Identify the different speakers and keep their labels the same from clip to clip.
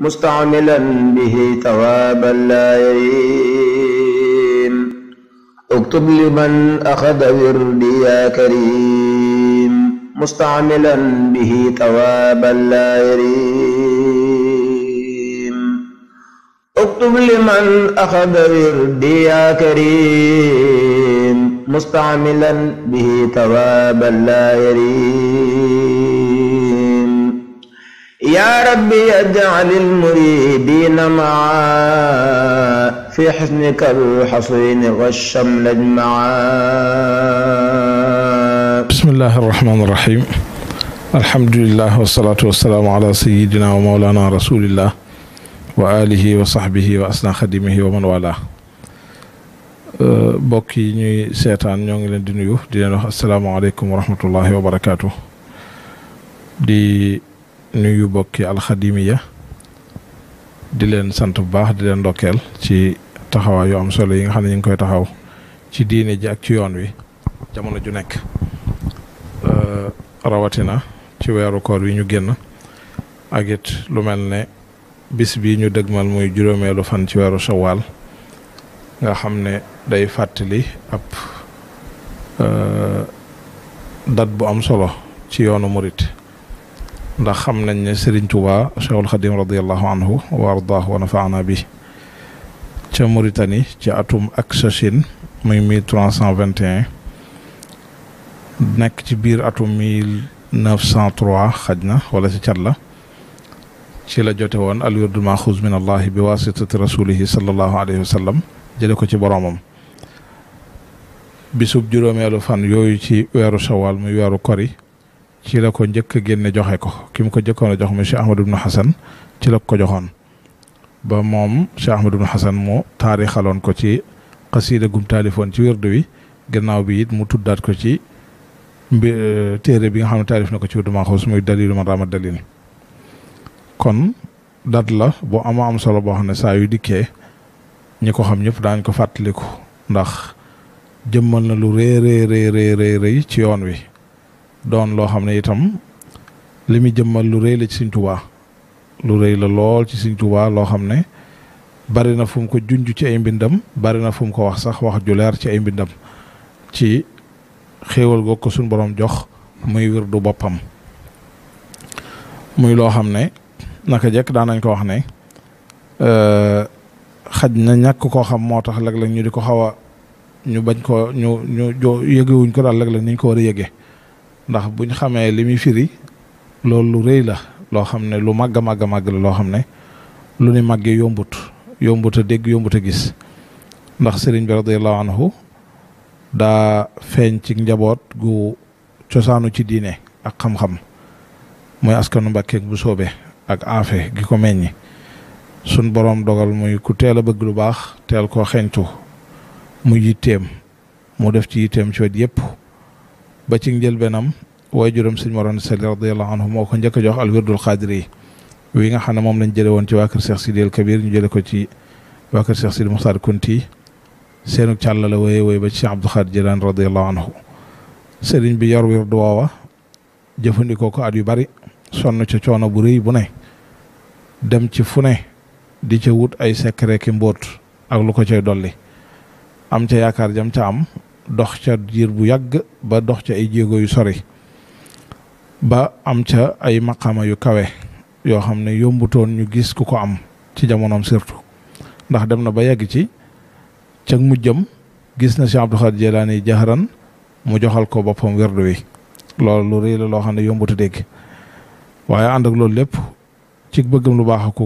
Speaker 1: مستعملا به ثواب لا يريم اكتب لمن أخذ وردي يا كريم مستعملا به ثوابا لا يريم اكتب لمن أخذ وردي يا كريم مستعملا به ثوابا لا يريم yaa rabbi yaj'al al-muridiina maa fi xisnika al-xasini wash-shamli ajmaa. bismillahi
Speaker 2: rahmaani rahiim alhamdulilah wasalaatu wasalaamu ala sayyidina wa mawlaana rasulillah wa alihi wa saxbihi wa asna xadimihi wa man wala mbokk yi ñuy seetaan ñoo ngi leen di nuyu di leen wax asalaamaaleykum wa rahmatullahi wa barakaatu di. nuyu bokki alxadimiya di leen sant bu baax di leen ndokkeel ci taxawaay yu am solo yi nga xam ne ñu koy taxaw ci diine ji ci yoon wi jamono ju nekk euh, rawatina ci weeru koor wi ñu génn ak it lu mel ne bis bi ñu dëgmal muy juróomeelu fan ci weeru shawaal nga xam ne day fàttali ab euh, dat bu am solo ci yoonu murit ndax xam nañ ne Serigne Touba Cheikhul Khadim radiyallahu anhu wa ardaahu wa nafaana bi ca Mauritanie ci atum ak Chachine muy vingt et nekk ci biir atum mille neuf xaj na wala ci cat la ci la jote woon al wirdu maxuus min allahi bi wasitati rasulihi sallallahu alayhi wa jële ko ci boroomam bisub juróomeelu fan yooyu ci weeru shawal muy weeru kori ci la ko njëkk a génne joxe ko ki mu ko njëkkoon a jox mu Cheikh Ahmadou ibnu Hasan ci la ko joxoon ba moom Cheikh Ahmadou ibnu Hasan mu taarixaloon ko ci xasiida gum taalifoon ci wérdu wi gannaaw bi it mu tuddaat ko ci mbi euh, téere bi nga xam ne taalif na ko ci wérdu Maxuus muy dalilu man rama dalil kon dat la boo ama am solo boo xam ne saa yu dikkee ñi ko xam ñëpp daañ ko fàttaliku ndax jëmmal na lu rëy rëy rëy rëy rëy ci yoon wi doon loo xam ne itam li muy jëmmal lu rëy ci Sëñ Tuubaa lu rëy la lool ci Sëñ Tuubaa loo xam ne bari na fu ko junj ci ay mbindam bari na fu ko wax sax wax ju leer ci ay mbindam ci xéewal goog ko suñ boroom jox muy wirdu boppam muy loo xam ne naka jekk daan nañ ko wax ne euh, xaj na ñàkk koo xam moo tax léeg-léeg ñu di ko xaw a ñu bañ ko ñu ñu jo yëgewuñ ko daal léeg-léeg niñ ko war a yëgee ndax buñ xamee li muy firi loolu lu rëy la loo xam ne lu màgg a màgg màgg la loo xam ne lu ni màggee yombut yombut a dégg yombut a gis ndax sëriñ bi radiallahu anhu daa feeñ ci njaboot gu cosaanu ci diine ak xam-xam muy askanu mbàkkeek bu soobe ak aafe gi ko meññi sun boroom dogal muy ku teel a bëgg lu baax teel koo xeñtu mu yitteem mu def ci yitteem ci wet yépp ba ci njëlbeenam waaye juróom sëñ Mor Anta Sali anhu moo ko njëkk jox al wirdul xaadir yi wi nga xam ne moom lañ jële woon ci waa kër Cheikh Sidi El Kabir ñu jële ko ci waa kër Cheikh Sidi Moxtaar Kunti seenu càll la wooye wooye ba ci Cheikh Abdou Xaadir Jilaan radiyallahu anhu sëriñ bi yor wirdu woowa jëfandikoo ko at yu bari sonn ca coono bu rëy bu ne dem ci fu ne di ca wut ay secret ki mbóot ak lu ko cay dolli am ca yaakaar jam ca am dox ca diir bu yàgg ba dox ca ay jéego yu sori ba am ca ay maqama yu kawe yoo xam ne yombutoon ñu gis ku ko am ci jamonoom surtout ndax dem na ba yegg ci ca mujjam gis na Cheikh Abdou Khadr Jilani jaxaran mu joxal ko boppam werdu wi loolu lu rëy loo xam ne yombutu dégg waaye ànd ak loolu lépp ci bëggam lu baax ak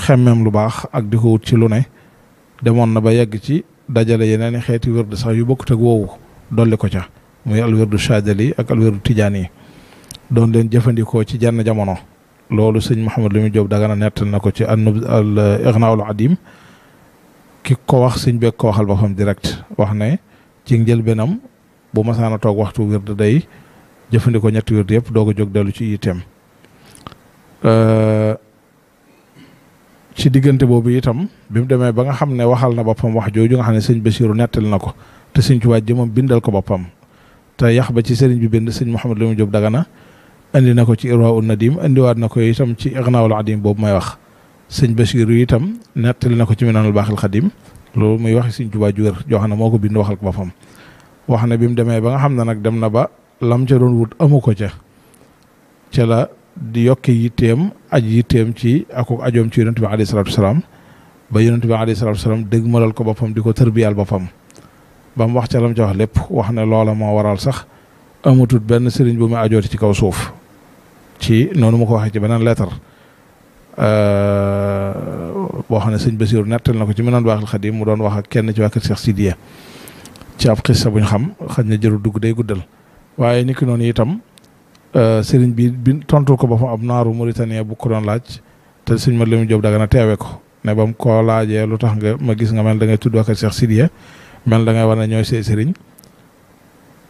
Speaker 2: xemmeem lu baax ak di ko ci lu ne demoon na ba yegg ci dajale yeneen i xeeti wérdu sax yu bokkut ak woowu dolli ko ca muy alwérdu chadali ak alwérdu tijaan yi doon den jëfandikoo ci jenn jamono loolu sëñ Mouhamed Lamine Diop Dagana nett na ko ci annub al Ighnaul Adim ki ko wax sëñ beeg ko waxal ba fam direct wax ne ci njëlbeenam bu masaana toog waxtu wérdu day jëfandikoo ñetti wérdu yëpp doog a jóg dellu ci itteem euh, ci diggante boobu itam bi mu demee ba nga xam ne waxal na boppam wax jooju nga xam ne sëñ Basiiru nettali na ko te sëñ Tuubaa jëmam bindal ko boppam te yax ba ci sëriñ bi benn sëñ Mouhamadou Lamine daga na indi na ko ci Irwaa na diim indiwaat na ko itam ci Ignaawul Adim boobu may wax sëñ Basiiru itam li na ko ci Minaanul Baaxil Xadim loolu muy wax sëñ Tuubaa ju wér joo xam moo ko bind waxal ko boppam wax ne bi mu demee ba nga xam ne nag dem na ba lam ca doon amu ko ca di yokke yitteem aj yitteem ci ak ajoom ci yonent bi alayhi salaatu wasalaam ba yonent bi alayhi salaatu wasalaam dëgg malal ko boppam di ko tërbiyaal boppam ba mu wax ca lam ca wax lépp wax ne loola moo waral sax amatut benn sëriñ bu mu ajooti ci kaw suuf ci noonu ma ko waxee ci beneen leetar boo xam ne sëñ Basiiru nettal na ko ci Minanul Baaxil Xadiim mu doon wax ak kenn ci waa seex Cheikh Sidiya ci ab xissa bu xam xañ na jëru dugg day guddal Euh, sëriñ bi bi tontul ko ba fa ab naaru Mauritanie bu ko doon laaj te sëñ ma Lamin Jóob Dagana teewe ko ne ba mu koo laajee lu tax nga ma gis nga mel da ngay tudd ak Cheikh da ngay war ne ñooy see sëriñ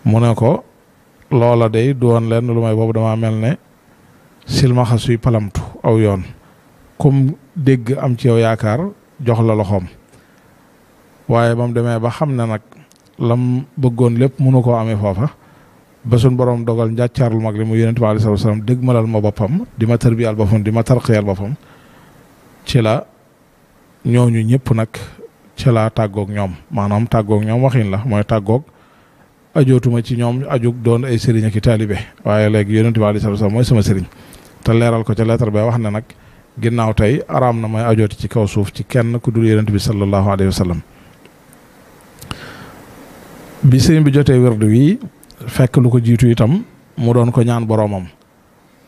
Speaker 2: mu ne ko loola day du woon lenn lu may boobu damaa mel ne silmaxa suy palamtu aw yoon comme dégg am ci yow yaakaar jox la loxoom waaye ba mu demee ba xam ne nag lam bëggoon lépp mënu koo amee foofa ba suñ borom dogal njàccaarul mag li mu yonent bi alayhi salaam dégg malal ma boppam di ma tërbiyaal boppam di ma tarqiyaal boppam ci la ñooñu ñëpp nag ci la tàggoog ñoom maanaam tàggoog ñoom waxin la mooy tàggoog ajootuma ci ñoom ajug doon ay sëriñ ki taalibe waaye léegi yonent bi alayhi salaam mooy sama sëriñ te leeral ko ca leetar ba wax ne nag ginnaaw tey araam na mooy ajooti ci kaw suuf ci kenn ku dul yonent bi sallallahu alayhi wa sallam fekk lu ko jiitu itam mu doon ko ñaan boroomam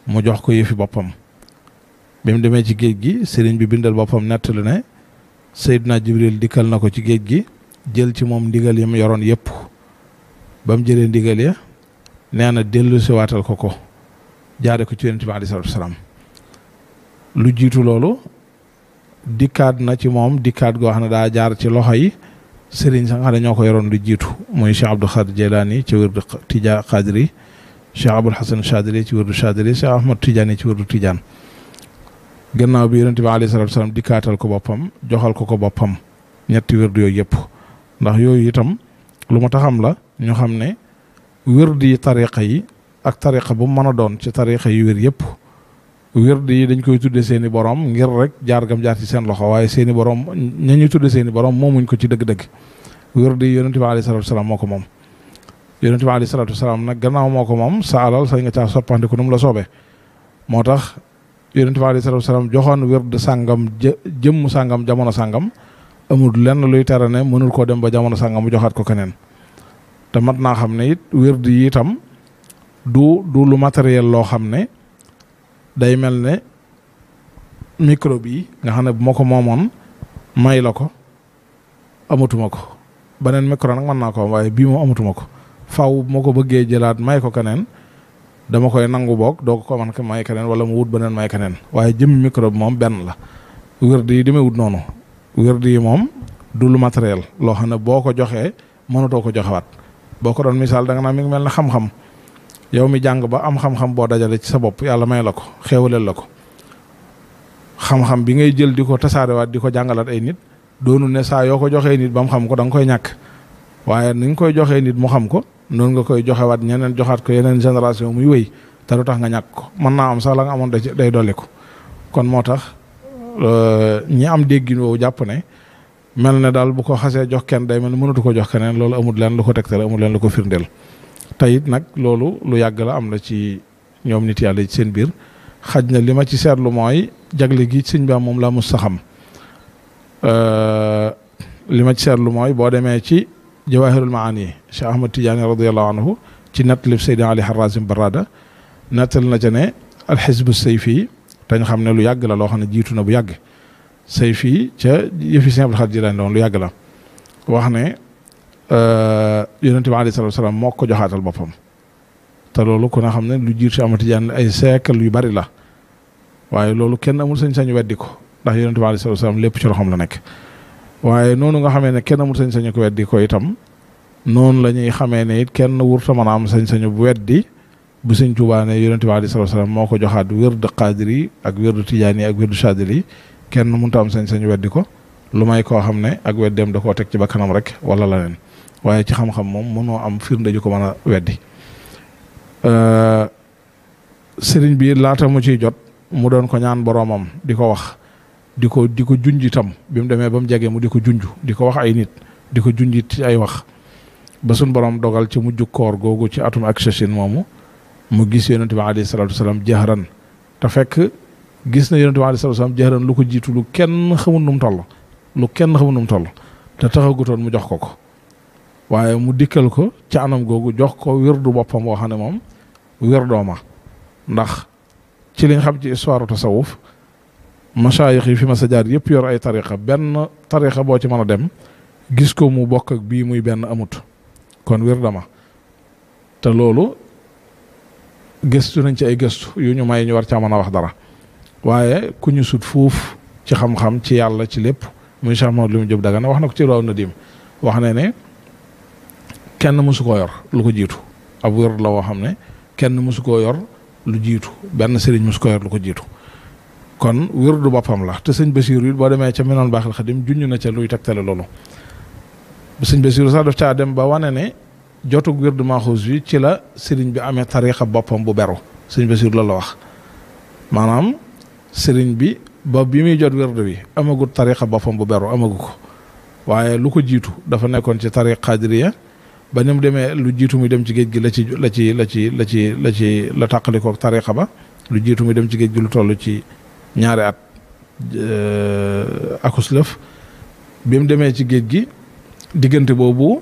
Speaker 2: mu jox ko yëfi boppam bi mu demee ci géej gi sëriñ bi bindal boppam nettali ne Seydina Jibril dikkal na ko ci géej gi jël ci moom ndigal yi mu yoroon yépp ba mu jëlee ndigal ya nee na dellu si waatal ko ko jaare ko ci yonent bi salaam lu jiitu loolu dikkaat na ci moom dikkaat goo xam ne daa jaar ci loxo yi sëriñ sax xale ñoo ko yoroon di jiitu mooy Cheikh Abdou Khadir Jelaani ci wërdu Tija Xadri Cheikh Abul Hasan Chadri ci wërdu Chadri Cheikh Ahmad Tidiane ci wërdu gannaaw bi yonent bi alayhi salaatu salaam kaatal ko boppam joxal ko ko boppam ñetti wërdu yooyu yëpp ndax yooyu itam lu ma taxam la ñu xam ne wér yi tariqa yi ak tariqa bu mu mën a doon ci tariqa yi wér yëpp. wird yi dañ koy tudde seen i borom ngir rek jaar gam jaar ci seen loxo waaye seeni i borom ña ñuy tudde seeni borom borom moomuñ ko ci dëgg-dëgg wird yi yonente bi alayhi salatu moo ko moom yonente bi alayhi salatu wasalaam nag gannaaw moo ko moom sa alal sañ nga caa soppandiku nu mu la soobe moo tax yonente bi alayhi salatu wasalaam joxoon wird sàngam jëmm sàngam jamono sàngam amul lenn luy tere ne mënul koo dem ba jamono sàngam mu joxaat ko keneen te mat naa xam ne it wird yi itam du lu matériel loo xam ne day mel ne micro bi nga xam ne bu ma ko moomoon may la ko amatuma ko neen micro nag mën naa ko waaye bii moom amatuma ko faw bu ma ko bëggee jëlaat may ko keneen dama koy nangu boog doo ko man may keneen wala mu wut beneen may keneen waaye jëm micro bi moom benn la wérdi yi demee wut noonu wérdi yi moom du lu matériel loo xam ne boo ko joxee mënatoo ko joxewaat boo ko doon misaal da nga naan mi ngi mel ne xam-xam. yow mi jàng ba am xam-xam boo dajale ci sa bopp yàlla may la ko xéewaleel la ko xam-xam bi ngay jël di ko waat di ko jàngalaat ay nit doonu ne saa yoo ko joxee nit ba mu xam ko da nga koy ñàkk waaye ni nga koy joxee nit mu xam ko noonu nga koy joxewaat ñeneen joxaat ko yeneen génération muy wéy te du tax nga ñàkk ko mën naa am sax la nga amoon da day dolli ko kon moo tax euh, ñi am déggin woowu jàpp ne mel ne daal bu ko xasee jox kenn day mel ne ko jox keneen loolu amul leen lu ko tegtal amul leen lu ko firndeel tey it nag loolu lu yàgg la am la ci ñoom nit yàlla ci seen biir xaj na li ma ci seetlu mooy jagle gi sëñ bi moom laa mus a xam li ma ci seetlu mooy boo demee ci jawahirul maani Cheikh Ahmad Tidiane radiallahu anhu ci nattalib Seydina Ali Harazim Barada nattal na ca ne alxisbu sayfi dañ xam ne lu yàgg la loo xam ne jiitu na bu yàgg sayfi ca yëfi Sëñ Abdul Xaadir Jilaani lu yàgg la wax ne yonente bi aleyhi salaatu wa moo ko joxaatal boppam te loolu ku na xam ne lu jiir si amati jaan ay siècle yu bari la waaye loolu kenn amul sañ-sañu weddi ko ndax yonente bi aleyhi salaatu wa lépp ci xam la nekk waaye noonu nga xamee ne kenn amul sañ-sañu ko weddi ko itam noonu la ñuy xamee ne it kenn wurta mën a am sañ-sañu bu weddi bu sëñ Tuubaa ne yonente bi aleyhi salaatu moo ko joxaat wérdu qaadir yi ak wérdu tijaan yi ak wérdu chaadil yi kenn mënta am sañ-sañu weddi ko lu may koo xam ne ak weddeem da koo teg ci bakkanam rek wala leneen waaye ci xam-xam moom mënoo am firnde ju ko mën a weddi euh, sëriñ bi laata mu ciy jot mu doon ko ñaan boroomam di ko wax di ko di ko junj bi mu demee ba mu jege mu di ko junj di ko wax ay nit di ko junj ci ay wax ba suñ borom dogal ci mujj koor googu ci atum ak chachin moomu mu gis yonent bi alayhi salaatu wasalaam jahran te fekk gis na yonent bi alayhi salaatu wasalaam jahran lu ko jiitu lu kenn xamul nu mu toll lu kenn xamul nu mu toll te taxagutoon mu jox ko ko waaye mu dikkal ko ci anam googu jox ko wirdu boppam boo xam ne moom wirdoo ma ndax ci liñ xam ci histoire tasawuf masaayix yi fi ma sa jaar yëpp yor ay tariqa benn tariqa boo ci mën a dem gis ko mu bokk bii muy benn amut kon wirda ma te loolu gëstu nañ ci ay gëstu yu ñu may ñu war caa mën a wax dara waaye ku ñu sut fuuf ci xam-xam ci yàlla ci lépp muy Cheikh Mamadou Lim Diop Dagana wax na ko ci raw na dim wax ne ne kenn mësu koo yor lu ko jiitu ab wér la woo xam ne kenn mësu koo yor lu jiitu benn sëriñ mësu koo yor lu ko jiitu kon wér boppam la te sëñ Basiiru it boo demee ca Minanul Baaxil Xadim junj na ca luy tegtale loolu sëñ Basiiru sax daf caa dem ba wane ne jotug wér du maaxuus ci la sëriñ bi amee tariixa boppam bu beru sëñ Basiiru la la wax maanaam sëriñ bi ba bi muy jot wérdu bi amagut tariixa boppam bu beru amagu ko waaye lu ko jiitu dafa nekkoon ci tariixa Xaadiriya ba ni demee lu jiitu muy dem ci géej gi la ci la ci la ci la ci la ci la tàqalikoo ak tarixa ba lu jiitu muy dem ci géej gi lu toll ci ñaari at euh, akus lëf bi mu demee ci géej gi diggante boobu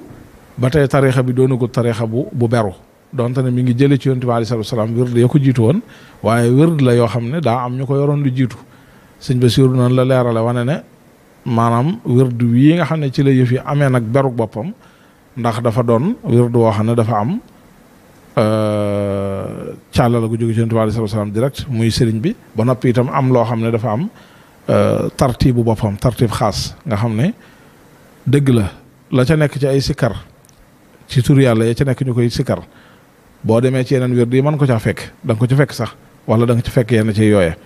Speaker 2: ba tey tarixa bi doona doonagut tarixa bu bu beru donte ne mi ngi jële ci yonent bi aleyhi salaatu wa salaam wërd ya ko jiitu woon waaye la yoo xam ne daa am ñu ko yoroon lu jiitu sëñ Basiiru noonu la leerale wane ne maanaam wërd wii nga xam ne ci la yëf amee nag beruk boppam ndax dafa doon wirdu woo xam ne dafa am euh, càllala gu jóge ci Yonent bi alayhi salaam direct muy sëriñ bi ba noppi itam am loo xam ne dafa am euh, tartiibu boppam tartiib xaas nga xam ne dëgg la la ca nekk ci ay sikkar ci tur yàlla ya ca nekk ñu koy sikkar boo demee ci yeneen wirdu yi mën ko caa fekk da nga ko ci fekk sax wala da ci fekk yenn ci yooye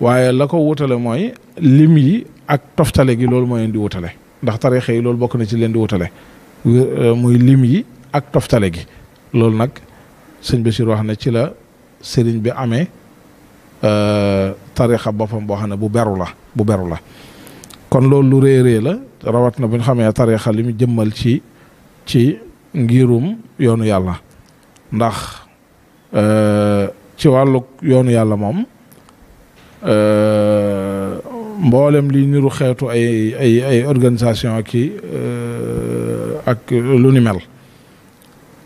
Speaker 2: waaye la ko wutale mooy lim yi ak toftale gi loolu mooy leen di wutale ndax tariixa yi loolu bokk na ci leen di wutale Euh, muy lim yi ak toftale gi loolu nag sëñ Bachir wax na ci la sëriñ bi amee euh, tarixa boppam boo xam ne bu beru la bu beru la kon loolu lu rëy rëy la rawat na bu ñu xamee tarixa li mu jëmmal ci ci ngirum yoonu yàlla ndax euh, ci wàllu yoonu yàlla moom mboolem li niru xeetu ay ay ay organisation ki ak euh, lu ni mel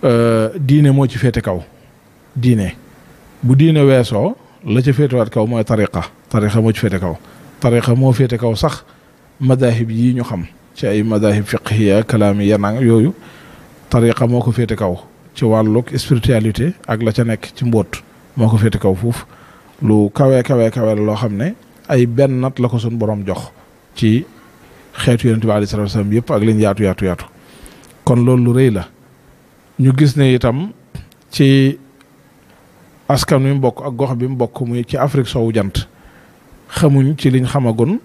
Speaker 2: euh, diine moo ci féete kaw diine bu diine weesoo la ca féetewaat kaw mooy tariqa tariqa moo ci féete kaw tariqa moo féete kaw sax madahib yi ñu xam ci ay madahib fiqhiya kalaami yanang yooyu tariqa moo ko féete kaw ci wàllug spiritualité ak la ca nekk ci mbóot moo ko féete kaw foofu lu kawee kawee kawe loo xam ne ay benn nat la ko suñ borom jox ci xeetu yonent bi alayhi salaatu salaam yëpp ak liñ yaatu yaatu yaatu kon loolu lu rëy la ñu gis ne itam ci askan wi mu bokk ak gox bi mu bokk muy ci Afrique sowu jant xamuñ ci liñ xamagun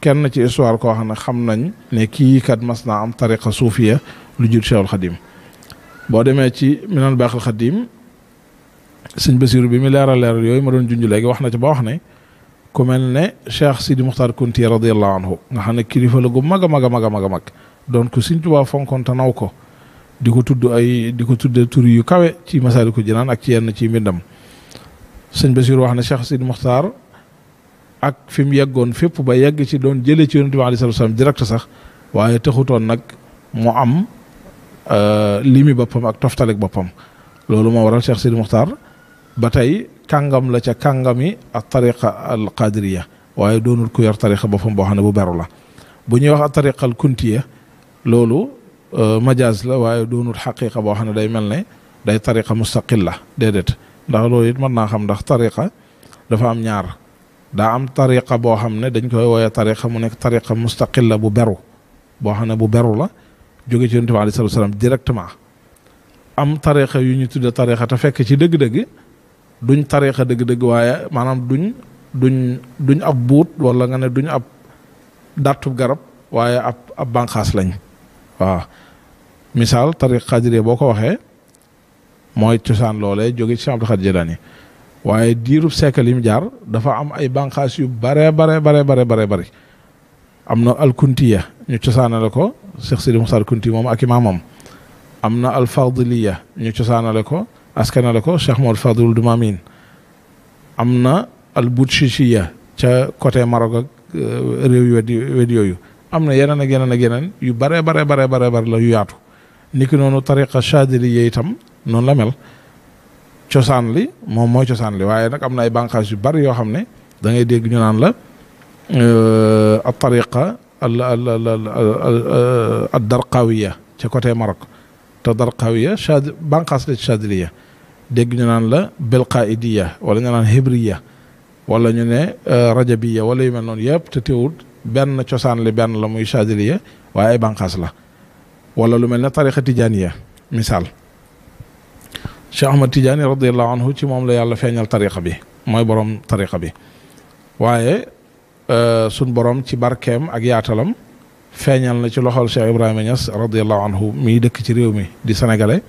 Speaker 2: kenn ci histoire ko xam ne xam nañ ne kii kat mas naa am tariqa suufiya lu jur Cheikhul Xadim boo demee ci Minanul Baaxil Xadim sëñ Basiru bi mi leeral leeral yooyu ma doon junj léegi wax na ci ba wax ne ku mel ne Cheikh Sidi Muxtaar Kunti radiyallahu anhu nga xam ne kilifa la gu mag mag a mag a mag a mag donc ko Sëriñ Tuubaa fonkoon te naw ko di ko tudd ay di ko tuddee tur yu kawe ci ko Jinaan ak ci yenn ci mbindam sëñ Basiir wax ne Cheikh Sidi Muxtaar ak fi mu yeggoon fépp ba yegg ci doon jëlee ci Yonent bi aleyhi salaatu wa salaam sax waaye taxutoon nag mu am euh, limi boppam ak toftalik boppam loolu moo waral Cheikh Sidi Muxtaar ba tey kàngam la ca kàngami ak tariqa al qadiriya waaye doonul ku yor tariqa boppam boo xam ne bu beru la bu ñuy wax tariqa al kuntiya loolu euh, majaas la waaye doonul xaqiqa boo xam ne day mel ne day tariqa mustaqil la déedéet ndax loolu it mën naa xam ndax tariqa dafa am ñaar daa am tariqa boo xam ne dañ koy woowee tariqa mu nekk tariqa mustaqil la bu beru boo xam ne bu beru la jóge ci yonent bi aleyhi directement am tariqa yu ñu tudde tariqa te fekk ci dëgg-dëgg duñ tariqa dëgg-dëgg waaye maanaam duñ duñ duñ ab buut wala nga ne duñ ab dàttub garab waaye ab ab bànqaas lañ waaw misaal tariq xaadiriya boo ko waxee mooy cosaan loole jóge ci Cheikh Abdou Khadre Jilani waaye diirub siècle yi mu jaar dafa am ay banqaas yu bare bare bare bare bare bare am na al alkuntiya ñu cosaanale ko Cheikh Sidi Moussa Kunti moom ak imaamam am na alfadiliya ñu cosaanale ko askanale ko Cheikh Mouhamed Fadilul Dumamin am na alboutshichiya ca côté Maroc ak euh, réew yu wet yooyu am na yeneen ak yeneen ak yeneen yu bare bare bare bare bare la yu yaatu niki noonu tariqa chadiliya itam noonu la mel cosaan li moom mooy cosaan li waaye nag am na ay bànqaas yu bari yoo xam ne dangay dégg ñu naan la euh, al tariqa al al al euh, côté Maroc te darqawiya chad bànqaas la ci chadiliya dégg ñu naan la belqaidiya wala ñu naan hibriya wala ñu ne euh, rajabiya wala yu mel noonu yëpp te teewul benn cosaan li benn la muy chadiliya waaye ay banqaas la wala lu mel ne tariqa tijaaniya misaal Cheikh Ahmad Tijaani radiallahu anhu ci moom la yàlla feeñal tariqa bi mooy boroom tariqa bi waaye euh, sun boroom ci barkeem ak yaatalam feeñal na ci loxol Cheikh Ibrahima ñas radiallahu anhu miy dëkk ci réew mi di sénégalais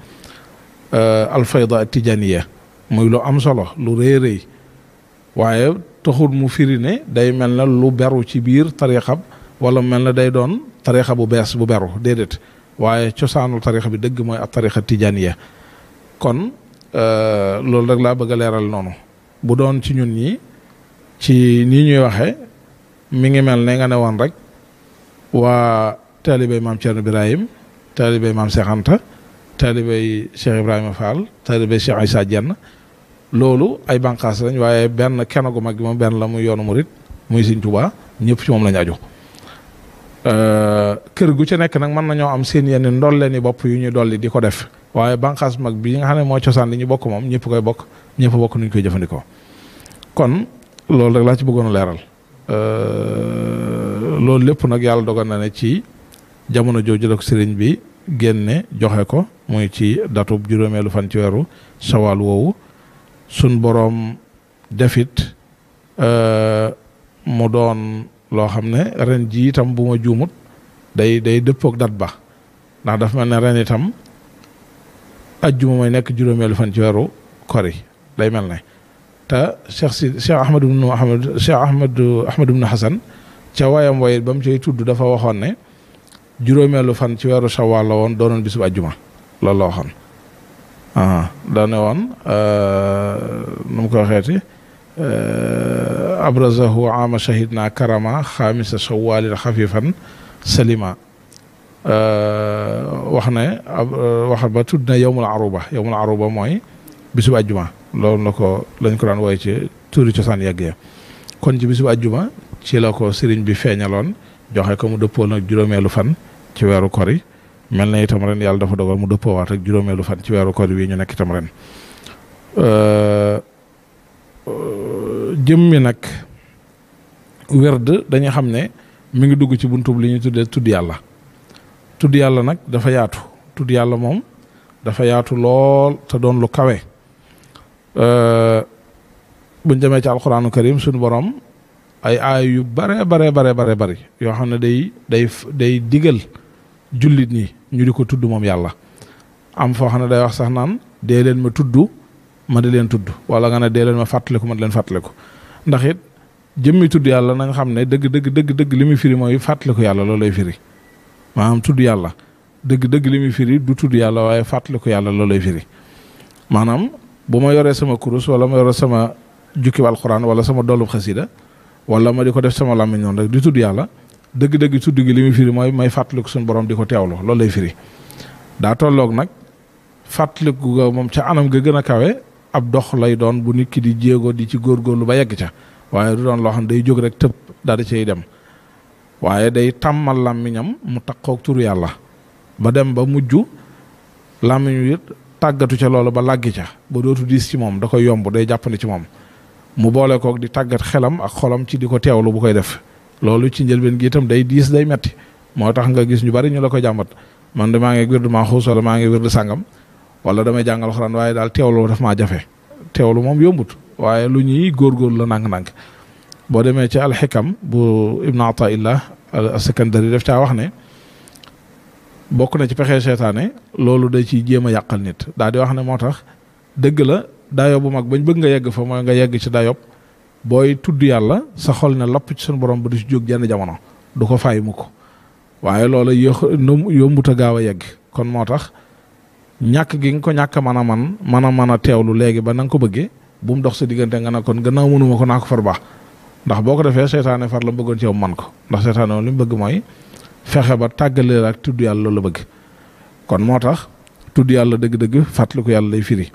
Speaker 2: euh, alfayda tijaaniya muy lu am solo lu rëy rëy waaye taxul mu firi ne day mel na lu beru ci biir tarixa wala mel na day doon tarixa bu bees bu beru déedéet waaye cosaanul tarixa bi dëgg mooy ab tarixa ya kon euh, loolu rek laa bëgg a leeral noonu bu doon ci ñun ñi ci nii ñuy waxe mu ngi mel ne nga ne woon rek waa taalibey maam Thierno Birahim taalibey maam Cheikh Anta taalibey Cheikh Ibrahima Fall taalibey Cheikh Issa loolu ay bànqaas lañ waaye benn kenn gu mag gi moom benn la muy yoonu murit muy Sëñ Tuubaa ñëpp ci moom lañ aju euh, kër gu ci nekk nag mën nañoo am seen yenn ndolle ni bopp yu ñu dolli di ko def waaye bànqaas mag bi nga xam ne moo cosaan li ñu bokk moom ñëpp koy bokk ñëpp bokk nuñ koy jëfandikoo kon loolu rek laa ci bëggoon a leeral euh, loolu lépp nag yàlla dogal na ne ci jamono jooju la ko sëriñ bi génne joxe ko muy ci datub juróomeelu fan ci weeru sawaal woowu sun boroom defit euh, mu doon loo xam ne ren ji itam bu ma juumut day day dëppook dat ba ndax dafa mel ne ren itam ajjuma mooy nekk juróomeelu fan ci weeru kori day mel ne te cheikh si cheikh ahmadu bnu ahmad cheikh ahmadu ahmadu ca waayam wayit ba mu cay tudd dafa waxoon ne juróomeelu fan ci weeru shawal la woon doonoon bisub ajjuma loolu la waxoon Ah, daane num euh, nu mu ko waxeeti euh, abrazahu ama shahidna karama xaamisa shawalin xafifan salima euh, wax ne wax ba tudd na yowmul aruba yowmul aruba mooy bisub ajjuma loolu la ko lañ ko daan wooye ci tuuri cosaan yegg ya kon ci bisub ajjuma ci la ko sëriñ bi feeñaloon joxe ko mu dëppoon ak juróomeelu fan ci weeru kori mel na itam ren yàlla dafa dogal mu dëppoowaat ak juróomeelu fan ci weeru koor wi ñu nekk itam ren euh, euh, jëmmi nag werd dañu xam ne mu ngi dugg ci buntub li ñu tuddee tudd yàlla tudd yàlla nag dafa yaatu tudd yàlla moom dafa yaatu lool te doon lu kawe euh, buñ demee ci alxuraanu karim suñu borom ay aay yu bare bare bare bari yoo xam ne day day day digal jullit ñi ñu di ko tudd moom yàlla am foo xam ne day wax sax naan dee leen ma tudd ma di leen tudd wala nga ne dee leen ma fàttaliku ma di leen fàttaliku ndax it jëmmi tudd yàlla na nga xam ne dëgg dëgg dëgg dëgg li muy firi mooy fàttaliku yàlla loolu lay firi maanaam tudd yàlla dëgg li muy firi du tudd yàlla waaye fàttaliku yàlla loolu lay firi maanaam bu ma yoree sama kurus wala ma yoree sama jukki alxuraan wala sama dolub xasida wala ma di ko def sama làmmiñ noonu rek di tudd yàlla dëgg-dëgg tudd gi li muy firi mooy may fàttaliku suñu borom di ko teewlu loolu lay firi daa tolloog nag fàttaliku ga moom ca anam ga gën a kawe ab dox lay doon bu nit di jéego di ci góorgóorlu ba yegg ca waaye du doon loo xam day jóg rek tëb daa di cay dem waaye day tàmmal làmmiñam mu takkoog turu yàlla ba dem ba mujj làmmiñu it tàggatu ca loolu ba làggi ca ba dootu diis ci moom da koy yomb day jàppandi ci moom mu boole kook di tàggat xelam ak xolam ci di ko teewlu bu koy def loolu ci njëlbeen giitam day diis day metti moo tax nga gis ñu bari ñu la ko jàmbat man de maa ngi wirdu maa xuus wala maa ngi wirdu sàngam wala damay jàngal xuraan waaye daal teewlu daf maa jafe teewlu moom yombut waaye lu ñuy góorgóorlu la nànk-nànk boo demee ci alxikam bu ibn ataillah as-Sakandari def caa wax ne bokk na ci pexe seetaane loolu day ci jéem a yàqal nit daal di wax ne moo tax dëgg la dayo bu mag bañ bëgg nga yegg fa mooy nga yegg ci dayob booy tudd yàlla sa xol ne lapp ci sunu borom ba di si jóg jenn jamono du ko fay mu ko waaye loola yombut a gaaw a yegg kon moo tax ñàkk gi nga ko ñàkk man a man man a man a teewlu léegi ba na ko bëggee bu mu dox sa diggante nga ne kon gannaaw mënuma ko naa ko far baax ndax boo ko defee seytaane far la mu bëggoon ci yow man ko ndax seytaane moom li mu bëgg mooy fexe ba tàggalee ak tudd yàlla loolu la bëgg kon moo tax tudd yàlla dëgg-dëgg fàttaliku yàlla lay firi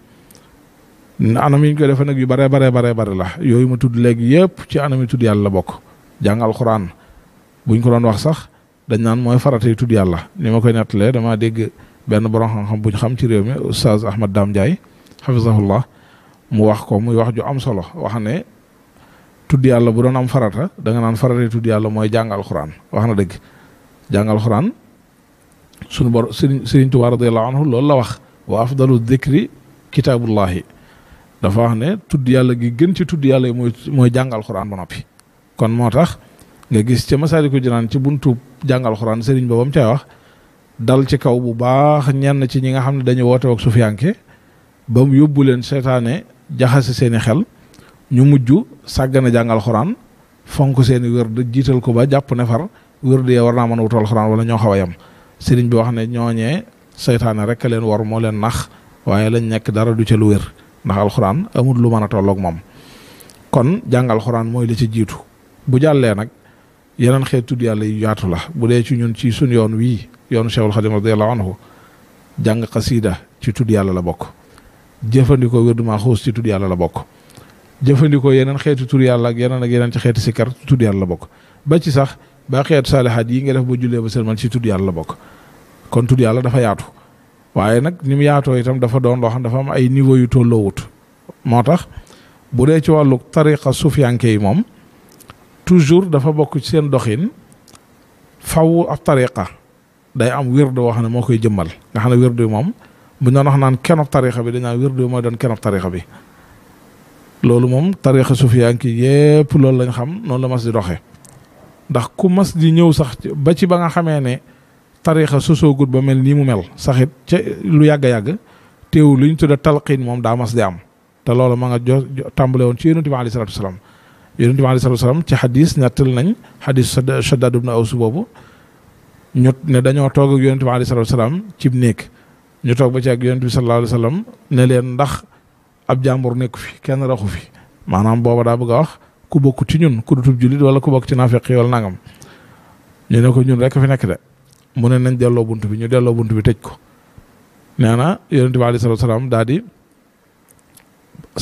Speaker 2: anam yi ñu koy defee nag yu bare bare bare bare la yooyu ma tudd léegi yépp ci anam yi tudd yàlla bokk jàng alxuraan buñ ko doon wax sax dañ naan mooy faratay tudd yàlla ni ma koy nettalee damaa dégg benn borom xam-xam bu ñu xam ci réew mi Oustaz Ahmad Dame Ndiaye hafizahullah mu wax ko muy wax ju am solo wax ne tudd yàlla bu doon am farata danga nga naan faratay tudd yàlla mooy jàng alxuraan wax na dégg jàng alxuraan sunu bor Serigne Serigne Touba radiyallahu loolu la wax wa afdalu dikri kitaabullahi dafa wax ne tudd yàlla gi gën ci tudd yàlla yi mooy mooy jàngal xuraan ba noppi. kon moo tax nga gis ci ca Masaalikul Jinaan ci buntu jàngal xuraan sëriñ ba ba mu cay wax dal ci kaw bu baax ñenn ci ñi nga xam ne dañu woote ak sufiyanke ba mu yóbbu leen seetaane jaxase seeni xel ñu mujj sàggane jàngal xuraan fonk seeni wërd jiital ko ba jàpp ne far wërd yee war naa mën a wutal xuraan wala ñoo xaw a yem sëriñ bi wax ne ñooñee seytaane rek leen war leen nax waaye lañ nekk dara du ca lu wér ndax alxuraan amul lu mën a tolloog moom kon jàng alxuraan mooy li ci jiitu bu jàllee nag yeneen xeet tudd yàlla yu yaatu la bu dee ci ñun ci suñ yoon wii yoon yoonu Cheikhul Khadim radiyallahu anhu jàng xasiida ci tudd yàlla la bokk jëfandikoo du xuus ci tudd yàlla la bokk jëfandikoo yeneen xeeti tur yàlla ak yeneen ak yeneen ci xeeti sikkar tudd yàlla la bokk ba ci sax ba xeetu saalihaat yi nga def ba jullee ba sërmal ci tudd yàlla la bokk kon tudd yàlla dafa yaatu waaye nag ni mu yaatoo itam dafa doon loo xam dafa am ay niveau yu tolloowut moo tax bu dee ci wàllu tariqa suufiyanke yi moom toujours dafa bokk ci seen doxin faw ab tariqa day am wird woo xam ne moo koy jëmmal nga xam ne wird bi moom bu ñoo doon wax naan kenn ab bi dañu naan wird bi mooy doon kenn ab bi loolu moom tariqa suufiyanke yépp loolu lañ xam noonu la mas di doxee ndax ku mas di ñëw sax ba ci ba nga xamee ne tariixa sosoogut ba mel nii mu mel saxit ca lu yàgg a yàgg teewul li ñu tudda talqiin moom daa mas di am te loolo ma nga jo tàmbale woon ci yonente bi aleyhi salaatu wasalaam yonente bi aleyhi salaatu wasalaam ci xadis nettal nañ xadis Shaddaad ibn Aws boobu ñu ne dañoo toog ak yonente bi aleyhi salaatu wasalaam néeg ñu toog ba ci ak yonente bi sallallahu alayhi ne leen ndax ab jàmbur nekku fi kenn raxu fi maanaam booba daa bëgg a wax ku bokk ci ñun ku dutub jullit wala ku bokk ci naafeq yi wala nangam ñu ne ko ñun rek fi nekk de mu ne nañ delloo bunt bi ñu delloo bunt bi tëj ko nee na yonente bi alei salaam daal di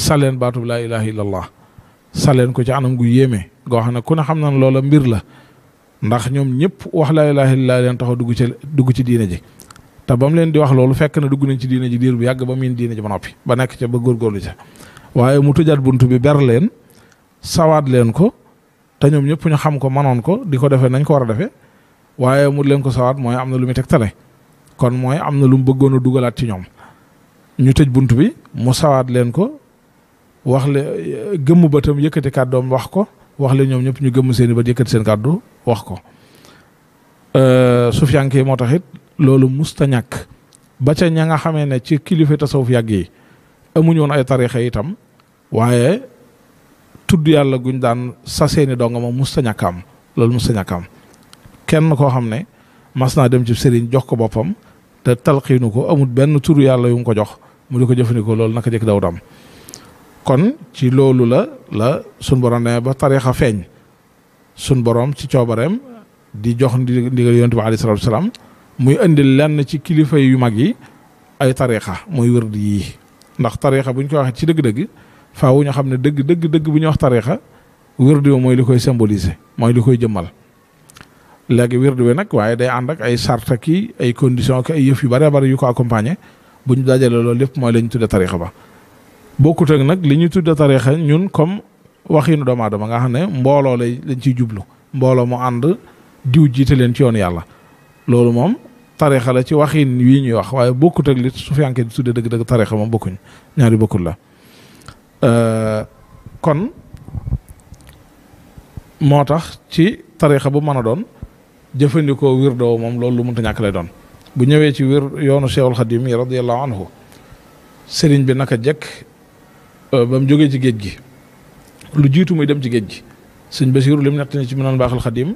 Speaker 2: saleen baatub laa ilaha illallah saleen ko ci anam gu yéeme goo xam ne ku ne xam na loola mbir la ndax ñoom ñëpp wax laa ilaha laa leen taxa dugg ci dugg ci diina ji te ba leen di wax loolu fekk na dugg nañ ci diina ji diir bu yàgg ba mu diina ji ba noppi ba nekk ca ba góorgóorlu ca waaye mu tëjaat bunt bi ber leen sawaat leen ko te ñoom ñëpp ñu xam ko manoon ko di ko defee nañ ko war a defee waaye mu leen ko sawaat mooy am na lu muy tegtale kon mooy am na lu mu bëggoon dugalaat ci ñoom ñu tëj bunt bi mu sawaat leen ko wax le gëmm ba tam yëkkati kàddoom wax ko wax le ñoom ñëpp ñu gëmm seen i bët seen kàddu wax ko euh, sufiyanke yi moo tax it loolu musta ñàkk ba ca ña nga xamee ne ci kilifa tasawuf yàgg yi amuñu woon ay tarixa itam waaye tudd yàlla guñ daan sa seeni donga ma musta ñàkk am loolu musta ñàkk kenn koo xam ne mas naa dem ci sëriñ jox ko boppam te talxiinu ko amul benn turu yàlla yu mu ko jox mu di ko jëfandikoo loolu naka jëkk daw dam kon ci loolu la la sun borom demee ba tariixa feeñ sun borom ci coobareem di jox ndigal yonent bi aleyhi salaatu wa salaam muy indil lenn ci kilifa yu mag yi ay tariixa muy wërd yii ndax tariixa bu ñu ko waxee ci dëgg-dëgg faaw ñu xam ne dëgg dëgg bu ñuy wax tariixa wërd mooy li koy symboliser mooy li koy jëmmal léegi wirdu wi nag waaye day ànd ak ay sarta ki ay condition ki ay yëf yu bëree bëri yu ko accompagner bu ñu dajale loolu lépp mooy la ñu tudde ba bokkut ak nag li ñu tudde tarixa ñun comme waxiinu doomu aadama nga xam ne mbooloo lay lañ ciy jublu mbooloo mu ànd diw jiite leen ci yoon yàlla loolu moom tarixa la ci waxiin wii ñuy wax waaye bokkut ak li su fiyanke di tudde dëgg-dëgg tarixa moom bokkuñ ñaari bokkul la kon moo tax ci tarixa bu mën a doon jëfandikoo wirdo moom loolu lu mënta ñàkk lay doon bu ñëwee ci wir yoonu Cheikhul Khadim yi radiyallahu anhu sëriñ bi naka jekk euh, ba mu jógee ci géej gi lu jiitu muy dem ci géej gi sëñ Basiiru lim nett ni ci mu noon baaxal Khadim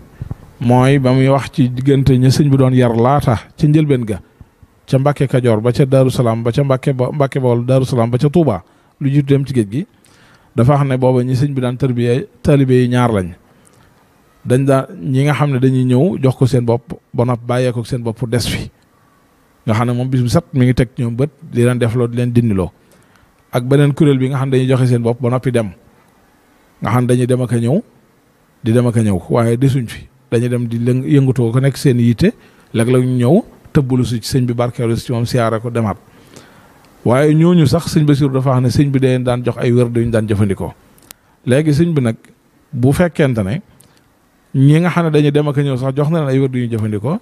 Speaker 2: mooy ba muy wax ci diggante ña sëñ bi doon yar laata ca njëlbeen ga ca Mbàkke Kajoor ba ca Daaru Salaam ba ca Mbàkke ba Mbàkke Bawol Daaru Salaam ba ca Touba lu jiitu dem ci géej gi dafa xam ne booba ñi sëñ bi daan tërbiye taalibe yi ñaar lañ dañ daa ñi nga xam ne dañuy ñëw jox ko seen bopp ba noppi bàyyeekoo seen bopp pour des fi nga xam ne moom bis bu sat mi ngi teg ñoom bët di leen defloo di leen dindiloo ak beneen kuréel bi nga xam ne dañuy joxe seen bopp ba noppi dem nga xam dañuy dem ak a ñëw di dem ak ñëw waaye desuñ fi dañuy dem di yëngatoo ko nekk seen yitte léeg-léeg ñu ñëw tëbbalu si sëñ bi barkeelu si moom siyaare ko demaat waaye ñooñu sax sëñ Basiru dafa wax ne sëñ bi da daan jox ay wér yu daan jëfandikoo léegi sëñ bi nag bu fekkente ne ñi nga xam ne dañu dem ak ñëw sax jox na leen ay wér duñu jëfandikoo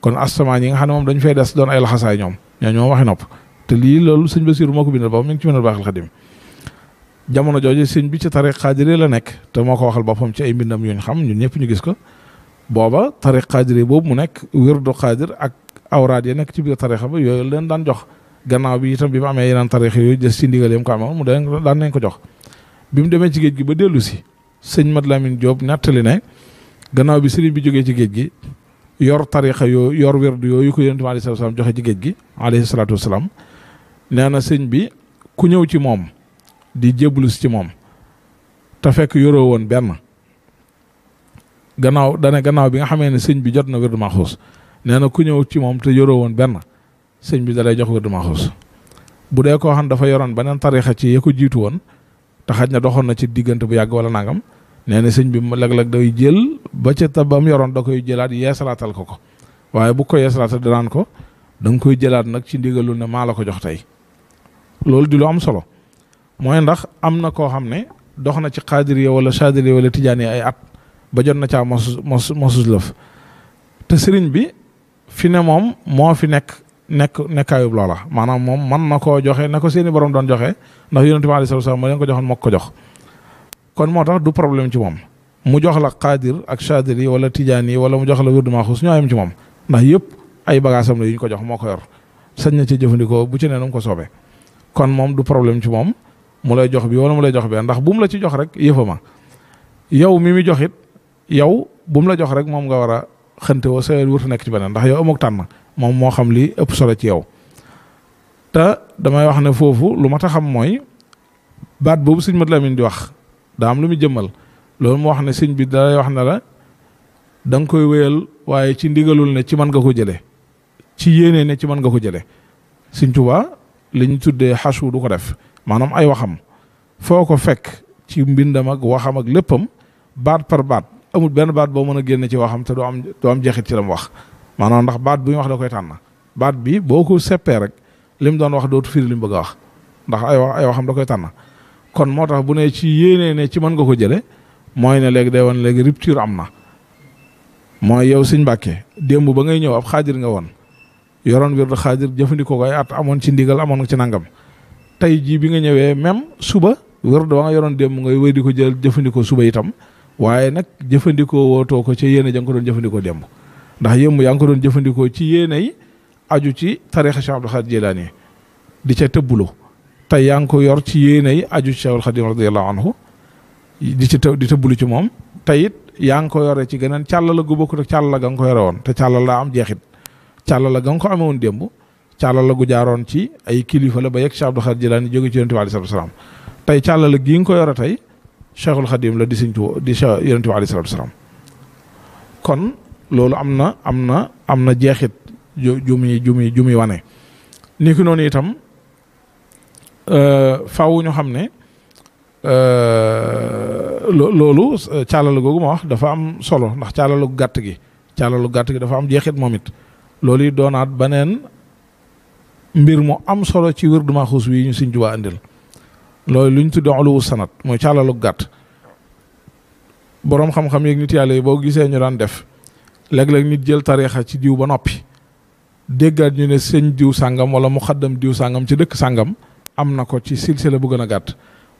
Speaker 2: kon astamaa ñi nga xam ne moom dañu fay des doon ay laxasaay ñoom ñoo ñoo waxi nopp te lii loolu sëñ Basiru moo ko bindal jamono jooju sëñ bi ci tariq xaadiri la nekk te moo ko waxal boppam ci ay mbindam yuñ xam ñun ñëpp ñu gis ko booba tariq xaadiri boobu mu nekk wérdu xaadir ak awraad ya nekk ci biir tariqa ba yooyu leen daan jox gannaaw bi itam bi mu amee yeneen tariq yooyu des ci ndigal yam ko amoon mu daan nañ ko jox bi mu demee ci géej gi ba dellu si sëñ Mat Lamine Diop nattali ne gannaaw bi sëriñ bi jógee ci géej gi yor tarixa yoo yor werdu yooyu ko yonent bi alayhi salaam joxe ci géej gi alayhi salaatu wasalaam nee na sëñ bi ku ñëw ci moom di jébalus ci moom te fekk yoroo woon benn gannaaw dane gannaaw bi nga xamee ne sëñ bi jot na werdu maxuus nee na ku ñëw ci moom te yoroo woon benn sëñ bi dalay jox werdu maxuus bu dee koo xam dafa yoroon beneen tarixa ci ya jiitu woon te xaj na doxoon na ci diggante bu yàgg wala nangam nee na sëñ bi lag-lag day jël ba ca tabam yoroon da koy jëlaat yeesalaatal ko ko waaye bu ko yeesalaatal danaan ko danga koy jëlaat nag ci ndigalul ne maa la ko jox tey loolu di lu am solo mooy ndax am na koo xam ne dox na ci xaadiriya wala saadiriya wala tijaan ay at ba jot na caa mos mos masu lëf te sëriñ bi fi ne moom moo fi nekk nekk nekkaayub loola maanaam moom man na koo joxe na ko seeni borom doon joxe ndax yonent bi alayhi salaam moo ko joxoon moo ko jox kon moo tax du problème ci moom mu jox la xaadir ak chadiri wala tijaan yi wala mu jox la wérdu maaxus suñu yem ci moom ndax yëpp ay bagaasam la yu ñu ko jox moo ko yor sañ na ci jëfandikoo bu ci neenam ko soobee kon moom du problème ci moom mu lay jox bi wala mu lay jox bee ndax bu mu la ci jox rek ma yow mi mi jox it yow bu la jox rek moom nga war a xënte woo sa wut nekk ci beneen ndax yow amook tànn moom moo xam li ëpp solo ci yow te damay wax ne foofu lu ma ta xam mooy baat boobu sëñ Mat Lamin di wax daa am lu mu jëmmal loolu mu wax ne sëñ bi dalay wax ne la da koy wéyal waaye ci ndigalul ne ci man nga ko jëlee ci yéenee ne ci man nga ko jëlee sëñ Tuubaa li ñu tuddee xasu du ko def maanaam ay waxam foo ko fekk ci mbindam ak waxam ak léppam baat par baat amul benn baat boo mën a génne ci waxam te doo am doo am jeexit ci la mu wax maanaam ndax baat bu wax da koy tànn baat bi boo ko seppee rek li mu doon wax dootu firi li mu bëgg a wax ndax ay wax ay waxam da koy tànn kon moo tax bu ne ci yéenee ne ci mën nga ko jële mooy ne léegi day wan léegi rupture am na mooy yow Sëñ Mbàkke démb ba ngay ñëw ab xaajir nga woon yoroon wirdu xaajir jëfandikoo ko ay at amoon ci ndigal amoon ci nangam tey jii bi nga ñëwee même suba wirdu ba nga yoroon démb ngay wéy di ko jël jëfandikoo suba itam waaye nag jëfandikoo wootoo ko ci yéene ja ko doon jëfandikoo demb ndax yëmb yaa ngi ko doon jëfandikoo ci yéene yi aju ci tariixa Cheikh Abdou Khadre Jilaani di ca tëbbuloo te yaa ko yor ci yéene yi aju Cheikhul Khadim radiyallahu anhu di ci taw di tëbbulu ci moom te it yaa ngi ko yore ci geneen càllala gu bokkut ak càllala ga nga ko yore woon te càllala daa am jeexit càllala ga nga ko amee woon démb càllala gu jaaroon ci ay kilifa la ba yegg Cheikh Abdou la Jilani jóge ci yonent bi alayhi tey càllala gii nga ko yore tey Cheikhul Khadim la di sëñ di yonent bi alayhi salaam kon loolu am na am na am na jeexit ju ju ju muy wane ni noonu itam. Euh, faaw ñu xam ne euh, loolu euh, caalala googu ma wax dafa am solo ndax caalalu gàtt gi caalalu gàtt gi dafa am jeexit moom it loolu yi doonaat beneen mbir mu am solo ci wér du maaxuus wi ñu Sëñ Tuubaa indil loolu lu ñu tuddee uluwu sanat mooy caalalu gàtt boroom xam-xam yeeg nit yàlla yi boo gisee ñu daan def léeg-léeg nit jël tariixa ci diw ba noppi déggaat ñu ne sëñ diw sàngam wala mu xaddam diw sàngam ci dëkk sàngam am na ko ci silsila bu gën a gàtt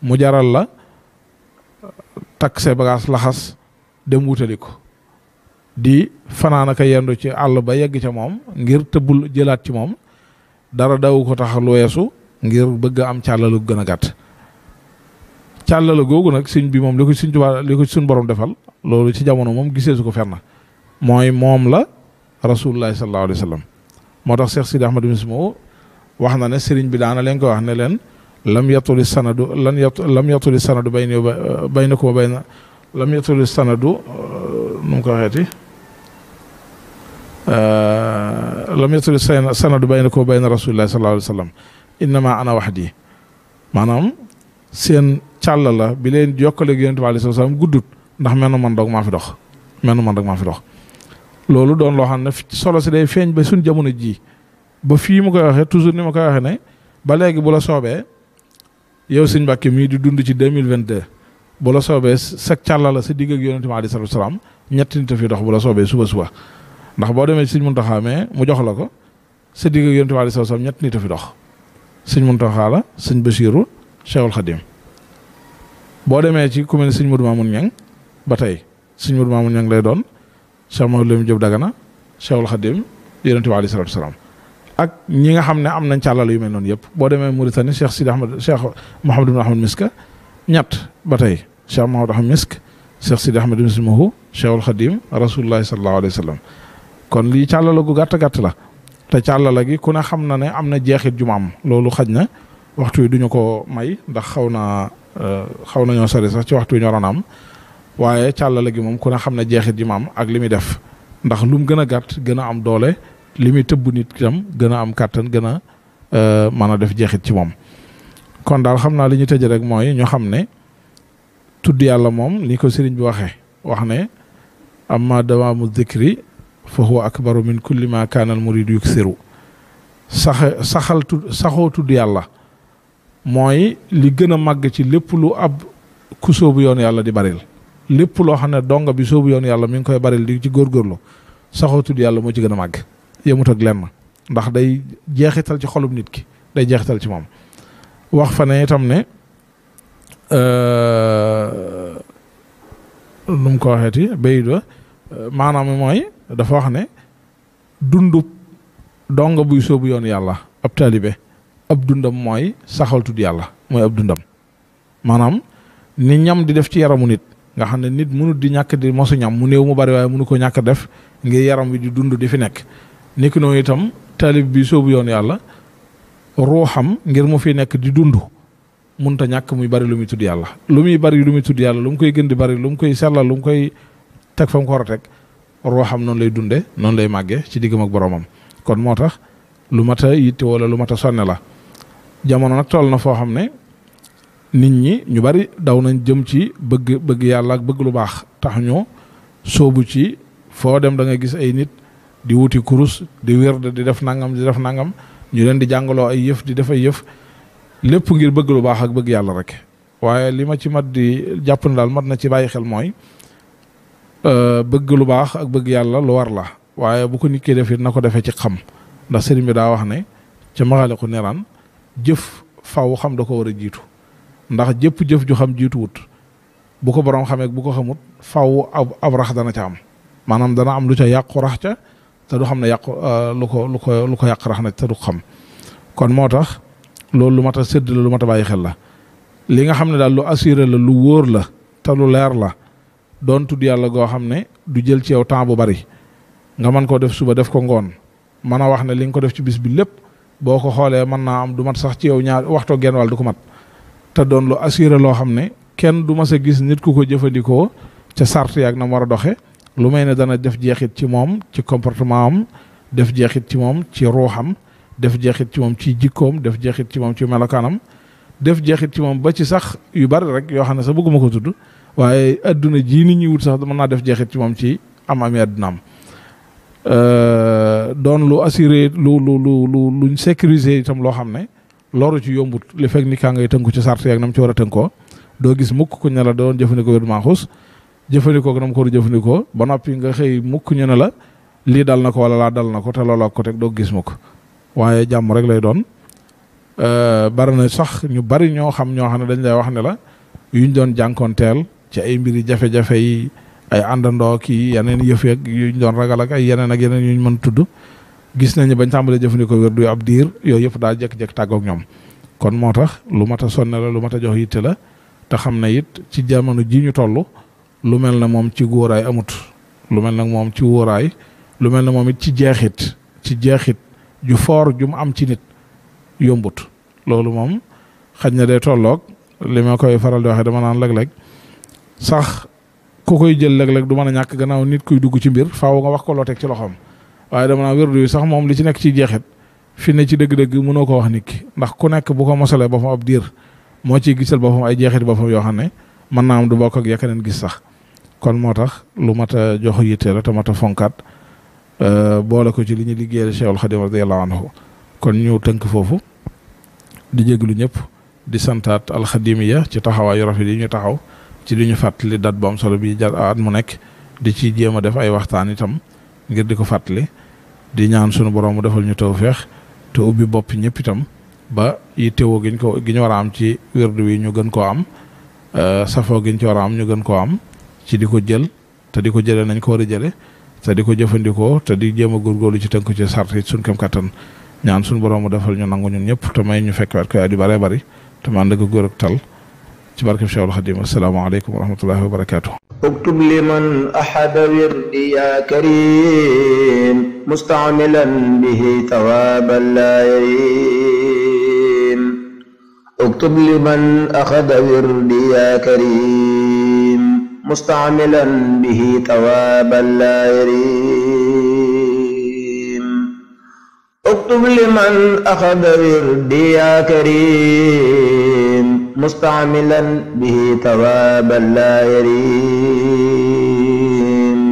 Speaker 2: mu jaral la takk say bagaas laxas dem wutali ko di fanaan ak yendu ci àll ba yegg ca moom ngir tëbbul jëlaat ci moom dara daw ko tax lu weesu ngir bëgg am càllalu gën a gàtt càllala googu nag sëñ bi moom li ko sëñ Tuubaa li ko suñ borom defal loolu ci jamono moom gisee su ko fenn mooy moom la rasulullahi sallallahu alayhi wa sallam moo tax Cheikh Sidi Ahmad Mismo wax na ne sëriñ bi daana leen ko wax ne leen lam yatuli sanadu lan yatu lam yatuli sanadu bay na bay na ko bay na lam yatuli sanadu nu mu ko waxeeti lam yatuli sanadu bay na ko bay na rasulillahi sallallahu alayhi wa sallam innama ana wax wahdi maanaam seen càll la bi leen jokkaleeg yonent bi alayhi salaam guddut ndax menn man dog maa fi dox menn man dog maa fi dox loolu doon loo xam ne solo si day feeñ ba suñ jamono jii ba fii mu koy waxee toujours ni ma koy waxee ne ba léegi bu la soobee yow sëñ Mbàkke mii di dund ci deux mille vingt deux bu la soobee sa càlla la sa digg ak yonent bi aleyhi salaatu salaam ñetti nit a fi dox bu la soobee suba suba ndax boo demee ci sëñ mu jox la ko sa digg ak yonent bi aleyhi ñetti nit a fi dox sëñ Muntaxa la sëñ Basiiru Cheikhul Xadim boo demee ci ku mel ne sëñ Mudu Maamun Ñang ba tey sëñ Mudu Maamun Ñang lay doon Cheikh Mahamadou Lamine Jóob Dagana Cheikhul Xadim yonent bi aleyhi salaatu wa salaam ak ñi nga xam ne am nañ càllal yu mel noonu yëpp boo demee Mauritanie Cheikh Sidi Ahmad Cheikh Mouhamadou bin Ahmad Misk ñett ba tey Cheikh Mouhamadou Ahmad Misk Cheikh Sidi Ahmad Mismahu Cheikhul Khadim Rasulullahi sallallahu alayhi wa sallam kon lii càllala gu gàtt gàtt la te càllala gi ku ne xam na ne am na jeexit ju am loolu xaj na waxtu wi duñu ko may ndax xaw naa eh, xaw nañoo sori sax ci waxtu yu ñu waroon am waaye càllala gi moom ku ne xam ne jeexit ju mu am ak li muy def ndax lu mu gën a gàtt gën a am doole li muy tëbb nit itam gën a am kàttan gën a euh, mën a def jeexit ci moom kon daal xam naa li ñu tëj rek mooy ñu xam ne tudd yàlla moom li ko sëriñ bi waxee wax ne amma dawaamu zikri fa huwa akbaru min kulli ma kaana al muridu yuksiru sax saxal tudd saxoo tudd yàlla mooy li gën a màgg ci lépp lu ab ku sóobu yoon yàlla di baril lépp loo xam ne donga bi sóobu yoon yàlla mi ngi koy baril di ci góorgóorlu saxoo tudd yàlla moo ci gën a màgg yëmut ak lenn ndax day jeexital ci xolum nit ki day jeexital ci moom wax fa ne itam ne euh, nu mu ko waxeeti bayit ba euh, maanaam mooy dafa wax ne dundub donga buy sóobu yoon yàlla ab taalibe ab dundam mooy saxal tudd yàlla mooy ab dundam maanaam ni ñam di def ci yaramu nit nga xam ne nit mënut di ñàkk di mosu ñam mu néew mu bari waaye mënu ko ñàkk def ngir yaram wi di dund di fi nekk niki noonu itam taalib bi soobu yoon yàlla ruuxam ngir mu fi nekk di dund ta ñàkk muy bari lu muy tudd yàlla lu muy bari lu muy tudd yàlla lu mu koy gën di bari lu mu koy sellal lu mu koy teg fa mu ko war a noonu lay dunde noonu lay màgge ci diggam ak boromam kon moo tax lu mat a yitte wala lu mat a sonne la jamono nag toll na foo xam ne nit ñi ñu bari daw nañ jëm ci bëgg bëgg yàlla ak bëgg lu baax tax ñu soobu ci foo dem da gis ay nit di wuti kurus di wérd di def nangam di def nangam ñu leen di jàngaloo ay yëf di def ay yëf lépp ngir bëgg lu baax ak bëgg yàlla rek waaye li ma ci mat di jàpp daal mat na ci bàyyi xel mooy euh, bëgg lu baax ak bëgg yàlla lu war la waaye bu ko nit ki na ko defee ci xam ndax sëriñ bi daa wax ne ca maxaliku neraan jëf faw xam da ko war a jiitu ndax jëpp jëf ju xam jiituwut bu ko borom xamee bu ko xamut faw ab ab rax dana ca am maanaam dana am lu ca yàqu rax ca te du xam ne yàqu euh, lu ko lu ko lu ko yàq rax na te du xam kon moo tax loolu lu mat a sëdd la lu mat a bàyyi xel la li nga xam ne daal lu assuré la lu wóor la te lu leer la doon tudd yàlla goo xam ne du jël ci yow temps bu bari nga mën koo def suba def ko ngoon mën a wax ne li nga ko def ci bis bi lépp boo ko xoolee mën naa am du mat sax ci yow ñaar waxtoo gen wàll du ko mat te doon lu assuré loo xam ne kenn du ma a gis nit ku ko jëfandikoo ca sart yaag na mu war a doxe lu may ne dana def jeexit ci moom ci comportement am def jeexit ci moom ci ruuxam def jeexit ci moom ci jikkoom def jeexit ci moom ci melokaanam def jeexit ci moom ba ci sax yu bari rek yoo xam ne sax bëgguma ko tudd waaye adduna jii nit ñi sax mën naa def jeexit ci moom ci am ami addunaam euh, doon lu assuré lu lu lu lu luñ sécuriser itam loo xam ne loru ci yombut li fekk ni kaa ngay tënku ci sart yeeg nam ci war a tënkoo doo gis mukk ku ne la doon jëfandikoo wér maaxus jëfandikoo ko nam jëfandikoo ba noppi nga xëy mukk ñu ne la lii dal na ko wala laa dal na ko te loolaa doo gis mukk waaye jàmm rek lay doon euh, bari na sax ñu bari ñoo xam ñoo xam ne dañ lay wax ne la yuñ doon jànkoonteel ci ay mbiri jafe-jafe yi ay àndandoo ki yeneen yëf yeeg yuñ doon ragal ak ay yeneen ak yeneen yuñ mën tudd gis nañu bañ tàmbalee jëfandikoo wér du ab diir yooyu yëpp daal jékki-jékki tàggoog ñoom kon moo tax lu mat a sonne la lu mat a jox yitte la te xam na it ci jamono ji ñu toll lu mel na moom ci góoraay amut lu mel na moom ci wóoraay lu mel na moom it ci jeexit ci jeexit ju foor ju mu am ci nit yombut loolu moom xaj na day tolloog li ma koy faral di waxee dama naan léeg-léeg sax ku koy jël léeg-léeg du mën a ñàkk gannaaw nit kuy dugg ci mbir faaw nga wax ko loo teg ci loxoom waaye dama naan wérdu yi sax moom li ci nekk ci jeexit fi ne ci dëgg-dëgg mënoo ko wax nit ki ndax ku nekk bu ko mosalee boppam ab diir moo ciy gisal boppam ay jeexit boppam yoo xam ne mën naa am du bokk ak yakaneen gis sax kon moo tax lu mat a jox yitte la te fonkat a euh, boole ko ci li ñu liggéeyal Cheikhul Khadim radiyallahu anhu kon ñu tënk foofu di jéglu ñëpp di santaat alxadimiya ci taxawaayu rafet yi ñu taxaw ci li ñu fàttali dat bu solo bi jar mu nekk di ci jéem a def ay waxtaan itam ngir di ko fàttali di ñaan sunu borom mu defal ñu tawfeex te ubbi bopp ñëpp itam ba yittewoo giñ ko gi ñu war a am ci wérdu wi ñu gën koo am euh, safoo giñ ci war a am ñu gën koo am ci di ko jël te di ko jëlee nañ ko war a jëlee te di ko jëfandikoo te di jéem a góorgóorlu ci tënku ci sart yi suñ kam kattan ñaan suñ borom mu defal ñu nangu ñun ñëpp te may ñu fekk waat ko ay di bëree bëri te man dëgg góor ak tal ci barkeb Cheikhul Xadim asalaamaaleykum wa rahmatullahi wa barakaatu.
Speaker 1: اكتب لمن أحد وردي يا كريم مستعملا به مستعملا به ثوابا لا يريم اكتب لمن أخذ وردي يا كريم مستعملا به ثوابا لا يريم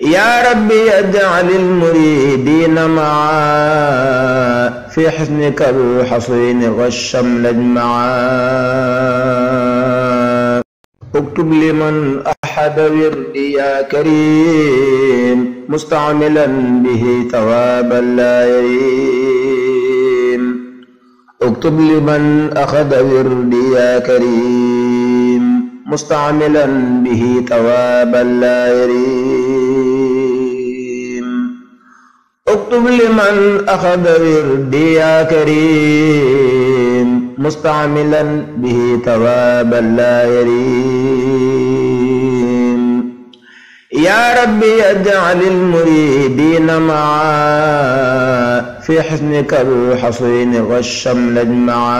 Speaker 1: يا ربي اجعل المريدين معا في حسنك الحصين والشمل اجمعا اكتب لمن أحد وردي يا كريم مستعملا به ثوابا لا يريم اكتب لمن أخذ وردي يا كريم مستعملا به ثوابا لا يريم اكتب لمن أخذ وردي يا كريم مستعملا به ثوابا لا يريم يا ربي اجعل المريدين معا في حسنك الحصين والشمل اجمعا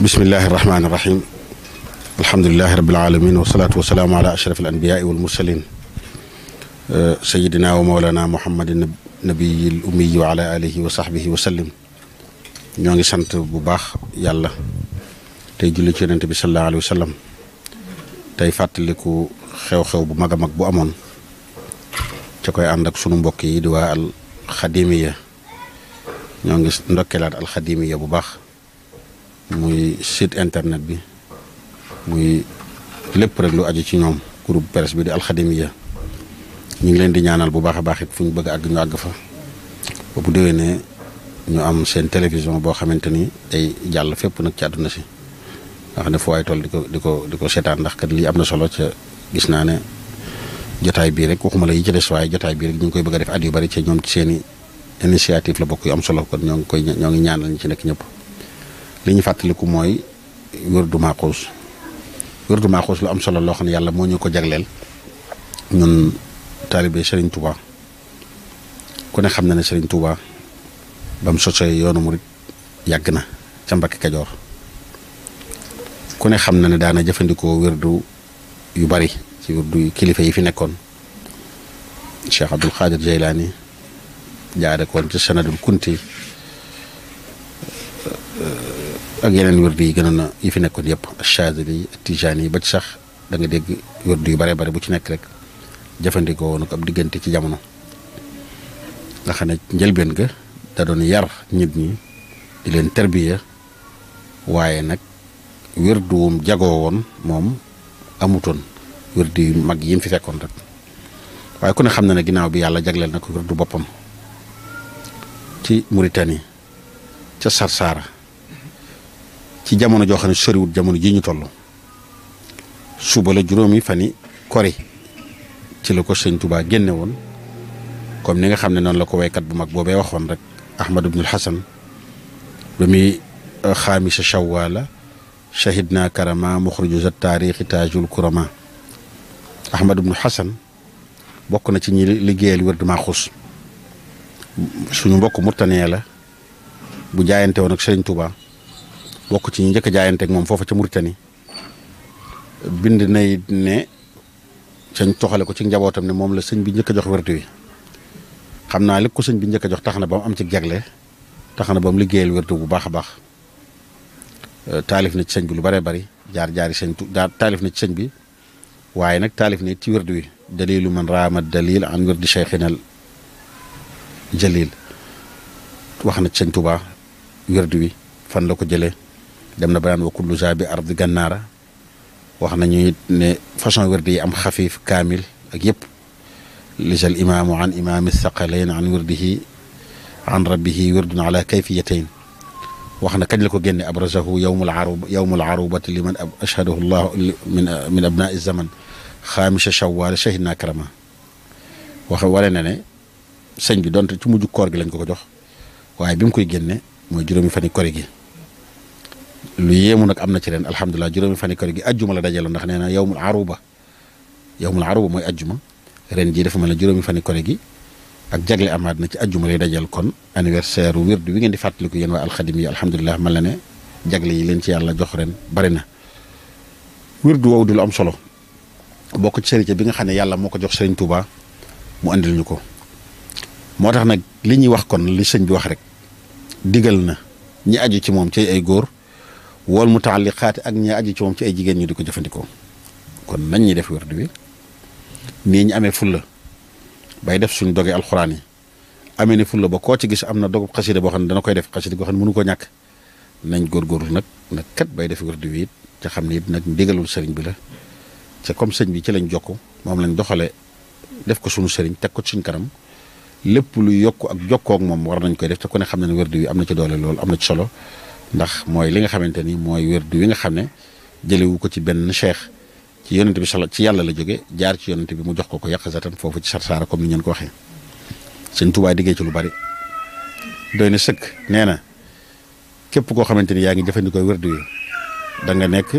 Speaker 3: بسم الله الرحمن الرحيم الحمد لله رب العالمين والصلاة والسلام على أشرف الأنبياء والمرسلين سيدنا ومولانا محمد النبي الأمي وعلى آله وصحبه وسلم ñoo ngi sant bu baax yàlla tey julli ci yonent bi sallallahu alayhi wa tey fàttaliku xew-xew bu mag a mag bu amoon ca koy ànd ak sunu mbokk yi di waa al ñoo ngi ndokkeelaat al xadimiya bu baax muy site internet bi muy lépp rek lu aju ci ñoom groupe presse bi di al xadimiya ñu ngi leen di ñaanal bu baax a baax fu ñu bëgg a àgg ñu àgg fa ba bu déwénee ñu am seen télévision boo xamante ni day jàll fépp nag ci àdduna si wax xam ne fu waay toll di ko di ko di ko seetaan ndax kat lii am na solo ca gis naa ne jotaay bii rek waxuma la yi ci des waaye jotaay bii rek ñu ngi koy bëgg a def at yu bari ci ñoom ci initiative la bokk yu am solo kon ñoo ngi koy ñoo ngi ñaanal ñi ci nekk ñëpp ñu fàttaliku mooy wërdu maaxuus wërdu maaxuus lu am solo loo xam ne yàlla moo ñu ko jagleel ñun taalibe Serigne Touba ku ne xam na ne Serigne tubaa bam sosee yoonu murit yàgg na ca Mbàkke Kajoor ku ne xam na ne daana jëfandikoo wirdu yu bari ci wirdu kilifa yi fi nekkoon Cheikh Abdul Xaadir Jeylaani jaare koon ci sanadul kunti eh, ak yeneen wirdu yi gënoon na yi fi nekkoon yëpp Chaadili Tijaani ba ci sax danga dégg wirdu yu bare bari bu ci nekk rek jëfandikoo woon ko ab diggante ci jamono ndax xam njëlbeen ga da doon yar nit ñi di leen tarbiya waaye nag wérdu wum jagoo woon moom amutoon wérdu yu mag yi fi fekkoon rek waaye ku ne xam na ne ginnaaw bi yàlla jagleel na ko wérdu boppam ci Mauritanie ca Sarsara ci jamono joo xam ne soriwut jamono ji ñu toll suba la juróomi fani kori ci la ko sëñ Touba génne woon comme ni nga xam ne noonu la ko waykat bu mag boobee waxoon rek ahmad ibnul hasan ba muy euh, xaamisa shawwaala shahidna karama muxriju za taarixi taajul kurama ahmad ibnul hasan bokk na ci ñi liggéeyal wér duma xus suñu mbokk murtanee la bu jaayante woon ak Serigne Touba bokk ci ñi njëkk a jaayante moom foofa ca Murtani bind nay ne sañ toxale ko ci njabootam ne moom la sëñ bi njëkk a jox werdu wi xam naa li ko sëñ bi njëkk a jox tax na ba am ci jagle tax na ba mu liggéeyal wérdu bu baax a baax euh, taalif na ci sëñ bi lu bare bari jaar jaari sëñ jaar taalif na ci sëñ bi waaye nag taalif na ci wérdu wi dalilu man raama dalil an wérdi cheikhinal jalil wax na sëñ Tuubaa wérdu wi fan la ko jëlee dem na ba naan wa kullu za bi ardi gannaara wax nañu it ne façon wérdu yi am xafiif kaamil ak yépp lija al imaamu an imaami saqalayn an wirdihi an rabbihi wirdun ala kayfiyatayn wax na kañ la ko génne abrazahu yowmul aruba yowmul arubati liman ashhadahu llah min min abnaai zaman xaamisa shawal shahidna karama wax wala na ne sëñ bi donte ci mujj koor gi lañ ko ko jox waaye bi mu koy génne mooy juróomi fani kori gi lu yéemu nag am na ci ren alhamdulilah juróomi fani kori gi ajjuma la dajaloon ndax nee na yowmul aruba yowmul aruba mooy ajjuma ren jii dafa mel ne juróomi fani kore gi ak jagle amaat na ci ajjuma lay dajal kon anniversaire wird wi ngeen di fàttaliku yéen waa alxadim yi alhamdulilah mel na ne jagle yi leen ci yàlla jox ren bari na wird woowu di lu am solo bokk ci sëriñ bi nga xam ne yàlla moo ko jox sëriñ Touba mu andil ñu ko moo tax nag li ñuy wax kon li sëñ bi wax rek digal na ñi aju ci moom ci ay góor wal mutaalliqaati ak ñi aju ci moom ci ay jigéen ñu di ko jëfandikoo kon nañ ñuy def wird wi nii ñu amee fulla bay def suñ doge alxuraan yi amee ne fulla ba koo ci gis am na dogub xasida boo xam ne dana koy def xasida boo xam ne mënu ko ñàkk nañ nag nag kat bay def wird wi it ca xam ne it nag ndigalul sëriñ bi la ca comme sëñ bi ci lañ jokk moom lañ doxale def ko suñu sëriñ teg ko ci suñ kanam lépp lu yokk ak jokkook moom war nañ koy def te ko ne xam ne ne wird wi am na ci doole loolu am na ci solo ndax mooy li nga xamante ni mooy wird wi nga xam ne jëlewu ko ci benn cheikh ci yonent bi sala ci yàlla la jóge jaar ci yonent bi mu jox ko ko yàqasatan foofu ci sarsaara comme ni ngeen ko waxee sëñ Tuubaa diggee ci lu bari doy na sëkk nee na képp koo xamante ni yaa ngi jëfandikoo wérdu wi da nga nekk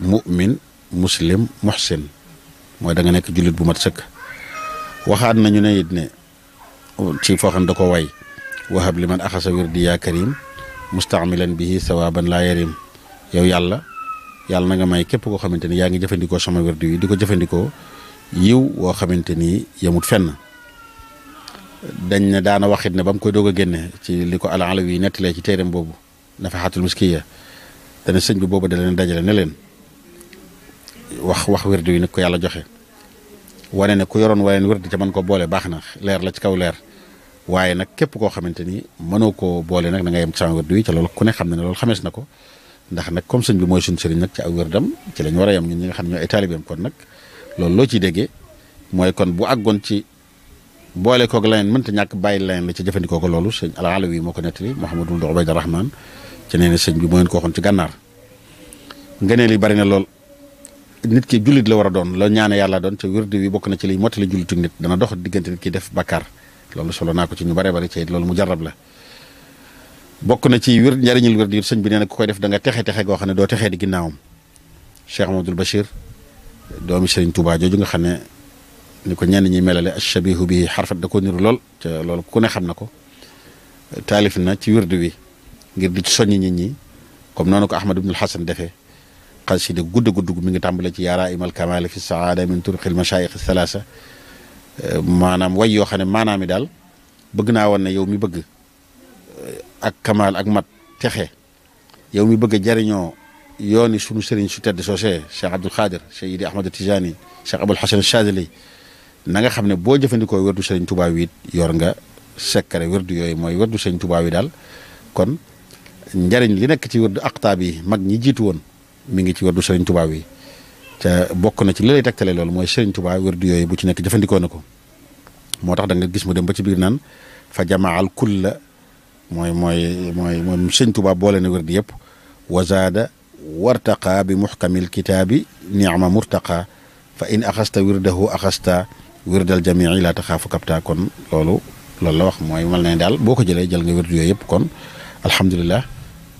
Speaker 3: mu'min muslim muhsin mooy da nga nekk jullit bu mat sëkk waxaat nañu ne it ne ci foo xam da ko way wahab liman axasa wirdi yaa karim mustaamilan bihi sawaban laa yarim yow yàlla yàlla na nga may képp koo xamante ni yaa ngi jëfandikoo sama werdu yi di ko jëfandikoo yiw woo xamante ni yemut fenn dañ ne daana waxit ne ba mu koy doog a génne ci li ko al alawi yi nettalee ci téereem boobu nafaxatul muskiya dana sëñ bi boobu da leen dajale ne leen wax wax werdu yi nag ko yàlla joxe wane ne ku yoroon waneen werdu te mën ko boole baax na leer la ci kaw leer waaye nag képp koo xamante ni mënoo koo boole nag da nga yem ci sama werdu ca te loolu ku ne xam ne ne loolu xamees na ko ndax nag comme sëñ bi mooy suñ sëriñ nag ci aw wérdam ci lañ war a yam nga xam ne ay taalibeem kon nag loolu loo ciy déggee mooy kon bu àggoon ci boole koog leneen mënta ñàkk bàyyi leneen la ci jëfandikoo loolu sëñ alaalawi moo ko nettali Mouhamadou Ndox Bayda Rahman ci nee na sëñ ko waxoon ci gànnaar ngëneel yi bari na lool nit ki jullit a doon la ñaane yàlla doon te wirdu wi bokk na ci liy mottali jullitu nit dana dox diggante nit ki def bakkaar loolu solo naa ko ci ñu bare bari ci loolu mu jarab la bokk na ci wir njariñul wir diir sëñ bi nee na ku koy def danga nga texe texe goo xam ne doo texee di ginnaawam Cheikh Amadou Bachir doomi Serigne Touba jooju nga xam ne ni ko ñenn ñi melale ashabihu bi xarfat da ko niru lool te loolu ku ne xam na ko taalif na ci wirdu wi ngir di ci soññ nit ñi comme noonu ko Ahmad ibnul Hasan defee xasida gudd gudd mi ngi tàmbale ci yaaraa imal kamaali fi saada min turqil mashaayix salaasa maanaam way yoo xam ne maanaam i daal bëgg naa woon ne yow mi bëgg ak kamaal ak mat texe yow mi bëgg a jariñoo yooni sunu sëriñ su tedd soosee Cheikh Abdoul Khadir Cheikh Idi Ahmad Tijani Cheikh Abul Hasan Chadili na nga xam ne boo jëfandikoo werdu sëriñ Tuubaa wi yor nga sekkare werdu yooyu mooy werdu sëriñ Tuubaa wi daal kon njariñ li nekk ci werdu aqtaab yi mag ñi jiitu woon mi ngi ci werdu sëriñ Tuubaa wi te bokk na ci li lay tegtale loolu mooy sëriñ Tuubaa werdu yooyu bu ci nekk jëfandikoo na ko moo tax da nga gis mu dem ba ci biir naan fa jamaal kulla mooy mooy mooy mooy sëñ Tuubaa boole na wér di yëpp wazaada wartaqa bi muxkamil kitaabi nicma murtaqa fa in axasta wirdahu axasta wirdal jamii laa taxaafu kapta kon loolu loolu la wax mooy mal ne daal boo ko jëlee jël nga wirdu yooyu yëpp kon alhamdulilah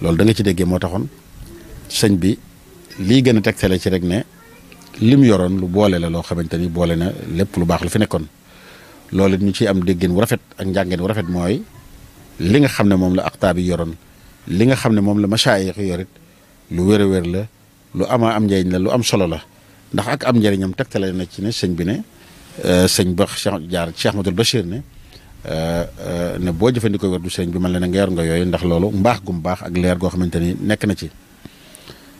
Speaker 3: loolu da nga ci déggee moo taxoon sëñ bi lii gën a tegtale ci rek ne lim yoroon lu boole la loo xamante ni boole na lépp lu baax lu fi nekkoon loolu it ñu ciy am déggin wu rafet ak njàngeen wu rafet mooy li nga xam ne moom la aqtaab yi yoroon li nga xam ne la machaayix yi yorit lu wér a wér la lu ama am njëriñ la lu am solo la ndax ak am njëriñam tegtale na ci ne sëñ bi ne euh, sëñ ba Cheikh jaar Cheikh Ahmadul Bachir ne euh, euh, ne boo jëfandikoo wér du sëñ bi man la ne nga yooyu ndax loolu mbaax gu baax ak leer goo xamante ni nekk na ci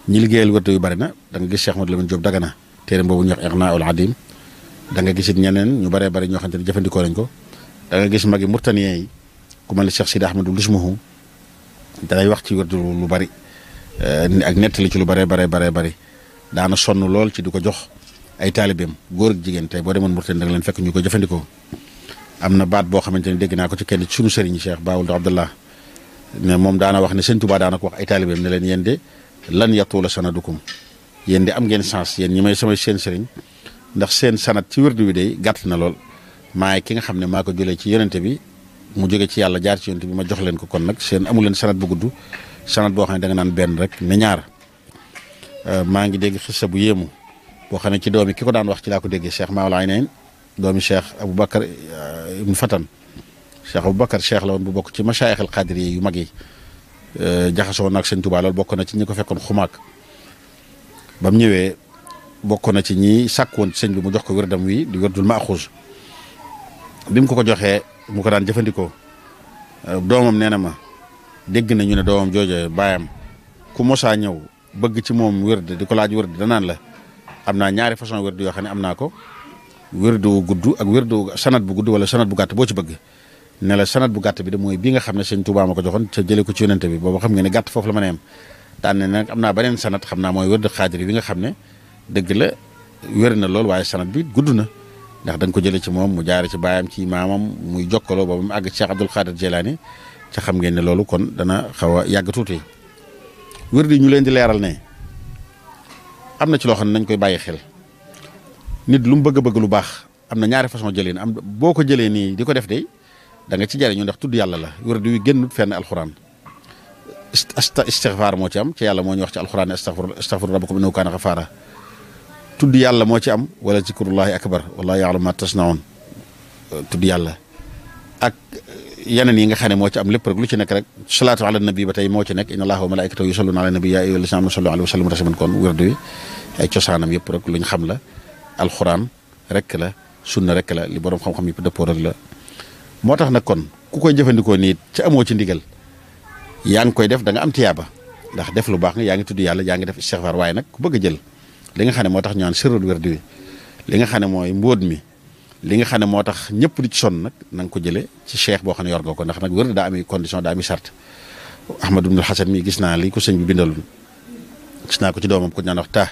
Speaker 3: ñi liggéeyal wérdu yu bari na da nga gis Cheikh Ahmadou Lamine Diop Dagana tee boobu ñuy wax Ighnaa'ul Adiim da gisit ñeneen ñu baree bari ñoo xamante ni jëfandikoo nañ ko da gis magi murtaniyee yi ku mel ne Cheikh Sidi Ahmadu Lismahu danay wax ci wérdu lu bari eh, ak nettali ci lu bare bare bare bari daana sonn lool ci di ko jox ay taalibeem góor ak jigéen tey boo demoon Mauritanie da nga leen fekk ñu koy jëfandikoo am na baat boo xamante ne dégg naa ko ci kenn ci sunu sëriñ Cheikh Baawul Abdallah ne moom daana wax ne sëñ Tuubaa daana ko wax ay taalibeem ne leen yéen de lan yatuula sanadukum yéen de am ngeen chance yéen ñi may samay seen sëriñ ndax seen sanat ci wérdu wi de gàtt na lool maay ki nga xam ne maa ko jëlee ci yonente bi mu jóge ci yàlla jaar ci yonent bi ma jox leen ko kon nag seen amuleen leen sanat bu gudd sanat boo xam ne da naan benn rek ne ñaar euh, maa ngi dégg xissa bu yéemu boo xam ne ci doom yi ki ko daan wax ci laa ko maa Cheikh Maola Aynayn doomi Cheikh Aboubacar euh, Ibn Fatan Cheikh Aboubacar Cheikh la woon bu bokk ci machaayix al xaadir yi yu mag yi euh, jaxasoo naag sëñ Tuubaa loolu na ci ñi ko fekkoon xumaag ba mu ñëwee bokk na ci ñi sàkk woon sëñ bi mu jox ko wérdam wi di wérdul maaxuus bi ko ko joxee mu ko daan jëfandikoo euh, doomam nee na ma dégg nañu ne doomam jooje baayam ku mosaa ñëw bëgg ci moom wérd di ko laaj wérd danaan la am naa ñaari façon wérd yoo xam ne am naa ko wérd wu gudd ak wérd wu sanat bu gudd wala sanat bu gàtt boo ci bëgg ne la sanat bi de mooy bi nga xam ne sëñ Tuubaa ma ko joxoon te ci yonente bi booba xam nga ne gàtt foofu la mën a yem daan ne nag am naa beneen sanat xam naa mooy wérd xaadir bi nga xam ne dëgg la wér na lool waaye sanat bi gudd na ndax dañ ko jëlee ci moom mu jaare ci baayam ci maamam muy jokkaloo ba mu àgg ci Cheikh Abdul Xaadir Jelaani ca xam ngeen ne loolu kon dana xaw a yàgg tuuti wér di ñu leen di leeral ne am na ci loo xam ne nañ koy bàyyi xel nit lu mu bëgg bëgg lu baax am na ñaari façon jëlee am boo ko jëlee nii di ko def de da nga ci jariñu ndax tudd yàlla la wér di wi génnut fenn alxuraan istigfaar moo ci ca ci yàlla moo ñu wax ci alxuraan ne astaghfiru astaghfiru rabbakum innahu kaana ghafaara tudd yàlla moo ci am wala zikrullahi akbar wallahu ya'lamu ma tasnaun tudd yàlla ak yeneen yi nga xam ne moo ci am lépp rek lu ci nekk rek salaatu ala nabi ba tey moo ci nekk inna allaha wa malaikatahu yusalluna ala nabi ya ayyuhal lazina amanu sallu alayhi wa sallimu tasliman kon wirdu wi ay cosaanam yëpp rek luñ xam la alxuraan rek la sunna rek la li borom xam yëpp dëppoo rek moo tax nag kon ku koy jëfandikoo nii ci amoo ci ndigal yaa ngi koy def da nga am tiyaaba ndax def lu baax nga yaa ngi tudd yàlla yaa ngi def istixfaar waaye nag ku bëgg jël li nga xam ne moo tax ñu naan sérul werdi li nga xam ne mooy mbóot mi li nga xam ne moo tax ñëpp di ci sonn nag nanga ko jëlee ci cheikh boo xam ne yor nga ko ndax nag wérdi daa ami condition daa ami charte ahmad ibnul xasan mi gis naa li ko sëñ bi bindaloon gis naa ko ci doomam ko ñaan wax taa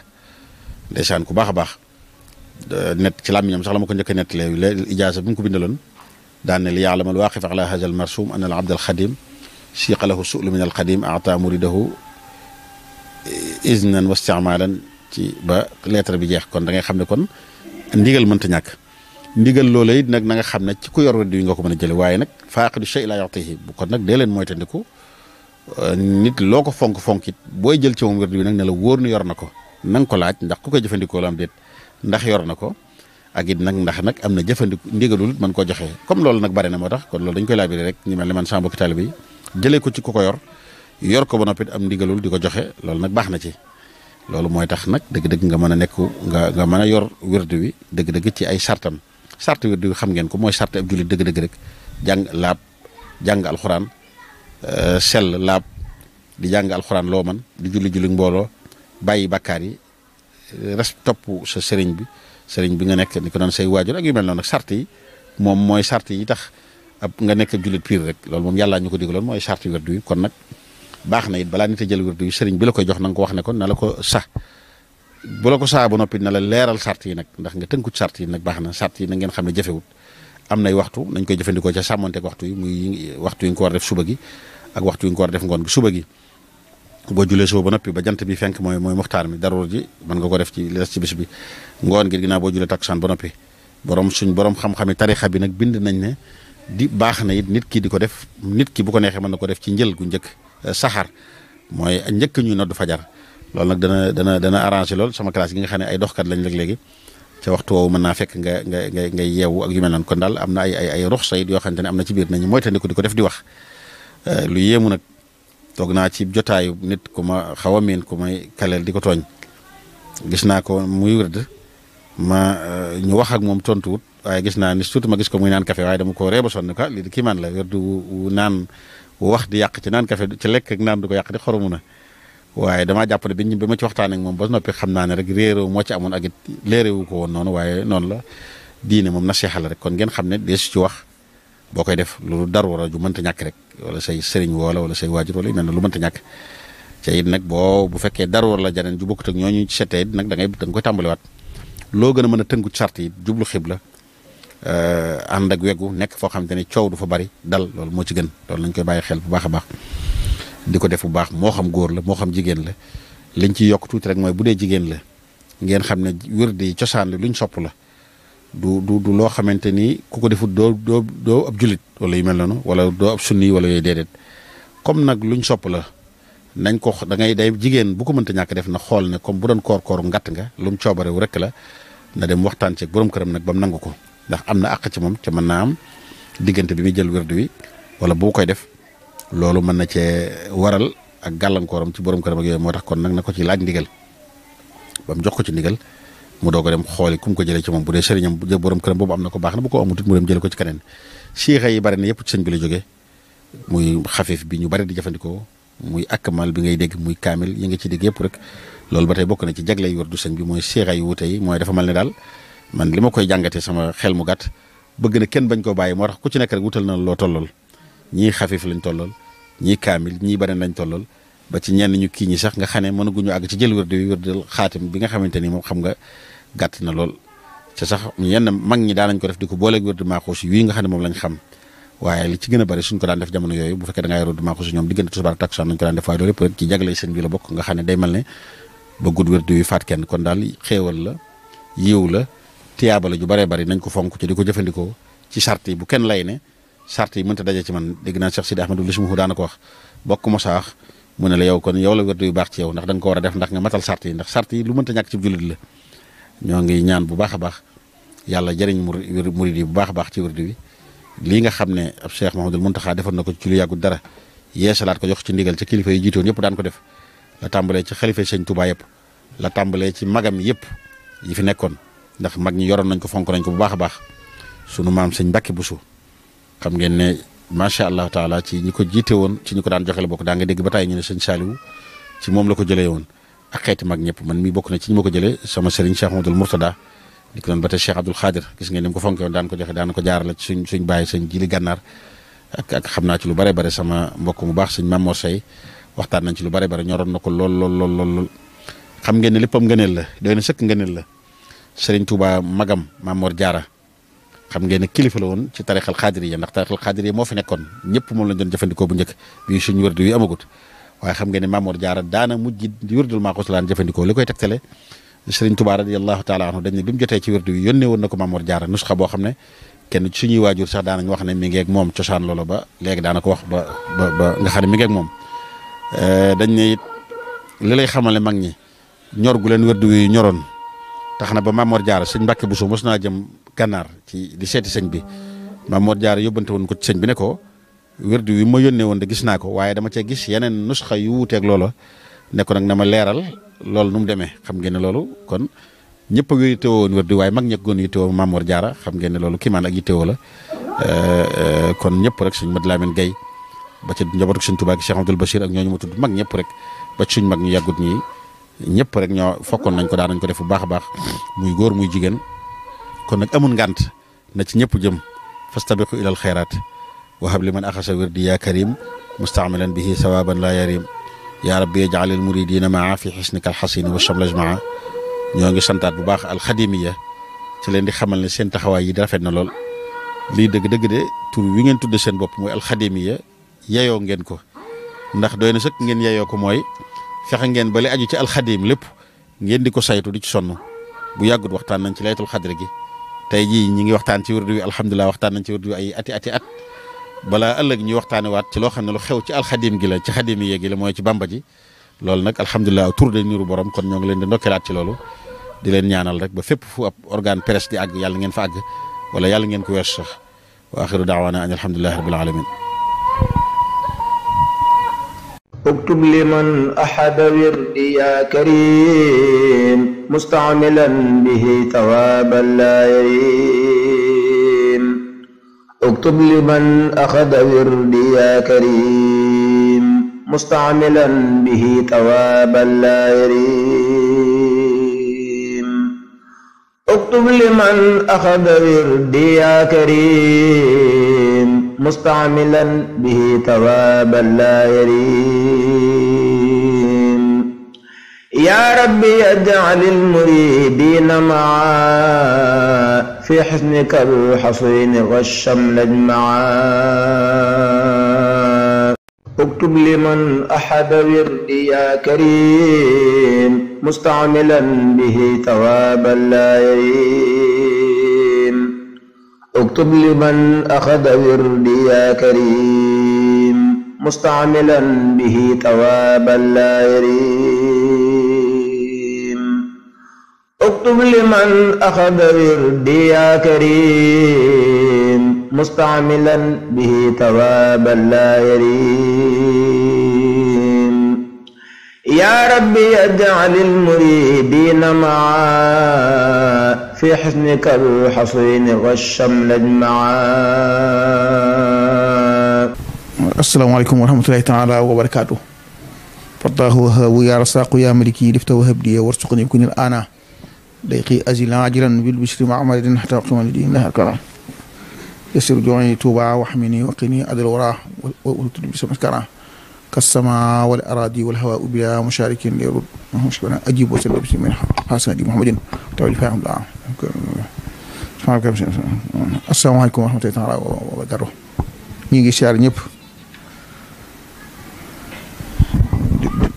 Speaker 3: ndeysaan ku baax a baax net ci làmmiñam sax la ma ko njëkk a nettalee l ijaasa bi mu ko bindaloon daan ne li yaalamal waaqif ala haza al marsum an al abd al xadim siiqa lahu su'lu min al qadim ata muridahu iznan wa isticmaalan ci ba lettre bi jeex kon dangay xam ne kon ndigal mën mënta ñàkk ndigal loola it nag na nga xam ne ci ku yor wedd yi nga ko mën a jële waaye nag faaqidu shay laa yatihi bu kon nag dee leen moytandiku euh, nit loo ko fonk-fonk it booy jël ci moom wedd bi nag ne la wóor na yor na ko na nga ko laaj ndax ku koy jëfandikoo la am déet ndax yor na ko ak it nag ndax nag am na jëfandiku ndigalul man koo joxe comme loolu nag bari na moo tax kon loolu dañ koy laabiri rek ñu mel ne man sama mbokki taalibe bi jëlee ko ci ku ko yor yor ko ba noppi am ndigalul di ko joxe loolu nag baax na ci loolu mooy tax nag dëgg-dëgg nga mën a nekk nga nga mën a yor wird wi dëgg-dëgg ci ay sartam sart wird wi xam ngeen ko mooy sart ab jullit dëgg-dëgg rek jàng laab jàng alxuraan euh, di jàng alxuraan loo man di julli julli mbooloo bàyyi bakkaar yi euh, res topp sa sëriñ bi sëriñ bi nga nekk ni ko doon say waajur ak mel noonu sart yi moom mooy tax nga nekk ab jullit piir loolu moom yàllaa ñu ko digaloon mooy sart wird wi kon nag baax na it balaa nit a jël wird wi sëriñ bi la koy jox nan ko wax ne ko na la ko sa bu la ko saa ba noppi na la leeral sart yi nag ndax nga tënku sart yi nag baax na sart yi na ngeen xam ne jafewut am nay waxtu nañ koy jëfandikoo ca sàmmanteeg waxtu yi muy waxtu yi nga ko def suba gi ak waxtu yi nga ko war def ngoon gi suba gi boo julee suba ba noppi ba jant bi fenk mooy mooy muxtaar mi daroor ji mën ko def ci li bi ngoon gi ginnaaw boo julee takkusaan ba noppi borom suñ borom xam-xami tarixa bi nag bind nañ ne di baax na it nit ki di ko def nit ki bu ko neexee mën na ko def ci njël gu njëkk saxaar mooy njëkk ñuy noddu fajar loolu nag dana dana dana arrangé lool sama classe gi nga xam ne ay doxkat lañ léeg léegi ca waxtu woowu mën naa fekk nga nga nga ngay yeewu ak yu mel noonu kon daal am na ay ay ay ruxsa it yoo xamante ne am na ci biir nañu moytandiku di ko def di wax euh, lu yéemu nag toog naa ci jotaayu nit ku ma xaw a miin ku may kaleel di ko tooñ gis naa ko muy wërd ma euh, ñu wax ak moom tontuwut waaye gis naa ni surtout ma gis ko muy naan café waaye dama ko reeba sonn quoi lii di kii maan la naan wax di yàq ci naan kafe ci lekk ak naan du ko yàq di xoromu na waaye damaa jàpp ne bi ñu bi ma ci waxtaan ak moom ba noppi xam naa rek réeréew moo ci amoon ak it léeréewu ko woon noonu waaye noonu la diine moom na la rek kon ngeen xam ne deesu ci wax boo koy def lu dar war a ju mënta ñàkk rek wala say sëriñ wala wala say waajur wala yu mel ne lu mënta ñàkk te it nag boo bu fekkee dar war la janeen ju bokkut ak ñooñu setee nag da ngay da nga koy tàmbaliwaat loo gën a mën a tënku sart yi jublu xibla Euh, ànd ak wegu nekk foo xamante ne coow du fa bari dal loolu moo ci gën loolu lañ koy bàyyi xel bu baax a baax di ko def bu baax moo xam góor la moo xam jigéen la liñ ci yokk tuuti rek mooy bu dee jigéen la ngeen xam ne wérd di cosaan li luñ sopp la du du loo xamante ni ku ko defut doo doo doo ab jullit wala yu mel noonu wala doo ab sunni wala yooyu déedéet comme nag luñ sopp la nañ ko da ngay day jigéen bu ko mënta ñàkk def na xool ne comme bu doon koor kooru ngatt nga lu mu coobarewu rek la na dem waxtaan ceeg borom këram nag ba mu nangu ko ndax am na ak ci moom ca man naa am diggante bi muy jël wérdu wi wala bu koy def loolu mën na cee waral ak gàllankooram ci borom këram ak yooyu moo tax kon nag na ko ci laaj ndigal ba mu jox ko ci ndigal mu doog a dem ku mu ko jëlee ci moom bu dee sëriñam bu borom këram boobu na ko baax na bu ko amut it mu dem jëlee ko bi la jógee muy xafiif bi ñu bari di jëfandikoo muy akmal bi ngay dégg muy kaamil yi nga ci dégg yëpp rek loolu ba tey bokk na ci jagley wérdu sëñ bi mooy siixa yu wute yi mooy dafa mel ne daal man li ma koy jàngatee sama xel mu gàtt bëgg na kenn bañ koo bàyyi moo tax ku ci nekk rek wutal na loo tollool ñii xafif lañ tollool ñii kaamil ñii beneen lañ tollool ba ci ñenn ñu kii ñi sax nga xam ne mënaguñu àgg ci jël wërd wi wërdal bi nga xamante ni moom xam nga gàtt na lool te sax yenn mag ñi daanañ ko def di ko booleeg wërd maaxuus yi nga xam ne moom lañ xam waaye ci gën a bëri suñ ko daan def jamono yooyu bu fekkee da ngaa yor wërd maaxuus ñoom diggante tisbaar takkusaan nañ ko daan def waaye loolu yëpp rek ci jaglay ne day mel ne kenn kon daal xéewal la yiw la tiyaaba la ju baree bari nañ ko fonk ci di ko jëfandikoo ci sart yi bu kenn lay ne sart yi mënta daje ci man dégg naa Cheikh Sidi Ahmadou Lismuhu daana ko bokk mo saax mu ne la yow kon yow la wérdu yu baax ci yow ndax da nga war a def ndax nga matal sart yi ndax sart yi lu mënta ngi ñaan bu baax a baax yàlla jëriñ murid yi bu baax a baax ci wérdu bi nga xam ne ab Cheikh Mahamadul Muntaxa defoon na ko ci lu yàggul dara yeesalaat ko jox ci ndigal ci kilifa yi jiitoon yëpp daan ko def la tàmbalee ci xalifa sëñ Tuubaa yëpp la tàmbalee ci magam yëpp yi fi nekkoon ndax mag ñi yoroon nañ ko fonk nañ ko bu baax a baax sunu maam sëñ bu Buso xam ngeen ne macha allah taala ci ñi ko jiite woon ci ñi ko daan joxe bokk daa nga dégg ba tey ñu ne sëñ Saaliwu ci ko jëlee woon ak mag ñëpp man mi bokk na ci ñi ma ko jëlee sama sëriñ Cheikh Amadou Mourtada di ko doon ba tey Cheikh Abdoul gis ngeen ni ko fonke woon daan ko joxe daan ko jaarale suñ suñ bàyyi sëñ Jili Gànnaar ak xam naa ci lu bare bare sama mbokk mu baax sëñ Mamor Sey waxtaan nañ ci lu bare bare ñoroon na ko lool lool lool lool xam ngeen ne léppam ngëneel la doy na sëkk ngëneel la Serigne Touba magam Maam Mor Jaara xam ngeen ne kilifa la woon ci tarixal xaadiriya ndax tarixal xaadiriya moo fi nekkoon ñëpp moom lañ doon jëfandikoo bu njëkk bi suñu wërdu yi amagut waaye xam ngeen ne Maam Mor Jaara daana mujj di wërdul maa xusalaan jëfandikoo li koy tegtale Serigne Touba radiyallahu taala anhu dañ ne bi mu ci wërdu yi yónnee woon ko Maam Mor Jaara nusxa boo ne kenn ci suñuy waajur sax daanañ wax ne mi ngeeg moom cosaan loolu ba léegi daana ko wax ba ba ba nga xam ne mi moom eh, dañ ne it li lay xamale mag ñi ñor gu leen wërdu yi ñoroon tax na ba Mamor Diarra sëñ Mbàkke Bousso mos naa jëm gànnaar ci di seeti sëñ bi Mamor Diarra yóbbante woon ko ci sëñ bi ne ko wérdu wi ma yónnee woon de gis naa ko waaye dama cee gis yeneen nusxa yu wuuteeg loola ne ko nag na ma leeral loolu nu mu demee xam ngeen ne loolu kon ñëpp a yittewoo woon wérdu waaye mag ñëpp goon yittewoo Mamor Diarra xam ngeen loolu kiimaan ak yittewoo la euh, euh, kon ñëpp rek sëñ Mad Lamin Gay ba ci njabootu sëñ Tuubaa gi Cheikh Abdoul Bachir ak ñooñu ma tudd mag ñëpp rek ba ci suñ mag ñu yàggut ñii ñëpp rek ñoo fokkoon nañ ko daan nañ ko def bu baax a baax muy góor muy jigéen kon nag amul ngànt na ci ñëpp jëm fastabiqu ilal xayraat wahab li man axasa wirdi yaa karim mustaamilan bihi sawaban laa yarim yaa rabbi yaj'alil muridina maa fi xisnika alxasin wa shamlaj maa ñoo ngi santaat bu baax alxadimiya ci leen di xamal ne seen taxawaay yi rafet na lool lii dëgg-dëgg de tur wi ngeen tudde seen bopp mooy alxadimiya yayoo ngeen ko ndax doy na sëkk ngeen yayoo ko mooy fexe ngeen ba aju ci alxadim lépp ngeen di ko saytu di ci sonn bu yàggut waxtaan nañ ci laytul xadri gi tey jii ñi ngi waxtaan ci wirdu wi alhamdulilah waxtaan nañ ci wirdu wi ay ati ati at balaa ëllëg ñuy waxtaane waat ci loo xam ne lu xew ci alxadim gi la ci xadim yi gi la mooy ci bamba ji loolu nag alhamdulilah tur de niru borom kon ñoo ngi leen di ndokkeelaat ci loolu di leen ñaanal rek ba fépp fu ab organe presse di àgg yàlla ngeen fa àgg wala yàlla ngeen ko weesu sax wa axiru daawaana an alhamdulilahi rabil
Speaker 1: اكتب لمن أحب وردي يا كريم مستعملا به ثوابا لا يريم اكتب لمن أخذ وردي يا كريم مستعملا به ثوابا لا يريم اكتب لمن أخذ وردي يا كريم مستعملا به ثوابا لا يريم يا ربي اجعل المريدين معا في حسنك الحصين والشمل اجمعا اكتب لمن احد وردي يا كريم مستعملا به ثوابا لا يريم اكتب لمن أخذ وردي يا كريم مستعملا به ثوابا لا يريم اكتب لمن أخذ وردي يا كريم مستعملا به ثوابا لا يريم يا ربي اجعل المريدين معاك في حسنك الحصين والشمل اجمعا
Speaker 4: السلام عليكم ورحمة الله تعالى وبركاته فتاه وهاب يا رزاق يا ملكي لفت وهب لي وارزقني كن الآن دقي أزل عاجلا بالبشر مع عمل حتى أقسم الدين لها الكرم يسر جوعي توبا واحمني وقني أدل وراه والتد بسم الكرم كالسماء والأراضي والهواء بلا مشارك ليرد شكرا أجيب وسلم بسم الله حسن محمد تعالى فاهم الله asalaamaaleykum wa rahmatulah wa barakaatu ñu ngi siyaar ñëpp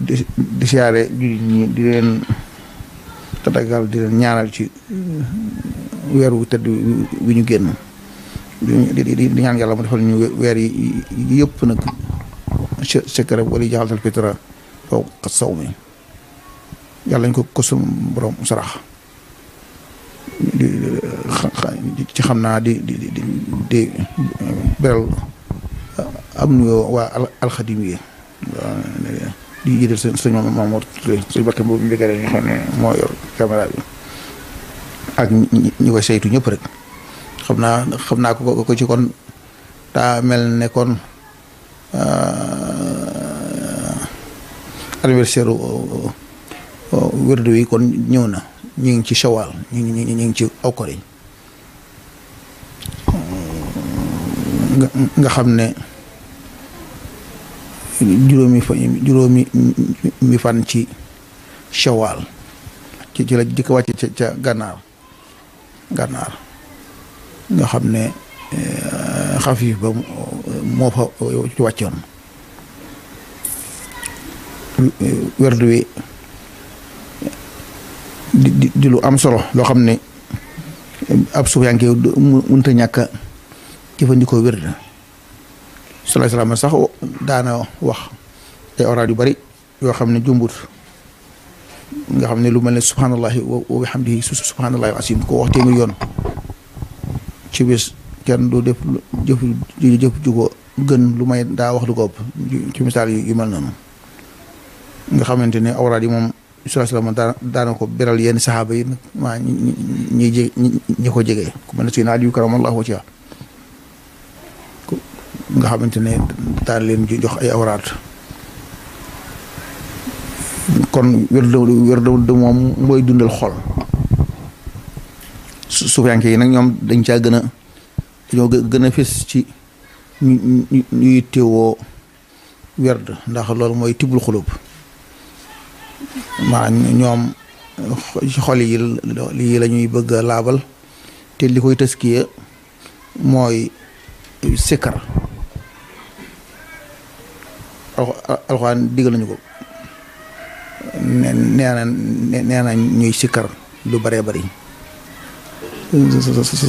Speaker 4: di di siyaare jullit ñi di leen tatagal di ci weer wu tëdd ñu génn di di ñaan yàlla mu defal ñu weer yi yëpp nag sa sa kër wala jaxal fitra fawqa sawmi yàlla ñu ko ko sum borom ci xam naa di di di di beral uh, am nuyoo waa al alxadimiya di jiital seen sëñ Mamour Touré sëñ Bakke boobu ñu nga xam ne moo yor caméra bi ak ñi koy saytu ñëpp rek xam naa xam naa ko ko ci kon daa mel ne kon uh, anniversaire uh, wërdu wi kon ñëw na. ñu ngi ci shawal ñu ngi ñu ngi ci okoriñ nga xam ne juróomi fan ci shawal ci ci la di wàcc ca gànnaar gànnaar nga xam ne eh, xafif ba moo fa wàccoon werdu di di lu am solo loo xam ne ab suufiyanke mënta ñàkk a jëfandikoo wér na salaay salaam sax daana wax ay oraat yu bari yoo xam ne jumbut nga xam ne lu mel ne subhaanallahi wa bihamdihi subhaanallahi asim ko wax téeméer yoon ci bis kenn du def jëf jëf gën lu may daa wax lu ko ëpp ci misaal yu mel noonu nga xamante ne awraat yi moom sala sallam daa daana beral yenn saxaaba yi maa ñi ñi jé ñi ko jege ku mel ne Seydina Aliyu karamallahu wajhahu nga xamante ne daan leen jox ay awraat kon wérdu wérdu moom mooy dundal xol suufiyanke yi nag ñoom dañ caa gën a dañoo gën a ci ñu ñu ñuy teewoo werd ndax loolu mooy tibbul xulub maanaam ñoom ci xol yi lii la bëgg a laabal te li koy taskiya mooy sikkar alxuraan digal nañu ko nee na nee na ñuy sikkar lu bëree bëri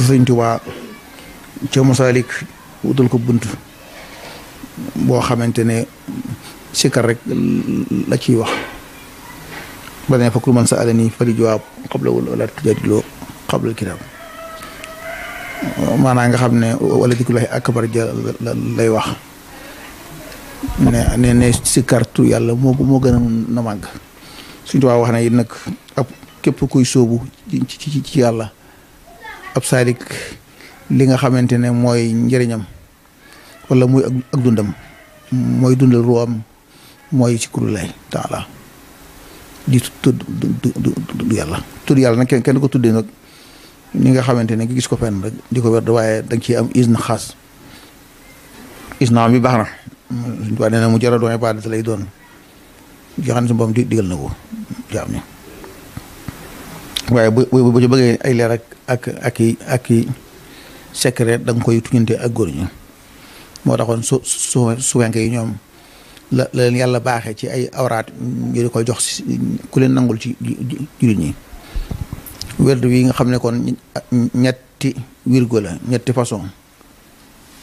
Speaker 4: sëñ Tuubaa ca Masaalik wutal ko bunt boo xamante ne sikkar rek la ciy wax بعدين فكل من سألني فليجاوب قبل ولا تجادلوا قبل الكتاب maanaam nga xam ne wala dikrullahi akbar ja lay wax ne ne ne sikkartu yàlla moo gën a na màgg suñu tubaab wax ne it nag ab képp kuy sóobu ci ci yàlla ab saadik li nga xamante ne mooy njëriñam wala muy ak dundam mooy dundal ruwaam mooy sikrullahi taala di tudd tudd yàlla tudd yàlla nag kenn ko tuddee nag nga xamante ne gis ko fenn rek di ko werd waaye da nga ciy am isna xaas isna bi baax na suñu tubaab nee na mu jara doone baadata lay doon yoo xam ne suñu borom di digal na ko jaam ni waaye bu bu ci bëggee ay leer ak ak ak i ak i koy tuñante ak góor ñi moo taxoon su su suwenke yi ñoom la leen yàlla baaxe ci ay awraat ñu di ko jox ku leen nangul ci jullit ñi wérdu wi nga xam ne kon ñetti wirgo la ñetti façon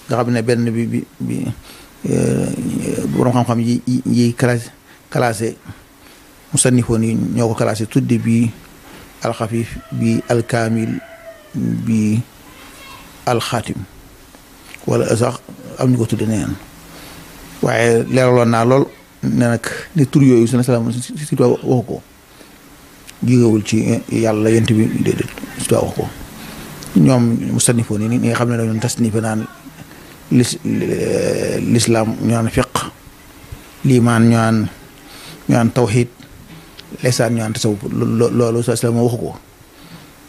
Speaker 4: nga xam ne benn bi bi bi euh, borom xam-xam yi yi classé musannifoon yi ñoo ko classé tudde bi alxafif bi alkaamil bi alxaatim wala sax am ñu ko tudde neen waaye leeraloon naa lool ne nag ne tur yooyu suna salaam si tuwaa waxu ko jógewul ci yàlla yent bi déedéet si tuwaa waxu ko ñoom mustanifoo ni ni nga xam ne dañu tasnife naan lis lislaam ñu naan fiq liimaan ñu naan ñu naan tawxiid lesaan ñu waxu ko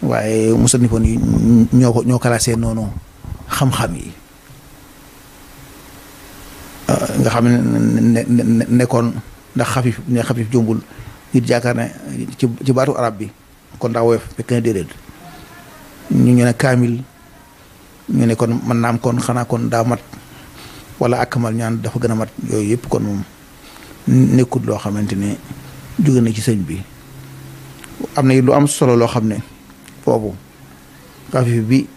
Speaker 4: waaye mustanifoo ni ñoo ko noonu xam-xam yi nga xam ne nekkoon ndax xafif ne xafif jombul nit jaakaar ne ci baatu arab bi kon daa woyof fekk na déedéet ñu ñu kaamil ñu nekkoon kon man naam kon xanaa kon daa mat wala akamal ñaan dafa gën a mat yooyu yëpp kon moom nekkul loo xamante ne jóge na ci sëñ bi am na lu am solo loo xam ne foofu xafif bi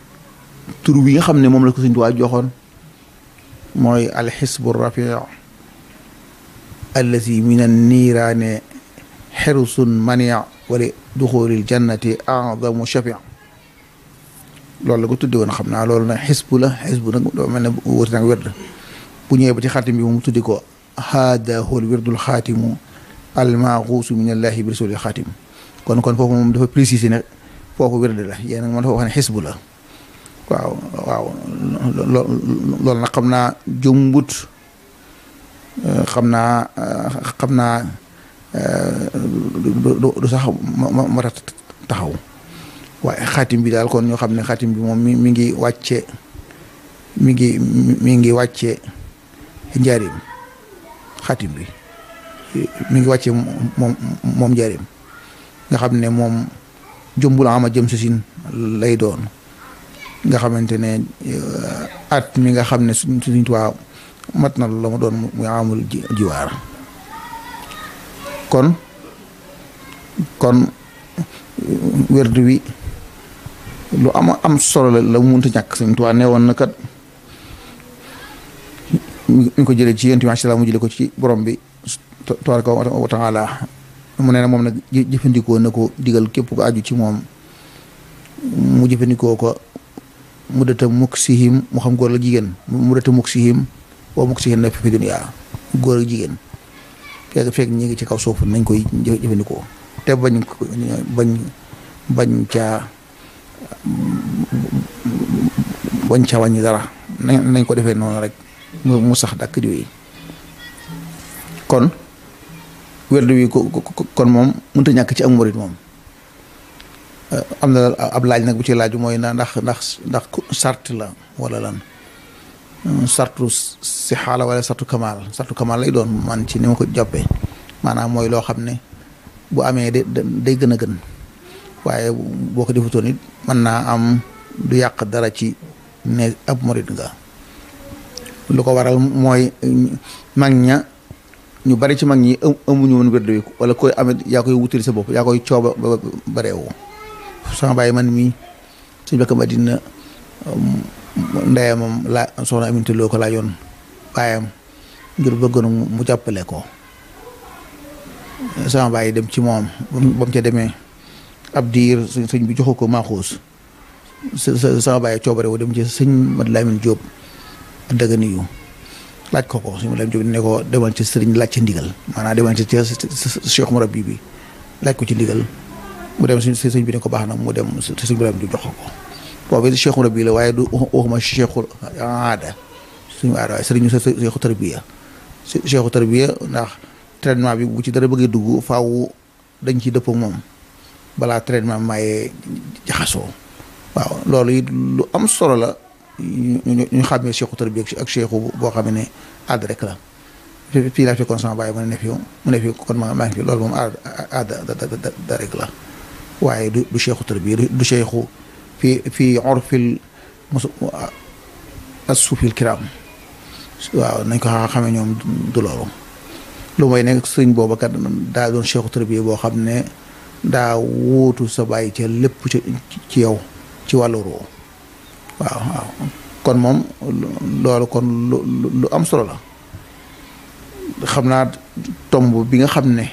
Speaker 4: tur bi nga xam ne moom la ko sëñ Tuubaa joxoon mooy alxisbu rafic allazi min anniiraane xirsun manic wali duxuulil jannati aadamu shafic loolu la ko tudde woon xam naa loolu nag xisbu la xisbu nag doo mel ne wërti nag werd bu ñëwee ba ci xaatim bi mu tuddi ko haada huwa alwirdul xaatimu almaaxuusu min allahi bi rasulil xaatim kon kon foofu moom dafa préciser nag foofu werd la yéen nag man dafa wax ne la waaw waaw loolu nag xam naa jumbut eh, xam naa eh, xam naa eh, du sax ma a taxaw waaye xaatim bi daal kon ñoo xam ne xaatim bi moom mi mi ngi wàcce mi ngi mi ngi wàcce njaarim xaatim bi mi ngi wàcce moom moom nga xam ne moom jumbul a jëm si sin lay doon nga xamante ne euh, at mi nga xam ne suñ suñ tuwaa mat na la mu doon muy amul jiwaar kon kon euh, werd wi lu ama am solo la la munta ñàkk suñ tuwaa ne woon na kat ñu ko jëlee ci yéen tamit mu jële ko ci borom bi tabaraka wa la mu ne moom nag jëfandikoo na ko digal képp ko aju ci moom mu jëfandikoo ko mu muddata muksihim mu xam góor a jigéen muddata muksihim wa muksihin na fi duniyaa góor ak jigéen fekk fekk ñi ngi ci kaw suuf nañ koy jëfandikoo te bañ bañ bañ caa bañ caa wàññi dara nañ ko defee noonu rek mu sax dàkk diw kon werd wi ko kon moom mënta ñàkk ci ak murit moom Euh, am na euh, ab laaj nag bu ci laaju mooy na ndax ndax ndax sart la wala lan euh, sartu si xaala wala sartu kamaal sartu kamaal lay doon man ci ni ma ko jàppee maanaam mooy loo xam ne bu amee day gën a gën waaye boo ko defutoon it mën naa am du yàq dara ci ne ab morit nga lu ko waral mooy mag ña ñu bari ci mag ñi amuñu woon wérd wi wala koy amee yaa koy wutali sa bopp yaa koy cooba bareewoo sama baay man mii suñu bakka Madina um, ndeyamam la soxna Aminta Lo ko laajoon baayam ngir bëggoon mu jàppale ko sama baay dem ci moom ba mu ca demee ab diir sëñ bi joxu ko maaxuus sama baay coobare wu dem ci sëñ Mad Lamin Jóob dëgg niyu laaj ko ko sëñ Mad Lamin Jóob ne ko demal ci sëriñ laaj ci ndigal maanaam demal ci Cheikh Murabbi bi laaj ko ci ndigal bu dem suñ si bi ne ko baax na mu dem si sëñ Ibrahima di jox ko boobu it cheikhul la waaye du waxuma ma aada suñu aada sëriñu sa cheikhu tarbiya cheikhu tarbiya ndax traitement bi bu ci dara bëggee dugg faaw dañ ciy dëpp moom balaa traitement maye jaxasoo waaw loolu it lu am solo la ñu ñu xàmmee cheikhu tarbiya ak cheikhu boo xam ne aada rek la fii laa fekkoon sama bàyyi mu ne fi mu ne fi kon maa ngi fi loolu moom aada aada rek la waaye du du cheikhu tarbiya du cheikhu fi fi orfil musu asufil kiram waaw nañ ko xamee ñoom du loolu lu may nekk sëñ booba kat daa doon cheikhu tarbiya boo xam ne daa wóotu sa bàyyi ca lépp ci yow ci wàllu roo waaw waaw kon moom loolu kon lu am solo la xam naa tomb bi nga xam ne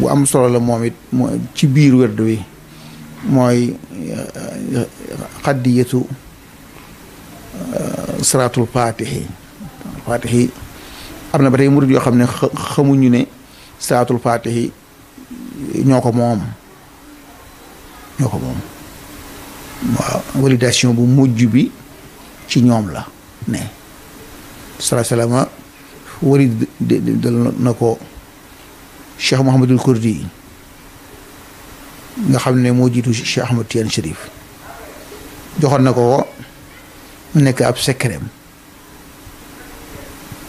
Speaker 4: bu am solo la moom it ci biir wërd wi mooy xaddiyatu siraatul faatixi faatixi am na ba tey murid yoo xam ne xamuñu ne siraatul faatixi ñoo ko moom ñoo ko moom waaw validation bu mujj bi ci ñoom la ne salaasalaama wari dal na ko cheikh Mouhamadul Kurdi nga xam ne moo jiitu cheikh Ahmad Tidiane Chérif joxoon na ko mu nekk ab sekkereem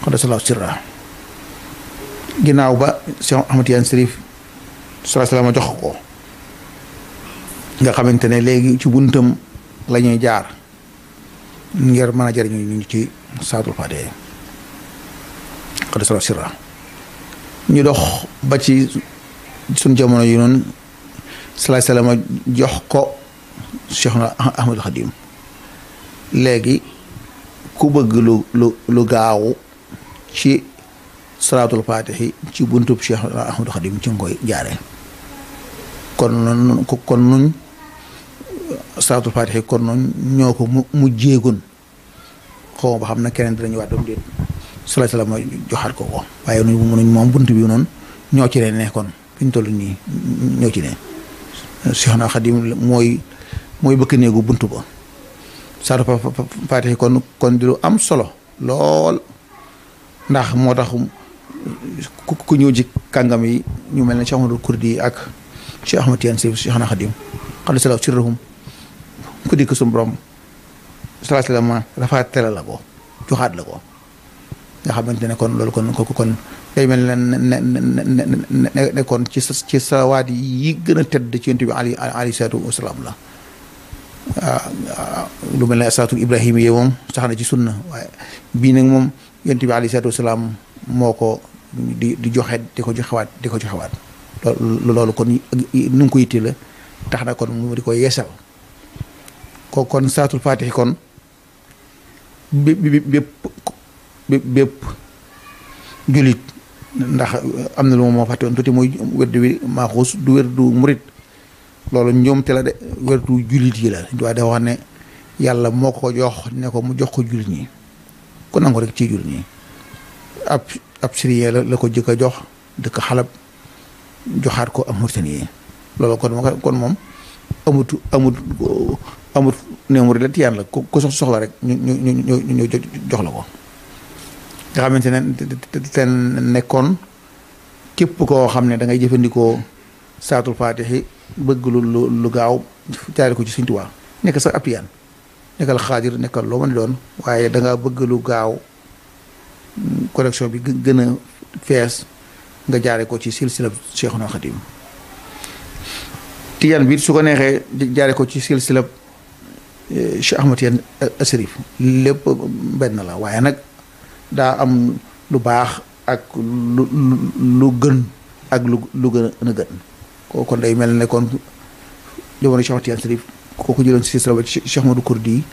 Speaker 4: xadasalaw sirra ginnaaw ba cheikh Ahmad Tidiane Chérif salaa salaam jox ko nga xamante ne léegi ci buntam la jaar ngir mën a jëriñu ñu ci saatul
Speaker 5: fàtte xadasalaw sirra
Speaker 4: ñu dox ba ci suñ jamono yi noonu salaay jox ko Cheikh na léegi ku bëgg lu gaaw ci salaatul faatihi ci buntub Cheikh na Ahmadou Khadim ci nga koy kon noonu kon nuñ salaatul faatihi kon noonu ñoo ko mu mu jéegun xaw ba xam na keneen dinañu waat doom déet salaay salaam mooy joxaat ko ko waaye nuñ mënuñ moom bunt bi noonu ñoo ci ne nekkoon fi ñu toll nii ñoo ci ne Seexna Xadim mooy mooy bëkk néegu bunt ba saatu faatixi kon kon di lu am solo lool ndax moo tax ku ñëw ci kàngam yi ñu mel ne Cheikh Ahmadou Kurdi ak Cheikh Ahmad Tijaan Si Seexna Xadim xadisalaw sirrahum ku dikk suñu borom salaay salaam la ko joxaat la ko nga xamante ne kon loolu kon kooku kon day mel ne ne kon ci sa ci salawaat yi gën a tedd ci yonent bi ali alayhi salaatu wasalaam la lu mel ne salaatul ibrahim yi moom sax na ci sunna waaye bii nag moom yonent bi alayhi salaatu wasalaam moo ko di di joxe di ko joxewaat di ko joxewaat loolu kon nu ngi ko yitte la tax na kon mu di ko yeesal ko kon salaatul faatihi kon bépp bépp julit ndax am na lu ma fàtte woon tuuti muy wérdu wi maaxuus du wérdu murit loolu njuumte la de wérdu julit yi la waaye dafa wax ne yàlla moo ko jox ne ko mu jox ko julit ñi kon nangu rek ci julit ñi ab ab syrien la la ko jëkk a jox dëkk xalab joxaat ko am Mauritanie loolu kon kon moom amut amut amut ne murit la tiyaan la ku soxla rek ñu ñu ñu ñu jox la ko. nga xamante ne seen nekkoon képp koo xam ne da ngay jëfandikoo saatul faatixi bëgg lu lu lu gaaw jaare ko ci Sëñ Tuubaa nekk sa apiyaan nekkal xaadir nekkal loo mën doon waaye da bëgg lu gaaw connexion bi gën a fees nga jaare ko ci silsila Seexuna Xaadim Tijaan bi su ko neexee jaare ko ci silsila eh, Cheikh Ahmad Tijaan Asrif lépp benn la waaye nag daa am lu baax ak lu lu gën ak lu lu gën a gën kooku kon day mel ne kon jamono Cheikh Tidiane Chérif kooku jëloon si silsila ba Cheikh Madou Kurdi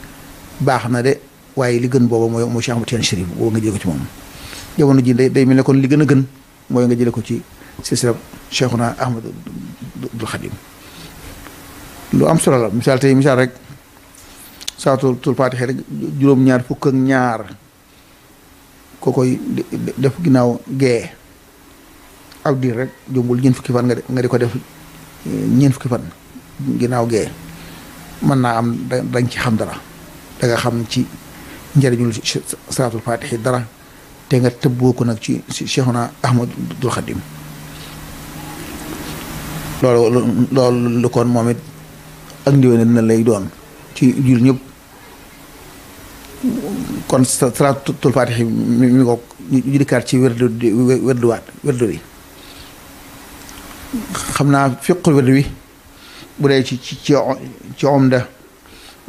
Speaker 4: baax na de waaye li gën booba mooy mooy Cheikh Ahmad nga jële ci moom jamono ji day mel ne li gën a gën mooy nga jële ko ci silsila Cheikhuna Ahmadul Xadim lu am solo la misaal tey misaal rek saa tur tur paati juróom-ñaar fukk ak ñaar ko koy def ginnaaw gee aw diir rek jombul ñeent fukki fan nga di ko def eh, ñeent fukki fan ginnaaw gee mën naa am dañ ci xam dara danga xam ci njëriñul salaatul faatihi dara te nga tëbboo ko nag ci Cheikhuna Ahmadul Xadim loolu loolu lu kon moom it ak ndiwéne dina lay doon ci jul ñëpp kon salaatul faatixi mi mi ngoog ñu dikkaat ci wérdu wérduwaat wérdu wi xam naa fiqul wérdu wi bu ci ci ci omda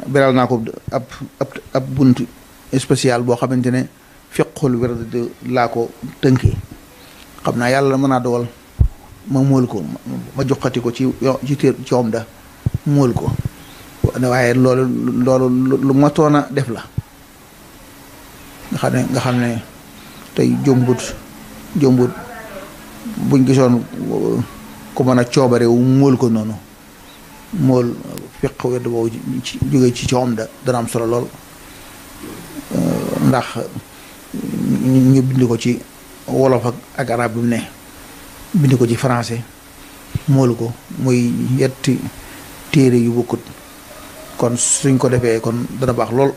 Speaker 4: naa ko ab bunt spécial boo xamante ne fiqul laa ko tënkee xam naa yàlla mën naa dogal ma móol ko ma joxati ko ci ci téer ci omda móol ko waaye loolu lu matoon a def la nga xam ne nga xam ne tey jombut jombut buñ gisoon ku mën a coobare wu mool ko noonu mool fiq wedd boobu ci jóge ci coom da dana am solo lool euh, ndax ñu bind ko ci wolof ak ak arab ne bind ko ci français moolu ko muy yetti téere yu bokkut kon suñ ko defee kon dana baax lool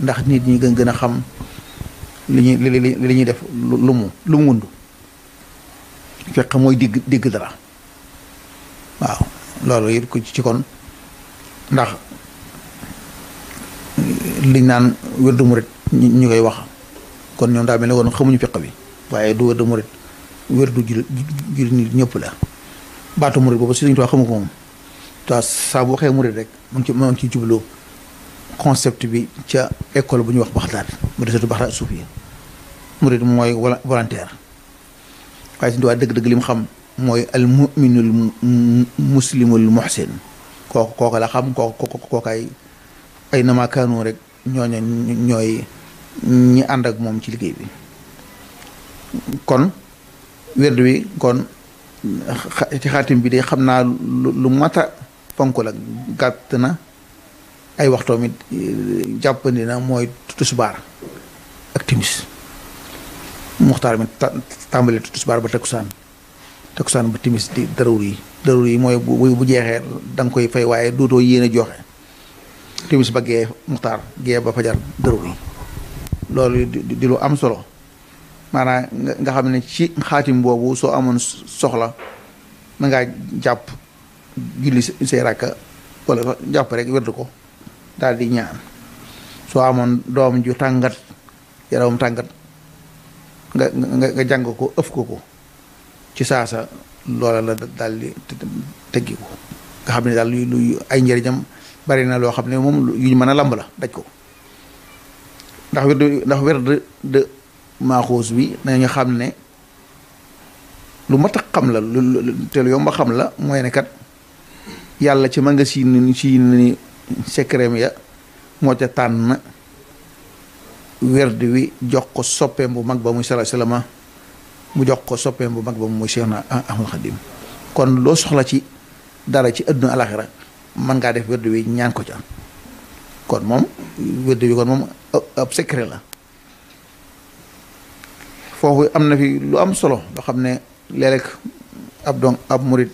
Speaker 4: ndax nit ñi gën gën a xam li ñuy li li ñuy def lu mu lu mu wund fekk mooy digg digg dara waaw loolu it ku ci kon ndax liñ naan wérdu murit ñu koy wax kon ñoom daa mel ne woon xamuñu fiq bi waaye du wérdu murit wérdu jul jul nit ñëpp la baatu murit boobu si suñu tuwaa xamu ko moom tuwaa saa bu waxee murit rek mu ci mu ci jublu concept bi ca école bu ñuy wax baxdaat mu desatu baxdaat suuf yi murid mooy volontaire waaye suñu tubaab dëgg-dëgg li xam mooy al muminul muslimul muhsin kooku xam kooku kooku ay ay namaakaanu rek ñooñu ñooy ñi ànd ak moom ci liggéey bi kon werd wi kon ci xaatim bi de xam naa lu mata fonk la gàtt na ay waxtoom it na mooy tusbaar ak timis muxtaar mi tàmbali tisbaar ba takkusaan takkusaan ba timis di daruur yi daruur yi mooy bu jeexee danga koy fay waaye dootoo yéen a joxe timis ba gee muxtaar gee ba fajar daruur yi loolu di lu am solo maanaam nga xam ne ci xaatim boobu soo amoon soxla na ngaa jàpp julli say ràkka wala jàpp rek wedd ko daal di ñaan soo amoon doom ju tàngat yaramam tàngat nga nga nga jàng ko ëf ko ko ci saasa loola la daal di teggi ko nga xam ne daal luy luy ay njëriñam bari na loo xam ne moom yu ñu mën a lamb la daj ko ndax wird ndax wird de bi nañu xam ne lu mat a xam la lu te lu yomb xam la mooy ne yàlla ci magasin si ni secret ya moo ca tànn werd wi jox ko soppeem bu mag ba muy sallallahu alayhi wasallam mu jox ko soppeem bu mag ba muy Cheikh na Ahmad Khadim kon loo soxla ci dara ci àdduna alaxira mën ngaa def werd wi ñaan ko ci am kon moom werd wi kon moom ab secret la foofu am na fi lu am solo loo xam ne léeg-léeg ab donc ab murid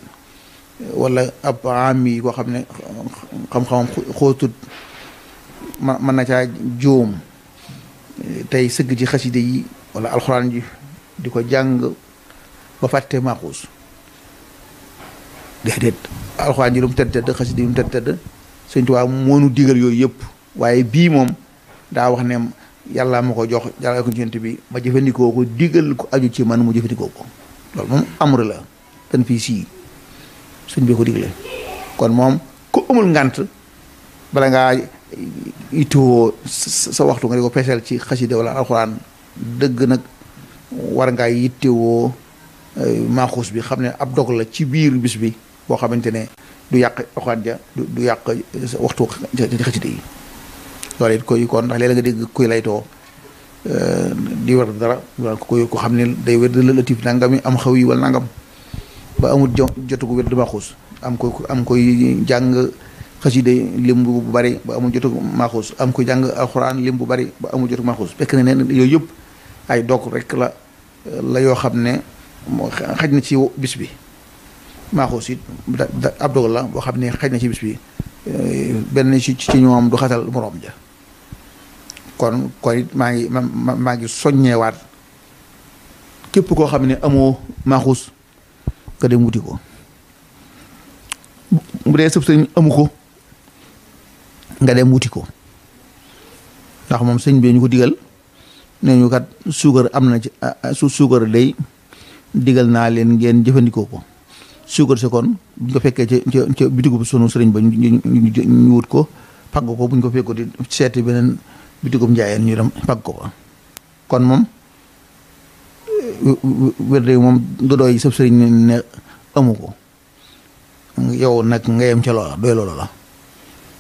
Speaker 4: wala ab am yi koo xam ne xam-xamam xóotut ma mën na caa juum tey sëgg ci xaside yi wala alxuraan ji di ko jàng ba fàtte maaxuus déedéet alxuraan ji lu mu tëdd tëdd xaside yi lu mu tëdd tëdd Sëñ Tuubaa moo digal yooyu yëpp waaye bii moom daa wax ne yàlla ma ko jox jàllale ko ci bi ma jëfandikoo ko digal ko aju ci man mu jëfandikoo ko loolu moom amr la ten fii sii suñ bi ko digle kon moom ku amul ngant bala ngaa ittiwoo sa waxtu nga di ko peeseel ci xasida wala alxuraan dëgg nag war ngaa yittewoo maaxuus bi xam ne ab dog la ci biir bis bi boo xamante ne du yàq alxuraan ja du yàq waxtu ci xasida yi loolu it koy kon ndax léeg nga dégg koy laytoo eh, di war dara ko ko xam ne day wér la latif nangami am xaw yi wala nangam ba amul jotugu wér di maaxuus am koy am koy jàng xasida lim bu bari ba amul jotu maaxuus am ko jàng alxuraan lim bu bari ba amul jotu maaxuus fekk na neen yooyu yëpp ay dog rek la la yoo xam ne xaj na ci bis bi maaxuus it la boo xam ne xaj na ci bis bi benn ci ci ñoom du xatal moroom ja kon kon it maa ngi maa ngi soññeewaat képp koo xam ne amoo maaxuus nga dem wuti ko bu dee sëb sëriñ amu ko nga dem wuti ko ndax moom sëñ bi ñu ko digal ne ñu kat suukar am na ci ah, ah, su suukar day digal naa leen ngeen jëfandikoo ko suukar si kon buñ ko fekkee ci ci bitigu sëriñ ba ñu wut ko pagg ko buñ ko fekkoo di seeti beneen bitigum njaayeen ñu dem pagg ko ko kon moom wérde yi moom du doy sëriñ ne amu ko yow nag nga yem ca loola doy la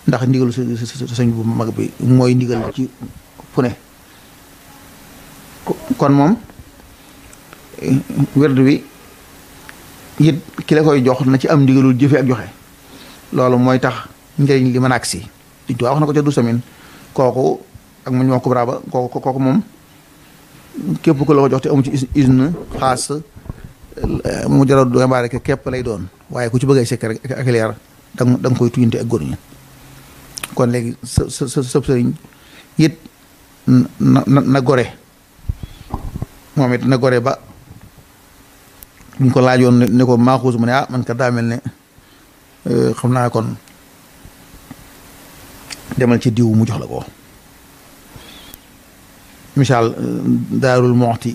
Speaker 4: ndax ndigal sëñ bu mag bi mooy ndigal ci fu kon moom eh, werd wi it ki la koy jox na ci am ndigalul jëfe ak joxe loolu mooy tax njëriñ li mën a agsi duñ tuwaa wax na ko ca du samin kooku ak muñ moo kubra ba kooku kooku moom képp ku la ko jox te amu ci usine xaas eh, mu jaral du nga baare képp lay doon waaye ku ci bëggee ay sekk rek ak leer da nga koy tuyante ak góor ñi kon léegi sa sa sëriñ it na na gore moom it na gore ba buñ ko laajoon ne ko maaxuus mu ne ah man kat daa mel ne euh, xam naa kon demal ci diw mu jox la ko misaal euh, daarul moxti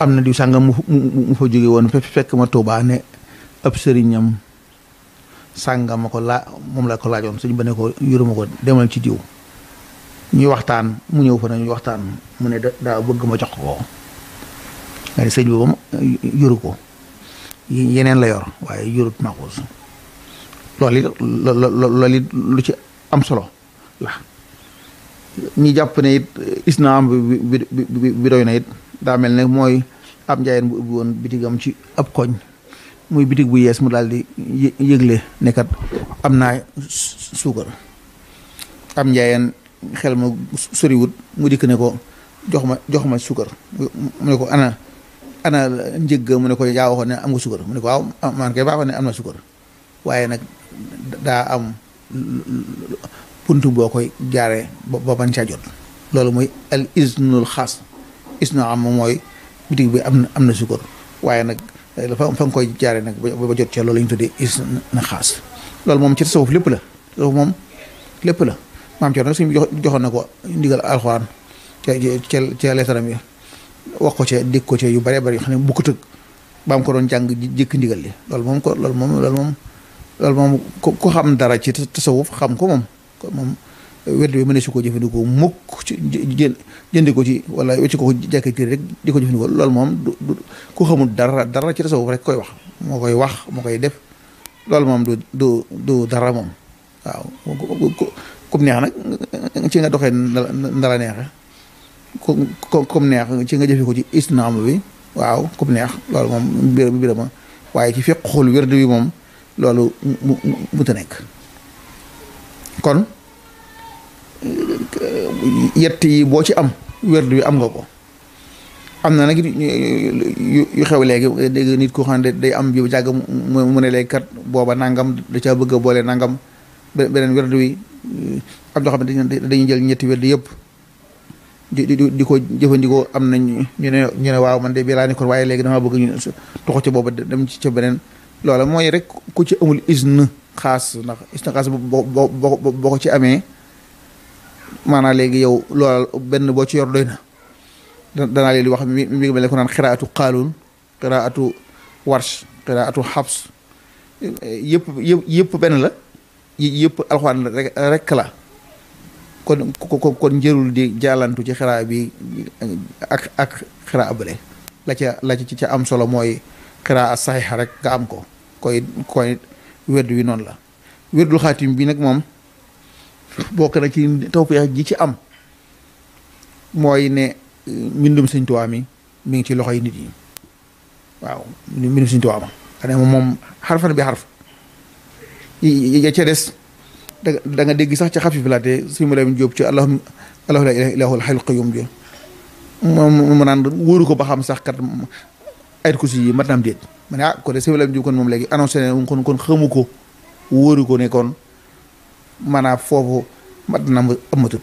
Speaker 4: am na diw sàngam mu fa jóge woon fekk ma toobaane ne ab sëriñam sàngama ko laa moom la ko laajoon suñu ba ko yuruma ko demal ci diw ñuy waxtaan mu ñëw fa nañu waxtaan mu ne daa bëgg ma jox ko nga ne sëñ bi yuru ko yeneen la yor waaye yurut maxuus loolu it loolu it lu ci am solo la ñi jàpp ne it isnaam bi bi doy na it daa mel ne mooy ab njaayeen bu ubbi woon bitigam ci ab koñ muy bitig bu yees mu daal di yëgle nekkat am naa suukar am njaayeen xel ma soriwut mu dikk ne ko jox ma jox ma suukar mu ne ko ana ana njëgg mu ne ko yaa waxoon ne am nga suukar mu ne ko waaw ne am na suukar waaye nag daa am punt boo koy jaaree ba bañ jot loolu mooy al isnul xaas isnu am mooy bitig bi am na am na suukar waaye nag dafa am fa nga koy jaare nag ba jot ca loolu la ñu tuddee is na xaas loolu moom ci tasawuf lépp la tasawuf moom lépp la maam Cerno nag suñu joxoon na ko ndigal alxuraan ca ca ca leetaram yi wax ko ca dégg ko ca yu bëree bëri yoo xam ne bu ko tëgg ba am ko doon jàng jëkk ndigal li loolu moom ko loolu moom loolu moom loolu moom ku xam dara ci tasawuf xam ko moom moom wedd bi mëne su ko jëfandikoo mukk ci jël jëndi ko ci wala wecci ko jàkkee téere rek di ko jëfandikoo loolu moom du xamul dara dara ci tasawuf rek koy wax moo koy wax moo koy def loolu moom du du du dara moom waaw kum neex nag ci nga doxee ndala neexe ku kum neex ci nga jëfe ko ci islam bi waaw kum neex loolu moom mbir bi mbir ma waaye ci fiqhul wird wi moom loolu mu mu mu nekk kon yett yi boo ci am wérdu wi am nga ko am na nag yu yu xew léegi dégg nit ku xam ne day am bi mu ne léegi kat booba nangam da caa bëgg a boole nangam beneen wérdu wi am ñoo xam ne dañuy jël ñetti wérdu yëpp di di di ko jëfandikoo am na ñu ne ñu ne waaw man de bi ne kon waaye léegi dama bëgg ñu toxo ci booba dem ci ca beneen loola mooy rek ku ci amul isne xaas ndax isne xaas boo boo boo ko ci amee maanaam léegi yow loola benn boo ci yor doy na danaa leen di wax mi mi ngi mel ne ko naan xiraatu qaaluun xiraatu warsh xiraatu xabs yëpp yëpp benn la yëpp alxuraan rek la kon kon njërul di jàllantu ci xiraa bi ak ak xiraa bële la ca ci ca am solo mooy xiraa saxiixa rek nga am ko koy wedd wi noonu la weddul xaatim bi nag moom bokk na ci tawfeex ji ci am mooy ne eh, mbindum Sëñ Tuubaa mi mi ngi ci loxoy nit yi waaw mbindum Sëñ Tuubaa ma xanaa moom xarfan bi xarf ya ca des da nga dégg sax ca xaf fi filaate suñu mu dem ci allahum allahu la ilaha illa huwa al moom mu naan wóoru ko ba xam sax kat ayit ma ne ah kon de suñu mu dem kon moom léegi annoncé ne kon kon xamu ko wóoru ko ne maanaam foofu mat na amatul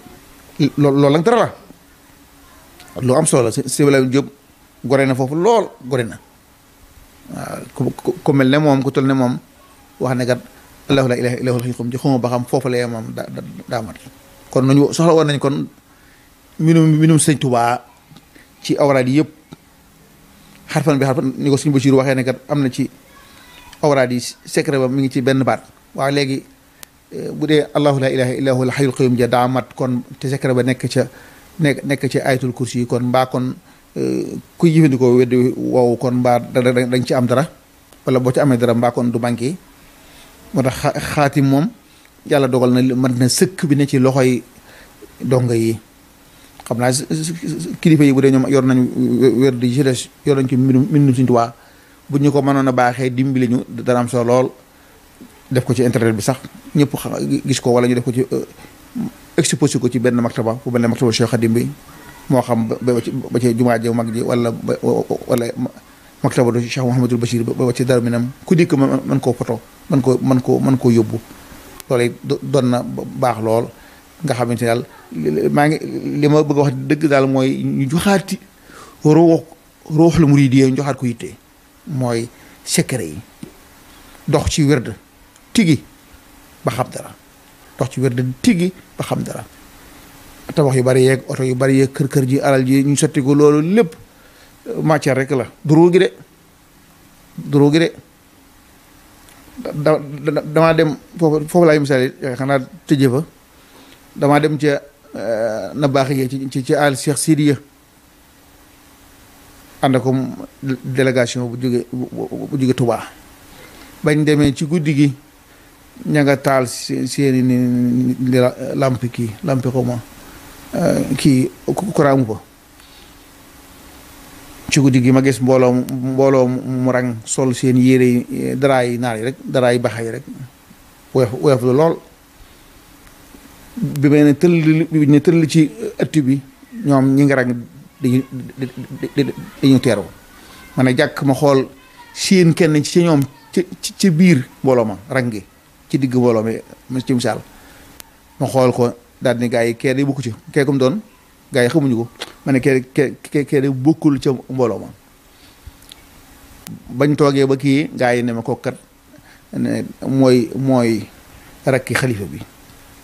Speaker 4: loolu loolu la dara la loo am solo si si wàllu jub gore na foofu lool gore na ko ku mel ne moom ku toll ne moom wax ne kat allahu la ilaha illa huwa xuma ba xam foofu la moom da daa mat kon nañu soxla woon nañ kon minum minum sëñ ci awraad yi yëpp xarfan bi xarfan ni ko suñu Basiiru waxee ne am na ci awraad yi secret ba mi ngi ci benn baat waaye léegi bu dee allahu la ilaha illa huwa al ja daa mat kon te secret ba nekk ca nekk nekk ci ayatul kursi yi kon mbaa kon e, kuy jëfandikoo weddi woowu kon mbaa da dañ ci am dara wala boo ci amee dara mbaa kon du banque moo tax xaatim moom yàlla dogal na mat na sëkk bi ne ci loxoy donga yi xam naa kilifa yi bu dee ñoom yor nañ weddi yor nañ ci mbindum mbindum Sëriñ bu ñu ko mënoon a baaxee dimbali ñu dara am solo lool def ko ci internet bi sax ñëpp gis ko wala ñu def ko ci euh, exposé ko ci benn maktaba bu benn maktaba Cheikh Khadim bi moo xam ba ci ba ci jumaa ji mag ji wala wala maktaba du Cheikh Mouhamadul Bachir ba ci Darou Minam ku dikk mën koo poto mën koo mën mën koo yóbbu doon na baax lool nga xamante daal maa ngi li ma bëgg a wax dëgg daal mooy ñu joxaati ruux ruux la murid yi ñu joxaat ko yitte mooy secret yi dox ci wérd tigi ba xam dara dox ci wér di tigi ba xam dara tabax yu bari yeek oto yu bari yeek kër kër ji alal ji ñu sotti ko loolu lépp euh, matière rek la duruu de duruu de damaa dem foofu foofu laay misaal eh, xanaa tëjee fa damaa dem ca euh, na baax yi ci ci àll Cheikh Sidiya ànd ak délégation bu jóge bu jóge Touba bañ demee ci guddi gi. ña nga taal seeni ni lamp kii lamp ko ma euh, kii kuraamu ba ci guddi gi ma gis mbooloo mbooloo mu rang sol seen yére yi daraa yi naar yi rek daraa yi baxa yi rek woyof lu lool bi may ne tëll bi ci ëtt bi ñoom ñi nga rang dañu dañu teeru ma jàkk ma xool seen kenn ci ñoom ci ci biir mbooloo ma rang gi ci digg mbooloo mi ma ci misaal ma xool ko daal ni yi kee day bokku ci kee comme doon gaa yi xamuñu ko ma ne kee kee kee day bokkul ca mbooloo ma bañ toogee ba kii gaa yi ne ma ko kat mooy mooy rakki xalifa bi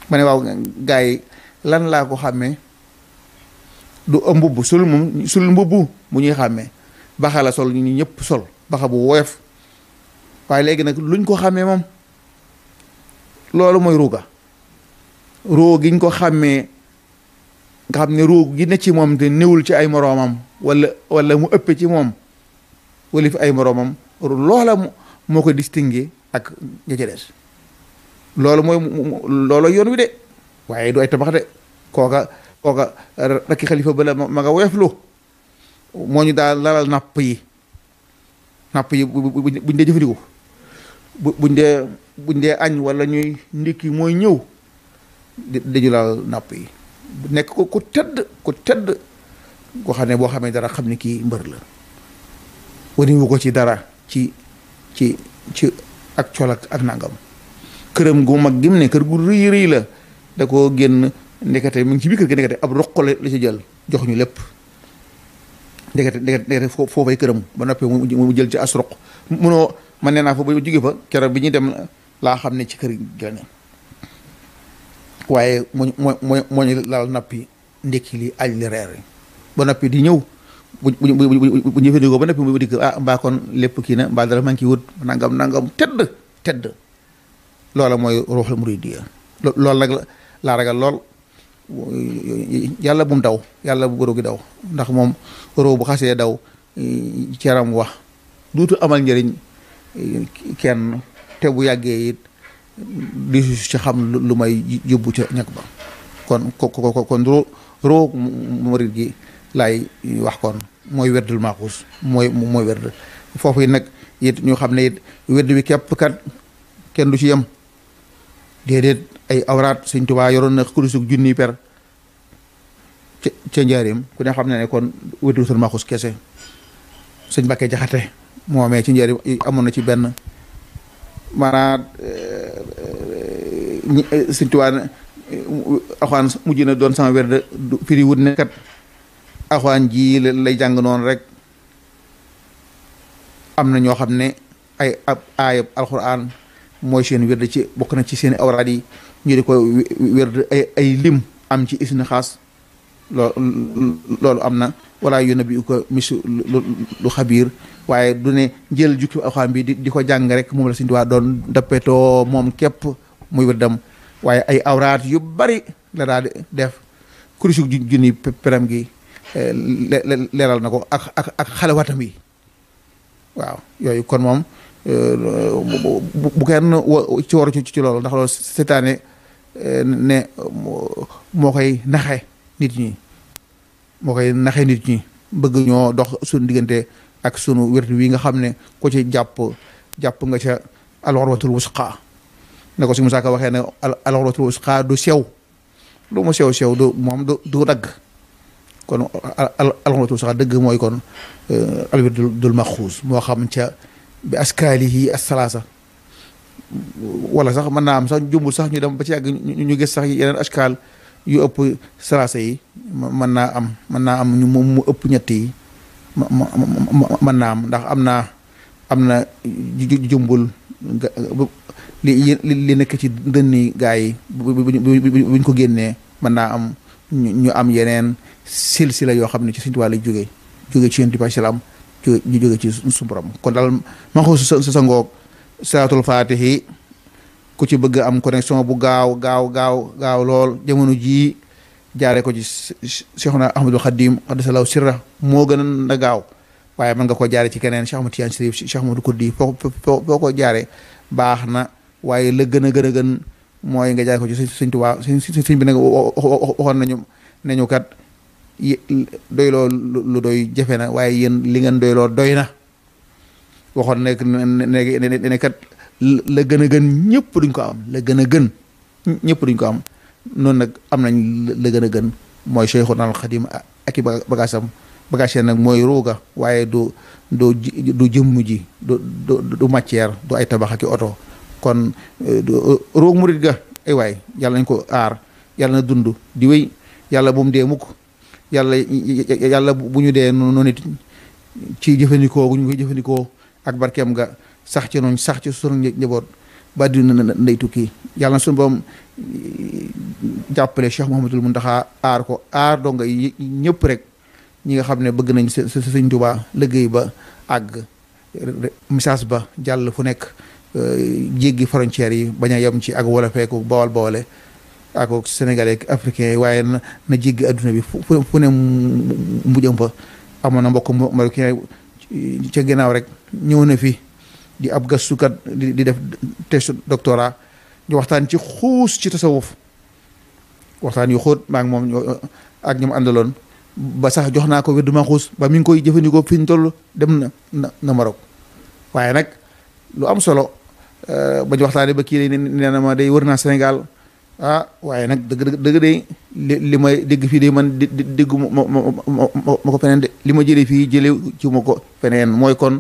Speaker 4: ma ne waaw gaa lan laa ko xàmmee du mbubb sul moom sul mbubb mu ñuy xàmmee baxala la sol ñu ñëpp sol baxa bu woyof waaye léegi nag luñ ko xàmmee moom loolu mooy ruuga ruu giñ ko xàmmee nga xam ne ruu gi ne ci moom te newul ci ay moroomam wala wala mu ëpp ci moom wala ay moroomam loola moo ko distingué ak ña ca des loolu mooy loolu yoon wi de waaye du ay tabax de kooka kooka rakki xalifa ba la ma nga woyoflu moo ñu daal lalal napp yi napp yi buñ dee buñ dee añ wala ñuy ndikki mooy ñëw dañu laal napp yi nekk ko ku tedd ku tedd koo xam ne boo xamee dara xam ne kii mbër la waniwu ko ci dara ci ci ci ak col ak ak këram gu mag gim ne kër gu rëy rëy la da koo génn ndekete mu ngi ci biir kër gi ndekete ab roq la ci jël jox ñu lépp ndekete ndekete foofay këram ba noppee mu jël ci as roq munoo man nee naa fa ba jóge fa keroog bi ñuy dem laa xam ne ci kër gi la ne waaye moo moo moo moo ñu laal nappi ndekki li li reer ba nappi di ñëw bu bu bu bu ba nappi mu dikk ah mbaa kon lépp kii na mbaa dara maa ngi wut nangam nangam tedd tëdd loola mooy ruuxul muridiyya loolu nag laa ragal lool yàlla bu mu daw yàlla bu góor gi daw ndax moom roo bu xasee daw eh, ceram wax duutu amal njëriñ eh, kenn. te bu yàggee it li ci xam lu may yóbbu ca ñàkk ba kon ko ko kon roo roo gi lay wax kon mooy werdul maaxuus mooy mooy werd foofu yi nag it ñu xam ne it werd wi képp kat kenn du ci yem déedéet ay awraat Sëñ Tuubaa yoroon na kurusug junni per ca ca njaareem ku ne xam ne ne kon werdul maaxuus kese Sëñ Mbàkke Jaxate moomee ci njaareem amoon na ci benn maanaam eh, eh, eh, Sëñ Tuubaa axwaan mujj na doon sama wér de firi wut ne kat axwaan ji lay jàng noonu rek am na ñoo xam ne ay ab aayab alxuraan mooy seen wér ci bokk na ci seen awraad yi ñu di ko wér ay lim am ci isni xaas loolu am na wala yu nabi ko misu lu xabiir waaye du ne jël jukki alxuraan bi di di ko jàng rek moom la Sëriñ Tuubaa doon dappetoo moom képp muy wërdam waaye ay awraat yu bari la def kuréel ju junni peram gi eh, leeral na ko ak ak ak xalawatam yi waaw yooyu kon moom eh, bu kenn ci waru ci loolu ndax loolu seetaane eh, ne moo koy naxe nit ñi moo koy naxe nit ñi bëgg ñoo dox suñu diggante ak sunu wér wi nga xam ne ku ci jàpp jàpp nga ca alxurwatul wusqa ne ko si Musaa Ka waxee ne alxurwatul wusqa du sew lu mu sew sew du moom du du dagg kon alxurwatul wusqa dëgg mooy kon euh, alwirdul maxuus moo xam ca bi askaalihi asalaasa wala sax mën naa am sax jumbul sax ñu dem ba ci yàgg ñu gis sax yeneen askaal yu ëpp salaasa yi mën naa am mën naa am ñu mu ëpp ñett yi mën naa am ndax am naa am na jumbul li li nekk ci dënni gaa yi buñ ko génnee mën naa am ñu am yeneen silsila yoo xam ne ci suñu tubaab lay jóge jóge ci yonent bi salaam ju jóge ci suñu borom kon daal ma xaw sa sa ngoog salaatul faatihi ku ci bëgg am connexion bu gaaw gaaw gaaw gaaw lool jamono jii jaaree ko ci Cheikhuna Ahmadul Khadim xaddasallahu sirra moo gën a na gaaw waaye mën nga koo jaare ci keneen Cheikh Ahmad Tijaan Sirif Cheikh Ahmadul Kurdi foo foo ko jaare baax na waaye la gën a gën a gën mooy nga jaare ko ci Sëñ Tuubaa sëñ bi nag waxoon nañu nañu kat doy loo lu doy jafe na waaye yéen li ngeen doy loo doy na waxoon nekk ne ne kat la gën a gën ñëpp duñ ko am la gën a gën ñëpp duñ ko am noonu nag am nañ la gën a gën mooy Cheikhuna al Xadim ak i bagaasam bagaas nag mooy ruuga waaye du du du jëmm ji du du du matière du ay tabax ak i oto kon e, e, ruug murit ga ay waay yàlla nañ ko aar yàlla na dund di wéy yàlla bu mu dee mukk yàlla yàlla bu ñu dee noonu ci jëfandikoo bu ñu koy jëfandikoo ak barkeem ga sax ci noonu sax ci sunu njaboot ba dina ndeytu tukki yàlla na suñu boom eh, jàppale Cheikh Mouhamadul aar ko aar dong yi ñëpp rek ñi nga xam ne bëgg nañ sa sëñ Tuubaa liggéey ba àgg message ba jàll fu nekk eh, jéggi frontières yi bañ a yem ci ak wolofeeku bawal bawale ak sénégalais africain yi waaye na jéggi àdduna bi fu fu ne mu fa amoon na mbokk marocain ca ginnaaw rek ñëw na fi di ab gëstukat di def test doctorat ñu waxtaan ci xuus ci tasawuf waxtaan yu xóot maak moom ak ñoom àndaloon ba sax jox naa ko wér duma xuus ba mi ngi koy jëfandikoo fi ñu toll dem na na Maroc waaye nag lu am solo euh, ba ñu waxtaanee ba kii ne nee ma day wër naa Sénégal ah waaye nag dëgg dëgg de li may dégg fii de man déggu ma ma ma ko feneen de li ma jëlee fii jële ci ma ko feneen mooy kon.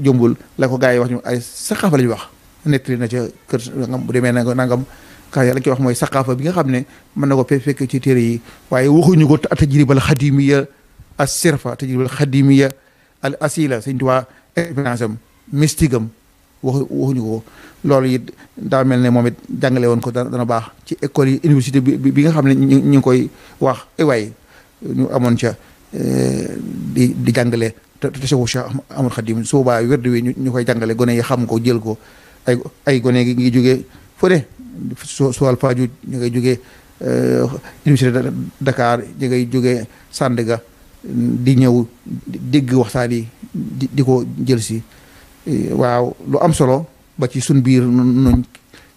Speaker 4: jombul la ko gars yi wax ñu ay saxaafa la ñu wax nettali na ca kër nangam bu demee nangam nangam kaa yàlla koy wax mooy saxaafa bi nga xam ne mën na ko fekk ci téere yi waaye waxuñu ko tajribal xadimiya as sirfa tajribal xadimiya al asila sëñ Tuubaa expérience am mystique am waxu waxuñu ko loolu it daa mel ne moom it jàngale woon ko dana baax ci école yi université bi bi nga xam ne ñu ngi koy wax ay ñu amoon ca eh, di jàngale te te Cheikh Cheikh Amadou Khadim su wi ñu koy jàngale gone yi xam ko jël ko ay gone gi ngi jóge fu ne suwal Fadiouth ñu ngay jógee euh, université Dakar ñu ngay jógee Sandaga di ñëw dégg waxtaan yi di di ko jël si euh, waaw lu am solo ba ci sun biir nuñ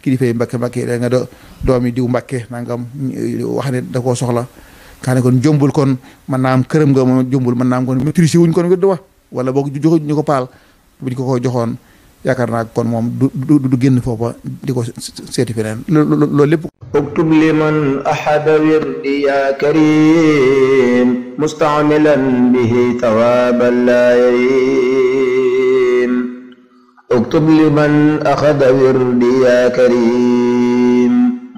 Speaker 4: kilifa yi Mbàkke Mbàkke da nga doomi diw Mbàkke nangam wax ne da koo soxla kaa kon jombul kon mën naam am nga moom jombul mën naa am kon maîtrise wuñ kon wedd wa wala boog joxuñ ko paal buñ ko ko joxoon yaakaar naa kon moom du du génn foofa di ko seeti feneen
Speaker 1: loolu lépp اكتب لمن أحد وردي يا كريم مستعملا به ثوابا لا يريم اكتب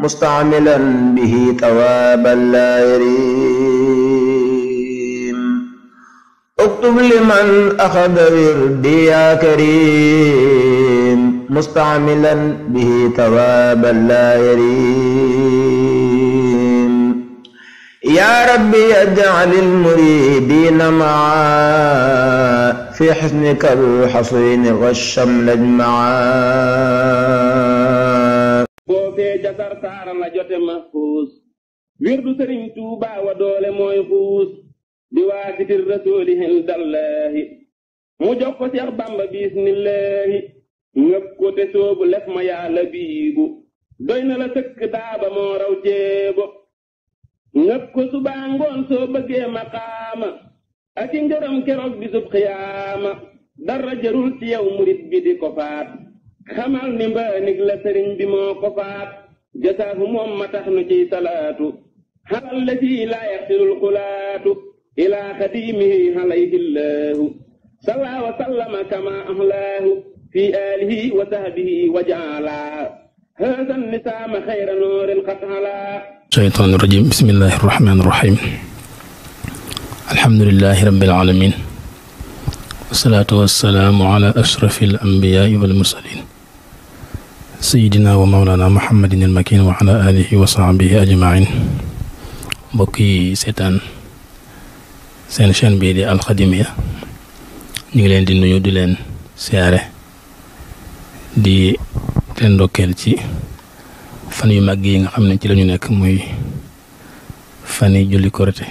Speaker 1: مستعملا به ثوابا لا يريم اكتب لمن أخذ وردي يا كريم مستعملا به ثوابا لا يريم يا ربي اجعل المريدين معا في حسنك الحصين والشمل اجمعا
Speaker 6: foofee ca sarsaara la jote mahfuus wirdu sëriñ tuubaa wa doole mooy xuus di waasitir rasuuli hindallaahi mu jox ko seex bamba bismillaahi ngëp ko te soobu lef ma yàlla biibu doy na la sëkk daaba moo raw jéebo ngëp ko subaa ngoon soo bëggee maqaama ak i ngërëm keroog bisub xiyaama dara jarul ci yow murit bi di ko faat xamal ni mbaanig la sëriñ bi moo ko faat jasaahu moom ma tax nu ciy salaatu xalal la ci laa yaxsilul xulaatu ilaa xadiimihi alayhillaahu sallaa wa sallama kama ahlaahu fi aalihi wa sahbihi wa jaalaa haada nisaama xayra noorin qad halaa
Speaker 7: shaytaani rajiim bismillaahi rahmaani rahiim alhamdulillaahi rabbil aalamiin wasalaatu wasalaamu ala ashrafi al anbiyaai wal mursaliin sayidina wa maulana muhammadin almakin wa ala alihi wa sahbihi ajmain mbokk yi seetaan seen chaîne bii di alxadimiya ñu ngi leen di nuyu di leen siyaare di leen ndokkeel ci fan yu màgg yi nga xam ne ci lañu nekk muy fan yi julli korite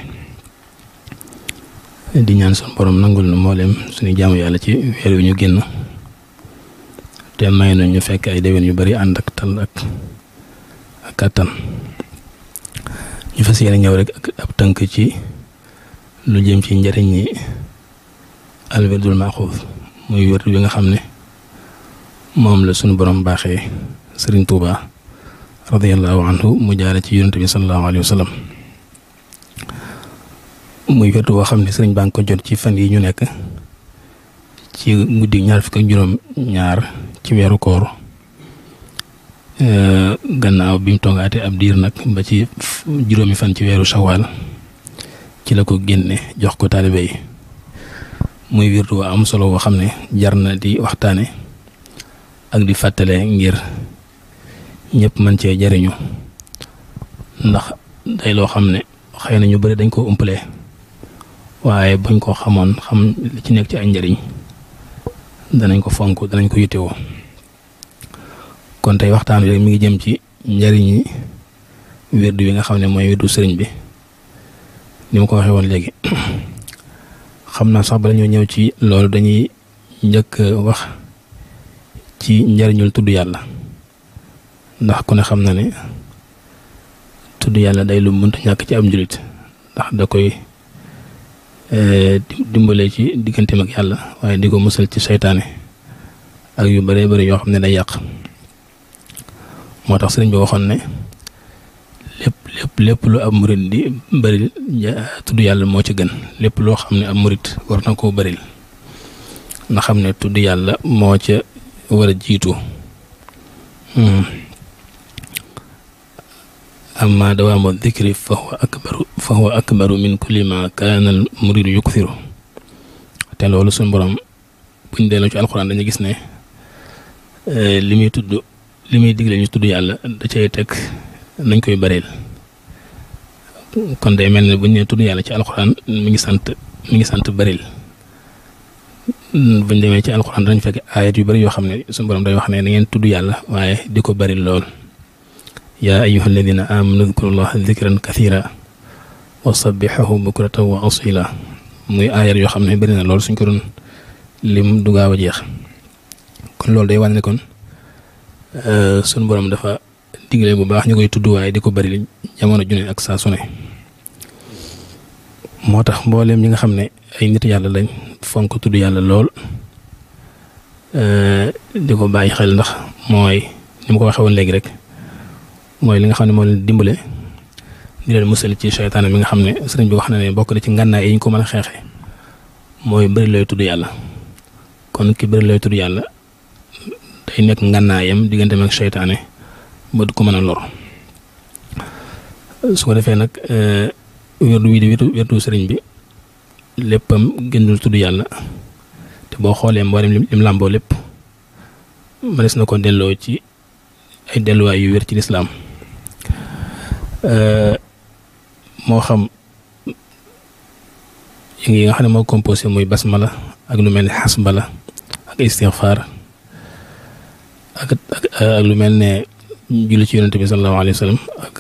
Speaker 7: di ñaan suñu borom nangul nu mboolem suñu jaamu yàlla ci weer wi ñu génn te may nañ ñu fekk ay déwén yu bari ànd ak tal ak ak kàttan ñu fas yéene ñëw rek ak ab tënk ci lu jëm ci njariñ yi alwirdul maxuuf muy wér bi nga xam ne moom la sunu borom baaxee sëriñ Tuuba radiyallahu anhu mu jaare ci yonent bi sallallahu alayhi wa muy wér woo xam ne sëriñ baa ngi ko jot ci fan yi ñu nekk ci guddi ñaar fukk ak juróom ñaar ci weeru koor eh, gannaaw bi mu tongaate ab diir nag ba ci juróomi fan ci weeru sawaal ci la ko génne jox ko taalibe yi muy wirdu waa am solo woo xam ne jar na di waxtaane ak di fàttale ngir ñëpp mën cee jariñu ndax day loo xam ne xëy na ñu bëri dañ koo umpalee waaye bañ ko xamoon xam li ci nekk ci ay njariñ danañ ko fonk danañ ko yittewoo kon tey waxtaan wi rek mi ngi jëm ci njariñi wirdu wi nga xam ne mooy wirdu sëriñ bi ni mu ko waxee woon léegi xam naa sax ba ñoo ñëw ci loolu dañuy njëkk wax ci njariñul tudd yàlla ndax ku ne xam na ne tudd yàlla day lu mënta ñàkk ci am jullit ndax da koy Eh, dimbalee ci digganteem ak yàlla waaye di ko mësal ci seytaane ak yu bëree bëri yoo xam ne day yàq moo tax sëriñ bi waxoon ne lépp lépp lépp lu ab murit di bëril tudd yàlla moo ci gën lépp loo xam ne ab murit war na koo bëril nga xam ne tudd yàlla moo ca war a jiitoo hmm. amma dawaamu dikri fa huwa akbaru fa huwa akbaru min kulli ma kaana al muridu yukthiru te loolu suñu borom buñ delloo ci alxuraan dañu gis ne eh, li muy tudd li muy digle ñu tudd yàlla da teg nañ koy bareel kon day mel ni buñ nee tudd yàlla ci alxuraan mi ngi sant mi ngi sant bareel buñ demee ci alxuraan dañ fekk aayat yu bari yoo xam ne suñu borom day wax ne na ngeen tudd yàlla waaye di ko baril lool. yaa ayuha alladina amanu dkuru llaha dikran kathira wa sabixahu bukratan wa asila muy aayar yoo xam ne bëri na loolu suñ ko doon lim du a jeex kon loolu day wane ne kon euh, suñ borom dafa digle bu baax ñu koy tudd waaye di ko bari li jamono junne ak saa moo tax mbooleem ñi nga xam ne ay nit yàlla lañ fonk tudd yàlla lool euh, di ko bàyyi xel ndax mooy ni ma ko waxee woon léegi rek mooy li nga xam ne moo leen dimbale di leen musal ci seytaane bi nga xam ne sëriñ bi wax na ne bokk na ci ngànnaay yi ñu ko mën a xeexe mooy bëri looy tudd yàlla kon ki bëri looy tudd yàlla day nekk ngànnaayam digganteem ak seytaane ba ko mën a lor su defee nag euh, werdu wii di werdu sëriñ bi léppam gëndul tudd yàlla te boo xoolee mboolem lim làmboo lépp mënees na ko delloo ci ay delluwaay yu wér ci lislaam Euh, moo xam yi nga xam ne moo composé muy basmala ak lu mel ne xasbala ak istixfaar euh, ak lu mel ne julli ci yonente bi sallallahu alayhi wa sallam ak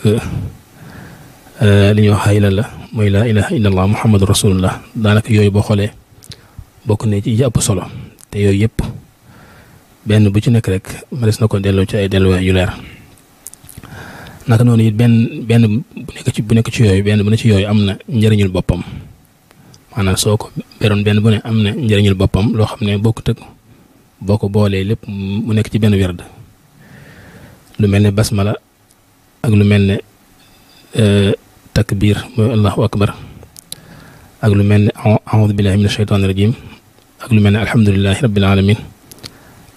Speaker 7: euh, li ñuy wax hayla la mooy laa mu illa allah muhammadu rasulullah daanaka yooyu boo xoolee bokk ne ci ëpp solo te yooyu yëpp benn bu ci nekk rek mënees na ko delloo ci ay delluwaay yu leer naka noonu it benn benn bu nekk ci bu yooyu benn bu ne ci yooyu am na njëriñul boppam maanaam soo ko benn bu ne am na njëriñul boppam loo xam ne bokkut ak boo ko boolee lépp mu nekk ci benn werd lu mel ne basmala ak lu mel ne euh, takbir mooy allahu akbar ak lu mel ne aoudu billahi min ashaytani lu mel ne alhamdulilahi rabbil alamin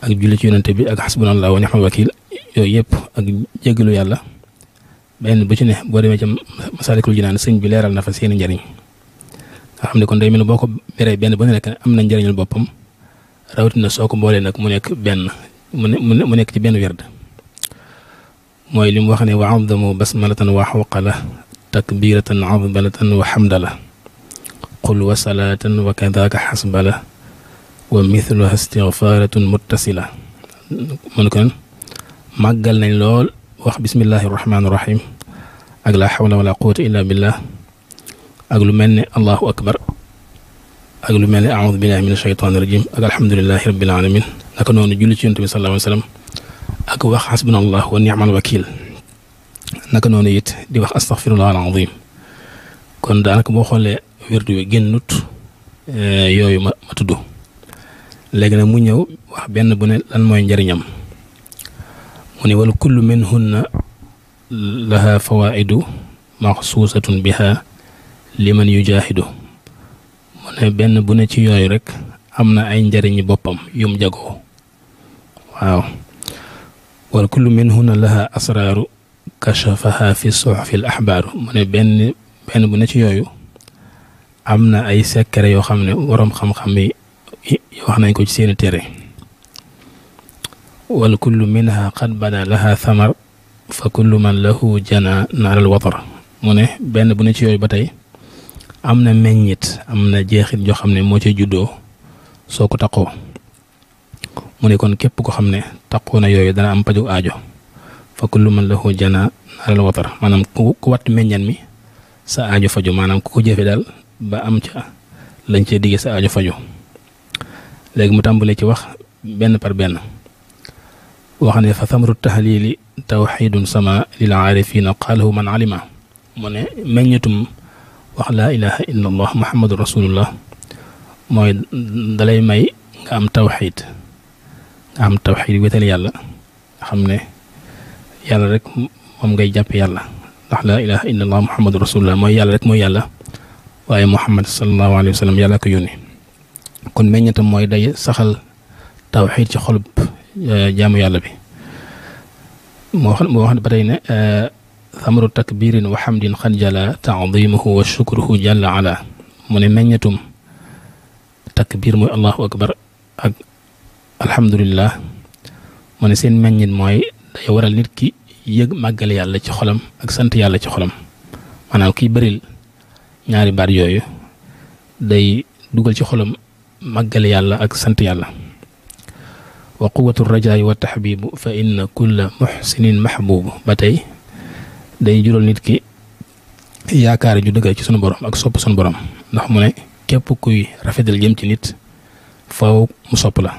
Speaker 7: ak julli ci yonante bi ak xasbunallah wa ni'mal wakil yooyu yépp ak jéggalu yàlla benn bu ci ne boo demee ca Masaalikul Jinaan sëñ bi leeral na fa seeni njëriñ nga xam ne kon day mel boo ko beree benn bu am na njëriñul boppam rawatina soo ko mboolee nag mu nekk benn mu nekk ci benn werd mooy li mu wax ne wa adamu basmalatan wa xawqala takbiratan azbalatan wa xamdala qul wa salaatan wa kadaka xasbala wa mithluha istigfaaratun muttasila mun kon màggal nañ lool wax bismillahi rahmaani rahim wala quwata illa billah ak lu mel ne allahu akbar ak lu mel ne aoudu billahi min ashaytaani rajim ak alhamdulilahi rabbil alamin naka noonu julli ci yonent bi sallallahu alayhi wa sallam ak wax xasbuna allah wa ni'mal wakil naka noonu it di wax astaghfirullah al azim kon daanaka boo xoolee wirdu wi génnut eh, yooyu ma ma tudd léegi mu ñëw wax benn bu lan mooy njariñam mu ne wal kullu minhunna laha fawaidu maxsuusatun biha liman yujaahidu mu ne benn bu ne ci yooyu rek am na ay njariñi boppam yum jagoo waaw wal kullu minhunna laha asraaru kachafaha fi suxufi al axbaaru mu ne benn benn bu ci yooyu am na ay sekkare yoo xam ne waroom xam-xam yi wax nañ ko ci seeni téere wal kullu minha qad bada laha thamar fa kullu man lahu jana naaral watar mu ne benn bu ne ci yooyu ba tey am na meññit am na jeexit joo xam ne moo ci juddoo soo ko taqoo mu ne kon képp ko xam ne taqoo na yooyu dara am paju aajo fa kullu man lahu jana naaral watar maanaam ku ku watt meññan mi sa aajo faju maanaam ku ko jëfe daal ba am ca lañ cee digge sa aajo faju léegi mu tàmbalee ci wax benn par benn wax ne fa samru tahlili tawxidun sama lil aarifina qaalahu man alima mu ne meññetum wax laa ilaha illa allah muhammadu rasulullah mooy dalay may nga am tawxid nga am tawxid wétal yàlla xam ne yàlla rek moom ngay jàpp yàlla ndax laa ilaha illa allah muhammadu rasulullah mooy yàlla rek mooy yàlla waaye muhammad sallallahu alayhi wa sallam yàlla ko kon meññetam mooy day saxal tawxid ci xolub Eh, jaamu yàlla bi moo wax moo wax ne ba tey ne eh, thamru takbirin wa hamdin xad jala taadimuhu wa shukruhu jalla ala mu ne meññatum takbir mooy allahu akbar ak alhamdulillah mu ne seen meññit mooy day waral nit ki yëg màggal yàlla ci xolam ak sant yàlla ci xolam maanaam kiy bëril ñaari baat yooyu day dugal ci xolam màggal yàlla ak sant yàlla wa quwatu rajaay wa taxbibu fa inna kulla muxsinin maxbubu ba tey day jural nit ki yaakaar ju dëgga ci sunu borom ak sopp sunu borom ndax mu ne képp kuy rafetal jëm ci nit faaw mu sopp la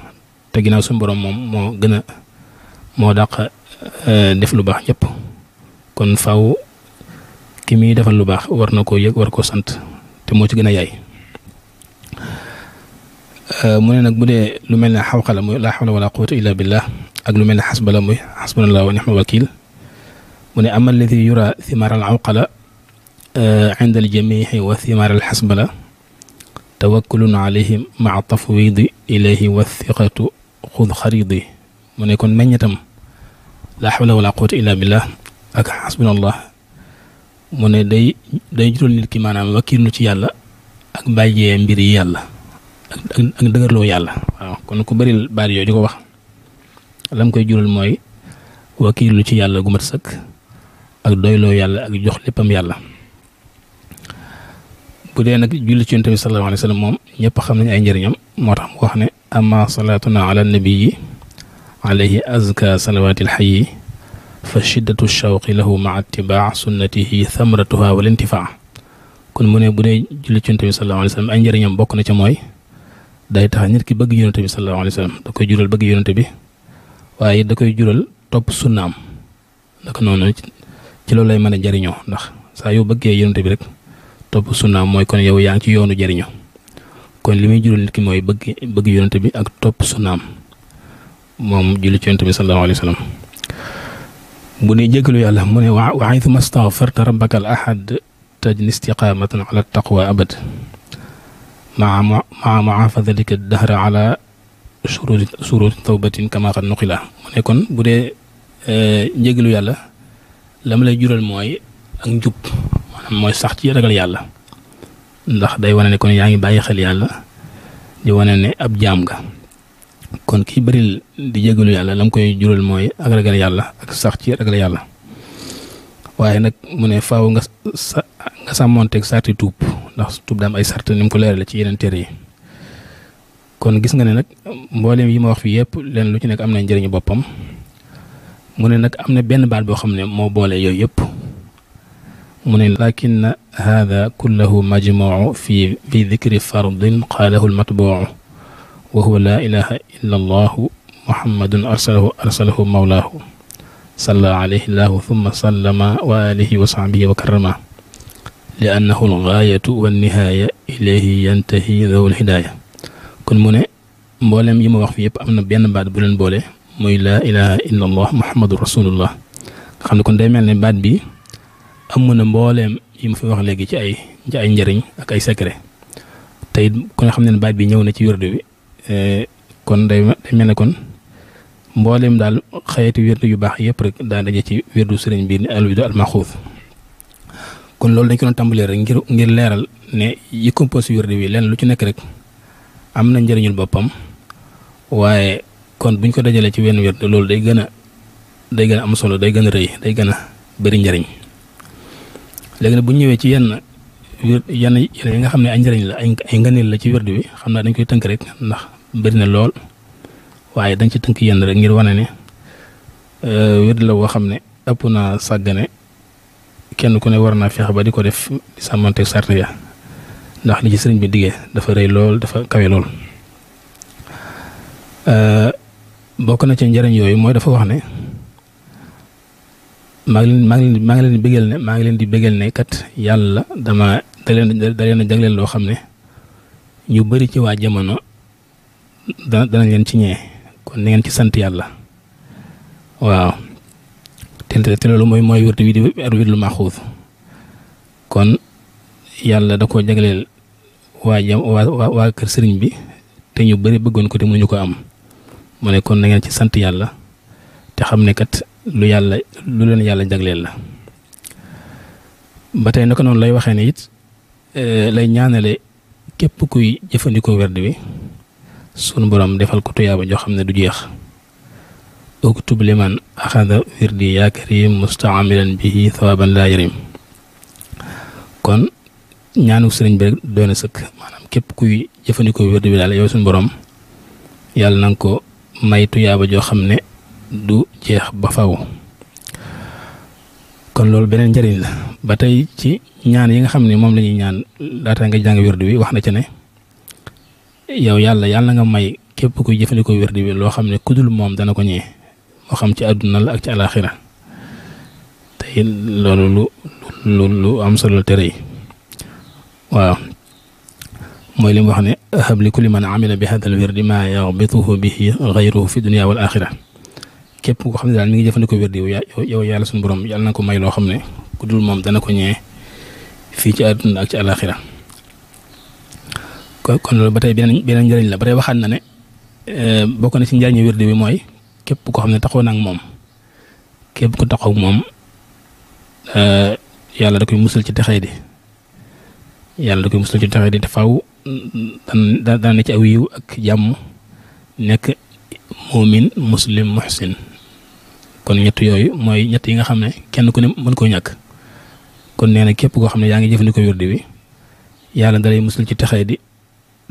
Speaker 7: te ginnaaw sunu borom moom moo gën a moo dàq e, def lu baax ñëpp kon faaw ki muy defal lu baax war na ko yëg war koo sant te moo ci gën a yaay Euh, mu ne nag bu dee lu mel ne xawqa la muy laa xawla wala quwata illa billah ak lu mel ne xasba la muy xasbunallah wa nixma wakil mu ne ama alladi yura thimar al awqala euh, inda al jamixi wa tafwidi ilayhi wa thiqatu xud xaridi mu ne kon meññetam laa xawla wala quwata illa billah ak xasbunallah mu day day jural nit ki maanaam wakkiirlu ci yàlla ak bàyyee mbir yi yàlla ak ak dëgërloo yàlla waaw kon ku bari baat yooyu di ko wax lam koy jural mooy wakiilu ci yàlla gu mat sëkk ak doyloo yàlla ak jox léppam yàlla bu dee nag julli ci yonent bi sallallahu alayhi moom ñëpp xam nañ ay njëriñam moo tax mu wax ne amma salaatuna ala nabii alayhi azka salawaati fa shiddatu shawqi lahu maa ittibaa sunnatihi thamratuha wal intifaa kon mu ne bu dee julli ci yonent bi sallallahu alayhi wa sallam ay njëriñam bokk na ca mooy day tax nit ki bëgg yonente bi sallallahu alayhi da koy jural bëgg yonente bi waaye da koy jural topp sunnaam naka noonu ci loolu lay mën a jariñoo ndax saa yoo bëggee yonente bi rek topp sunnaam mooy kon yow yaa ngi ci yoonu jariñoo kon li muy jural nit ki mooy bëgg bëgg yonente bi ak topp sunnaam moom julli ci yonente bi sallallahu alayhi wa sallam bu ne wa aytuma staghfarta rabbaka al ahad tajni istiqamatan ala abad maa maa maa fa dalika mu kon bu dee eh, njëgalu yàlla la ma lay jural mooy ak njub mooy sax ci ragal yàlla ndax day wane ne kon yaa ngi bàyyi xel yàlla di wane ne ab jaam nga kon kii bëril di jégalu yàlla la mu koy jural mooy ak ragal yàlla ak sax ci ragal yàlla waaye nag mu ne faaw nga sa nga sàmmonteeg tuub ndax tuub daam ay sart ni mu ko leerale ci yeneen téere yi kon gis nga ne nag mbooleem yi ma wax fi yëpp len lu ci nekk am na njëriñu boppam mu ne nag am na benn baat boo xam ne moo boole yooyu yëpp mu ne lakin hada kullahu majmuu fi fi dikri fardin qaalahu lmatbuu wa huwa laa ilaha illa allahu muhammadun arsalahu arsalahu mawlaahu salla alayhi llahu thumma sallama wa alihi wa sahbihi wa karrama li annahu l wa nihaaya ilayhi yantahi zawul hidaaya kon mu ne mbooleem yi ma wax fi yépp am na benn baat bu leen boole muy la ilaha illa allah muhammadu xam ne kon day mel ne baat bi amu na mbooleem yi ma fi wax léegi ci ay ci njëriñ ak ay secret te it ku nga xam ne baat bi ñëw na ci wérdu bi eh, kon day day mel ne kon mbooleem daal xeeti wérdu yu baax yëpp rek daa daje ci wérdu sëriñ bi ni alwidu almaxuuf kon loolu dañ ko doon rek ngir ngir leeral ne yi compose wird wi lenn lu ci nekk rek am na njariñul boppam waaye kon buñ ko dajalee ci wenn wird loolu day gën a day gën a am solo day gën a rëy day gën a bëri njëriñ léegi nag bu ñëwee ci yenn wird yenn yi nga xam ne ay njëriñ la ay ay la ci wird wi xam naa dañ koy tënk rek ndax bëri na lool waaye dañ ci tënk yenn rek ngir wane ne euh, wird la woo xam ne ëpp naa sàggane kenn ku ne war naa feex ba di ko def di sàmmante sart ya ndax li ci sëriñ bi diggee dafa rëy lool dafa kawe lool euh, bokk na ci njariñ yooyu mooy dafa wax ne maa ngi leen maa ngi leen di bëggal ne maa ngi leen di bëggal ne kat yàlla dama da leen da leen a jagleel loo xam ne ñu bari ci waa jamono dana leen ci ñee kon na ngeen ci sant yàlla waaw te te mooy mooy wërd wi di ar wirdul maxuus kon yàlla da koo jagleel waa jam waa waa kër sëriñ bi te ñu bari bëggoon ko te ñu ko am mu ne kon na ngeen ci sant yàlla te xam ne kat lu yàlla lu leen yàlla jagleel la ba tey naka noonu lay waxee ne it eh, lay ñaanale képp kuy jëfandikoo werd wi sunu borom defal ko tuyaaba joo xam ne du jeex uktub liman axada wirdi yaa karim kon ñaanu sëriñ bi rek képp kuy jëfandikoo wirdi bi daal yow suñu borom yàlla na ko may tuyaaba joo xam ne du jeex ba faw kon loolu beneen njariñ la ba tey ci ñaan yi nga xam ne moom la ñuy ñaan laata nga jàng wirdi wi wax na ci ne yow yàlla yàlla nga may képp kuy jëfandikoo wirdi bi loo xam ne kudul moom dana ko ñëwee moo xam ci àdduna la ak ci àlaaxira tey loolu lu lu lu am solo tere yi waaw mooy li mu wax ne hab li ma na amila bi hadal wirdi maa yaxbituhu bihi xayruhu fi dunia wal axira képp koo xam ne daal mi ngi jëfandikoo wirdi yow yàlla suñu borom yàlla na ko may loo xam ne ku dul moom dana ko ñëwee fii ci àdduna ak ci àlaaxira kon loolu ba tey beneen beneen njëriñ la ba tey na ne eh, bokk na ci njëriñu wirdi wi mooy képp koo xam ne taxaw na ak moom képp ku taxaw moom euh, yàlla da koy musal ci texee di yàlla da koy musal ci texee di te faw daan ci aw yiw ak jàmm nekk muumin muslim muhsin kon ñett yooyu mooy ñett yi nga xam ne kenn ku ne mën koo ñàkk kon nee na képp koo xam ne yaa ngi jëfandikoo wirdi wi yàlla dalay musul ci texee di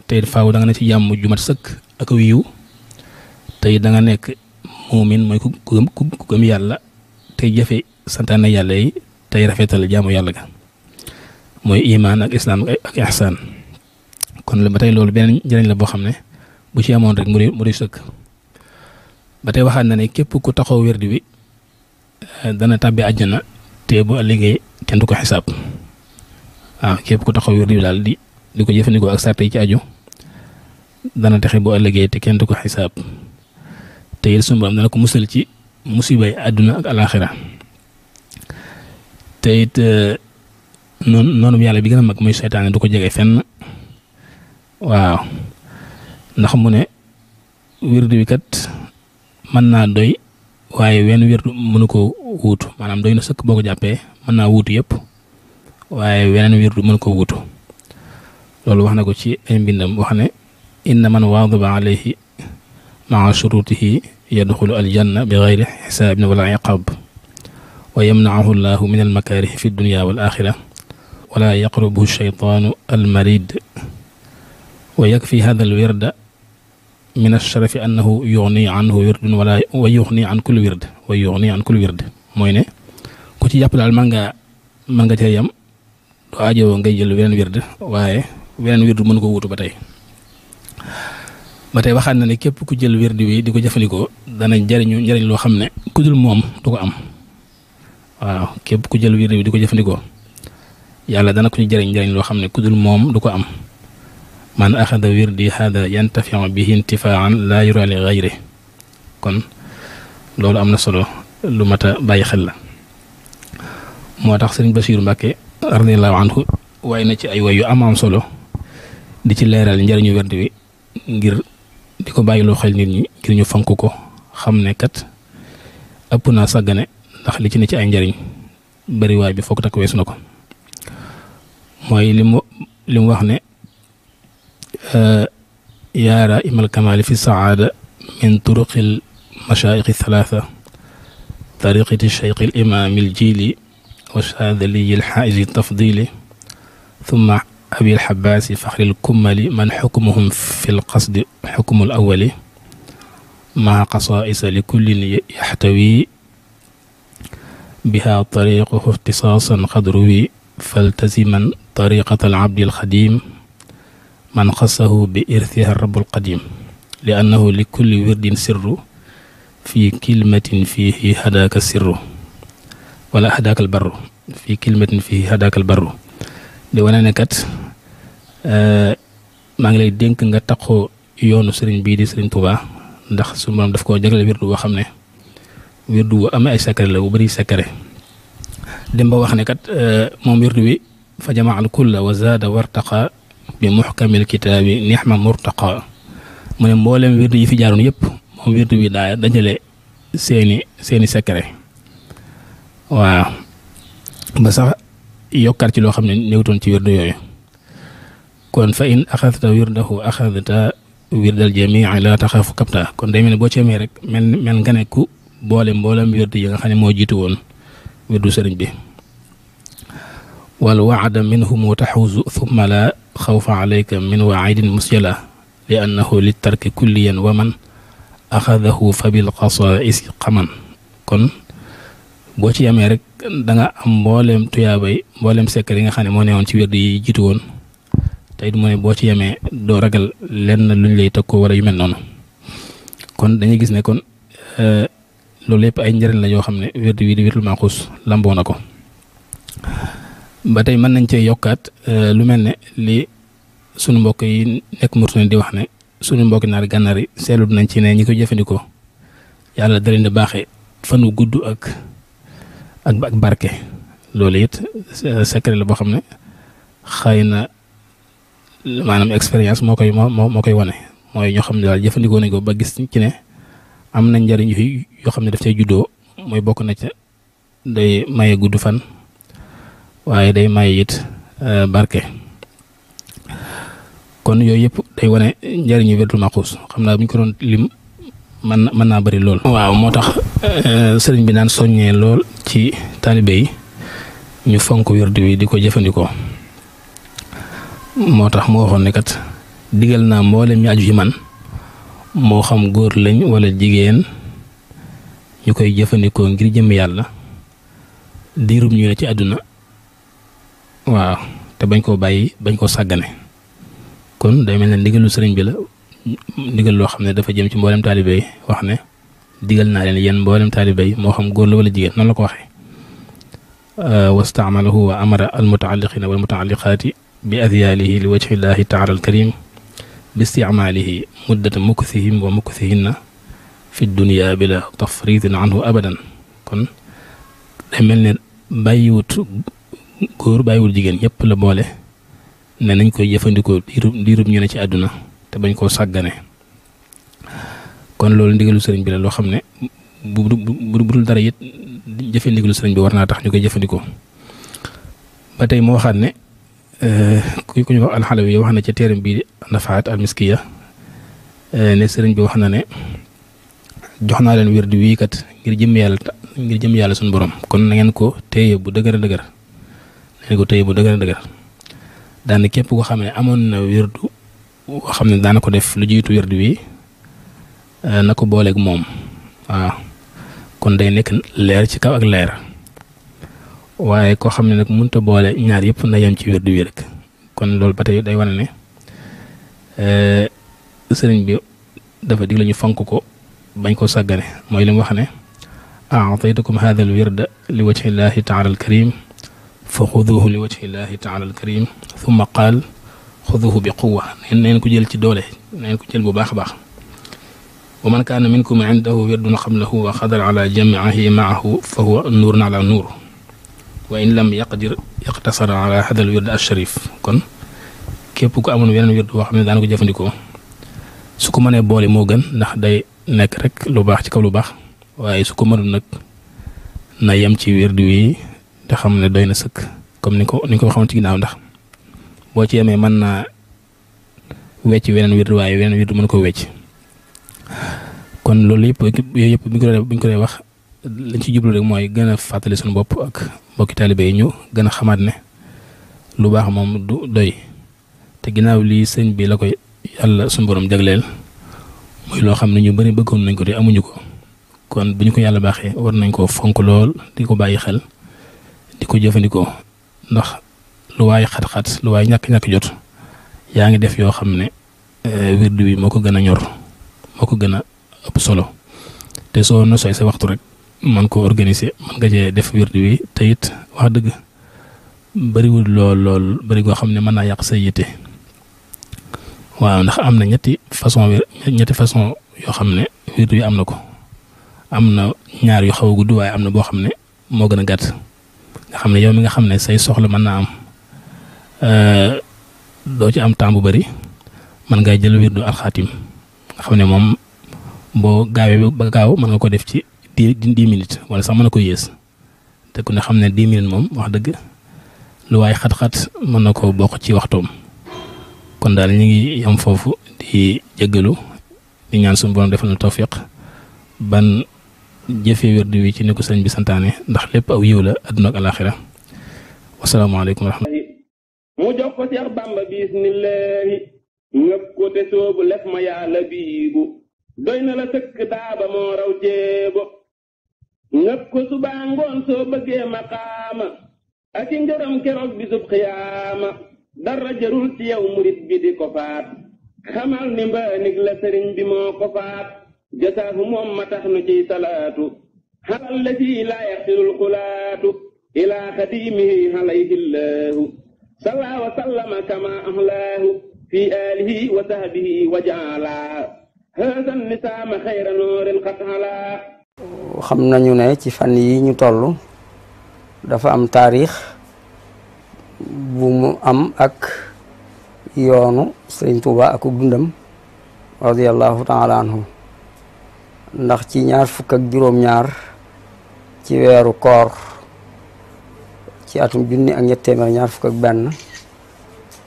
Speaker 7: te da ci jàmm ju sëkk ak wiiw te it da nekk muumin mooy ku gëm ku gëm yàlla tey jëfe santaane yàlla yi tey rafetal jaamu yàlla ga mooy imaan ak islaam ak ihsaan kon ba tey loolu beneen njëriñ la boo xam ne bu ci amoon rek mu di mu di sëkk ba tey waxaat na ne képp ku taxaw werdi wi eh, dana tàbbi àjjana te bu liggéey kenn du ko xisaab waaw ah, képp ku taxaw werdi wi daal di di ko jëfandikoo ak sarte yi ci aju dana texe bu ëllëgee te kenn du ko xisaab te it suñu borom dana ko musal ci musibay àdduna ak alaaxira te it euh, noonu noonu yàlla bi gën a mag muy seytaane du ko jege fenn waaw ndax mu ne wirdu wi kat mën naa doy waaye wenn wirdu mënu ko wuutu maanaam doy na sëkk boo ko jàppee mën naa wuutu yëpp waaye weneen wirdu mënu ko wuutu loolu wax na ko ci ay mbindam wax ne inna man waadaba alayhi maa shurutihi yadxulu aljanna bi gayri xisaabin wala iqaab wa yamnacahu llaahu min almakaarihi fi dunya wal axira wala yaqrubuhu almarid wa hada alwirda min alsharafi annahu yugni anhu wirdun wird wa wird mooy ne ku ci jàpp daal mën nga mën nga cee yem du ngay jël weneen wird waaye weneen wird mën ko wuutu ba tey ba tey waxaat na ne képp ku jël wérdi wi di ko jëfandikoo danañ jëriñu njëriñ loo xam ne ku dul moom du ko am képp ku jël wérdi wi di ko jëfandikoo yàlla dana ko ñu loo xam ne ku moom du ko am man axada wirdi hada yantafiu bihi intifaan laa yura li gayri kon loolu am na solo lu mat a bàyyi xel la moo tax sëriñ Basiiru Mbàkke radiallahu anhu waaye na ci ay way yu am solo di ci leeral njariñu werd wi ngir di ko bàyyiloo xel nit ñi ngir ñu fonk ko xam ne kat ëpp naa sàggane ndax li ci ne ci ay njariñ bariwaay bi foog takk weesu na ko mooy li mu wax ne euh, yaara imal kamaali fi saada min turuqil mashaayixi thalaatha tariqati sheyqi al imaami al jiili wa shaadaliyi al xaaiji tafdili thumma abil xabaasi faxril kummali man xukmuhum fil qasdi xukmul awali maa qasaisa li kullin yaxtawi biha tariquhu ixtisaasan xadru wi faltasiman tariqata al abdi alxadim man xasahu bi irtiha rabul qadim li annahu li kulli wirdin sirru fi kilmatin fihi hadaaka sirru wala hadaaka albarru fi kilmatin fihi hadaaka albarru di wane ne kat euh, maa ngi lay dénk nga taqoo yoonu sëriñ bii di sëriñ Touba ndax su man daf koo jagle wirdu boo xam ne wirdu bu amee ay sakare la bu bëri sakare dem ba wax ne kat euh, moom wirdu wi fa jamaal a wa zaada wartaqa bi muxkamil kitaabi nixma murtaqa mu ne mbooleem wirdu yi fi jaaroon yëpp moom wirdu bi daa dajale seeni seeni sakare ba sax yokkaat ci loo xam ne néewtoon ci wirdu yooyu kon fa in axadta wirdahu axadta wirdal jamii la taxaafu kapta kon day mel boo ci amee rek mel mel nga ne ku boole mboolem wird yi nga xam ne moo jiitu woon wirdu sëriñ bi wal waada minhumu taxuusu thumma la xawfa alayka min waidin musjala li annahu li tarki kulliyan wa fa bil qasaisi qaman kon boo ci amee rek da nga am mbooleem tuyaabay mbooleem secret yi nga xam ne moo newoon ci wérdi yi jiitu woon tey it moo ne boo ci yemee doo ragal lenn luñ lay ko wala yu mel noonu kon dañuy gis ne kon eh, loolu yëpp ay njëriñ la yoo xam ne wérdi wii di wérdul maaxuus lamboo na ko ba tey mën nañ cee yokkaat eh, lu mel ne li sunu mbokk yi nekk Mauritanie di wax ne suñu mbokk naar gànnaar yi seetlu nañ ci ne ñi koy jëfandikoo yàlla da leen fanu gudd ak. ak ak barke loolu it euh, secret la boo xam ne xëy na maanaam expérience moo koy moo moo koy wone mooy ñoo xam ne daal jëfandikoo nañ ko ba gis ci ne am na njariñ yoo xam ne daf cay juddoo mooy bokk na ca day maye gudd fan waaye day maye it euh, barke kon yooyu yëpp day wane njëriñu wérdul maxuus xam naa bu ko doon lim mën na mën naa bëri lool. waaw moo tax. Euh, sëriñ bi naan soññee lool ci taalibe yi ñu fonk wird wi di ko jëfandikoo moo tax mu waxoon ne digal naa mboolem ñu aju ci man moo xam góor lañ wala jigéen ñu koy jëfandikoo ngir jëm yàlla diirum ñu ne ci àdduna waaw te bañ koo bàyyi bañ koo sàggane kon day mel ne ndigalu sëriñ bi la ndigal loo xam ne dafa jëm ci mboolem taalibe wax ne digal naa leen yéen mboolem taalibe yi moo xam góor la wala jigéen noonu la ko waxee uh, wastaamalahu wa amara almutaalliqina walmutaalliqaati bi adyaalihi li wajhi llahi taala alkarim bi isticmaalihi muddata mukthihim wa mukthihinna fi dunia bila tafritin anhu abadan kon day mel ne bàyyiwut góor bàyyiwut jigéen ñëpp la boole ne nañ koy jëfandikoo diirub diirub ñu ne ci àdduna te bañ koo sàggane kon loolu ndigalu sëriñ bi la loo xam ne bu bu dul dara it jëfe ndigalu sëriñ bi war naa tax ñu koy jëfandikoo ba tey moo waxaat ne eh, ku ñu wax alxalawi yi wax na ca téeram bi nafaat almiskiya eh, ne sëriñ bi wax na ne jox naa leen wér wii kat ngir jëm yàlla ngir jëm yàlla suñu borom kon na ngeen ko téye bu dëgër dëgër na ko téye bu dëgër dëgër daanaka képp koo xam ne amoon na wérdu koo xam ne daana ko def lu jiitu werdu wii Eh, na ko booleeg moom kon day nekk leer ci kaw ak leer waaye koo xam ne nag mënut a boole ñaar yëpp na yem ci wérdu wi rek kon loolu ba tey day wane ne eh, sëriñ bi dafa dig la ñu fonk ko bañ ko sàggane mooy li mu wax ne aataytukum hada al wirda li wajhi llahi taala al karim fa xuduhu li wajhi llahi taala al karim thumma qaal xuduhu bi quwa neen ko jël ci doole neen ko jël bu baax a baax wa mën kaana minkum indahu wirdun xamlahu wa xadar ala jamiahi maahu fa huwa nuurun ala nuur wa in lam yaqdir iqtasara ala hadal wird alsharif kon képp ku amoon weneen wird boo xam ne daana ko jëfandikoo su ko mënee boole moo gën ndax day nekk rek lu baax ci kaw lu baax waaye su ko mënul nag na yem ci wird wi te xam ne doy na sëkk comme ni ko ni ko waxoon ci ginnaaw ndax boo ci yemee man naa wecc weneen wird waaye weneen wird mën ko wecc kon loolu yëpp yooyu yëpp bu ñu ko dee bu ñu ko dee wax lañ ci jublu rek mooy gën a fàttali suñu bopp ak mbokki taalibe yi ñu gën a xamaat ne lu baax moom du doy te ginnaaw lii sëñ bi la koy yàlla suñu borom jagleel muy loo xam ne ñu bari bëggoon nañ ko te amuñu ko kon bu ñu ko yàlla baaxee war nañ koo fonk lool di ko bàyyi xel di ko jëfandikoo ndax lu waay xat-xat lu waay ñàkk-ñàkk jot yaa ngi def yoo xam ne eh, wird bi moo ko gën a ñor moo ko gën a ëpp solo te soo nosee sa waxtu rek man ko organiser man nga cee def wird wi te it wax dëgg bëriwul lool lool bari goo xam ne mën naa yàq say yitte waaw ndax am na ñetti façon ñetti façon yoo xam ne wird wi am na ko am na ñaar yu xaw a gudd waaye am na boo xam ne moo gën a gàtt nga xam ne yow mi nga xam ne say soxla mën naa am euh, doo ci am temps bu bari mën ngay jël wirdu alxaatim nga xam ne moom boo gaawee ba gaaw mën nga ko def ci dix dix minutes wala sax mën na ko yées te ku ne xam ne di minutes moom wax dëgg lu waaye xat-xat mën na ko bokk ci waxtoom kon daal ñu ngi yam foofu di jéggalu di ñaan suñu borom defal na tawfiq ban jëfee wérdu wi ci ni ko sëriñ bi santaane ndax lépp aw yiw la àdduna ak alaaxira wasalaamaaleykum
Speaker 6: wa ngëp ko te soobu lef ma yàlla biibu doy na la sëkk daaba moo raw jéebo ngëp ko subaa ngoon soo bëggee maqaama ak i ngërëm keroog bisub xiyaama dara jarul ci yow murit bi di ko xamal ni mbaanig la sëriñ bi moo ko faat jasaafu ma tax nu ciy salaatu xalal la ci laa xulaatu ilaa xadiimihi alayhi llaahu salaa wa sallama kama ahlaahu في آله وصحبه وجعلا هذا النسام خير نور قد علا
Speaker 8: xam nañu ne ci fan yi ñu tollu dafa am taarix bu mu am ak yoonu Sëriñ Tuuba ak dundam radiyallahu taala anhu ndax ci ñaar fukk juróom-ñaar ci weeru koor ci atum junni ak ñett téeméer ñaar fukk ak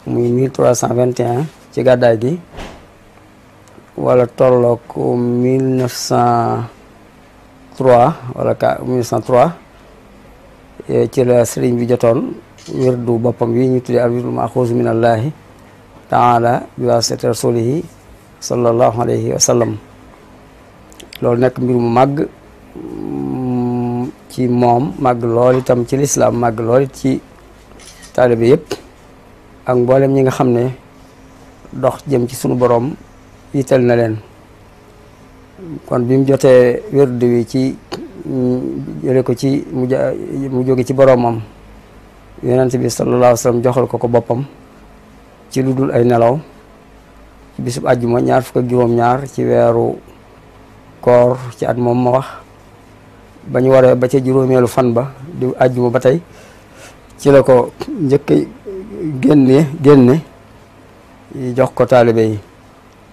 Speaker 8: muy mille trois cent vingt et ci gàddaay gi wala tolloog mille neuf cent trois wala eh, ci la sëriñ bi jotoon wirdu boppam yi ñu tuddee al wirdul maxuus min allahi taala bi waasitati rasulihi sallallahu alayhi wa sallam loolu nekk mbir mu màgg mm, ci moom màgg lool itam ci lislaam màgg lool ci taalibe yépp ak mboolem ñi nga xam ne dox jëm ci sunu boroom yitteel na leen kon bi mu jotee wérdu wi ci jële ko ci mu jóge ci boroomam yonent bi sallallahu alayhi joxal ko ko boppam ci lu dul ay nelaw ci bisub àjjuma ñaar fukk juróom-ñaar ci weeru koor ci at moom ma wax ba ñu waree ba ca juróomeelu fan ba di àjjuma ba tey ci la ko njëkk génne génne jox ko taalibe yi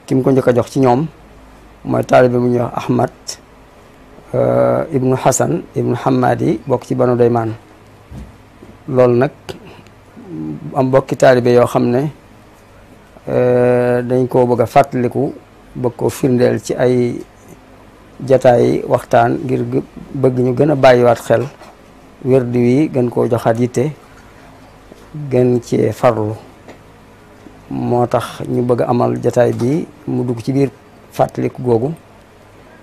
Speaker 8: ki ko njëkk a jox ci ñoom mooy taalibe mu ñuy wax Ahmad eh, ibnu Hasan ibnu Hamad yi bokk ci banu Daymaan loolu nag am bokki taalibe yoo xam ne eh, dañ ko bëgg a fàttaliku bëgg ko firndeel ci ay jataay waxtaan ngir bëgg ñu gën a bàyyiwaat xel wérdi wi gën koo joxaat yitte gën ci farlu moo tax ñu bëgg amal jataay bi mu dugg ci biir fàttaliku googu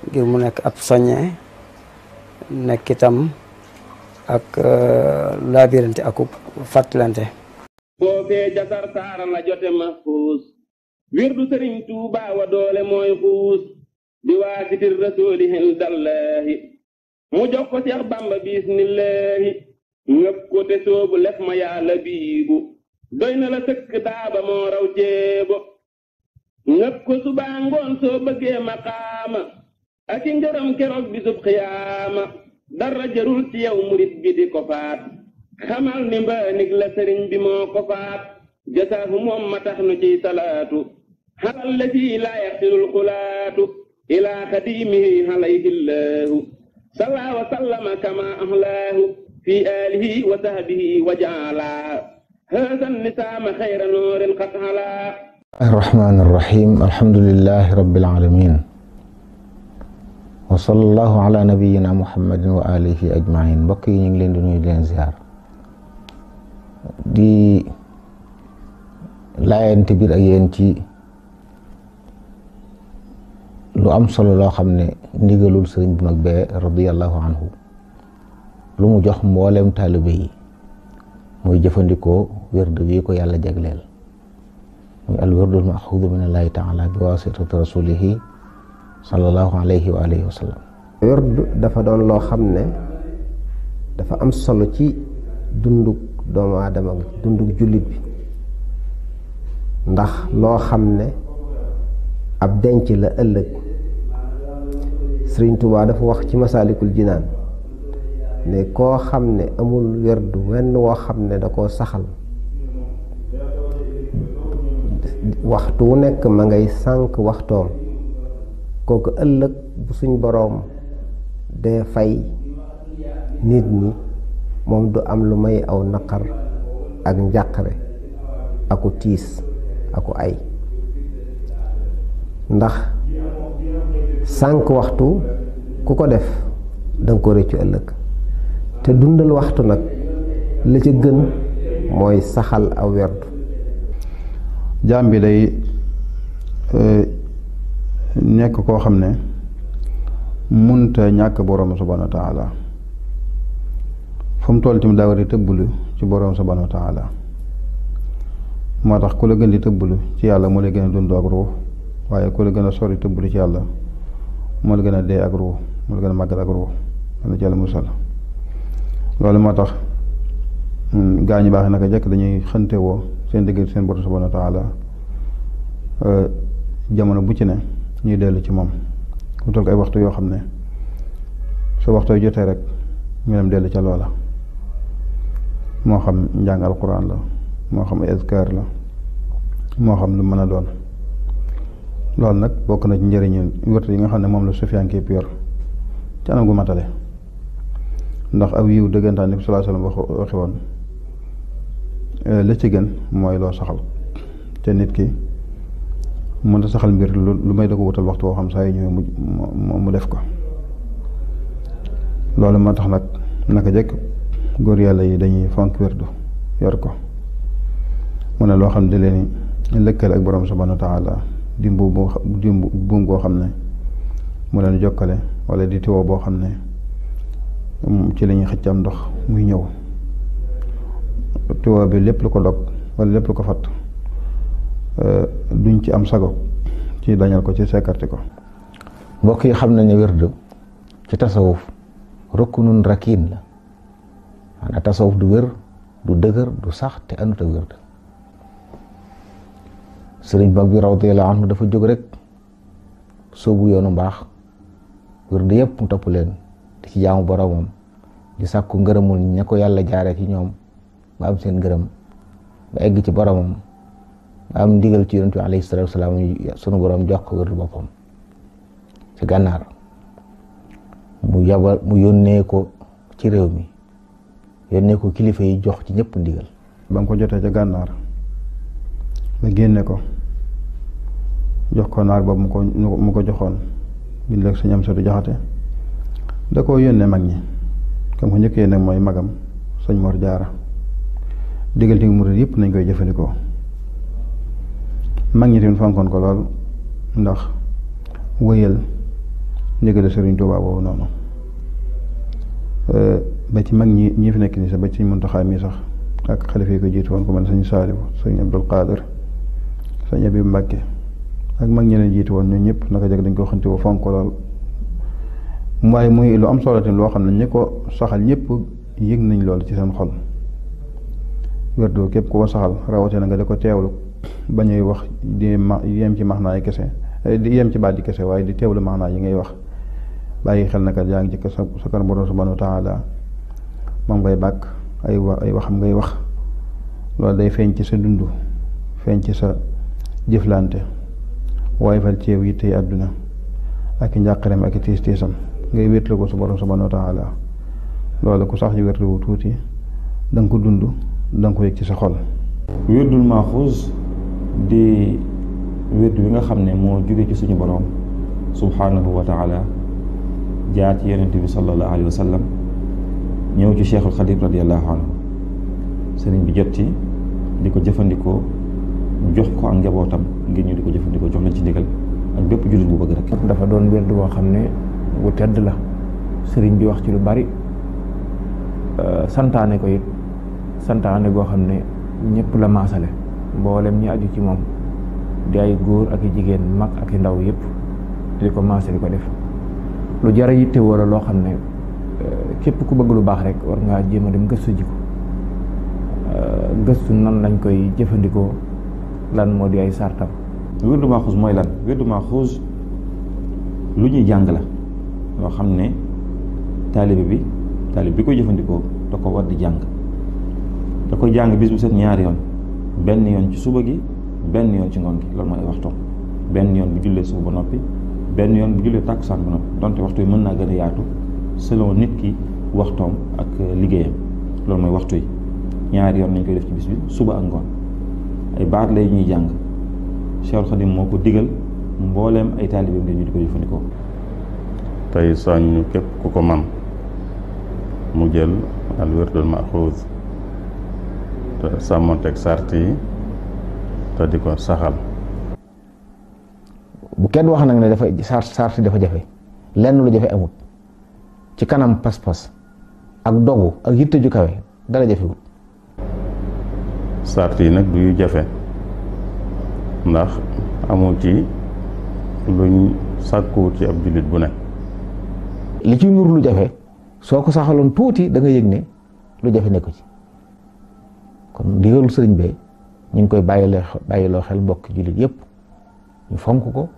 Speaker 8: ngir mu nekk ab soññee nekk itam ak euh, laabirante akub fàttalante
Speaker 6: foofee jasar saara la jote mahfuus wirdu sëriñ tuubaa doole mooy xuus di waasitir rasuuli hen dallaahi mu jox ko seex bamba biis nillaahi ñëpp ko te soobu lef ma yàlla biibu doy na la sëkk daaba moo raw jéebo ñëpp ko subaa ngoon soo bëggee maqaama ak i ngërëm keroog bisub xiyaama dara jarul ci yow murit bi di ko faat xamal ni mbaanig la sëriñ bi moo ko faat jasaahu moom ma tax nu ciy salaatu xalal la ci laa yaxsilul xulaatu ilaa xadiimihi alayhi llaahu salaa wa sallama kama ahlaahu في آله وصحبه وجعلا هذا النسام خير نور قد هلا
Speaker 5: الرحمن الرحيم الحمد لله رب العالمين وصلى الله على نبينا محمد وآله أجمعين بقي نجلين دنيا دين زيار دي لا ينتبير أينتي lu am solo loo xam ne ndigalul sëriñ bu mag bee radiyallahu anhu lu mu jox mboolem taalibe yi muy jëfandikoo wird wi ko yàlla jegleel muy al wirdul maxuudu min allahi taala bi
Speaker 9: wasitati rasulihi sallallahu alayhi wa alihi wa sallam dafa doon loo xam ne dafa am solo ci dundug doomu aadama dundug jullit bi ndax loo xam ne ab denc la ëllëg Sëriñ Tuubaa dafa wax ci masaalikul jinaan ne koo xam ne amul werdu wenn woo xam ne da koo saxal waxtu wu nekk ma ngay sànq waxtoom kooku ëllëg bu suñ boroom dee fay nit ñi moom du am lu may aw naqar ak njàqare aku tiis aku ay ndax sànq waxtu ku ko def danga ko rëccu ëllëg te dundal waxtu nag la ca gën mooy saxal aw werdu jaam bi day e,
Speaker 10: nekk koo xam ne munta ñàkk borom subhanahu wa taala fu mu toll tamit daa war di ci borom subhanahu wa taala moo tax ku la gën di tëbblu ci yàlla moo lay gën a dund ak ruux waaye ku la gën a sori tëbblu ci yàlla moo la gën a dee ak ruux moo la gën a màggal ak ruux yàlla musal loolu moo tax gaa ñu baax naka jekk dañuy xënte woo seen digg seen borom subhanahu wa taala euh, jamono bu ci ne ñuy dellu ci moom mu toog ay waxtu yoo xam ne su waxtu jotee rek ñu dellu ca loola moo xam njàng alquran la moo xam ay azkar la moo xam lu mën a doon loolu nag bokk na ci njëriñu wér yi nga xam ne moom la sufiyanke yor ci anam gu matale ndax aw yiw dëggantaan ni bi sallallahu alayhi wa sallam euh, ci gën mooy loo saxal te nit ki mënta saxal mbir lu may da ko wutal waxtu boo xam saa yu ñëwee mu mu def ko loolu moo tax nag naka jekk góor yàlla yi dañuy fonk wérdu yor ko mu ne loo xam ne leen lëkkale ak borom subhanahu wa taala dimbu bu dimbu buum boo xam ne mu leen jokkale wala di tiwoo boo xam ne moom ci lañuy xëcc am ndox muy ñëw tuwa bi lépp lu ko dog wala lépp lu ko fatt euh, duñ ci am sago ci dañal ko ci sekkarti ko mbokk yi xam nañu wérdu ci tasawuf
Speaker 5: rukkunun rakiin la maanaa tasawuf du wér du dëgër du sax te àndut ak wérd sëriñ mag bi xam anhu dafa jóg rek soobu yoonu mbaax wérdu yëpp mu topp leen di ci jaamu boromam sàkku ngërëmul ña ko yàlla jaare ci ñoom ba am seen ngërëm ba egg ci boromam ba am ndigal ci yonent bi alayhi sunu borom jox ko wërdu boppam ci gànnaar mu yabal mu
Speaker 10: yónnee ko ci réew mi yónnee ko kilifa yi jox ci ñépp ndigal. ba ko jotee ci gànnaar nga génne ko jox ko naar boobu mu ko mu ko joxoon bind lekk suñu am satu jaxate da koo yónnee mag ñi kam ko njëkkee nag mooy magam sañ Mor Jaara diggante murid yëpp nañ koy jëfandikoo mag ñi tamit fonkoon ko lool ndax wëyal ndigalu Sëriñ Tuubaa boobu noonu ba ci mag ñi ñi fi nekk nii sax ba ci sëñ Muntaxaa mi sax ak xalifa ko jiitu woon ku mel ne sëñ Saaliw sëñ Abdul Qaadir sëñ Abibu Mbàkke ak mag ñi leen jiitu woon ñun ñëpp naka jëkk dañ koo xante woo fonk ko lool waaye muy lu am solo tamit loo xam ne ñi ko saxal ñëpp yëg nañ loolu ci seen xol wérdu képp ko saxal rawatina nga di ko ba ñuy wax di ma yem ci max maxnaa yi kese eh, di yem ci baat yi kese waaye di max naa yi ngay wax bàyyi xel na kat yaa ngi ci sa sa kanam borom subhanahu wa taala moom ngay bàkk ay wax ay ngay wax loolu day feeñ ci sa dund feeñ ci sa jëflante waaye fal ceew yi tey àdduna ak i njàqareem ak i tiis tiisam ngay wéetlu ko sa borom subhanahu wa taala loolu ku sax ji wéetlu tuuti danga ko dund da ko yëg ci sa xol.
Speaker 11: wérdul maaxuus di wérd wi nga xam ne moo jóge ci suñu borom subhanahu wa taala jaar ci yonent bi sallallahu alayhi wa sallam ñëw ci cheikhul xadim radiallahu anhu sëriñ bi jot ci di ko jëfandikoo jox ko ak njabootam ngir ñu di ko jëfandikoo jox lañ ci ndigal
Speaker 12: ak bépp jullit bu bëgg rek. dafa doon wérd boo xam ne. bu tedd la sëriñ di wax ci lu bari euh, santaane ko it santaane goo xam ne ñëpp la maasale mboolem ñi aju ci moom di ay góor ak i jigéen mag ak i ndaw yëpp di ko maasale ko def lu jara yitte wala loo xam ne euh, képp ku bëgg lu baax rek war ngaa jéem a dem gëstu ji ko euh, gëstu nan lañ koy jëfandikoo lan moo di ay sartam wérdu maaxuus mooy lan wérdu
Speaker 11: maaxuus lu ñuy jàng la loo xam ne taalibe bi taalibe bi koy jëfandikoo da ko war di jàng da koy jàng bis bu set ñaari yoon benn yoon ci suba gi benn yoon ci ngoon gi loolu mooy ay waxtoom benn yoon bu jullee suba ba noppi benn yoon bu jullee tàkkusaan ba noppi donte waxtu yi mën naa gën a yaatu selon nit ki waxtoom ak liggéeyam loolu mooy waxtu yi ñaari yoon nañ koy def ci bis suba ak ngoon ay baat lay ñuy jàng Cheikhul Khadim moo ko digal mbooleem ay taalibeem dañu di ko jëfandikoo
Speaker 13: tey soññ képp ku ko man mu jël al wirdul te sàmmonteeg sart yi te di ko saxal
Speaker 5: bu kenn wax nag ne dafa sart sart dafa jafe lenn lu jafe amut ci kanam pas-pas ak dogu ak yitte ju kawe dara jafewut
Speaker 13: sart yi nag du yu jafe ndax amul ci luñ sàkkuwut ci ab jullit bu ne
Speaker 5: li ci nur lu jafe soo ko saxaloon tuuti da nga yëg ne lu jafe nekku ci kon ndigalu sëriñ bee ñu ngi koy bàyyiloo bàyyiloo xel mbokk jullit yépp ñu fonk ko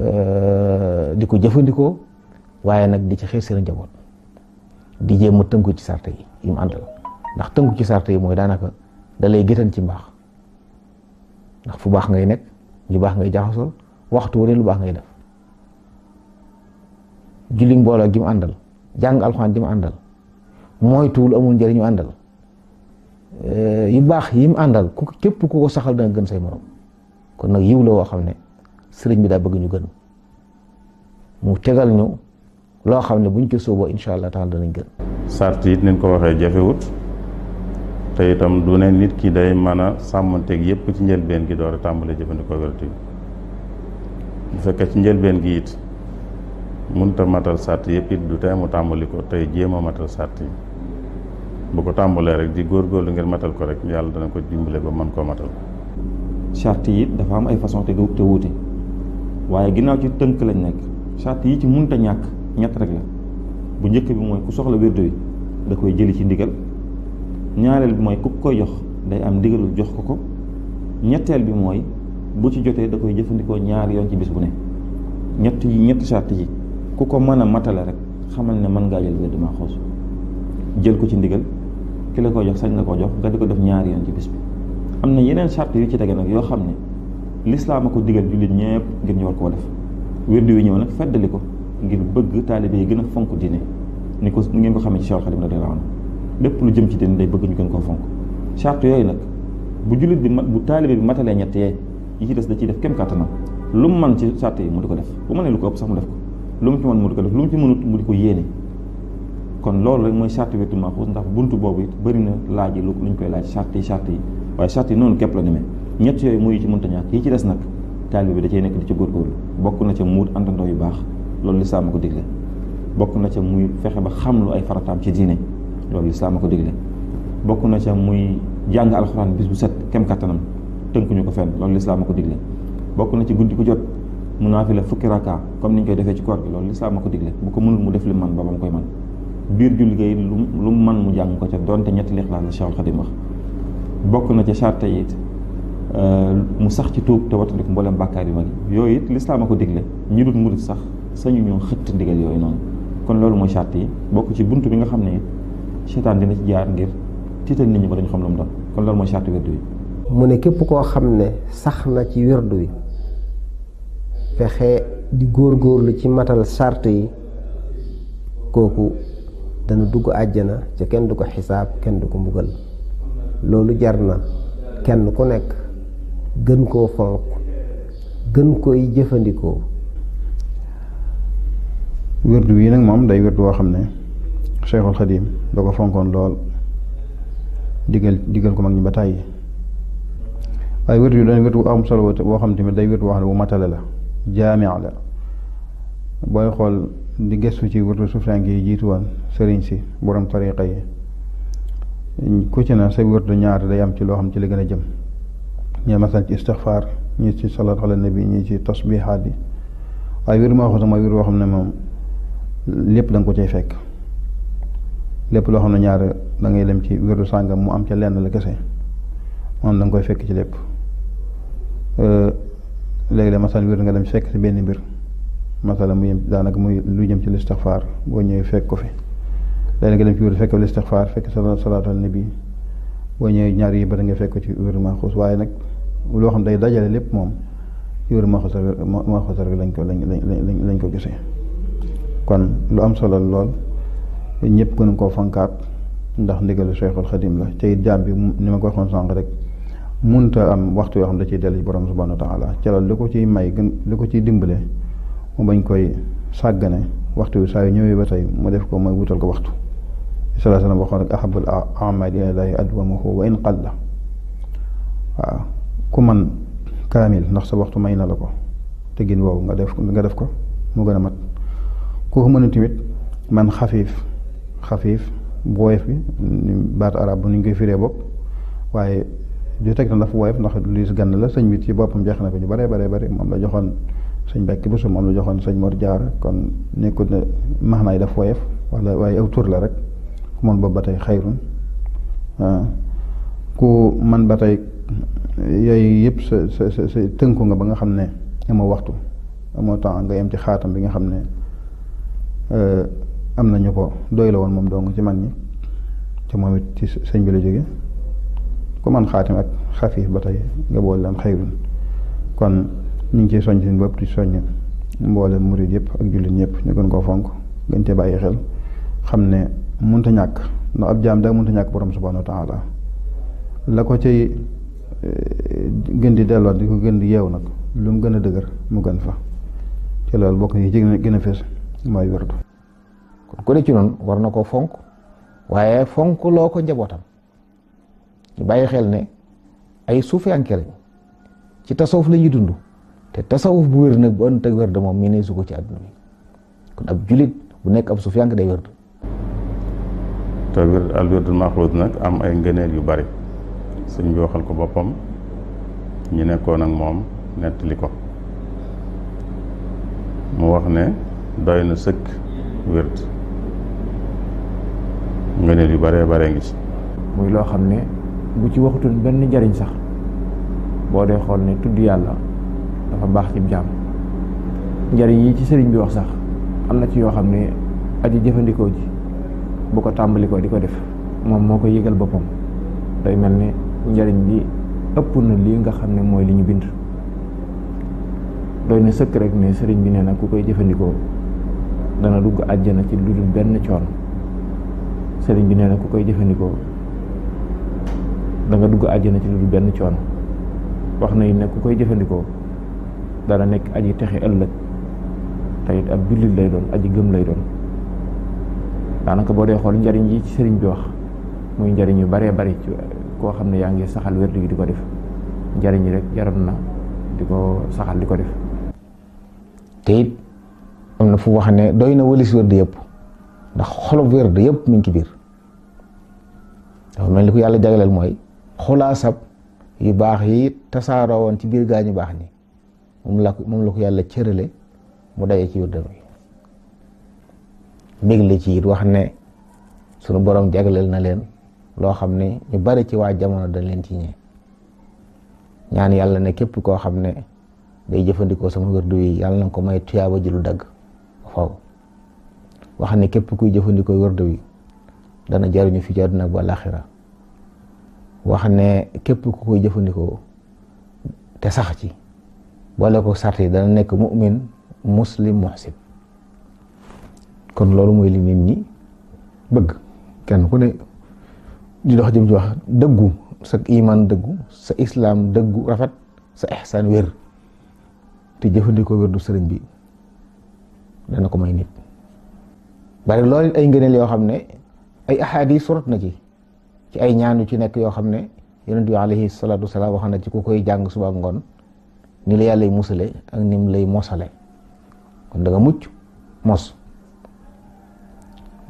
Speaker 5: euh, di ko jëfandikoo waaye nag di ci xeer seen njaboot di jéem a tënku ci sarte yi yi mu àndal ndax tënku ci sarte yi mooy daanaka da lay gétan ci mbaax ndax fu baax ngay nekk ñu baax ngay jaxasoo waxtu wu ne lu baax ngay def julli mbooloo gi mu àndal jàng alxuraan gi mu àndal moytuwul amul njëriñ ñu àndal eh, yi baax yi mu àndal ku képp ku ko saxal danga gën say morom kon nag yiw la woo xam ne sëriñ bi daa bëgg ñu gën mu tegal ñu loo xam ne buñ ci sóoboo incha allah
Speaker 13: taala danañ gën. sart it nañ ko waxee jafewut te itam du ne nit kii day mën a sàmmanteeg yëpp ci njëlbeen gi door a tàmbalee jëfandikoo wérati bu fekkee ci njëlbeen gi it. munta matal sart yëpp it du tee mu tàmbali ko tey jéem matal sart yi bu ko tàmbalee rek di góorgóorlu ngeen matal ko rek yàlla dana
Speaker 11: ko dimbale ba mën koo matal. sart yi dafa am ay façon te du te wuute waaye ginnaaw ci tënk lañ nekk sart yi ci munta ñàkk ñett rek la bu njëkk bi mooy ku soxla wérdo yi da koy jëli ci ndigal ñaareel bi mooy ku koy jox day am ndigalul jox ko ko ñetteel bi mooy bu ci jotee da koy jëfandikoo ñaar yoon ci bis bu ne ñett yi ñett sart yi. ku ko mën a matale rek xamal ne man ngaa jël wér dama xoos jël ko ci ndigal ki la ko jox sañ la ko jox nga di ko def ñaari yoon ci bis bi am na yeneen charte yu ci tege nag yoo xam ne lislaam a ko digal jullit ñëpp ngir ñu war koo def wérdu wi ñëw nag feddali ko ngir bëgg taalibe yi gën fonk diine ni ko ngeen ko xamee ci Cheikh Xadim radiyallaahu anhu lépp lu jëm ci diine day bëgg ñu gën koo fonk charte yooyu nag bu jullit bi bu taalibe bi matalee ñett yee yi ci des da ciy def kem kàttanam lu mu mën ci charte yi mu di ko def bu mënee lu ko ëpp sax mu def ko lu mu ci mën mu ko def lu mu ci mënut mu di ko yéene kon loolu rek mooy charte wetu maaxuus ndax bunt boobu it bëri na laaj yi lu ñu koy laaj charte yi charte yi waaye charte yi noonu képp la demee ñett yooyu mooy yi ci mënta ñàkk yi ci des nag taalibe bi da cay nekk di ci góorgóorlu bokk na ca muut àndandoo yu baax loolu lislaam a ko digle bokk na ca muy fexe ba xam lu ay farataam ci diine loolu lislaam a ko digle bokk na ca muy jàng alxuraan bis bu set kem kattanam tënkuñu ko fenn loolu lislaam a ko digle bokk na ci guddi ku jot mu la fukki rakka comme ni ñu koy defee ci koor gi loolu lislaam ma ko digle bu ko mënul mu def li man ba ba mu koy man biir julli gi lu mu man mu jàng ko ca donte ñetti lixlaas la Cheikhul Xadim wax bokk na ca charte yi it euh, mu sax ci tuub te wattandiku mboolem bàkkaar yu ma yi yooyu it lislaam ma ko digle ñi dul murit sax sañu ñoo xëtt ndigal yooyu noonu kon loolu mooy charte yi bokk ci bunt bi nga xam ne it seytaan dina ci jaar ngir tiital nit ñi ba dañu xam lu doon kon loolu mooy charte wirdu
Speaker 9: mu ne képp koo xam ne sax na ci wirdu wi fexe di góor góorgóorlu ci matal sart yi kooku dana dugg àjjana ca kenn du ko xisaab kenn du ko mbugal loolu jar na kenn ku nekk gën koo fonk gën koy jëfandikoo
Speaker 10: wérdu bii nag moom day wérdu woo xam ne Cheikhul Xadim da ko fonkoon lool digal digal ko mag ñi ba tàyyi waaye wérdu yi doon wérdu am woo xam tamit day wérdu woo xam ne bu matale la jaamic la booy xool di gëstu ci wurdu suufiyanke yi jiitu woon sëriñ si borom tariqa yi ku ci na sa wurdu ñaar day am ci loo xam ci li gën a jëm ñee masal ci istixfaar ñu ci salaatu ala nabi ñii ci tasbihaat yi waaye wir moo xam sama wir boo xam ne moom lépp danga ko cay fekk lépp loo xam ne ñaar da ngay dem ci wirdu sàngam mu am ca lenn la kese moom da koy fekk ci lépp léegi la masal wér nga dem fekk ci benn mbir masala mu yem daanaka muy lu jëm ci listixfaar boo ñëwee fekk ko fi léegi nga dem ci wér fekk listixfaar fekk sa salaatal nabi boo ñëwee ñaar yi ba da nga fekk ko ci wér maxuus waaye nag loo xam day dajale lépp moom ci wér maxuus maxuus rek lañ ko lañ lañ lañ ko gisee kon lu am solo lool ñëpp gën koo fankaat ndax ndigalu Cheikhul Xadim la tey jaam bi ni ma ko waxoon sànq rek munta am waxtu yoo xam da ciy dellu ci borom subhanahu wa taala ca la li ko ciy may gën li ko ciy dimbale moom bañ koy sàggane waxtu yu saa yu ñëwee ba tey mu def ko mooy wutal ko waxtu sallallahu alayhi wa sallam waxoon rek ahabul amali ilallaahi adwamuhu man kaamil ndax sa waxtu may na la ko gin woowu nga def nga def ko mu gën a mat ku ko mënut tamit man xafiif xafiif booyeef bi baat arab bu ni koy firee bopp waaye di teg la fu woyof ndax luis gann la sañ bi ci boppam jeex na ko ñu bare bare bare moom la joxoon sëñ Mbàkke Buso moom la joxoon sañ Mor jaar kon nekkul ne max naay daf woyof wala waaye aw tur la rek ku mën boobu ba tey xayrun ah, ku man ba tey yooyu yëpp sa sa sa tënku nga ba nga xam ne amoo waxtu amoo temps nga yem ci xaatam bi nga xam ne ah, am nañu ko doy la woon moom dong ci man ñi te moom it ci sëñ bi la jóge ku man xaatim ak xafiif ba tey nga boole leen kon ñu ngi ciy soññ suñu bopp di soññ mboole murid yëpp ak jullit ñëpp ñu gën koo fonk gën cee bàyyi xel xam ne mënta ñàkk ndax ab jaam daa mënta ñàkk borom subhaanahu wa taala la ko cay eh, gën di delloo di ko gën di yeew nag lu mu gën a dëgër mu gën fa ci loolu bokk yi ci gën a fees mooy werdu kon ku ne ci noonu war
Speaker 5: na koo fonk waaye fonk loo ko njabootam ñu bàyyi xel ne ay suufiyanke lañ ci tasawuf la ñuy dund te tasawuf bu wér nag bu ënd teg wér de moom ñu ne su ko ci àdduna bi kon ab julit bu nekk ab suufiyanke day wér.
Speaker 13: te wér al wérdul maxluud nag am ay ngëneel yu bari sëñ bi waxal ko boppam ñu nekkoon ak moom nettali ko mu wax ne doy na sëkk wérd ngëneel yu baree baree ngi ci
Speaker 12: muy loo xam ne bu ci waxutoon benn njariñ sax boo dee xool ne tudd yàlla dafa baax ci jàmm njariñ yi ci sëriñ bi wax sax am na ci yoo xam ne aji jëfandikoo ji bu ko tàmbalikoo di ko def moom moo ko yëgal boppam day mel ni njariñ bi ëpp na lii nga xam ne mooy li ñu bind doy na sëkk rek ne sëriñ bi nee na ku koy jëfandikoo dana dugg àjjana ci lu dul benn coon sëriñ bi nee ku koy jëfandikoo danga dugg dugg àjjana ci lu dul benn coon wax na yi ne ku koy jëfandikoo dana nekk aji texe ëllëg te it ab jullit lay doon aji gëm lay doon daanaka boo dee xool njariñ yi ci sëriñ bi wax muy njariñ yu baree bari koo xam ne yaa ngi saxal wér gi di ko def njariñ yi rek jaroon na di ko saxal di ko def
Speaker 5: te it am na fu wax ne doy na wëlis wérd yëpp ndax xolof wérd yëpp mi ngi ci biir dafa mel ni ku yàlla jagleel mooy sab yu baax yi tasaaroo woon ci biir gaa gaañu baax ni moom la ko moom la yàlla cërale mu daje ci wirdam yi bégle ci it wax ne sunu borom jagleel na leen loo xam ne ñu bari ci waa jamono dañ leen ci ñee ñaan yàlla na képp koo xam ne day jëfandikoo sama wirdu yi yàlla na ko may tuyaaba ji lu dagg faw wax ne képp kuy jëfandikoo wirdu wi dana jariñu fi ci àdduna ba laaxira xam ne képp ku koy jëfandikoo te sax ci wala ko sart yi dana nekk mu'min muslim muhsin kon loolu mooy li nit ñi bëgg kenn ku ne di dox jëm ci wax dëggu sa iman dëggu sa islaam dëggu rafet sa ihsaan wér te jëfandikoo wér du sëriñ bi dana ko may nit bari loolu ay ngëneel yoo xam ne ay ahadis surat na ci ci ay ñaan yu ci nekk yoo xam ne yonent bi alayhi salaatu wasalaam wax na ci ku koy jàng suba ngoon ni la yàlla lay musale ak nim lay mosale kon danga mucc mos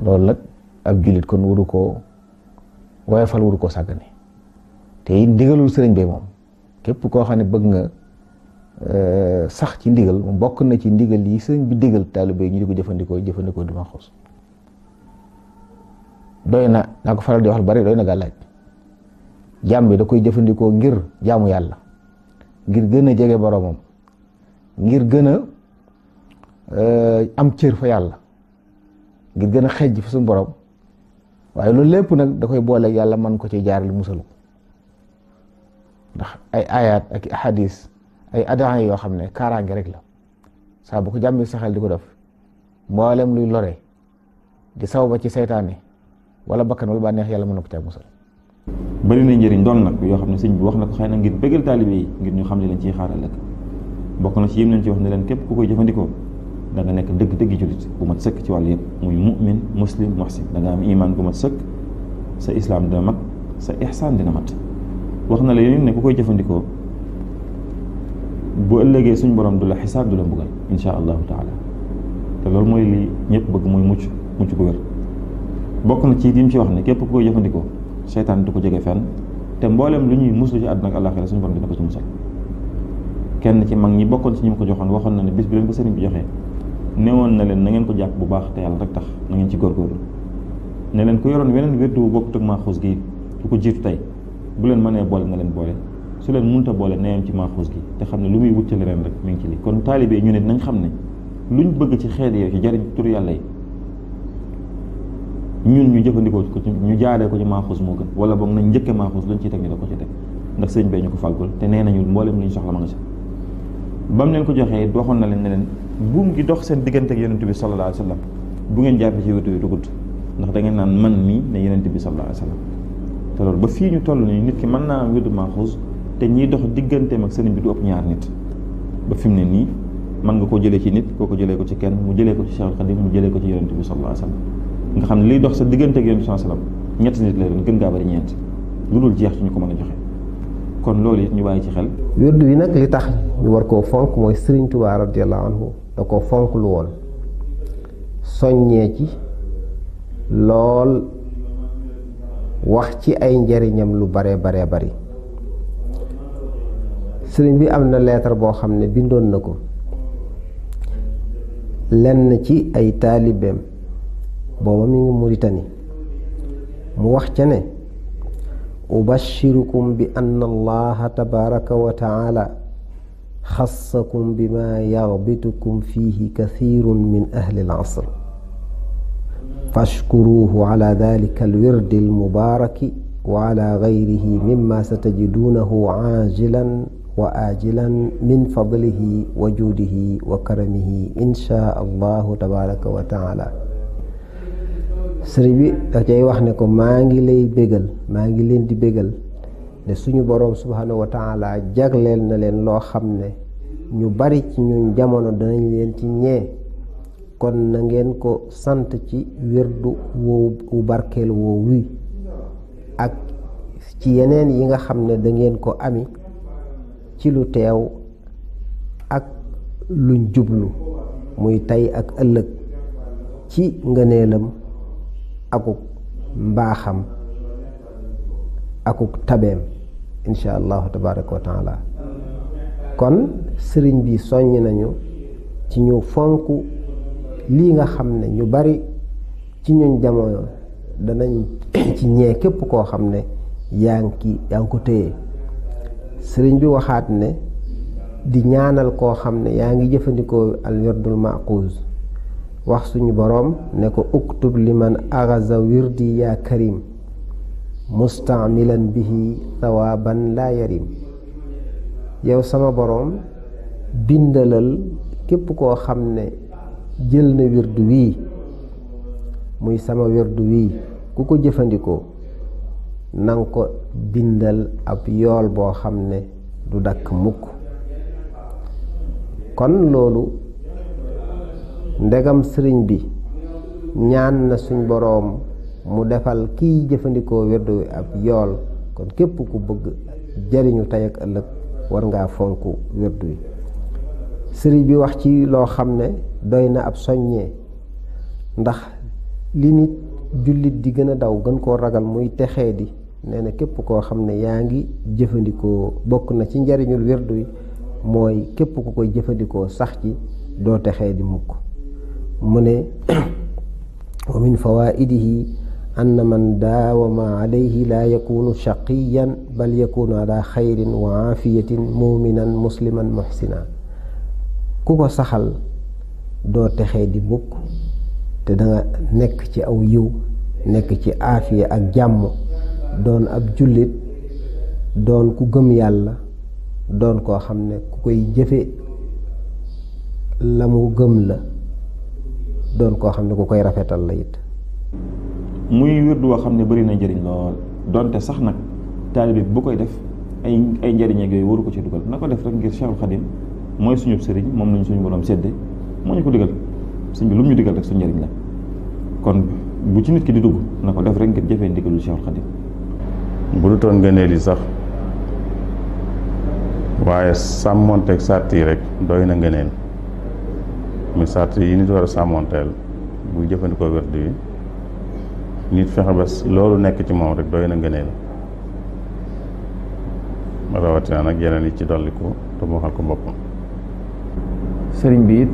Speaker 5: loolu nag ak jullit kon waru koo woyofal waru koo sàggane te it ndigalul sëriñ bi moom képp koo xam ne bëgg nga euh, sax ci ndigal moom bokk na ci ndigal yi sëriñ bi digal taalibe yi ñu di ko jëfandikoo jëfandikoo duma xos doy na naa ko faral di wax lu bari doy na gàllaaj jàmm bi da koy jëfandikoo ngir jaamu yàlla ngir gën a jege boroomam ngir gën a euh, am cër fa yàlla ngir gën a xejj fa suñu borom waaye lool lépp nag da koy boole yàlla man ko ci lu musalu ndax ay ayaat ak ahadis ay adaan yoo xam ne kaaraange rek la saa bu ko jàmbi saxel di ko def mboolem luy lore di saw ba ci seytaane
Speaker 11: wala bakkan wala bànneex yàlla mën na ko caa musal bëri na njëriñ doon nag yoo xam ne sëñ bi wax na ko xëy na ngir bëggal taalibe yi ngir ñu xam ne leen ciy xaar ëllëg bokk na ci yim nañ ci wax na leen képp ku koy jëfandikoo da nga nekk dëgg dëgg jullit bu mat sëkk ci wàllu yëpp muy mu'min muslim muhsin da nga am iman bu mat sëkk sa islaam dina mat sa ihsaan dina wax na la yéen ne ku koy jëfandikoo bu ëllëgee suñ borom du la xisaab du la mbugal insha allahu taala te loolu mooy li ñëpp bëgg muy mucc mucc gu wér bokk na ci li mu ci wax ne képp ku koy jëfandikoo seytaan du ko jege fenn te mbooleem lu ñuy musul ci àdduna ak àllaaxira suñu borom dina ko ci musal kenn ci mag ñi bokkoon si ñu ko joxoon waxoon na ne bis bi leen ko sëriñ bi joxee newoon na leen na ngeen ko jàpp bu baax te yàlla rek tax na ngeen ci góorgóorlu ne leen ku yoroon weneen wérdu bu bokk tëg maaxuus gi ku ko jiitu tey bu leen mënee boole na leen boole su leen munta boole neem ci maaxuus gi te xam ne lu muy wut ci leneen rek mi ngi ci li kon taalibe ñu ne dinañ xam ne luñ bëgg ci xeet yooyu ci jariñ yàlla yi ñun ñu jëfandikoo ko ci ñu jaaree ko ci maaxuus moo gën wala boog nañ njëkkee maaxuus luñ ciy teg ñu da ko ci teg ndax sëñ bee ñu ko fàggul te nee nañu mboolem li ñu soxla ma nga si ko joxee waxoon na leen ne leen buum gi dox seen diggante ak yonent bi sallallahu alayhi wa sallam bu ngeen jàpp ci wetu yu ndax da naan man mii ne yonent bi sallallahu alayhi wa sallam te loolu ba fii ñu toll nii nit ki mën naa am wetu maaxuus te ñiy dox digganteem ak sëriñ bi du ëpp ñaar nit ba fi mu ne nii mën nga koo jëlee ci nit koo ko jëlee ko ci kenn mu jëlee ko ci Cheikh mu jëlee ko ci yonent bi sallallahu alayhi nga xam ne liy dox sa diggante ak yonent sallam ñett nit lay doon gën ngaa bari ñeent lu dul jeex suñu ko mën a joxe kon loolu it ñu bàyyi ci xel.
Speaker 9: wérdu yi nag li tax ñu war koo fonk mooy Serigne Touba radiyallahu anhu da koo fonk lu woon soññee ci lool wax ci ay njariñam lu bare bare bari sëriñ bi am na leetar boo xam ne bindoon na ko lenn ci ay taalibeem booba mi ngi Muritani mu wax ca ne ubashirukum bi anna allaha tabaraka wa taala xassakum bi ma yaxbitukum fiihi kathirun min ahli al asr fashkuruhu ala dalika al wirdi al mubaraki wa ala gayrihi mimma satajidunahu aajilan wa ajilan min fadlihi wa juudihi wa karamihi insha allahu tabaraka wa taala sëriñ bi da cay wax ne ko maa ngi lay bégal maa ngi leen di bégal ne suñu boroom subhaanahu wa taala jagleel na leen loo xam ne ñu bari ci ñun jamono danañ leen ci ñee kon na ngeen ko sant ci wérdu woowu barkeel woowu ak ci yeneen yi nga xam ne dangeen ko ami ci lu teew ak lu jublu muy tey ak ëllëg ci ngëneelam akuk mbaaxam akuk tabeem insha allahu tabaraka wa taala kon sëriñ bi soññ nañu ci ñu fonk lii nga xam ne ñu bari ci ñun jamono danañ ci ñee képp koo xam ne yaa ngi yaa ngi ko téye sëriñ bi waxaat ne di ñaanal koo xam ne yaa ngi jëfandikoo al wirdul maquz wax suñu boroom ne ko uktub liman araza wirdi yaa karim bi bihi thawaaban laa yarim yow sama boroom bindalal képp koo xam ne jël na wirdu wii muy sama wirdu wii ku ko jëfandikoo nang ko bindal ab yool boo xam ne du dakk mukk kon loolu ndegam sëriñ bi ñaan na suñ boroom mu defal kiy jëfandikoo werdu wi ab yool kon képp ku bëgg jariñu tey ak ëllëg war ngaa fonk werdu wi sëriñ bi wax ci loo xam ne doy na ab soññee ndax li nit jullit di gën a daw gën koo ragal muy texee di nee na képp koo xam ne yaa ngi jëfandikoo bokk na ci njariñul werdu wi mooy képp ku koy jëfandikoo sax ci doo texee di mukk mu ne wa min fawaidihi anna man daawama alayhi laa yakunu shaqiyan bal yakunu ala xayrin wa aafiyatin muminan musliman muxsina ku ko saxal doo texee di bukk te danga nekk ci aw yiw nekk ci aafiya ak jàmm doon ab jullit doon ku gëm yàlla doon koo xam ne ku koy jëfe la mu gëm la doon koo xam ne ku koy rafetal la it.
Speaker 11: muy wird woo xam ne bëri na njëriñ lool donte sax nag bi bu koy def ay ay njëriñ ak yooyu waru ko ci dugal na ko def rek ngir Cheikhul Khadim mooy suñu sëriñ moom lañu suñu borom sedde moo ñu ko digal sëñ bi lu mu ñu digal rek suñu njëriñ la kon bu ci nit ki di dugg na ko def rek ngir jëfee ndigalul Cheikhul Khadim.
Speaker 13: bu du toon ngëneel yi sax waaye sàmmonteeg sàrt yi rek doy na ngëneel. muy sart yi nit war a sàmmoonteel buy jëfandikoo werd yi nit fexe ba loolu nekk ci moom rek doy na ngëneel rawatina nag yeneen yi ci dolliku te waxal ko boppam.
Speaker 12: sëriñ bi it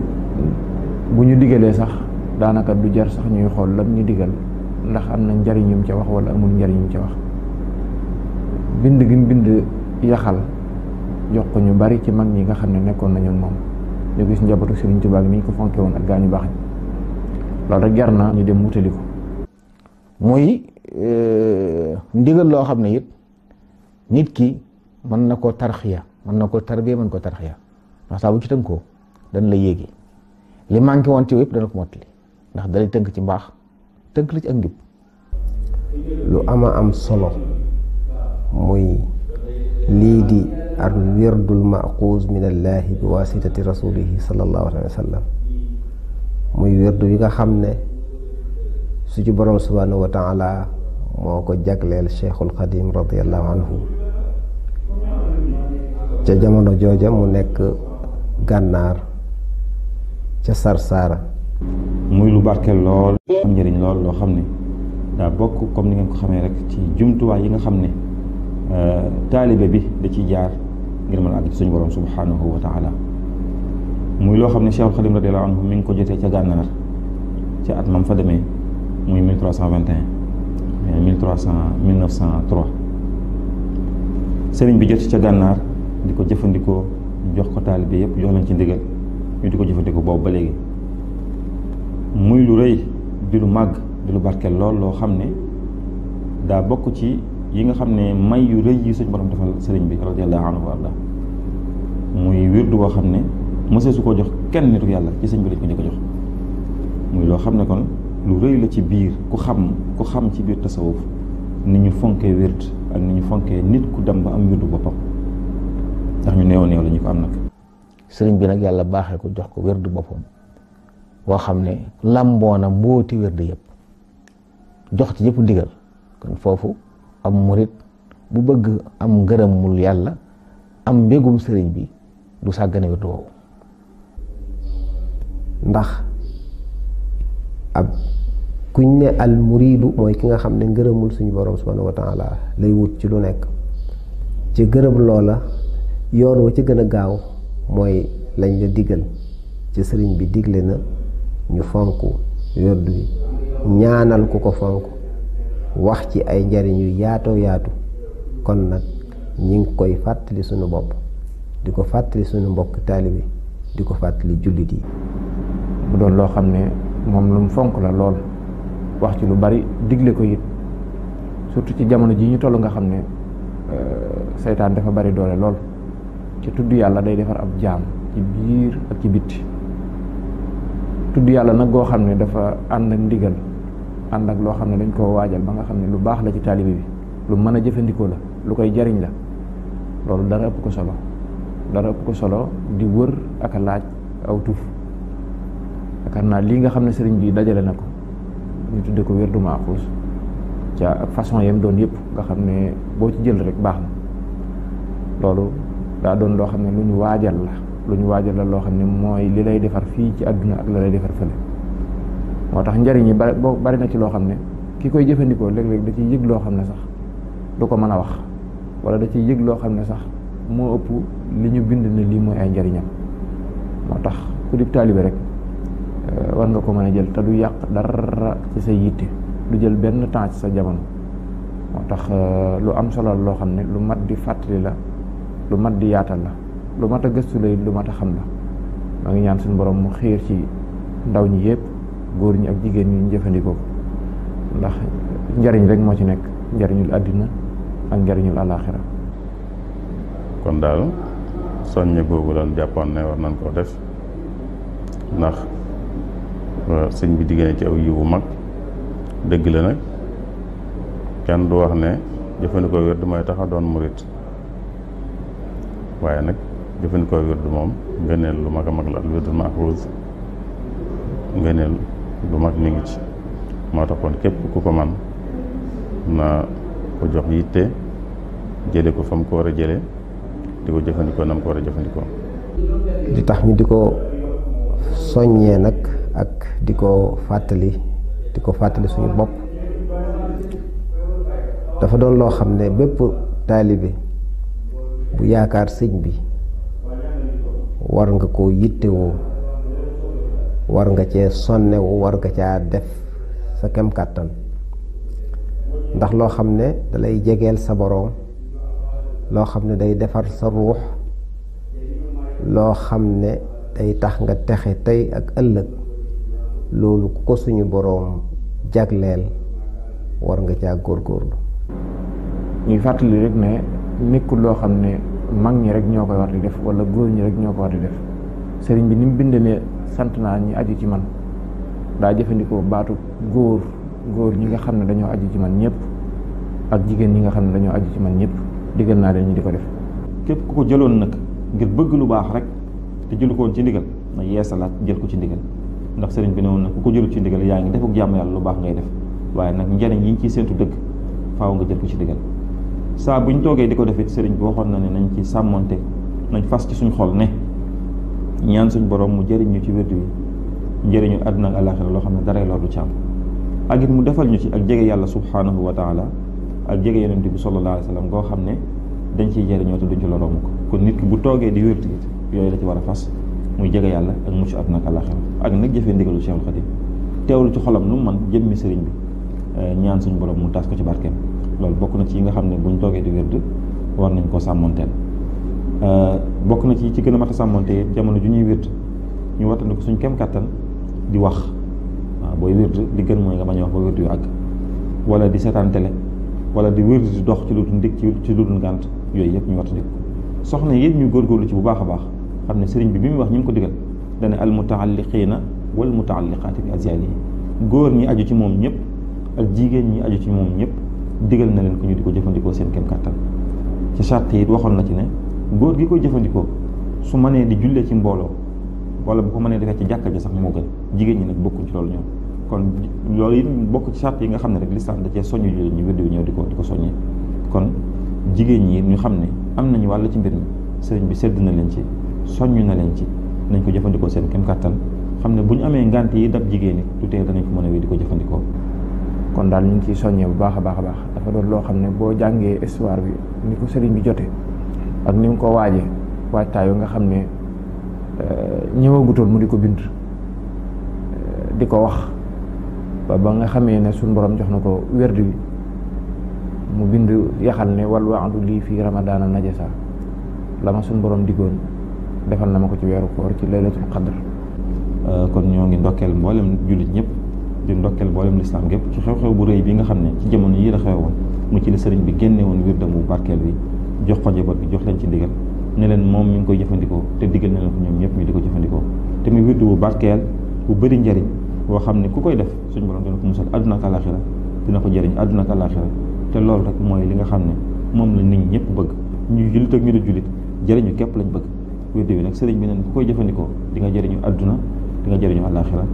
Speaker 12: bu ñu digalee sax daanaka du jar sax ñuy xool lam ñu digal ndax am na njariñ yum ca wax wala amul njariñ yum ca wax bind gi bind yaxal jox ko ñu bari ci mag ñi nga xam ne nekkoon nañu moom. ñu gis njabootu Serigne Touba mi ñu ko fonke woon ak gaa ñu baax ñi loolu rek jar na ñu dem wutali ko
Speaker 5: muy euh, ndigal loo xam ne it nit ki mën na koo tarxiya mën na koo tarbiya mën koo tarxiya ndax saa bu ci tënkoo dañ la yéegi li manqué woon ci yëpp dana ko mottali ndax dalay tënk ci mbaax tënk la ci ak ngib
Speaker 9: lu ama am solo muy lii di al wirdul maaquuz min allaahi bi wasitati rasulihi sallallahu alayhi muy wirdu yi nga xam ne su ci borom subhanahu wa taala moo ko jagleel cheikhul xadim radiallahu anhu ca jamono jooja mu nekk gànnaar
Speaker 11: ca sarsaara muy lu barkeel lool njëriñ lool loo xam ne daa bokk comme ni ngeen ko xamee rek ci jumtuwaay yi nga xam ne euh, taalibe bi da ci jaar ngir mën a àgg ci suñu borom subhanahu wa taala muy loo xam ne Cheikhul Khadim radiyallahu anhu mi ngi ko jotee ca gànnaar ci at mam fa demee cent 1321 mais 1300 1903 sëriñ bi jot ca gànnaar di ko jëfandikoo jox ko taalibe yëpp jox lañ ci ndigal ñu di ko jëfandikoo boobu ba léegi muy lu rëy di lu màgg di lu barkeel lool loo xam ne daa bokk ci yi nga xam ne may yu rëy yi suñu borom defal sëriñ bi radiyallahu anhu wa arda muy wirdu woo xam ne mësee su ko jox kenn nitu yàlla ci sëñ bi lañ ko jox muy loo xam ne kon lu rëy la ci biir ku xam ku xam ci biir tasawuf ni ñu fonkee wird ak ni ñu fonkee nit ku dem am wirdu boppam ndax ñu néew néew am nag sëriñ bi nag yàlla baaxee ko jox ko wirdu
Speaker 5: boppam woo xam ne làmboona mbooti wirdu yëpp jox ci yëpp ndigal kon foofu am murit bu bëgg am ngërëmul yàlla am mbégum sëriñ bi du sàggane wird woowu
Speaker 9: ndax ab kuñ ne al muridu mooy ki nga xam ne ngërëmul suñu borom subhanahu lay wut ci lu nekk ci gërëm loola yoon wa ci gën a gaaw mooy lañ la digal ci sëriñ bi digle na ñu fonk wird wi ñaanal ku ko fonk wax ci ay njariñ yu yaatoo yaatu kon nag ñi ngi koy fàttali sunu bopp di ko fàttali suñu mbokk taalibe di ko fàttali jullit yi
Speaker 12: mu doon loo xam ne moom lu mu fonk la lool wax ci lu bari digle ko it surtout ci jamono ji ñu toll nga xam ne euh, seytaan dafa bari doole lool ci tudd yàlla day defar ab jaam ci biir ak ci bitti tudd yàlla nag goo xam ne dafa ànd ak ndigal ànd ak loo xam ne dañ koo waajal ba nga xam ne lu baax la ci taalibe bi lu mën a jëfandikoo la lu koy jariñ la loolu dara ëpp ko solo dara ëpp ko solo di wër ak laaj aw tuuf yaakaar naa lii nga xam ne sëriñ bi dajale na ko ñu tudde ko wér du maaxuus ca doon yëpp nga xam ne boo ci jël rek baax na loolu daa doon loo xam ne lu ñu waajal la lu ñu waajal la loo xam ne mooy li lay defar fii ci àdduna ak la lay defar fële moo tax njariñ yi bari bari na ci loo xam ne ki koy jëfandikoo léeg-léeg da ci yëg loo xam ne sax du ko mën a wax wala da ciy yëg loo xam ne sax moo ëpp li ñu bind ne lii mooy ay njariñam moo tax ku dib taalibe rek euh, war nga ko mën a jël te du yàq dara ci sa yitte lu jël benn temps sa jamono moo tax euh, lu am solo loo xam ne lu mat di fàttali la lu mat di yaatal la lu mat a gëstu la lu mat a xam la maa ngi ñaan suñu borom mu xiir ci ndaw ñi yépp góor ñi ak jigéen ñi ñu jëfandikoo ndax njariñ rek moo ci nekk njariñul àddina ak njariñul àllaaxira
Speaker 13: kon daal soññe googu daal jàppoon ne war nañ koo def ndax euh, sëñ bi jigéen ci aw yiwu mag dëgg la nag kenn du wax ne jëfandikoo wird mooy tax a doon murit waaye nag jëfandikoo wird lu mag a mag la al wirdul lu mag mi ngi ci moo tax kon képp ku ko man na ko jox yitte jële ko fa mu ko war a jële di ko jëfandikoo na mu ko war a jëfandikoo
Speaker 9: li tax ñu di ko soññee nag ak di ko fàttali di ko fàttali suñu bopp dafa doon loo xam ne bépp taalibe bu yaakaar sëñ bi war nga ko yittewoo war nga cee sonnewu war nga caa def sa kem kàttan ndax loo xam ne dalay jegeel sa boroom loo xam ne day defar sa ruux loo xam ne day tax nga texe tey ak ëllëg loolu ku ko suñu boroom jagleel
Speaker 12: war nga caa góorgóorlu ñuy fàttali rek ne nekkul loo xam ne mag ñi rek ñoo koy war di def wala góor ñi rek ñoo ko war di def sëriñ bi ni mu bind ne sant naa ñi aju ci man daa jëfandikoo baatu góor góor ñi nga xam ne dañoo aju ci man ñëpp ak jigéen ñi nga xam ne dañoo aju ci man ñëpp digal naa leen ñu di ko def
Speaker 11: képp ku ko jëloon nag ngir bëgg lu baax rek te jëlu ko woon ci ndigal na yeesalaat jël ko ci ndigal ndax sëriñ bi ne woon na ku ko jëlu ci ndigal yaa ngi def ak jàmm yàlla lu baax ngay def waaye nag njariñ yi ñu ciy séentu dëgg faaw nga jël ko ci ndigal saa bu ñu toogee di ko defit sëriñ bi waxoon na ne nañu ci sàmmoonte nañ fas ci suñu xol ne ñaan suñ borom mu jëriñ ñu ci wérdu yi jëriñu àdduna ak àllaaxira loo xam ne dara loolu ci am it mu defal ñu ci ak jege yàlla subhaanahu wa taala ak jege yonent bi sallallahu alayhi wa goo xam ne dañ ciy jëriñoo te duñ ci loroomu ko kon nit ki bu toogee di wérdu yooyu la ci war a fas muy jege yàlla ak mucc àdduna ak àllaaxira ak nag jëfee ndigalu Cheikhul ci xolam nu mu man jëmmi sëriñ bi eh, ñaan suñ borom mu taas ko ci barkeem loolu bokk na ci yi nga xam ne bu ñu toogee di wérdu war nañ koo sàmmonteel Euh, bokk na ci ci gën a mat a jamono ju ñuy wird ñu wattandiku suñ kem kàttan di wax waaw booy wird di gën mooy nga bañ a wax booy wird wala di seetaan télé wala di wird dox ci lu dul ndig ci lu dul yooyu yëpp ñu wattandiku soxna yéen ñu góorgóorlu ci bu baax a baax xam ne sëriñ bi bi muy wax ñu ngi ko digal dane al mutaalliqiina wal mutaalliqaati bi azyalihi góor ñi aju ci moom ñëpp ak jigéen ñi aju ci moom ñëpp digal na leen ko ñu di ko jëfandikoo seen kem kàttan ci charte yi waxoon na ci ne góor gi koy jëfandikoo su mënee di jullee ci mbooloo wala bu ko mënee defee ci jàkka ji sax moo gën jigéen ñi nag bokkuñ ci loolu ñoom kon loolu bokk ci sart yi nga xam ne rek lislaam da cee soññu jullit ñu ñëw di ko di ko soññee kon jigéen ñi ñu xam ne am nañu wàll ci mbir mi bi sedd na leen ci soññ na leen ci nañ ko jëfandikoo seen kem kàttan
Speaker 12: xam ne bu ñu amee ngànt yi dab jigéen ñi du tee danañ ko mën a wéy di ko jëfandikoo kon daal ñu ngi ciy soññee bu baax a baax a baax dafa doon loo xam ne boo jàngee histoire bi ñu ko sëriñ bi jotee ak ni mu ko waaje waajtaay nga xam ne eh, ñëwagutoon mu di ko bind eh, di ko wax ba ba nga xamee ne suñ borom jox na ko werd wi mu bind yaxal ne wal waadu lii fii ramadaana najasa la ma suñ borom diggoon defal na ma ko ci weeru koor ci laylatul qadr
Speaker 11: eh, kon ñoo ngi ndokkeel mboolem jullit ñëpp di ndokkeel mboolem lislaam gépp ci xew-xew bu rëy bi nga xam ne ci jamono yii la woon mu ci la sëriñ bi génne woon wirdam bu barkeel bi jox ko njaboot bi jox leen ci digal ne leen moom mi ngi koy jëfandikoo te digal na leen ko ñoom ñëpp ñu di ko jëfandikoo te muy wirdu bu barkeel bu bëri njariñ boo xam ne ku koy def suñu borom dina ko musal àdduna ak àllaaxira dina ko jëriñ àdduna ak àllaaxira te loolu rek mooy li nga xam ne moom la nit ñëpp bëgg ñu jullit ak ñu du jullit jëriñu képp lañ bëgg wirdu bi nag sëriñ bi neen ku koy jëfandikoo di nga jëriñu àdduna di nga jëriñu àllaaxira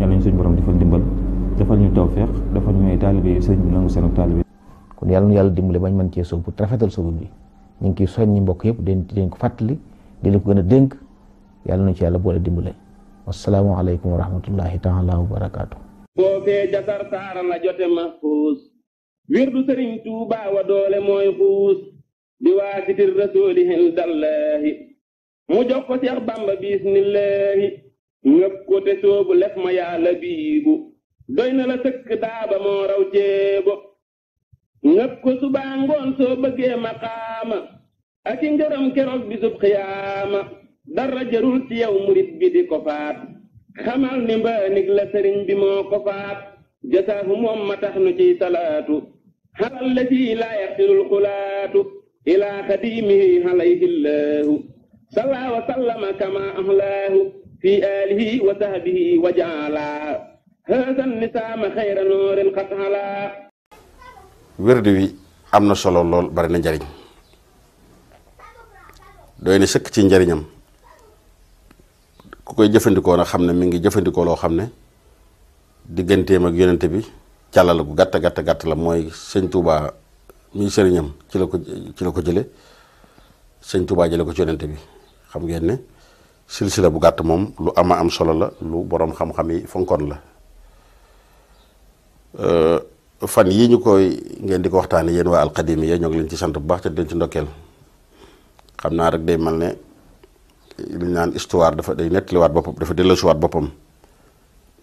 Speaker 11: yàlla ñu suñu borom defal ndimbal defal ñu tawfeex defal ñu ay taalibe yi sëriñ
Speaker 5: bi nangu seen taalibe kon yàlla yàlla dimbale bañ mën cee sóobu rafetal sóobu bi ñu ngi soññi mbokk yëpp den di leen ko di leen ko gën a dénk yàlla na ci yàlla boole dimbale wasalaamualeykum wa rahmatullahi taala wa barakaatu.
Speaker 6: foofee jasar saara la jote ma xuus wirdu sëriñ tuubaa doole mooy xuus di waasitir rasuuli hin dallaahi mu jox ko seex bamba bismillaahi ngëp ko te soobu lef ma yàlla biibu doy na la sëkk daaba moo raw jéebo ngëp ko subaa ngoon soo bëggee maqaama ak i ngërëm bisub xiyaama dara jarul ci yow murit bi di ko faat xamal ni mbaanig la sëriñ bi moo ko faat jasaahu moom ma tax nu ciy salaatu xalal la ciy laa yaxsilul xulaatu ilaa xadiimihi alayhi llaahu wa sallama kamaa ahlaahu fi aalihi wa sahbihi wa jaalaa haasan nisaama xayra noorin xat halaa
Speaker 3: wérdu wi am na solo lool bari na njariñ doy na sëkk ci njariñam ku koy jëfandikoo nag xam ne mi ngi jëfandikoo loo xam ne digganteem ak yonente bi càlla la gu gàtt gàtt gàtt la mooy sëñ Touba mi sëriñam ci la ko ci la ko jële sëñ Touba jële ko ci yonente bi xam ngeen ne silsila bu gàtt moom lu ama am solo la lu boroom xam-xam yi fonkoon la fan yii ñu koy ngeen di ko waxtaanee yéen waa alxadimiya ñoo ngi leen ci sant bu baax te di leen ci ndokkeel xam naa rek day mal ne li naan histoire dafa day nettaliwaat boppam dafa delloosiwaat boppam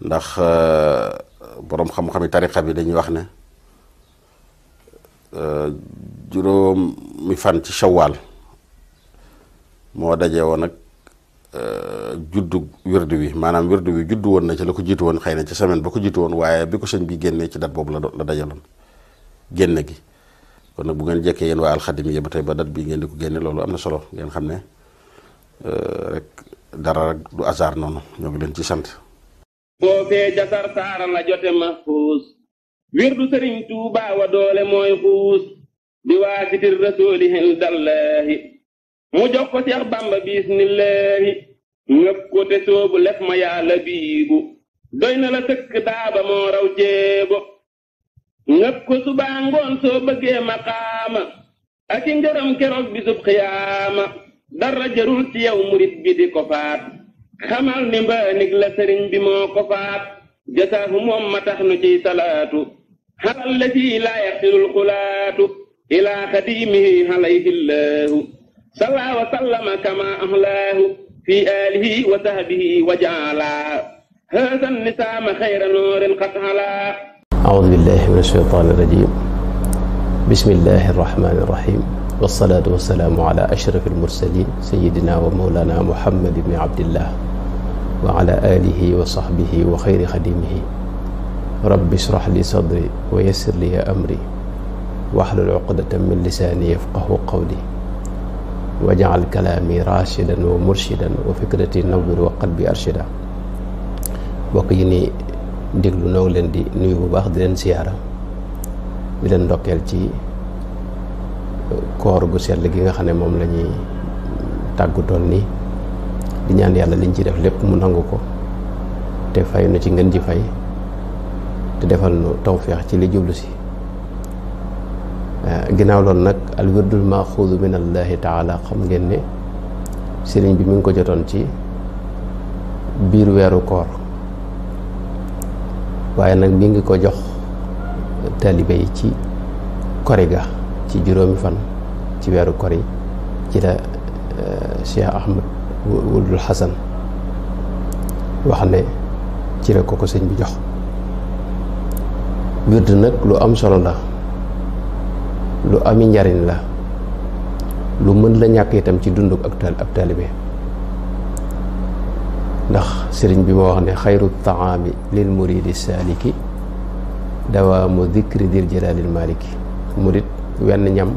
Speaker 3: ndax euh, boroom xam-xami tariqa bi dañuy wax ne euh, juróom mi fan ci shawaal moo daje woon ak Euh, juddu wirdu wi maanaam wirdu wi juddu woon na ci la ko jiitu woon xay na ci semaine ba ko jiitu woon waaye bi ko sëñ bi génnee ci dat boobu la la dajaloon génne gi kon nag bu ngeen jekkee yéen waa alxadimiya ba tey ba dat bi ngeen di ko génne loolu am na solo ngeen xam ne euh, rek dara rek du hasard noonu ñoo ngi leen ci sant
Speaker 6: foofee ca sarsaara la jote mahfuus wirdu sëriñ tuubaa wa doole mooy xuus di waa sitir rasuuli hin dallaahi mu jox ko Seex Bàmba bismillaahi ngëpp ko te soobu lef ma yàlla biibu doy na la sëkk daaba moo raw jéebo ngëpp ko subaa ngoon soo bëggee maqaama ak i ngërëm keroog bisub xiyaama dara jarul ci yow murit bi di ko faat xamal ni mbaanig la sëriñ bi moo ko faat jasaahu moom ma tax nu ciy salaatu xalal la sii laa yaxsilul xulaatu ilaa xadiimihi alayhi llaahu صلى وسلم كما أهلاه في آله وصحبه وجعلا هذا النسام خير نور قد علا
Speaker 5: أعوذ بالله من الشيطان
Speaker 14: الرجيم بسم الله الرحمن الرحيم والصلاة والسلام على أشرف المرسلين سيدنا ومولانا محمد بن عبد الله وعلى آله وصحبه وخير خديمه رب اشرح لي صدري ويسر لي أمري واحلل عقدة من لساني يفقه قولي waa wajaal kalaami rashidan wa murshidan wa fikrati nawwir wa bi arshida bokk yi ni déglu noo leen di nuyu bu baax di leen siyaara di leen ndokkeel ci koor gu sell gi nga xam ne moom lañuy ñuy tàggutoon nii di ñaan yàlla liñ ci def lépp mu nangu ko te fay nu ci ngeen ji fay te defal nu tawféex ci li jublu si Euh, ginnaaw lool nag al wirdul maxuudu min allahi taala xam ngeen ne sëriñ bi mu ngi ko jotoon ci biir weeru koor waaye nag mi ngi ko jox taalibe yi ci kori ga ci juróomi fan ci weeru kor yi ci la euh, Cheikh Ahmad Wulul Xasan wax ne ci la ko ko sëñ bi jox wird nag lu am solo la lu ami njariñ la lu mën la ñàkk itam ci dundu ak tal ab ndax sëriñ bi moo wax ne xayru taami lil muridi saaliki dawaamu dikri dil jalaalil maliki murid wenn ñam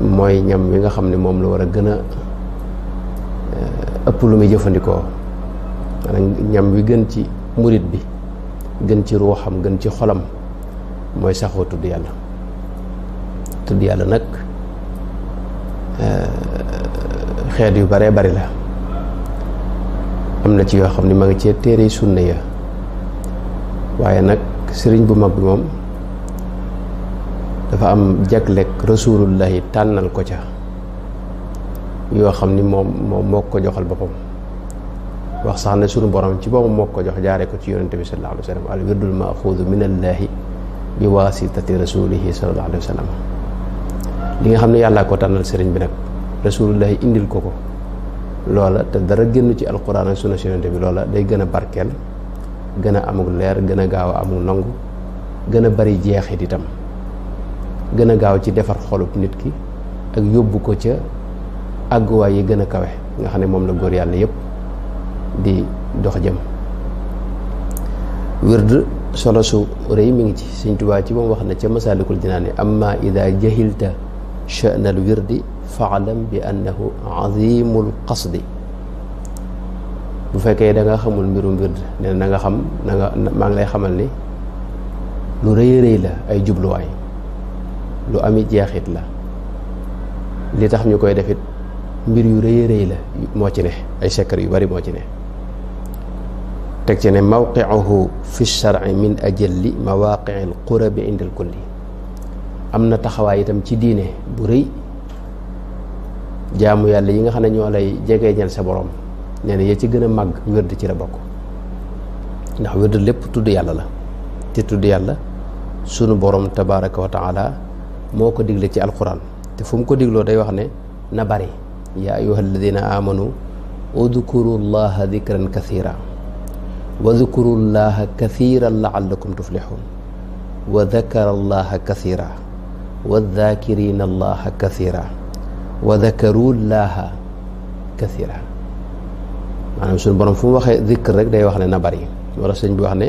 Speaker 14: mooy ñam wi nga xam ne moom la war a gën a ëpp lu muy jëfandikoo maanaam ñam wi gën ci murid bi gën ci ruuxam gën ci xolam mooy saxoo tudd yàlla tudd yàlla nag euh, xeet yu baree bari la am na ci yoo xam ne ma ngi cee téere sunna ya waaye nag sëriñ bu mag bi dafa am jaglek rasulullahi tànnal ko ca yoo xam ni moom moom moo ko joxal boppam wax sax ne sunu borom ci boppam moo ko jox jaare ko ci yonente bi sallallahu alayhi wa sallam al wirdul maxuudu min bi waasitati rasulihi sallallahu alayhi wa sallam li nga xam ne yàllaa ko tànnal sëriñ bi nag rasulullahi indil ko ko loola te dara génn ci alquran ak sunna yonent bi loola day gën a barkeel gën a amul leer gën a gaaw a amul nangu gën a bari jeexit itam gën a gaaw ci defar xolub nit ki ak yóbbu ko ca àgguwaay yi gën a kawe nga xam ne moom la góor yàlla yépp di dox jëm solo su rëy mi ngi ci Sëñ Tuubaa ci moom wax na ca masaalikul jinaan amma ida jahilta sha'na al wirdi fa'lam bi annahu azimul qasdi bu fekkee da nga xamul mbirum wird nee xam na maa ngi lay xamal ni lu rëy rëy la ay jubluwaay lu ami jeexit la li tax ñu koy defit mbir yu rëy rëy la moo ci ne ay sekkar yu bari moo ci ne teg ci ne mawqicuhu fi sharci min ajalli mawaaqici alqurabi indal kulli am na taxawaay itam ci diine bu rëy jaamu yàlla yi nga xam ne ñoo lay jegeñal sa borom nee na ya ci gën a màgg wérd ci la bokk ndax wérd lépp tudd yàlla la te tudd yàlla sunu borom tabaraka wa moo ko digle ci alquran te fu mu ko digloo day wax ne na bari yaa ayuha alladina amanu udkuru llaha dikran kathira wa dhukuru llaha kathiran la'allakum tuflihun wa dhakara llaha kathira wa dhakirina allaha kathira wa dhakaru llaha kathira waxee dikr rek day wax ne na bari wala sëñ bi wax ne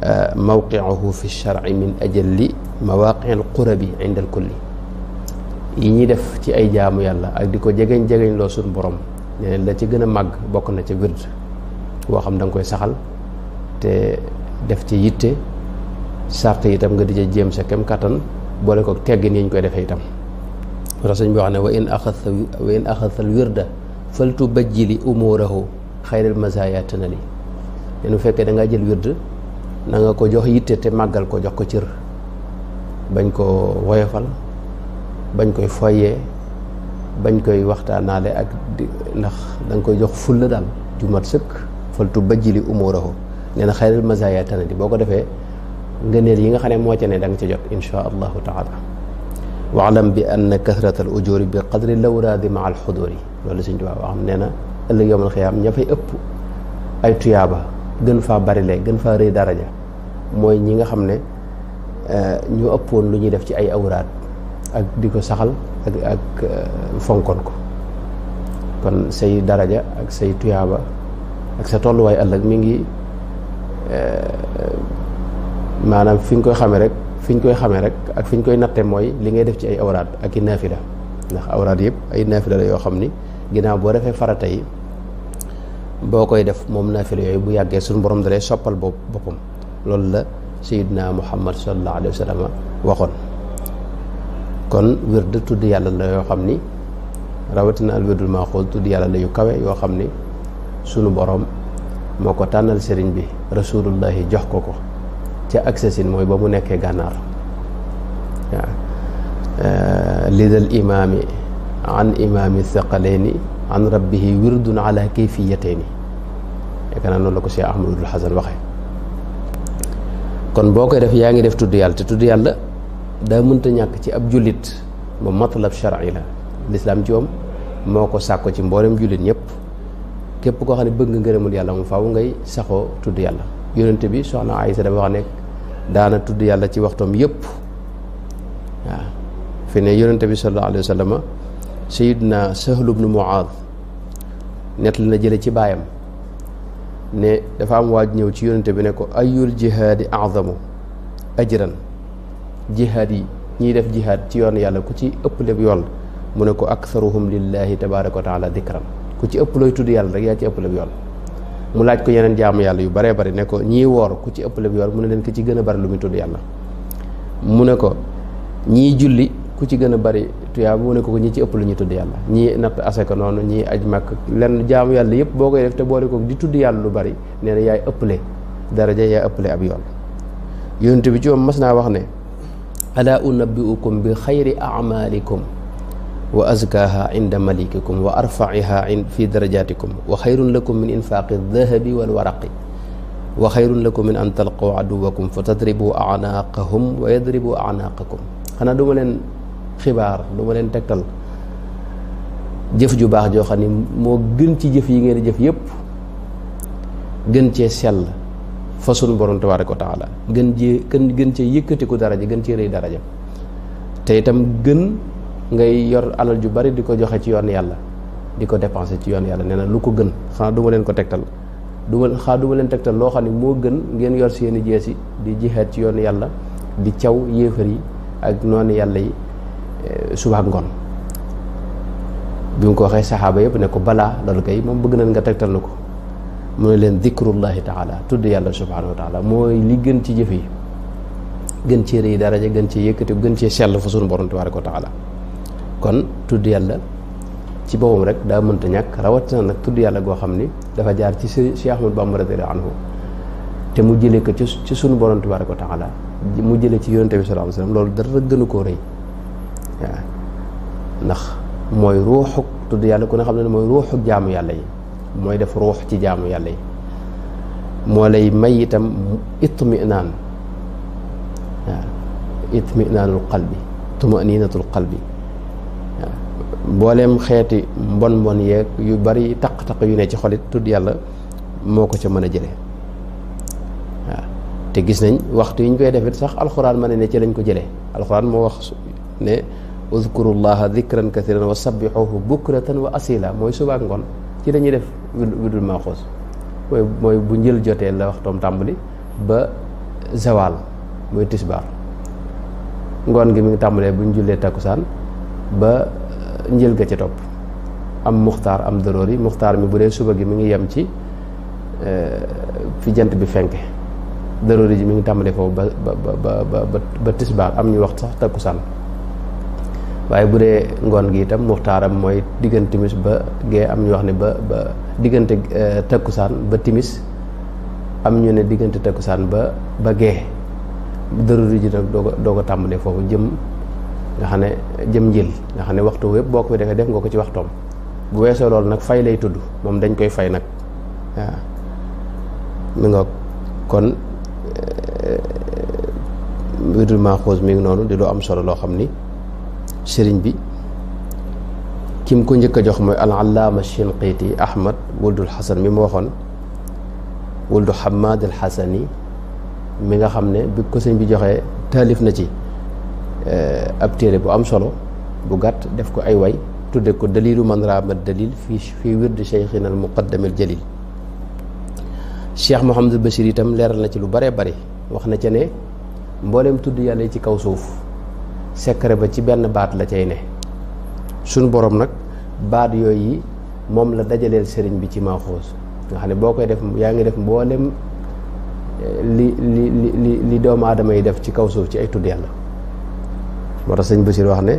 Speaker 14: euh, mawqi'uhu fi shar'i min ajalli mawaqi al qurabi inda al kulli yi ñuy def ci ay jaamu yàlla ak di ko jegeñ jegeñ loo borom ñeneen la ci gën a màgg bokk na ca wird boo xam da nga koy saxal te def ci yitte sart itam nga dija jéem sa kem kattan boole ko teggin yi ñu koy defee itam moo sëñ bi wax ne wa in axasta wa in axasta al wirda faltu bajjili umurahu xayral masaaya tanali leen bu fekkee da ngaa jël wird na ko jox yitte te màggal ko jox ko cër bañ ko woyofal bañ koy foyee bañ koy waxtaanaale ak di ndax da koy jox fulla daal ju mat sëkk faltu bajjili umurahu nee na xayral mazaya di boo ko defee ngëneel yi nga xam ne moo ca ne da nga ca jot insha allahu taala waalam bi anna kasrat al ujuri bi qadri lawraadi ma al xuduri loolu suñ tubaab wax nee na ëllëg yowmal xiyaam ña fay ëpp ay tuyaaba gën faa bari le gën faa rëy daraja mooy ñi nga xam ne eh, ñu ëppoon lu ñuy def ci ay awraat ak di ko saxal ak ak eh, ko kon say daraja ak say tuyaaba ak sa tolluwaay ëllëg mu ngi eh, maanaam fi ñu koy xamee rek fi ñu koy xamee rek ak fi ñu koy natte mooy li ngay def ci ay awraad ak i naafila ndax awraad yëpp ay naafila la yoo xam ni ginnaaw boo defee farata yi boo koy def moom naafila yooyu bu yàggee suñu borom dalay soppal boobu boppam loolu la sayidna muhammad sallallahu alayhi wa sallam waxoon kon wird tudd yàlla la yoo xam ni rawatina al wirdul tudd yàlla la yu kawe yoo xam ni sunu borom moo ko tànnal sëriñ bi rasulullahi jox ko ko ca aksasin mooy ba mu nekkee gànnaar waaw euh, lidal imaami an imaami thaqalayni an rabbihi wirdun ala kayfiyatayni yaakaar naa noonu la ko Cheikh Ahmadul Hasan waxee kon boo koy def yaa ngi def tudd yàlla te tudd yàlla daa mënta ñàkk ci ab jullit moom matlab shar'i la lislaam ci moo ko sàkko ci mboolem jullit ñëpp képp koo xam ne bëgg nga ngërëmul yàlla moom faaw ngay saxoo tudd yàlla yonente bi soxna Aysa dafa wax nekk daana tudd yàlla ci waxtoom yëpp waaw fi ne yonente bi sallallahu alayhi wa sallam sayidna Sahlu bnu Muaad na jële ci baayam ne dafa am waaj ñëw ci yonente bi ne ko ayul jihaadi azamu ajran jihaad yi ñiy def jihaad ci yoon yàlla ku ci ëpp lépp yoon mu ne ko aktharuhum lillahi tabaraka wa taala dikran ku ci ëpp looy tudd yàlla rek yaa ci ëpp la yool mu laaj ko yeneen jaamu yàlla yu baree bari ne ko ñii woor ku ci ëpp la yool mu ne leen ko ci gën a bari lu muy tudd yàlla mu ne ko ñii julli ku ci gën a bari tuyaab mu ne ko ko ñi ci ëpp lu ñuy tudd yàlla ñii natt asaka noonu ñii aj màkk lenn jaamu yàlla yëpp boo koy def te boole ko di tudd yàlla lu bari nee na yaay ëpple daraja yaay ëpple ab yool yonent bi ci moom mas naa wax ne ala unabbiukum bi xayri amalikum wa azkaaha inda malikikum wa arfaiha fi darajatikum wa xayrun lakum min infaaqi dahabi wal waraqi wa xayrun lakum min an talqaw aduwakum fa tadribu anaaqahum wa yadribu anaaqakum xanaa du ma leen xibaar du ma leen jëf ju baax joo xam ni moo gën ci jëf yi ngeen jëf yépp gën cee sell fa sunu borom tabaaraka wa taala gën cee gën gën cee yëkkatiku daraja gën cee rëy daraja te itam gën ngay yor alal ju bari di ko joxe ci yoon yàlla di ko dépenser ci yoon yàlla nee na lu ko gën xanaa du leen ko tegtal du ma xanaa du loo xam ne moo gën ngeen yor seeni jees yi di jihaat ci yoon yàlla di caw yéefar yi ak noonu yàlla yi eh, suba ngoon bi mu ko waxee saxaaba yëpp ne ko balaa loolu kay moom bëgg nañ nga tegtal na ko mu ne leen dikrullahi taala tudd yàlla subhanahu wa taala mooy li gën ci jëf yi gën cee rëy daraja gën ci yëkkati gën cee sell fa sunu borom tabaraka wa taala kon tudd yàlla ci boppam rek daa mënta ñàkk rawatina nag tudd yàlla goo xam ni dafa jaar ci Cheikh Ahmadou Bamba radiyallahu anhu te mu jële ko ci sunu borom tabaaraka wa taala mu jëlee ci yonent bi sallallahu alayhi wasallam loolu dara gënu koo rëy waaw ndax mooy ruuxuk tudd yàlla ku ne xam ne mooy ruuxuk jaamu yàlla yi mooy def ruux ci jaamu yàlla yi moo lay may itam itminaan waaw itminaanul qalbi tumaninatul qalbi mbooleem xeeti mbon mbon yeeg yu bari taq-taq yu ne ci xolit tudd yàlla moo ko ca mën a jële waaw te gis nañ waxtu yi ñu koy defit sax alxuraan ma ne ne ci lañ ko jële alxuraan moo wax ne udkurullaha dikran kathiran wa sabbixuhu bukratan wa asila mooy subaak ngoon ci lañuy def wirdul maaxuus mooy mooy bu njël jotee la waxtoom tàmbali ba zawal mooy tisbaar ngoon gi mi ngi tàmbalee bu ñu jullee takkusaan ba njël ga ca topp am muxtaar am doroor yi muxtaar mi bu dee suba gi mu ngi yem ci eh, fi jant bi fenke doroor yi mi ngi tàmbale foofu ba ba ba ba tisbaar am ñu wax sax takkusaan waaye bu dee ngoon gi itam muxtaaram mooy diggante timis ba gee am ñu wax ne ba ba diggante eh, takkusaan ba timis am ñu ne diggante takkusaan ba ba gee doroor yi nag doo ko doo tàmbalee foofu jëm nga xam ne jëm njël nga xam ne waxtu wépp boo ko fi def nga ko ci waxtoom bu weesoo loolu nag fay lay tudd moom dañ koy fay nag mi nga kon eh, wirdul maaxuus mi ngi noonu di lu am solo loo xam ni sëriñ bi kim ko njëkk a jox mooy al allaama shinqiiti ahmad wuldul xasan mi mu waxoon wuldu xamaad al yi mi nga xam ne bi ko bi joxee taalif na ci Euh, ab téere bu am solo bu gàtt def ko ay way tudde ko dalilu man raamat dalil fii fii wirdi cheikhina al muqaddamil jalil cheikh Mouhamadul Bachir itam leeral na ci lu bare bari wax na ca ne mboolem tudd yàlla yi ci kaw suuf secret ba ci benn baat la cay ne suñ borom nag baat yooyu moom la dajaleel sëriñ bi ci maaxoos nga xam ne boo koy def yaa ngi def mboolem eh, li li li li doomu aadama yi def ci kaw suuf ci ay tudd yàlla moo tax sëñ Bachir wax ne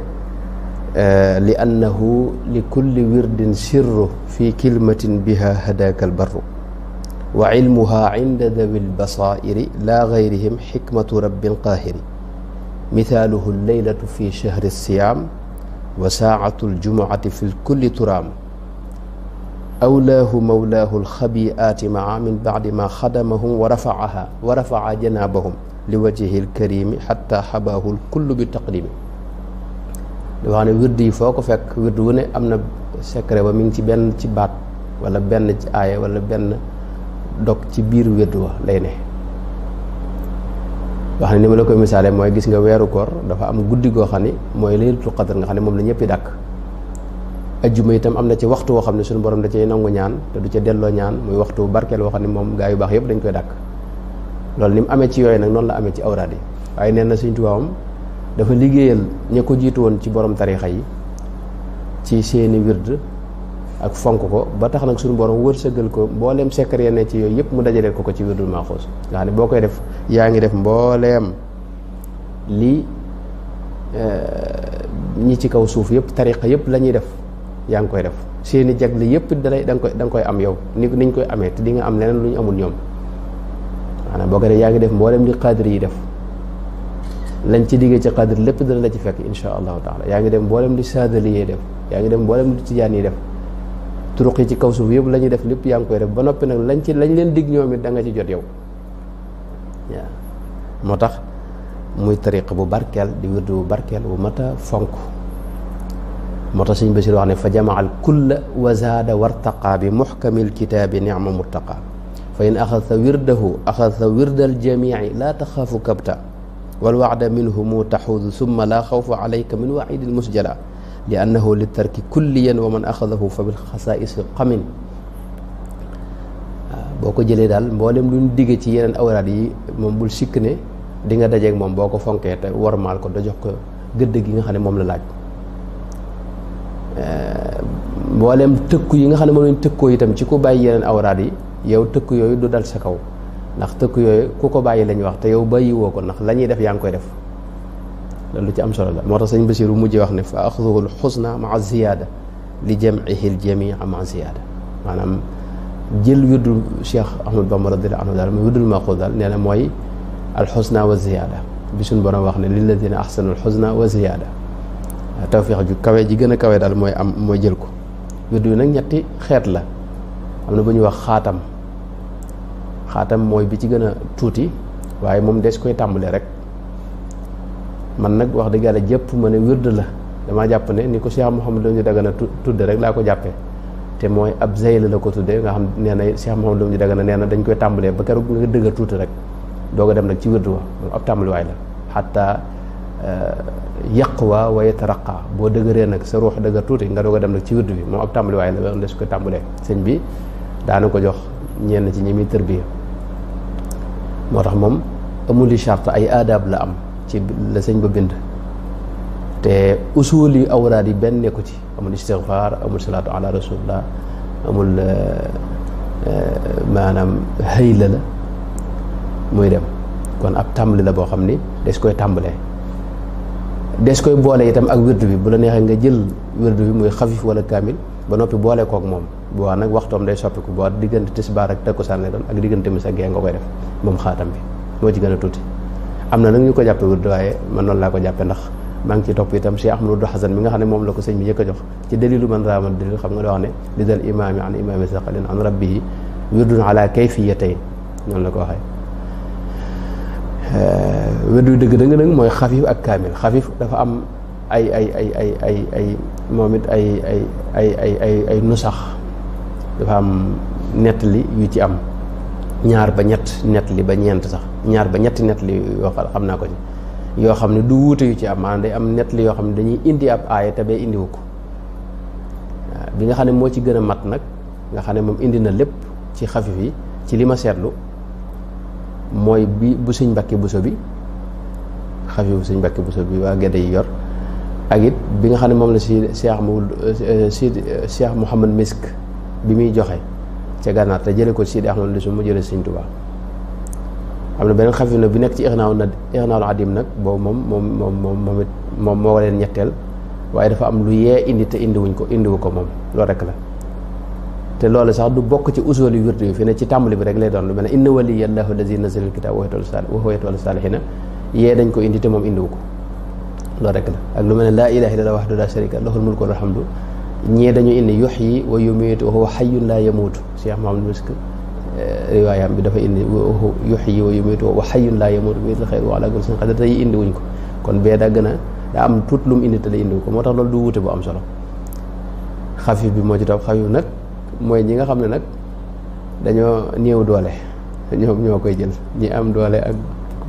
Speaker 14: eh, li annahu li kulli wirdin sirru fi kilmatin biha hadaaka albarru wa ilmuha inda dawi lbasairi la gayrihim xikmatu rabbi lqaahiri mithaaluhu alleylatu fi chahri siyaam wa saacatu ljumuati fi lkulli turaam awlaahu mawlaahu alxabiaati maa min bacdi ma xadamahum wa rafaaha wa rafaa janaabahum li kër wajhil karimi xatta xabaahul kullu bi taqdimi da wax ne wird yi foo ko fekk wird wu ne am na secret ba mi ngi ci benn ci baat wala benn ci aaya wala benn dog ci biir wird wa lay ne wax ne ni ma la koy misaale mooy gis nga weeru koor dafa am guddi goo xam ne mooy laylatul qadr nga xam ne moom la ñëpp dàkk ajjuma itam am na ci waxtu woo xam ne suñu borom da cay nangu ñaan te du ca delloo ñaan muy waxtu barkeel woo ne moom gaa yu baax yëpp dañ koy dàkk loolu ni mu amee ci yooyu nag noonu la amee ci awraad yi waaye nee na Sëñ Tuubaa dafa liggéeyal ña ko jiitu woon ci borom tarixa yi ci seeni wird ak fonk ko ba tax nag suñu borom sëggal ko mbooleem secret ne ci yooyu yëpp mu dajale ko ko ci wirdul maaxoos nga xam ne boo koy def yaa ngi def mbooleem li eh, ñi ci kaw suuf yëpp tarixa yëpp la ñuy def yaa ngi koy def seeni jagle yëpp dalay da nga koy da koy am yow ni niñ koy amee te di nga am leneen lu ñu amul ñoom maanaam boo ko dee yaa ngi def mboolem di xaadir yi def lañ ci liggéey ci xaadir lépp dana la ci fekk insha allahu taala yaa ngi dem mboolem li saadali yi def yaa ngi dem mboolem li tijaan yi def turuq yi ci kaw suuf yëpp la ñuy def lépp yaa ngi koy def ba noppi nag lañ ci lañ leen dig ñoom it da nga ci jot yow moo tax muy tariq bu barkeel di wirdu bu barkeel bu mat a fonk moo tax sëñ Basiir wax ne fa jamaa al kulla wa zaada wartaqa bi muxkamil kitaabi nicma murtaqa fa in sa wirdahu sa wirdal jamici laa taxaafu kabta walwaxda minhumu taxuudu summa laa xawfa alayka min waidin musjala li annahu li tarki kulliyan wa man axadahu fa bil xasaisi xamin boo ko jëlee daal mboolem lu ñu digge ci yeneen awraad yi moom bul sikk ne di nga dajeeg moom boo ko fonkee te warmaal ko da jox ko gëdd gi nga xam ne moom la laaj eh, mboolem tëkku yi nga xam ne moom lañ tëkkoo itam ci ku bàyyi yeneen awraad yi yow tëkk yooyu du dal sa kaw ndax tëkk yooyu ku ko bàyyi lañ wax te yow bàyyi woo ko ndax la ñuy def yaa ngi koy def loolu ci am solo la moo tax sëñ Basiru mujj wax ne fa axduhu l xusna maa ziyaada li jamcihi l jamia maa ziyaada maanaam jël wirdul Cheikh Ahmad Bamba radiyallaahu anhu daal mu wirdul maqul daal nee na mooy alxusna wa ziyaada bi suñ borom wax ne lilladina axsanu alxusna wa ziyaada tawfiix ju kawe ji gën a kawe daal mooy am mooy jël ko wirdu yi nag ñetti xeet la am na bu ñuy wax xaatam xaatam mooy bi ci gën a tuuti waaye moom des koy tàmbale rek man nag wax dëgg yàlla jëpp ma ne wird la damaa jàpp ne ni ko Cheikh Mouhamadou ñu dagana tudde rek laa ko jàppee te mooy ab zeyl la ko tuddee nga xam nee na Cheikh Mouhamadou ñu dagana nee na dañ koy tàmbalee ba keroog nga tuuti rek doog a dem nag ci wird wa moom ab tàmbaliwaay la xataa euh, yaqwa wa boo dëgëree nag sa ruux dëgër tuuti nga doog ko dem nag ci wird bi moom ab tàmbaliwaay la des koy tàmbalee sëñ bi daana ko jox ñenn ci ñi muy tërbiya moo tax moom amul i chart ay aadaab la am ci la sëñ ba bind te usul yi awraad yi benn nekku ci amul istigfaar amul salaatu ala rasulillah amul euh, euh, maanaam hayla la muy dem kon ab tàmbali la boo xam ni des koy tàmbalee des koy boole itam ak wirdu bi bu la neexee nga jël wirdu bi muy xafif wala kaamil ba noppi boole kook moom bu baax nag waxtoom day soppiku bu baax diggante tisbaar ak takkusaan lay doon ak diggante mis ak gee nga koy def moom xaatam bi moo ci gën a tuuti am na nag ñu ko jàppe wut waaye man noonu laa ko jàppee ndax maa ngi ci topp itam Cheikh Ahmadou Hasan mi nga xam ne moom la ko sëñ bi njëkk a jox ci dalilu man raamal dalil xam nga da wax ne li dal imaami an imaami saqalin an rabbihi wirdun ala kayfiyatayn noonu la ko waxee euh, wérdu dëgg dëgg nag mooy xafif ak kaamil xafif dafa am ay ay ay ay ay ay moom it ay ay ay ay ay ay nusax dafa am nettali yu ci am ñaar ba ñett nettali ba ñeent sax ñaar ba ñetti nettali yoo xam naa ko yoo xam ne du wuute yu ci am maanaam day am nettali yoo xam ne dañuy indi ab aaya te bee indiwu ko bi nga xam ne moo ci gën a mat nag nga ne moom indi na lépp ci xafif yi ci li ma seetlu mooy bi bu sëñ Mbàkke Buso bi xafif bu sëñ Mbàkke Buso bi waa Gédé yi yor ak it bi nga xam ne moom la si Cheikh Mawul si Cheikh Mouhamad Misk bi muy joxe ca gànnaar te jële ko Sidi Ahmad Ndoussou mu jële Sëñ Tuubaa am na beneen xafi na bu nekk ci ixnaaw na ixnaaw adim nag boobu moom moom moom moom moom it moom moo leen ñetteel waaye dafa am lu yee indi indiwuñ ko indiwu ko moom loolu rek la te loolu sax du bokk ci usul yu wértu yi fi bi rek lay doon lu mel ne inna waliyya llaahu allazi nazzala al-kitaaba wa huwa yatawalla yee dañ ko indi te moom indiwu ko loolu rek la ak lu mel ne laa ilaaha illallaah wahdahu laa shariika lahu al ko wa xam al ñee dañu indi yuhyi wa yumiitu wa huwa hayyun laa yamuutu Cheikh Mahamadou Misk eh, riwaayam bi dafa indi yuhyi wa yumiitu wa huwa hayyun laa yamuutu bi yadihil khayr wa alaa tey indi wuñ ko kon bee daa gën a am tuut lu mu indi te la indi ko moo tax loolu du wute bu am solo xafif bi moo ci topp xafif nag mooy ñi nga xam ne nag dañoo néew doole ñoom ñoo koy jël ñi am doole ak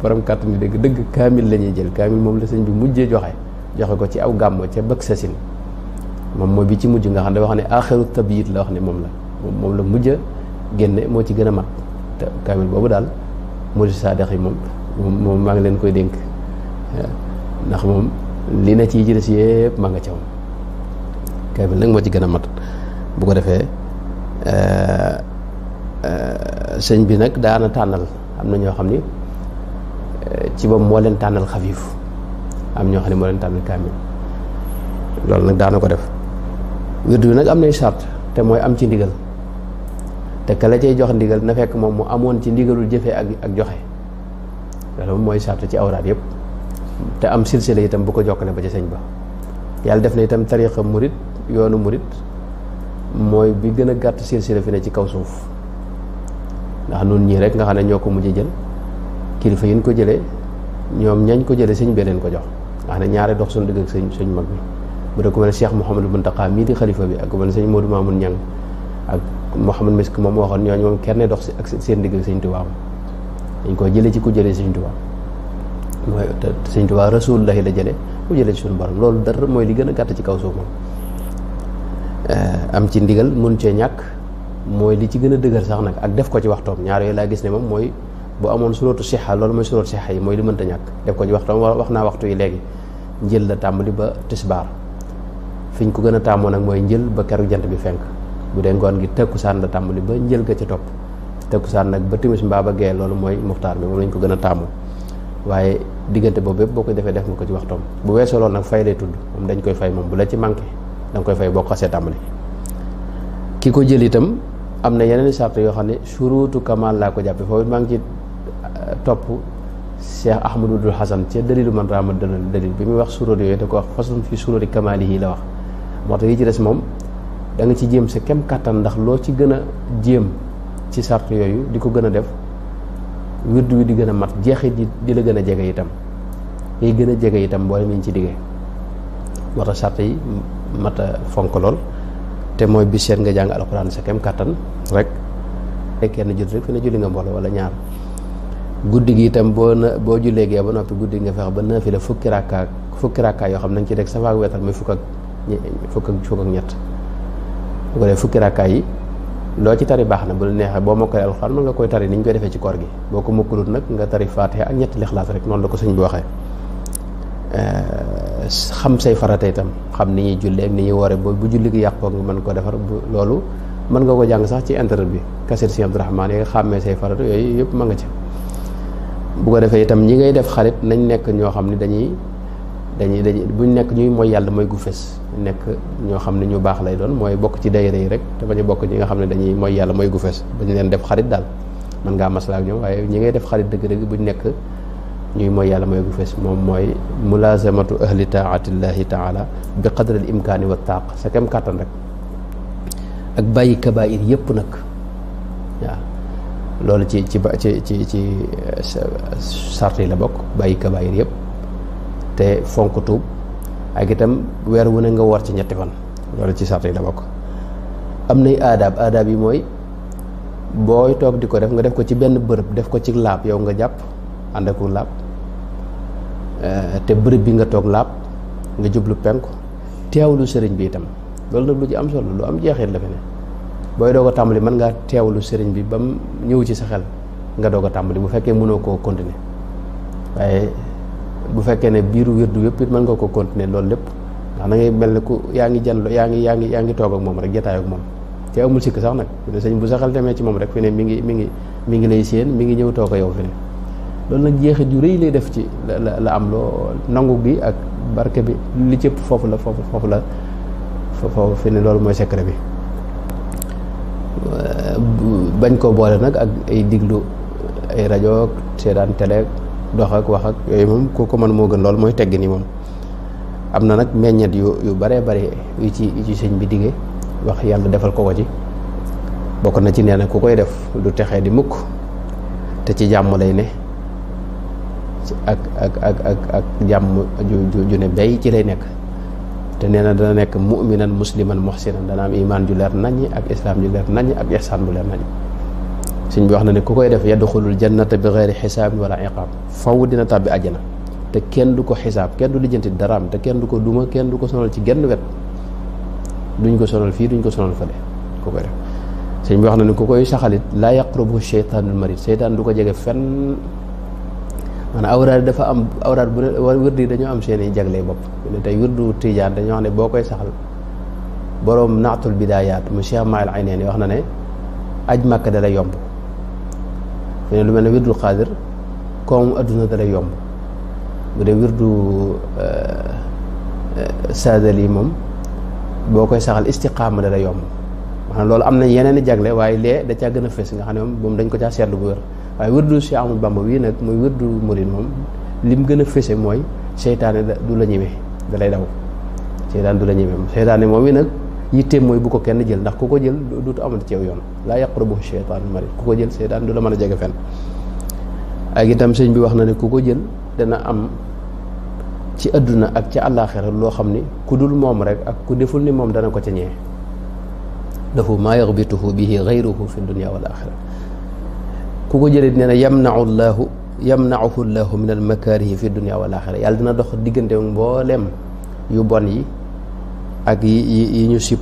Speaker 14: borom kàttan ni dëgg dëgg kaamil la ñuy jël kaamil moom la sëñ bi mujjee joxe joxe ko ci aw gàmmo ca bëgg sasin moom mooy bi ci mujj nga xam ne wax ne aaxiru tabyit la wax ne moom la moom la mujj a génne moo ci gën a mag kaamil boobu daal murid saadiq yi moom moom maa ngi leen koy dénk ndax moom li na ci des yëpp nga ca moom nag moo ci gën a mat ko defee euh, euh, sëñ bi nag daana tànnal am na ñoo xam ni euh, ci boobu moo leen tànnal xafiif am ñoo xam ne moo leen tànnal kaamil loolu nag daana ko def wird wi nag am nay charte te mooy am ci ndigal te ka la cay jox ndigal na fekk moom mu amoon ci ndigalul jëfee ak ak joxe loolu mooy charte ci awraat yëpp te am silsila itam bu ko jokkale ba ci sëñ ba yàlla def na itam tariqa murit yoonu murit mooy bi gën a gàtt silsila fi ne ci kaw suuf ndax nun ñii rek nga xam ne ñoo ko mujj jël kilifa yi ñu ko jëlee ñoom ñañ ko jëlee sëñ bee leen ko jox nga xam ne ñaari dox suñu dëgg ak mag bi bu dee ku mel ne Cheikh Mouhamadou Mountakha mii di xalifa bi ak ku mel ne sëñ Modou Mamoun Niang ak Mouhamad Misk moom waxoon ñooñu moom kenn dox si ak seen digg sëñ Tuubaa dañ ko jëlee ci ku jëlee sëñ Tuubaa mooy sëñ Tuubaa rasulullahi la jëlee ku jëlee ci suñu borom loolu dara mooy li gën a gàtt ci kaw suuf moom eh, am ci ndigal mun cee ñàkk mooy li ci gën a dëgër sax nag ak def ko ci waxtoom ñaar yooyu laa gis ne moom mooy bu amoon surootu seexa loolu mooy surootu sixa yi mooy li mënta ñàkk def ko ci waxtoom wax naa yi léegi njël la tàmbali ba tisbaar fi ñu ko gën a tàmmoo nag mooy njël ba keru jant bi fenk bu dee ngoon gi tëkkusaan la tàmbali ba njël ga ca topp saan nag ba timis mbaa ba gee loolu mooy muxtaar bi moom lañ ko gën a tàmmoo waaye diggante boobu yëpp boo ko defee def nga ko ci waxtoom bu weesoo loolu nag fay lay tudd moom dañ koy fay moom bu la ci manqué da koy fay boo ko xasee tàmbali ki ko jël itam am na yeneen sart yoo xam ne suruutu kamal laa ko jàppe foofu maa ngi ci euh, topp Cheikh Ahmadul Hasan ci dalilu man raama dalil bi muy wax suróot yooyu da ko wax façon fi suróoti kamaali yi la wax moo tax yi ci des moom da nga ci jéem sa kem kàttan ndax loo ci gën a jéem ci sart yooyu di ko gën a def wirdu wi di gën a mat jeexit di di la gën a jege itam day gën a jege itam boole mi ci diggee moo tax sart yi mat te mooy bis seen nga jàng alxuraan sa kem kàttan rek fekkee na jot rek fi na julli nga mbooloo wala ñaar guddi gi itam boo na boo jullee gee ba noppi guddi nga fex ba nafila fukki rakkaa fukki rakkaa yoo xam nañ ci rek safaak weetal muy fukk ak fukk ak fukk ak ñett bu ko defee fukki rakkaay yi loo ci tari baax na bu lu neexee boo mokkale alxuraan mën nga koy tari ni ñu koy defee ci koor gi boo ko mokkalut nag nga tari faatiha ak ñetti lixlaas rek noonu la ko sëñ bi waxee eh, xam say farata itam xam ni ñuy jullee ak ni ñuy woore ba bu julli gi yàqoo nga mën ko defar bu loolu mën nga ko jàng sax ci internet bi kaset si Abdourahmane yi nga xàmmee say farata yooyu yëpp ma nga ci bu ko defee itam ñi ngay def xarit nañ nekk ñoo xam ni dañuy dañuy dañuy buñ nekk ñuy mooy yàlla mooy gu fës nekk ñoo xam ne ñu baax lay doon mooy bokk ci daayira yi rek te bañ a bokk ñi nga xam ne dañuy mooy yàlla mooy gu fës bañ leen def xarit daal mën ngaa maslaa ak ñoom waaye ñi ngay def xarit dëgg-dëgg buñ nekk ñuy mooy yàlla mooy gu moom mooy mulazamatu ahli taatillahi taala bi qadri al imkaani wa taaq sa kem kàttan rek ak bàyyi kabaayir yëpp nag waaw loolu ci ci ci ci ci eh, sart yi la bokk bàyyi kabaayir yëpp te fonk tuub ak itam weer wu ne nga woor ci ñetti fan loolu ci sart yi la bokk am nay aadaab aadaab yi mooy booy toog di ko def nga def ko ci benn bërëb def ko ci laab yow nga jàpp ànd ak laab eh, te bërëb bi nga toog laab nga jublu penku teewlu sëriñ bi itam loolu nag lu ci am solo lu am jeexit la fi booy doog ko tàmbali mën ngaa teewlu sëriñ bi ba mu ñëw ci sa xel nga doo ko tàmbali bu fekkee mënoo ko continuer waaye bu fekkee ne biiru wirdu yëpp it mën nga ko continuer loolu lépp ndax da ngay mel ne ku yaa ngi janlo yaa ngi yaa ngi yaa ngi toog ak moom rek jataay ak moom te amul sikk sax nag fi ne sëñ bu saxal demee ci moom rek fi ne ngi mi ngi mi ngi lay séen mi ngi ñëw toog yow fi ne loolu nag jeexit ju rëy lay def ci la la am loo nangu gi ak barke bi li cëpp foofu la foofu foofu la foofu fi ne loolu mooy secret bi bañ ko boole nag ak ay diglu ay rajo seetaan télé dox ak wax ak yooyu moom ku ko mën moo gën loolu mooy tegg ni moom am na nag meññet yu yu baree bare yu ci yu ci sëñ bi digee wax yàlla defal ko ko ci bokk na ci nee na ku koy def du texee di mukk te ci jàmm lay ne ak ak ak ak ak jàmm ju ju ne bey ci lay nekk te neena dana nekk mu'minan musliman muhsinan dana am imaan ju leer naññ ak islaam ju leer naññ ak ihsaan bu leer nañ sëñ bi wax na ne ku koy def yadxulul jannata bi xeyri xisaabin wala iqaab faw dina tàbbi àjjana te kenn du ko xisaab kenn du lijjanti am te kenn du ko duma kenn du ko sonal ci genn wet duñ ko sonal fii duñ ko sonal fële ku koy def sëñ bi wax na ne ku koy saxalit laa yaqrubu cheytaanul marid cheytaan du ko jege fenn maanaam awraad dafa am awraad bu ne wërdi dañoo am seen jaglee jagle bopp ne tey wërdu tiijaan dañoo wax ne boo koy saxal boroom naatul bidaayaat mu Cheikh Maal Ayneen wax na ne aj màkk lay yomb ne lu mel ne wirdul xaadir koomu àdduna dara yomb bu dee wirdu eh, eh, saadal moom boo koy saxal istiqaama dara yomb maanaam loolu am nañ yeneen i jagle waaye lee da caa gën a fees nga xam ne moom dañ ko caa seetlu bu wér waaye wirdu si amul bamba wii nag muy wirdu murid moom lim gën a fese mooy seytaane du la ñeme dalay lay daw seytaane du la ñeme seytaane moom wi nag yitteem mooy bu ko kenn jël ndax ku ko jël duutu amal yoon laa yaqrabu sheytaan marid ku ko jël seytaan du la mën a jege fenn ak itam sëñ bi wax na ne ku ko jël dana am ci àdduna ak ci àllaaxira loo xam ni ku dul moom rek ak ku deful ni moom dana ko ca ñee lahu maa yaxbituhu bihi gayruhu fi dunia wal axira ku ko jëlee nee na yamnau llahu yamnauhu llahu min al makaarihi fi dunia wal axira yàlla dina dox diggante mbooleem yu bon yi ak yi yi ñu sib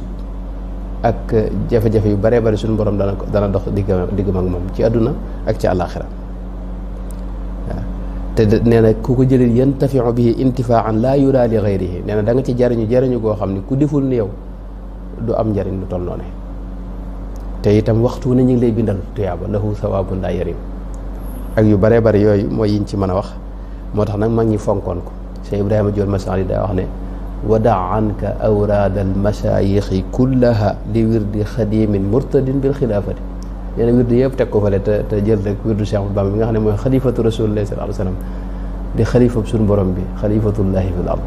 Speaker 14: ak jafe-jafe yu bare bari suñu borom dana dana dox diggam mag moom ci àdduna ak ci àllaaxira waaw te nee na ku ko jëlee yantafiu bihi intifaan laa yuraa li gayrihi nee na da nga ci jariñu jariñu koo xam ne ku deful ni yow du am njariñ lu toll noone te itam waxtu na ñu ngi lay bindal tuyaaba lahu sawaabun laa yarim ak yu baree bari yooyu mooy yiñ ci mën a wax moo tax nag mag ñi fonkoon ko Cheikh Ibrahima Diol Massaly daa wax ne wa daa anka awraad almasayixi kullaha li wirdi xadimin murtadin bil xilaafati nee na wirdi yëpp teg ko fale te te jël rek wirdu Cheikh Ahmadou Bamba bi nga xam ne mooy xalifatu rasulillahi sallallahu alayhi wa sallam di xalifab suñu borom bi xalifatullahi fil ard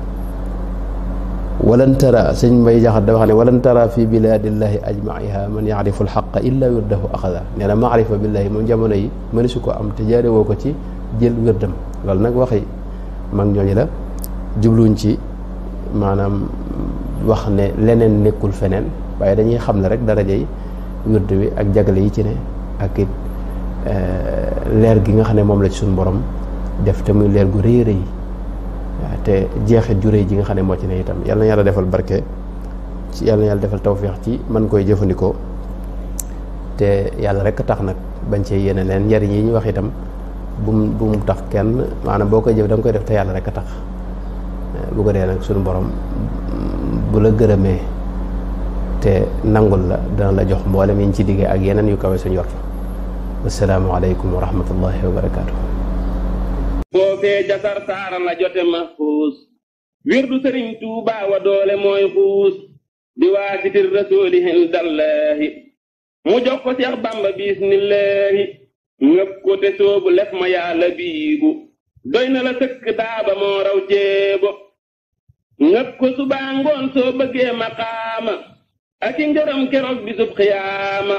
Speaker 14: walan tara sëñ mbay jaxat dafa xam ne walan tara fi bilaadillahi ajmaiha man yacrifu alxaqa illa wirdahu axada nee na maarifa billahi moom jamono yi mënisu ko am te jaarewoo ko ci jël wirdam loolu nag waxi mag ñooñu la jubluñ ci maanaam wax ne leneen nekkul feneen waaye dañuy xam ne rek daraja yi wird wi ak jagle yi ci ne ak it euh, leer gi nga xam ne moom la ci suñ borom def te muy leer gu rëy rëy waaw te jeexit ju ji nga xam ne moo ci ne itam yàlla na defal barke ci yàlla yàlla defal tawféex ci man koy jëfandikoo te yàlla rek a tax nag bañ cee yéene leen njariñ yi ñu wax itam bu mu bu mu tax kenn maanaam boo koy jëf da koy def te yàlla rek a tax bu ko dee nag suñu borom bu la gërëmee te nangul la dana la jox mboolem yi ñu ci diggee ak yeneen yu kawe sa njort assalaamu aleykum wa rahmatullahi wa barakaatu
Speaker 6: foofee jasar saara la jote mahfuus wirdu sëriñ tuubaa wa doole mooy xuus di waasitir rasuuli hindallaahi mu jox ko seex bamba bismillaahi ngëpp ko te soobu lef ma yàlla biibu doy na la sëkk daaba moo raw jéebo ko subaa ngoon soo bëggee maqaama ak i ngërëm keroog bisub xiyaama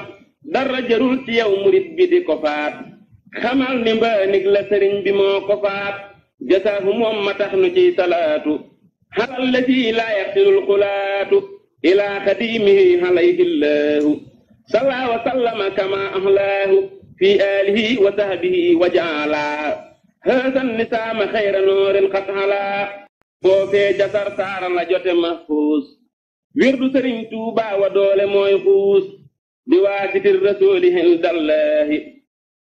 Speaker 6: dara jërul ci yow murit bi di ko faat xamal ni mbaanig la sëriñ bi moo ko faat jasaahu moom ma tax nu ciy salaatu xalal la ci laa yaxtilul xulaatu ilaa xadiimihi alayhi llaahu sallaa wa sallama kama ahlaahu fi aalihi wa sahbihi wa jaalaa hëësan lisaama xayra noorin xat xalaa foofee ca sarsaara la jote mahfuus wirdu sëriñ tuubaa wa doole mooy xuus di waasitir rasuuli hindallaahi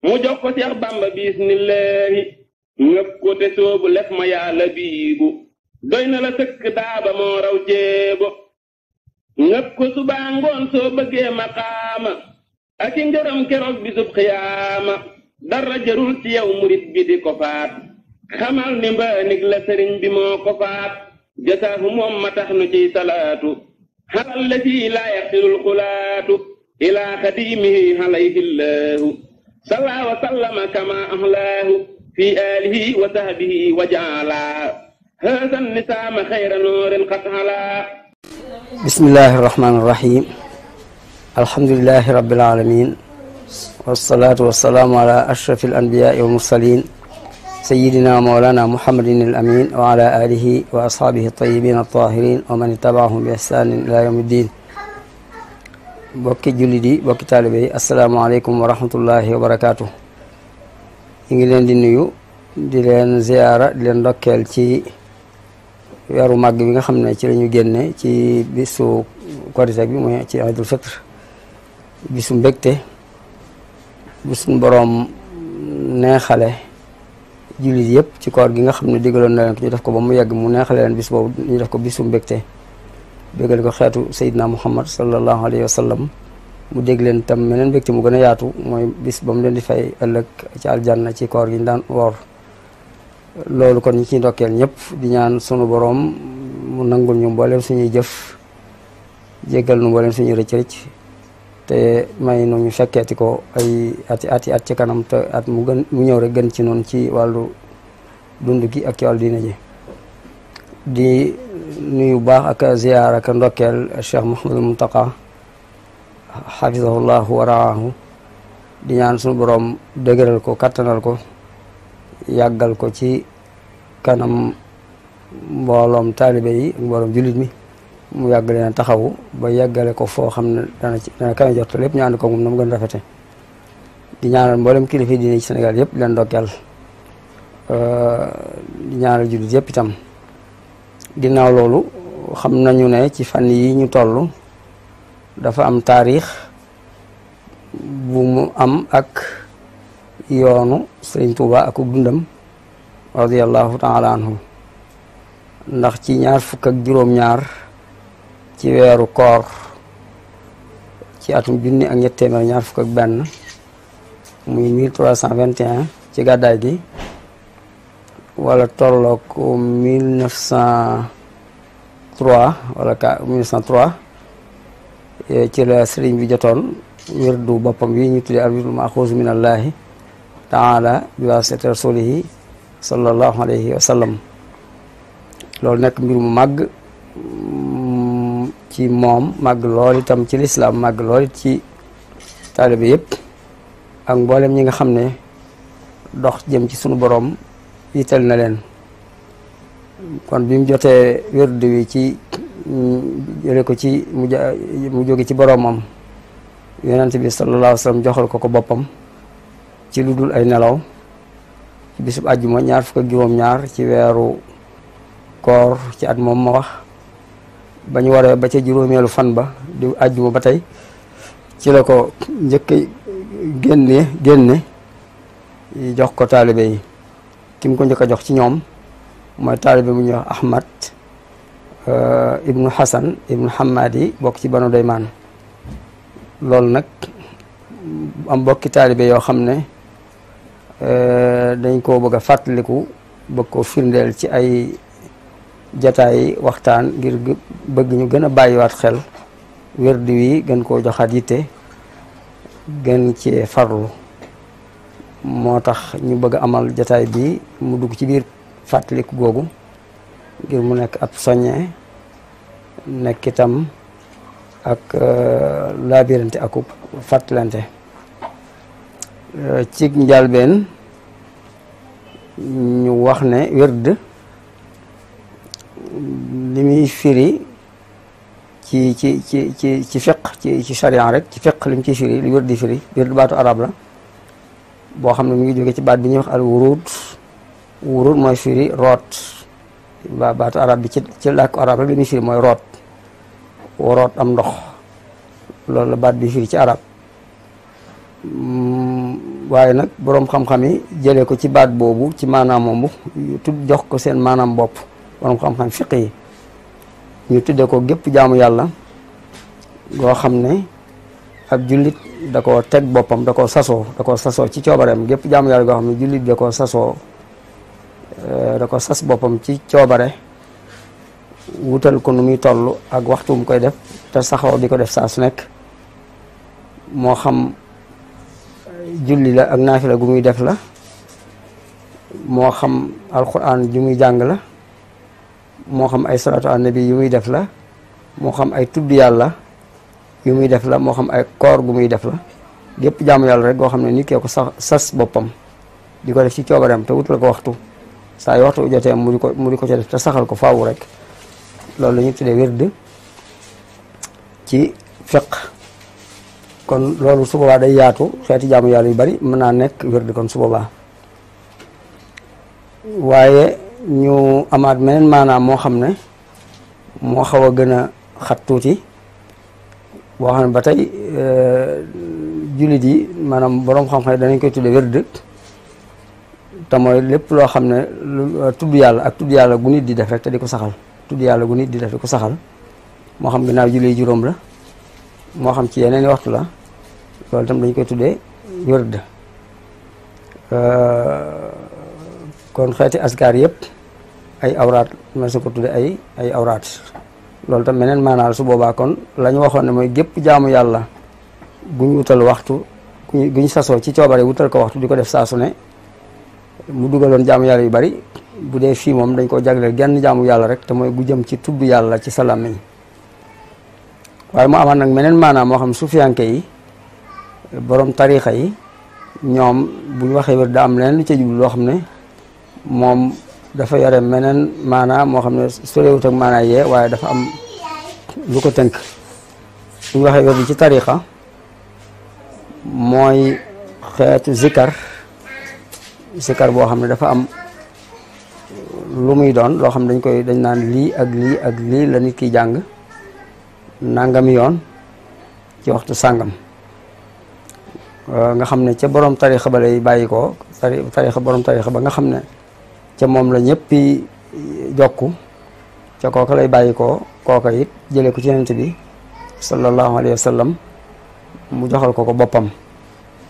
Speaker 6: mu jox ko seex bamba biismillaahi ngëp ko te soobu lef ma yàlla biibu doy na la sëkk daaba moo raw jéebo ngëp ko subaa ngoon soo bëggee maqaama ak i ngërëm keroog bisub xiyaama dara jarul ci yow murit bi di ko faat xamal ni mbaanig la sëriñ bi moo ko faat jasaahu moom ma tax nu ciy salaatu xalal la ci laa yaxsilul xulaatu ilaa xadiimihi xalayhi llaahu salla wa sallama kama ahlaahu fi aalihi wa sahbihi wa jaalaa haasan nisaama xayra noorin qad halaa
Speaker 8: bismillahi rahmaani rahim alhamdulilahi rabbil aalamiin والصلاة والسلام على أشرف الأنبياء والمرسلين سيدنا مولانا محمد الأمين وعلى آله وأصحابه الطيبين الطاهرين ومن اتبعهم بإحسان إلى يوم الدين bokki jullit yi bokki taalibe yi asalaamaaleykum wa rahmatullahi wa barakaatu ñu ngi leen di nuyu di leen ziyaara di leen ndokkeel ci weeru màgg bi nga xam ne ci la ñu génne ci bisu korite bi mooy ci idul fitr bisu mbégte bu suñ boroom neexale jullit yëpp ci koor gi nga xam ne digaloon na leen ko ñu def ko ba mu yàgg mu neexale leen bis boobu ñu def ko bisu mbégte bégal ko xeetu Seydina Muhammad sallallahu alayhi wa mu dégg leen tam meneen mbégte mu gën a yaatu mooy bis ba mu leen di fay ëllëg ci aljanna ci koor gi ñu daan woor loolu kon ñi ciy ndokkeel ñëpp di ñaan sunu boroom mu nangul ñu mbooleem suñuy jëf jéggal nu mbooleem suñuy rëcc rëcc te may nu ñu fekkeeti ko ay ati ati at ci kanam at mu gën mu ñëw rek gën ci noonu ci wàllu dund gi ak ci wàllu diine ji di nuyu baax ak ziyaar ak ndokkeel Cheikh Mouhamadul Mountakha xafisahullahu wa raahu di ñaan suñu boroom dëgëral ko kattanal ko yàggal ko ci kanam mbooloom taalibe yi mbooloom jullit mi mu yàgg leen taxaw ba yàggale ko foo xam ne dana ci dana kana jortu lépp ñu ànd ko moom na mu gën rafete di ñaanal mboolem kilifa diine ci Sénégal yëpp leen ndokkeel euh, di ñaanal jullit yëpp itam ginnaaw loolu xam nañu ne ci fànn yi ñu toll dafa am taarix bu am ak yoonu Sëriñ Tuuba ak dundam radiyallahu taala anhu ndax ci ñaar fukk ak juróom-ñaar ci weeru koor ci atum junni ak ñett téeméer ñaar fukk ak benn muy 1321 ci gàddaay gi wala tolloog 1903 wala 1903 eh, ci la sëriñ bi jotoon wirdu boppam yi ñu tuddee al wirdu maxuus min allahi taala bi waasitati rasulihi sallallahu alayhi wa loolu nekk mbir mu màgg ci moom màgg lool itam ci lislaam màgg lool ci taalibe yépp ak mboolem ñi nga xam ne dox jëm ci sunu boroom yital na leen kon bi mu jotee wérdu wi ci jële ko ci mu jóge ci boroomam yonent bi sallallahu alayhi joxal ko ko boppam ci lu dul ay nelaw ci bisub àjjuma ñaar fukk ak ñaar ci weeru koor ci at moom ma wax ba waree ba ca juróomeelu fan ba di àjjuma ba tey ci la ko njëkk génne génne jox ko taalibe yi ki ko njëkk a jox ci ñoom mooy taalibe bu ñuy wax Ahmad eh, ibnu Hasan ibnu Hamad bokk ci banu Daymaan loolu nag am bokki taalibe yoo xam ne eh, dañ koo bëgg a fàttaliku bëgg ko firndeel ci ay jataay waxtaan ngir bëgg ñu gën a bàyyiwaat xel werd wi gën koo joxaat yitte gën cee farlu moo tax ñu bëgg amal jataay bi mu dugg ci biir fàttaliku googu ngir mu nekk ab soññe nekk itam ak euh, laabirante akub fàttalante euh, ci njàlbeen ñu wax ne wérd li muy firi ci ci ci ci ci fiq ci ci charian rek ci fiq li mu ciy firi lu wér di firi wér du baatu arab la boo xam ne mu ngi jóge ci baat bi ñuy wax al wurud wurud mooy firi root ba baatu arab bi ci ci làkk arab rek li muy firi mooy root waroot am ndox loolu la baat bi firi ci arab mm, waaye nag boroom xam-xam yi jëlee ko ci baat boobu ci maanaam moomu tudd jox ko seen maanaam bopp borom xam-xam fiq ñu tuddee ko gépp jaamu yàlla goo xam ne ab jullit da koo teg boppam da koo sasoo da koo sasoo ci coobareem gépp jaamu goo xam ne jullit da koo sasoo euh, da ko sas boppam ci coobare wutal ko nu muy toll ak waxtu mu koy def te saxoo di ko def saa su nekk moo xam julli la ak naafila gu muy def la moo xam alquran ju muy jàng la moo xam ay salaatu ala nabi yu muy def la moo xam ay tudd yàlla yu muy def la moo xam ay koor gu muy def la gépp jaamu yàlla rek goo xam ne nit kee ko sax sas boppam di ko def ci coobareem te wutal ko waxtu saa yu waxtu jotee mu di ko mu ko ca def te saxal ko faawu rek loolu la ñu tuddee wird ci fiq kon loolu su day yaatu xeeti jaamu yàlla yu bari mën naa nekk wird kon su boobaa waaye ñu amaat meneen maanaam moo xam ne moo xaw a gën a xat tuuti boo xam ne ba tey euh, jullit yi maanaam boroom xam-xam danañ koy tudde wérd te mooy lépp loo xam ne euh, tudd yàlla ak tudd yàlla gu nit di def rek te di ko saxal tudd yàlla gu nit di def di ko saxal moo xam ginnaaw julli juróom la moo xam ci yeneen waxtu la loolu tam dañ koy tuddee wérd euh, kon xeeti askar yëpp ay awraat ma su ay ay awraat loolu tam meneen maanaam su boobaa kon lañu waxoon ne mooy gépp jaamu yàlla guñ wutal waxtu guñ sasoo ci coobare wutal ko waxtu di ko def saa ne mu dugaloon jaamu yàlla yu bari bu dee fii moom dañ koo jagleel genn jaamu yàlla rek te mooy gu jëm ci tudd yàlla ci salaam yi waaye mu amaat nag meneen maanaam moo xam sufiyanke yi borom tariixa yi ñoom bu ñu waxee wér daa am leen lu ca jublu loo xam ne moom dafa yore meneen maanaa moo xam ne sorewut ak maanaa yee waaye dafa am lu ko tënk suñu waxee wird ci tariqa mooy xeetu zikar zikar boo xam ne dafa am lu muy doon loo xam ne dañ koy dañ naan lii ak lii ak lii la nit ki jàng nangam yoon ci waxtu sàngam nga xam ne ca boroom tarixa ba lay bàyyi ko tarixa borom tarixa ba nga xam ne ca moom la ñëppi jokk ca kooka lay bàyyi ko kooka it jëlee ko ci yonent bi sallallahu alayhi wa sallam mu joxal ko ko boppam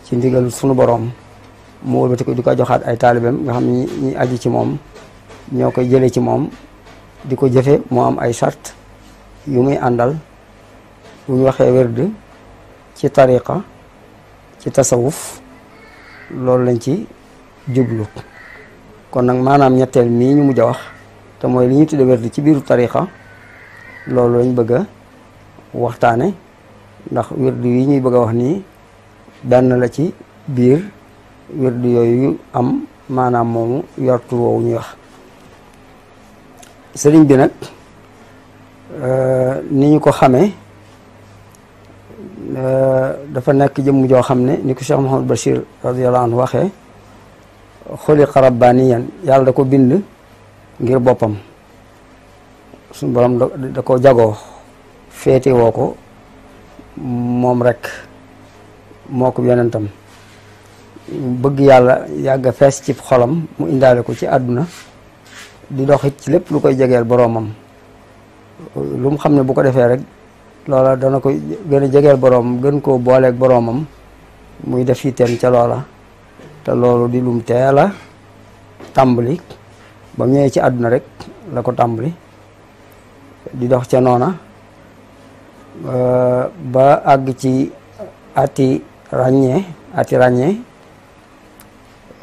Speaker 8: ci ndigal sunu boroom mu wëlbati ko di ko joxaat ay taalibeem nga xam ni ñi aju ci moom ñoo koy jëlee ci moom di ko jëfe moo am ay sart yu muy àndal bu ñu waxee wérd ci tariqa ci tasawuf loolu lañ ci jublu kon nag maanaam ñetteel mii ñu mujj a wax te mooy li ñu tudde werd ci biiru tarixa loolu lañ bëgg a waxtaane ndax werd yi ñuy bëgg a wax nii benn la ci biir werd yooyu am maanaam moomu yortu woowu ñuy wax sëriñ bi nag euh, ni ñu ko xamee euh, dafa nekk jëmm joo xam ne ni ko Cheikh Mouhamadou Bachir radiyallahu anhu waxee xuliqa rabbaniyan yàlla da ko bind ngir boppam suñ borom da ko jagoo féete woo ko moom rekk moo ko yonentam bëgg yàlla yàgg fees ci xolam mu indaale ko ci àdduna di doxit ci lépp lu koy jegeel boroomam lu mu xam ne bu ko defee rek loola dana koy gën a jegeel boroomam gën koo booleeg boroomam muy def itam ca loola te loolu di lum teel a tàmbali ba mu ñëwee ci àdduna rek la ko tàmbali di dox ca noona ba àgg ci ati ràññee ati ràññee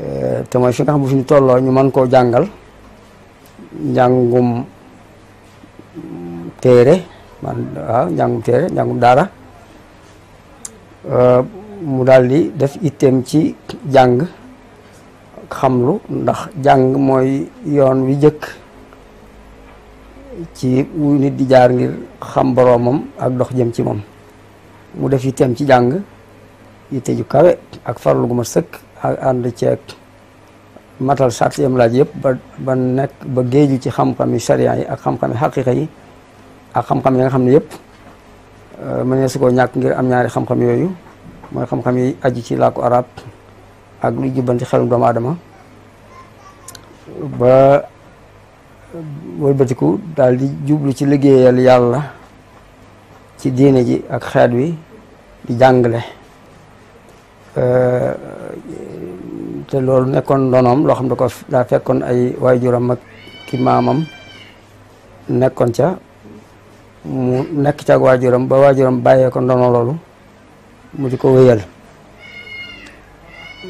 Speaker 8: eh, te mooy fi nga xam bu fi ñu tolloo ñu mën koo jàngal njàngum téere man waaw ah, njàngum mu daal di def itteem ci jàng xamlu ndax jàng mooy yoon wi jëkk ci wu nit di jaar ngir xam boroomam ak dox jëm ci moom mu def itteem ci jàng itte ju kawe ak farlu gu ma sëkk ak ànd ceeg matal sart yam laaj yëpp ba ba nekk ba géeju ci xam-xami sharia yi ak xam-xami xaqiqa yi ak xam-xam ya nga xam ne yëpp euh, mënee su koo ñàkk ngir am ñaari xam-xam yooyu mooy xam-xam yi aju ci làkku arab ak lu jubbanti xelum doomu adama ba wëlbatiku daal di jublu ci liggéeyal yàlla ci diine ji ak xeet wi di jàngale te loolu nekkoon ndonoom loo xam ne ko daa fekkoon ay waajuram ak ki maamam nekkoon ca mu nekk ca ak waajuram ba waajuram bàyyee ko ndono loolu mu di ko wéyal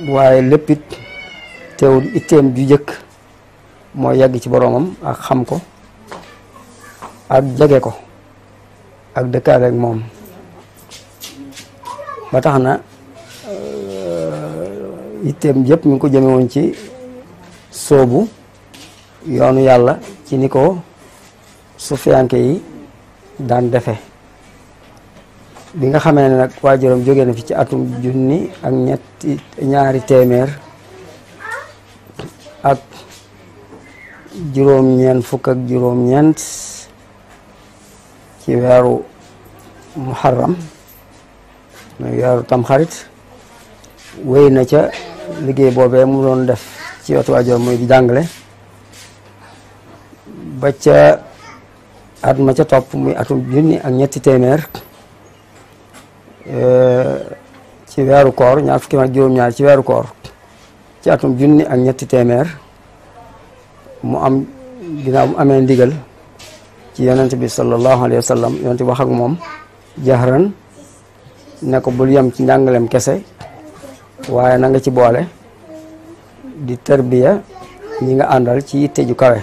Speaker 8: waaye lépp it teewul itteem ju jëkk moo yàgg ci boroomam ak xam ko ak jege ko ak dëkkaaleek moom ba tax na euh, itteem yëpp mi ngi ko jëme ci soobu yoonu yàlla ci ni ko sufiyanke yi daan defe bi nga xamee ne nag waajuram jóge na fi ci atum junni ak ñetti ñaari téeméer ak juróom-ñeent fukk ak juróom-ñeent ci weeru muharram muy weeru tamxarit wéy na ca liggéey boobee mu doon def ci wetu waajuram muy di jàngale ba ca at ma ca topp muy atum junni ak ñetti téeméer Eh, ci weeru koor ñaar fukki fan juróom-ñaar ci weeru koor ci atum junni ak ñetti téeméer mu am ginnaaw mu amee ndigal ci yonent bi sallallahu alayhi wa sallam yonent bi wax ak moom jaxran ne ko bul yem ci njàngalem kese waaye na nga ci boole di tarbiya ñi nga àndal ci yitte ju kawe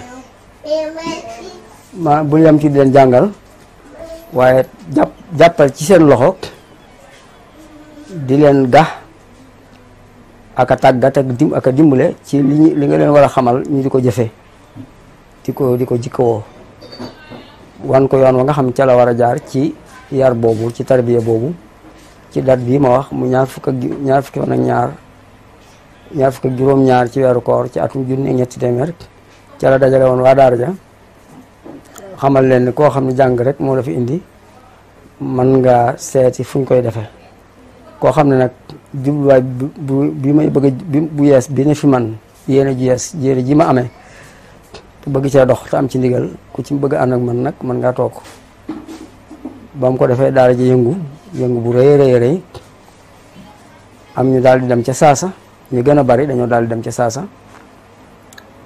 Speaker 8: ma bul yem ci di leen jàngal waaye jàppal ci seen loxo di leen gax ak a tàggat ak dim ak a dimbale ci li li nga leen war a xamal ñu di ko jëfe di ko di ko jikkawoo wan ko yoon wa nga xam ca la war a jaar ci yar boobu ci tarbiya boobu ci dat bii ma wax mu ñaar fukk ñaar fukki fan juróom-ñaar ci weeru koor ci atum junni ak ñetti téeméer ca la dajale woon waa daara ja xamal leen ni koo xam ne jàng rek moo la fi indi man nga seeti fu ñu koy defee koo xam ne nag jubluwaay bu bi bëgg bu yees bi ne fi man yéene ji yees yéene ji ma amee te bëgg cee dox te am ci ndigal ku ci bëgg ànd ak man nag mën ngaa toog ba ko defee daara ji yëngu yëngu bu rëy rëy am ñu daal di dem ca saasa ñu gën a bari dañoo daal di dem ca saasa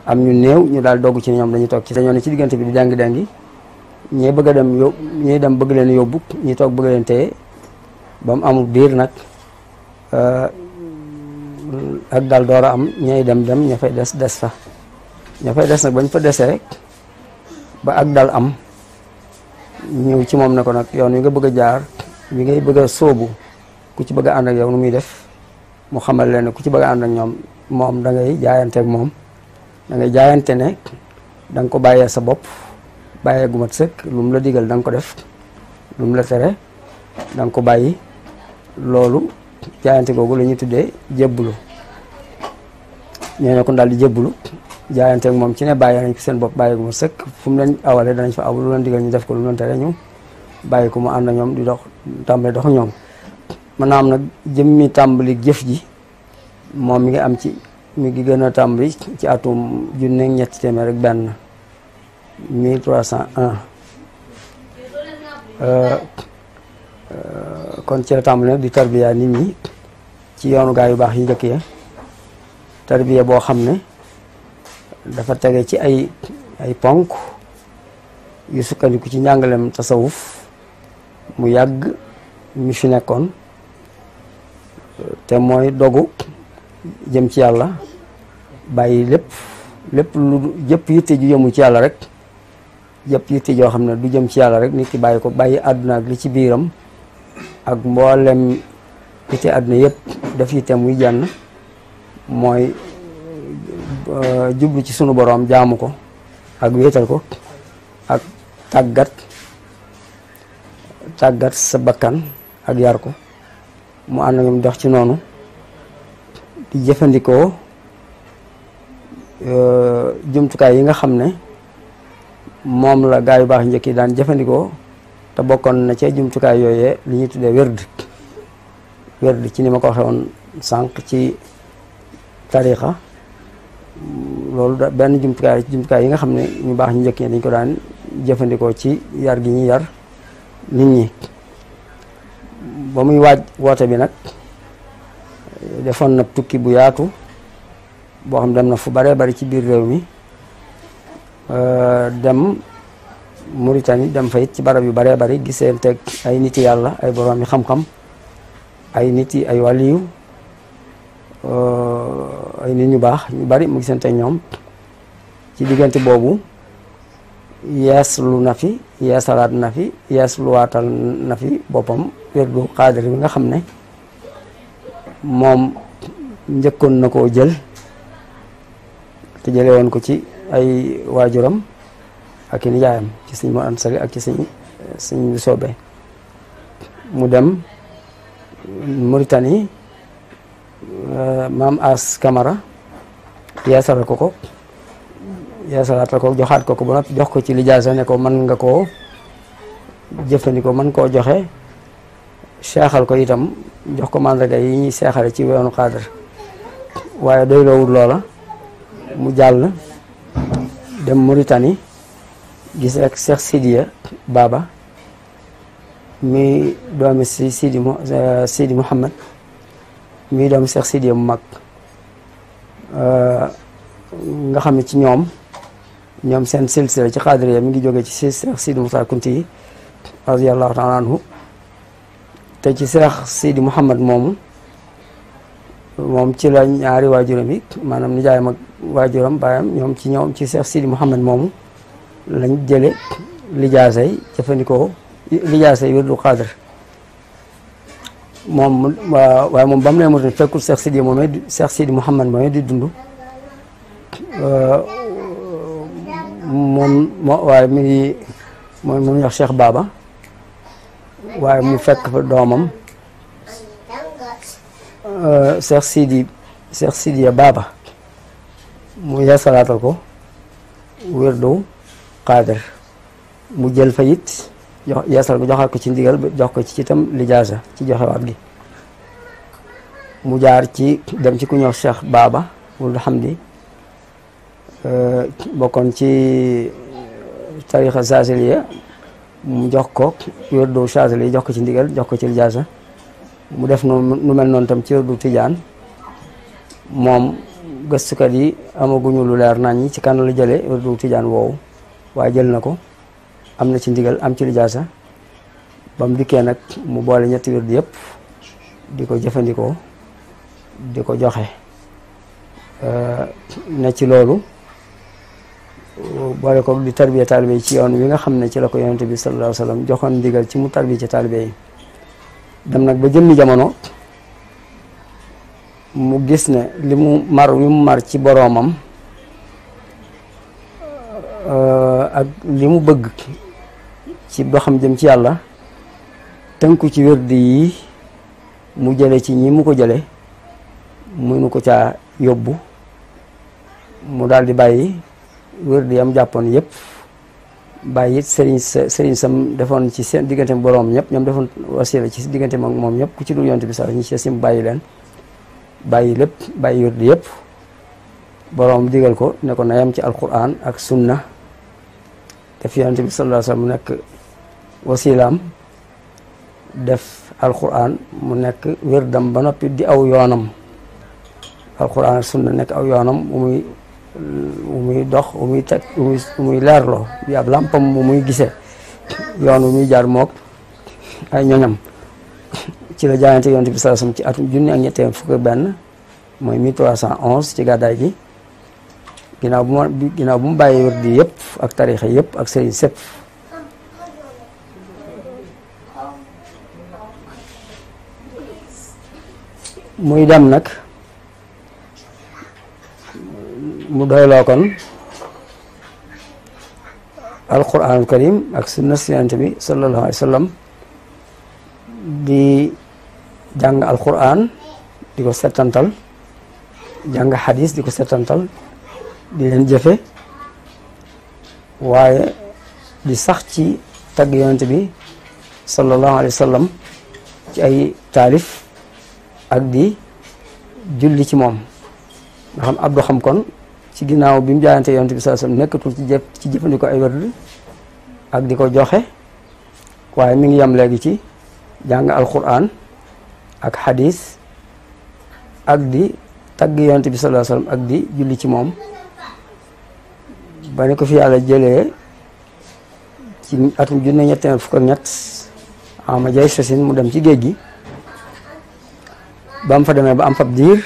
Speaker 8: am ñu new ñu daal dogg ci ñoom dañu toog ci dañoo ne ci diggante bi di dangi dangi ñee bëgg a dem yób ñee dem bëgg leen yóbbu ñi toog bëgg leen téye ba mu amul diir nag euh, ak dal door a am ñay dem dem ña fay des des fa ña fay des nag bañ fa desee rek ba ak dal am ñëw ci moom ne ko nag yoon wi nga bëgg a jaar wi ngay bëgg a sóobu ku ci bëgg a ànd ak yow nu muy def mu xamal leen ne ku ci bëgg a ànd ak ñoom moom da ngay jaayante ak moom da ngay jaayante ne da ko bàyyee sa bopp bàyyee gu mat sëkk lu la digal danga ko def lum la tere danga ko bàyyi loolu jaayante googu la ñuy tuddee jébbulu nee na kon daal di jébbulu jaayante moom ci ne bàyyi nañ ko seen bopp bàyyi ko mu sëkk fu mu leen awalee danañ fa aw lu leen digal ñu def ko lu leen tere ñu bàyyi ko mu ànd na ñoom di dox tàmbali dox ñoom mën naa am nag jëmmi tàmbali jëf ji moom mi ngi am ci mi ngi gën a tàmbali ci atum junne ñetti téeméer ak benn 1301 Euh, kon ci la tàmbali di tarbiya nit ñi ci yoonu gaa yu baax yi njëkk ya tarbiya boo xam ne dafa tege ci ay ay ponk yu sukkandiku ci njàngalem tasawuf mu yàgg mi fi nekkoon te mooy dogu jëm ci yàlla bàyyi lépp lépp lu jëpp yitte ju jëmu ci yàlla rek jëpp yitte joo xam ne du jëm ci yàlla rek nit ki bàyyi ko bàyyi àdduna li ci biiram ak mboolem li ci àdduna yëpp def itam muy jànn mooy euh, jublu ci sunu boroom jaamu ko ak wéetal ko ak tàggat tàggat sa bakkan ak yar ko mu ànd ak dox ci noonu di jëfandikoo euh, jumtukaay yi nga xam ne moom la gaa yu baax njëkk yi daan jëfandikoo te bokkoon na cee jumtukaay yooyee li ñuy tuddee werd werd ci ni ma ko waxee woon sànq ci tarixa loolu da benn jumtukaay jumtukaay yi nga xam ne ñu baax ñu njëkk ñi dañ ko daan jëfandikoo ci yar gi ñu yar nit ñi ba muy waaj woote bi nag defoon na tukki bu yaatu boo xam dem na fu baree bari ci biir réew mi dem Mauritanie dem fa it ci barab yu baree bari giseen ay nit yàlla ay borom yi xam-xam ay nit yi ay wàlliyu euh, ay nit ñu baax ñu bari mu giseen ñoom ci diggante boobu yeeslu na fi yeesalaat na fi yeesluwaatal na fi boppam werdu xaadir bi nga xam ne moom njëkkoon na ko jël te jële woon ko ci ay waajuram ak i ci sëñ Mor Anta ak ci sëñ sëñ mu dem Mauritanie euh, maam As Camara yeesala ko ko yeesalaatal ko joxaat ko ko ba noppi jox ko ci lijaasa ne ko mën nga koo jëfandikoo mën koo joxe seexal ko itam jox ko màndaga yi ñuy seexale ci weeru xaadar waaye doy loowul loola mu jàll dem Mauritanie gis rek Cheikh Sidiya Baba mi doomi si Sidi eh, Sidi Mouhamad mi doomi Cheikh Sidiya mu mag eh, nga xam ne ci ñoom ñoom seen silsila ci xaadiriya mi ngi jóge ci si Cheikh Sidi Moussa Kunti yi radiallahu taala anhu te ci Cheikh Sidi Mouhamad moomu moom ci la ñaari waajuram yi maanaam nijaayam ak waajuram baayam ñoom ci ñoom ci Cheikh Sidi Mouhamad moomu lañ jële lijaasay jëfandikoo lijaasay wirdu xaadir moom waaye moom ba mu ne murid fekkul Cheikh Sidi moom it Cheikh Sidi Mouhamad moom di dund moom moo waaye mi ngi moom mu waaye mu fekk fa doomam Cheikh Sidi Cheikh Sidiya Baba mu yeesalaatal ko wirdu Qaadir mu jël fa it yeesal ko ci ndigal jox ko ci itam lijaasa ci joxewaat gi mu jaar ci dem ci ku ñëw Cheikh Baba Wuld Hamdi bokkoon ci tarixa Saasiliya mu jox ko wérdu jox ko ci ndigal jox ko ci lijaasa mu def noonu nu mel tam ci wérdu Tijaan moom gëstukat yi amaguñu lu leer nañ ci kan la jële wérdu Tijaan woowu waa jël na ko am na ci ndigal am ci lijaasa ba mu dikkee nag mu boole ñetti wird yëpp di ko jëfandikoo di ko joxe ne ci loolu boole ko di tarbiya taalibe yi ci yoon wi nga xam ne ci la ko yonente bi sallallahu alayhi wa sallam joxoon ndigal ci mu tarbiya ci taalibe yi dem nag ba jëmmi jamono mu gis ne li mu mar wi mu mar ci boroomam Euh, ak li mu bëgg ci doxam jëm ci yàlla ko ci wérdi yi mu jële ci ñi mu ko jële mënu ko caa yóbbu mu daal di bàyyi wérdi yam jàppoon yëpp bàyyi it sëriñ sëriñ sam defoon ci seen diggante boroom ñëpp ñoom defoon wasila ci diggante moom moom ñëpp ku ci dul yonte bi sax ñi ci sim bàyyi leen bàyyi lépp bàyyi wérdi yëpp boroom digal ko ne na yam ci alquran ak sunna def yonent bi sallallahu alayhi wasallam mu nekk wasilaam def alquran mu nekk wérdam ba noppi di aw yoonam alquran ak sunna nekk aw yoonam mu muy muy dox mu muy teg mu muy leerloo bi ab làmpam mu muy gisee yoon wu muy jaar mook ay ñoñam ci la jaayante yonent bi sallallahu alayhi ci atum junni ak ñettee fukk benn mooy 1311 ci gàddaay gi ginnaaw bu bu mu bàyyi wér yëpp ak tarix yëpp ak sëriñ mu muy dem nag mu doyloo kon alquranul karim ak sunna sinante bi sallallahu alayhi wa sallam di jàng alquran di ko settantal jàng xadis di ko settantal di leen jëfe waaye di sax ci tagg yonent bi sallallahu alayhi wa ci ay taalif ak di julli ci moom nga xam abdu xam kon ci ginnaaw bi mu jaayante yonent bi sallallahu alayhi nekkatul ci jëf ci jëfandikoo ay wërd ak di ko joxe waaye mi ngi yam léegi ci jàng alquran ak xadis ak di tagg yonent bi sallallahu alayhi wa ak di julli ci moom ba ne ko fi yàlla jëlee ci atum junne ñetteel fukk ak ñett ama jay sosin mu dem ci géej gi ba mu fa demee ba am fab diir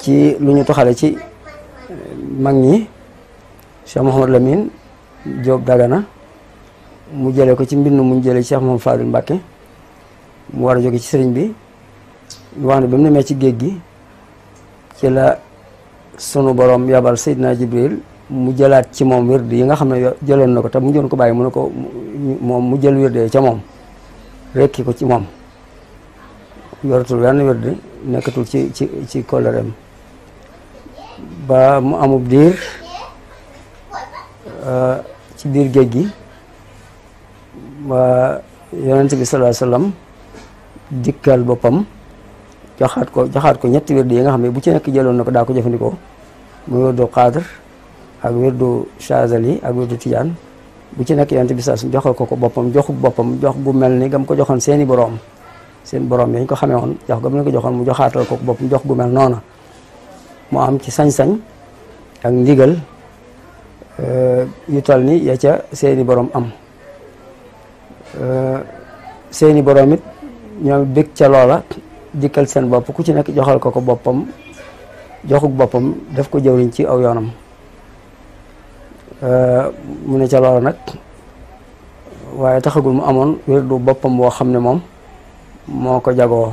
Speaker 8: ci lu ñu toxale ci eh, mag ñi Cheikh Mouhamad Lamine Diop Dagana mu jële ko ci mbind mu jële ci Cheikh Mouhamad Fadil Mbacke mu war a jóge ci sëriñ bi ñu wax ne ba mu demee ci géej gi ci la sunu borom yabal Seydina Jibril mu jëlaat ci moom wird yi nga xam ne jëloon na ko te mu joon ko bàyyi mu ne ko moom mu jël wird ca moom rekki ko ci moom yoratul wenn wird nekkatul ci ci ci kóllëreem ba mu amub diir euh, ci biir géej gi ba yonent bi sallallahu alayhi wasallam dikkal boppam joxaat ko joxaat ko ñetti wird yi nga xam ne bu ci nekk jëloon na ko daa ko jëfandikoo mu yóddu xaadir ak wér wirdu Chazali ak wirdu Tijaan bu ci nekk yonent bi joxal ko ko boppam joxu boppam jox gu mel ni gam ko joxoon seeni boroom seen boroom yañ ko xamee jox gam ne ko joxoon mu joxaatal ko boppam jox gu mel noona mu am ci sañ-sañ ak ndigal euh, yu toll ni ca seeni boroom am euh, seeni boroom it ñoom bëgg ca loola dikkal seen bopp ku ci nekk joxal ko ko boppam joxuk boppam def ko jëw jëwriñ ci aw yoonam Euh, mu ne ca nag waaye taxagul mu amoon wirdu boppam woo xam ne moom moo ko jagoo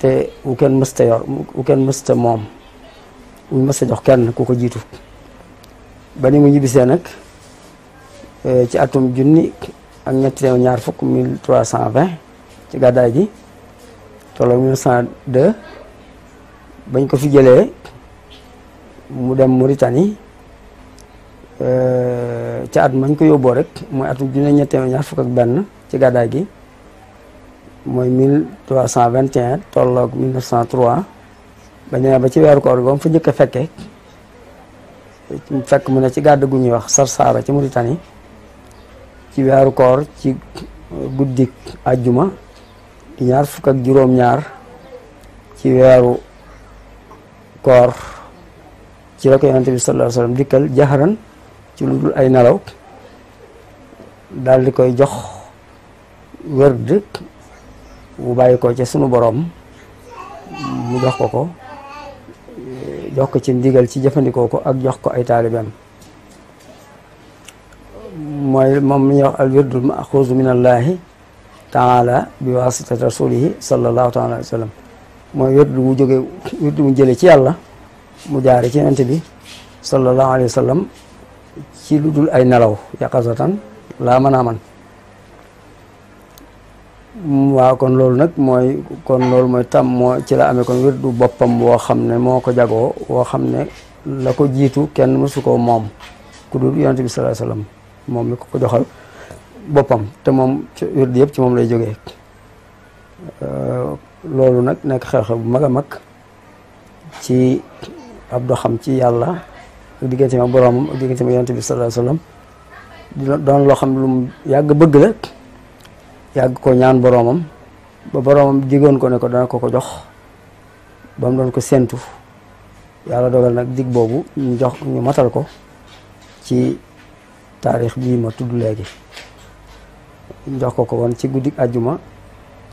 Speaker 8: te wu kenn mësta yor wu kenn mësta moom wu mësta jox kenn ku ko jiitu ba ni mu ñibbisee nag euh, ci atum junni ak ñetti ñaar fukk mille ci gàddaay gi tolloog mille cent deux bañ ko fi jëlee mu dem Mauritanie Euh, ca at mañ ko yóbboo rek mooy atum junne ñetti ñaar fukk ak benn ci gàddaay gi mooy mille trois cent vingt et un tolloog mille neuf cent trois ba ñëwee ba ci weeru koor bi ba fa njëkk a fekkee fekk mu ne ci gàdd gu ñuy wax Sarsara ci Mauritanie ci weeru koor ci guddik àjjuma ñaar fukk ak juróom-ñaar ci weeru koor ci la ko yonente bi sallallahu alayhi dikkal jaxaran ci lu dul ay nelaw daal di koy jox wërd bu bàyyi ko ci sunu boroom mu jox ko ko jox ko ci ndigal ci jëfandikoo ko ak jox ko ay taalibeem mooy moom la ñuy wax al wirdul maxuuzu min allaahi taala bi waasitati rasulihi sallallahu taala alayhi wa sallam mooy wirdu bu jóge wirdu mu jële ci yàlla mu jaare ci yonent bi sallallahu alayhi wa sallam ci lu dul ay nelaw yaqazatan laa mën a man waaw kon loolu nag mooy kon loolu mooy tam moo ci la amee kon wirdu boppam woo xam ne moo ko jagoo woo xam ne la ko jiitu kenn mësu ko moom ku dul yonent bi sallallahu alayhi wasallam moom mi ko ko joxal boppam te moom wirdu yëpp ci moom lay jógee loolu nag nekk xew-xew bu mag a mag ci ab doxam ci yàlla diggante ma boroomam ak diggante ma yonent bi sallallahu alayhi wasallam di doon loo xam lu mu yàgg bëgg la yàgg ko ñaan boroomam ba boroomam digoon ko ne ko dana ko ko jox ba mu doon ko séentu yàlla dogal nag dig boobu ñu jox ñu matal ko ci taarix bii ma tudd léegi ñu jox ko ko woon ci guddi àjjuma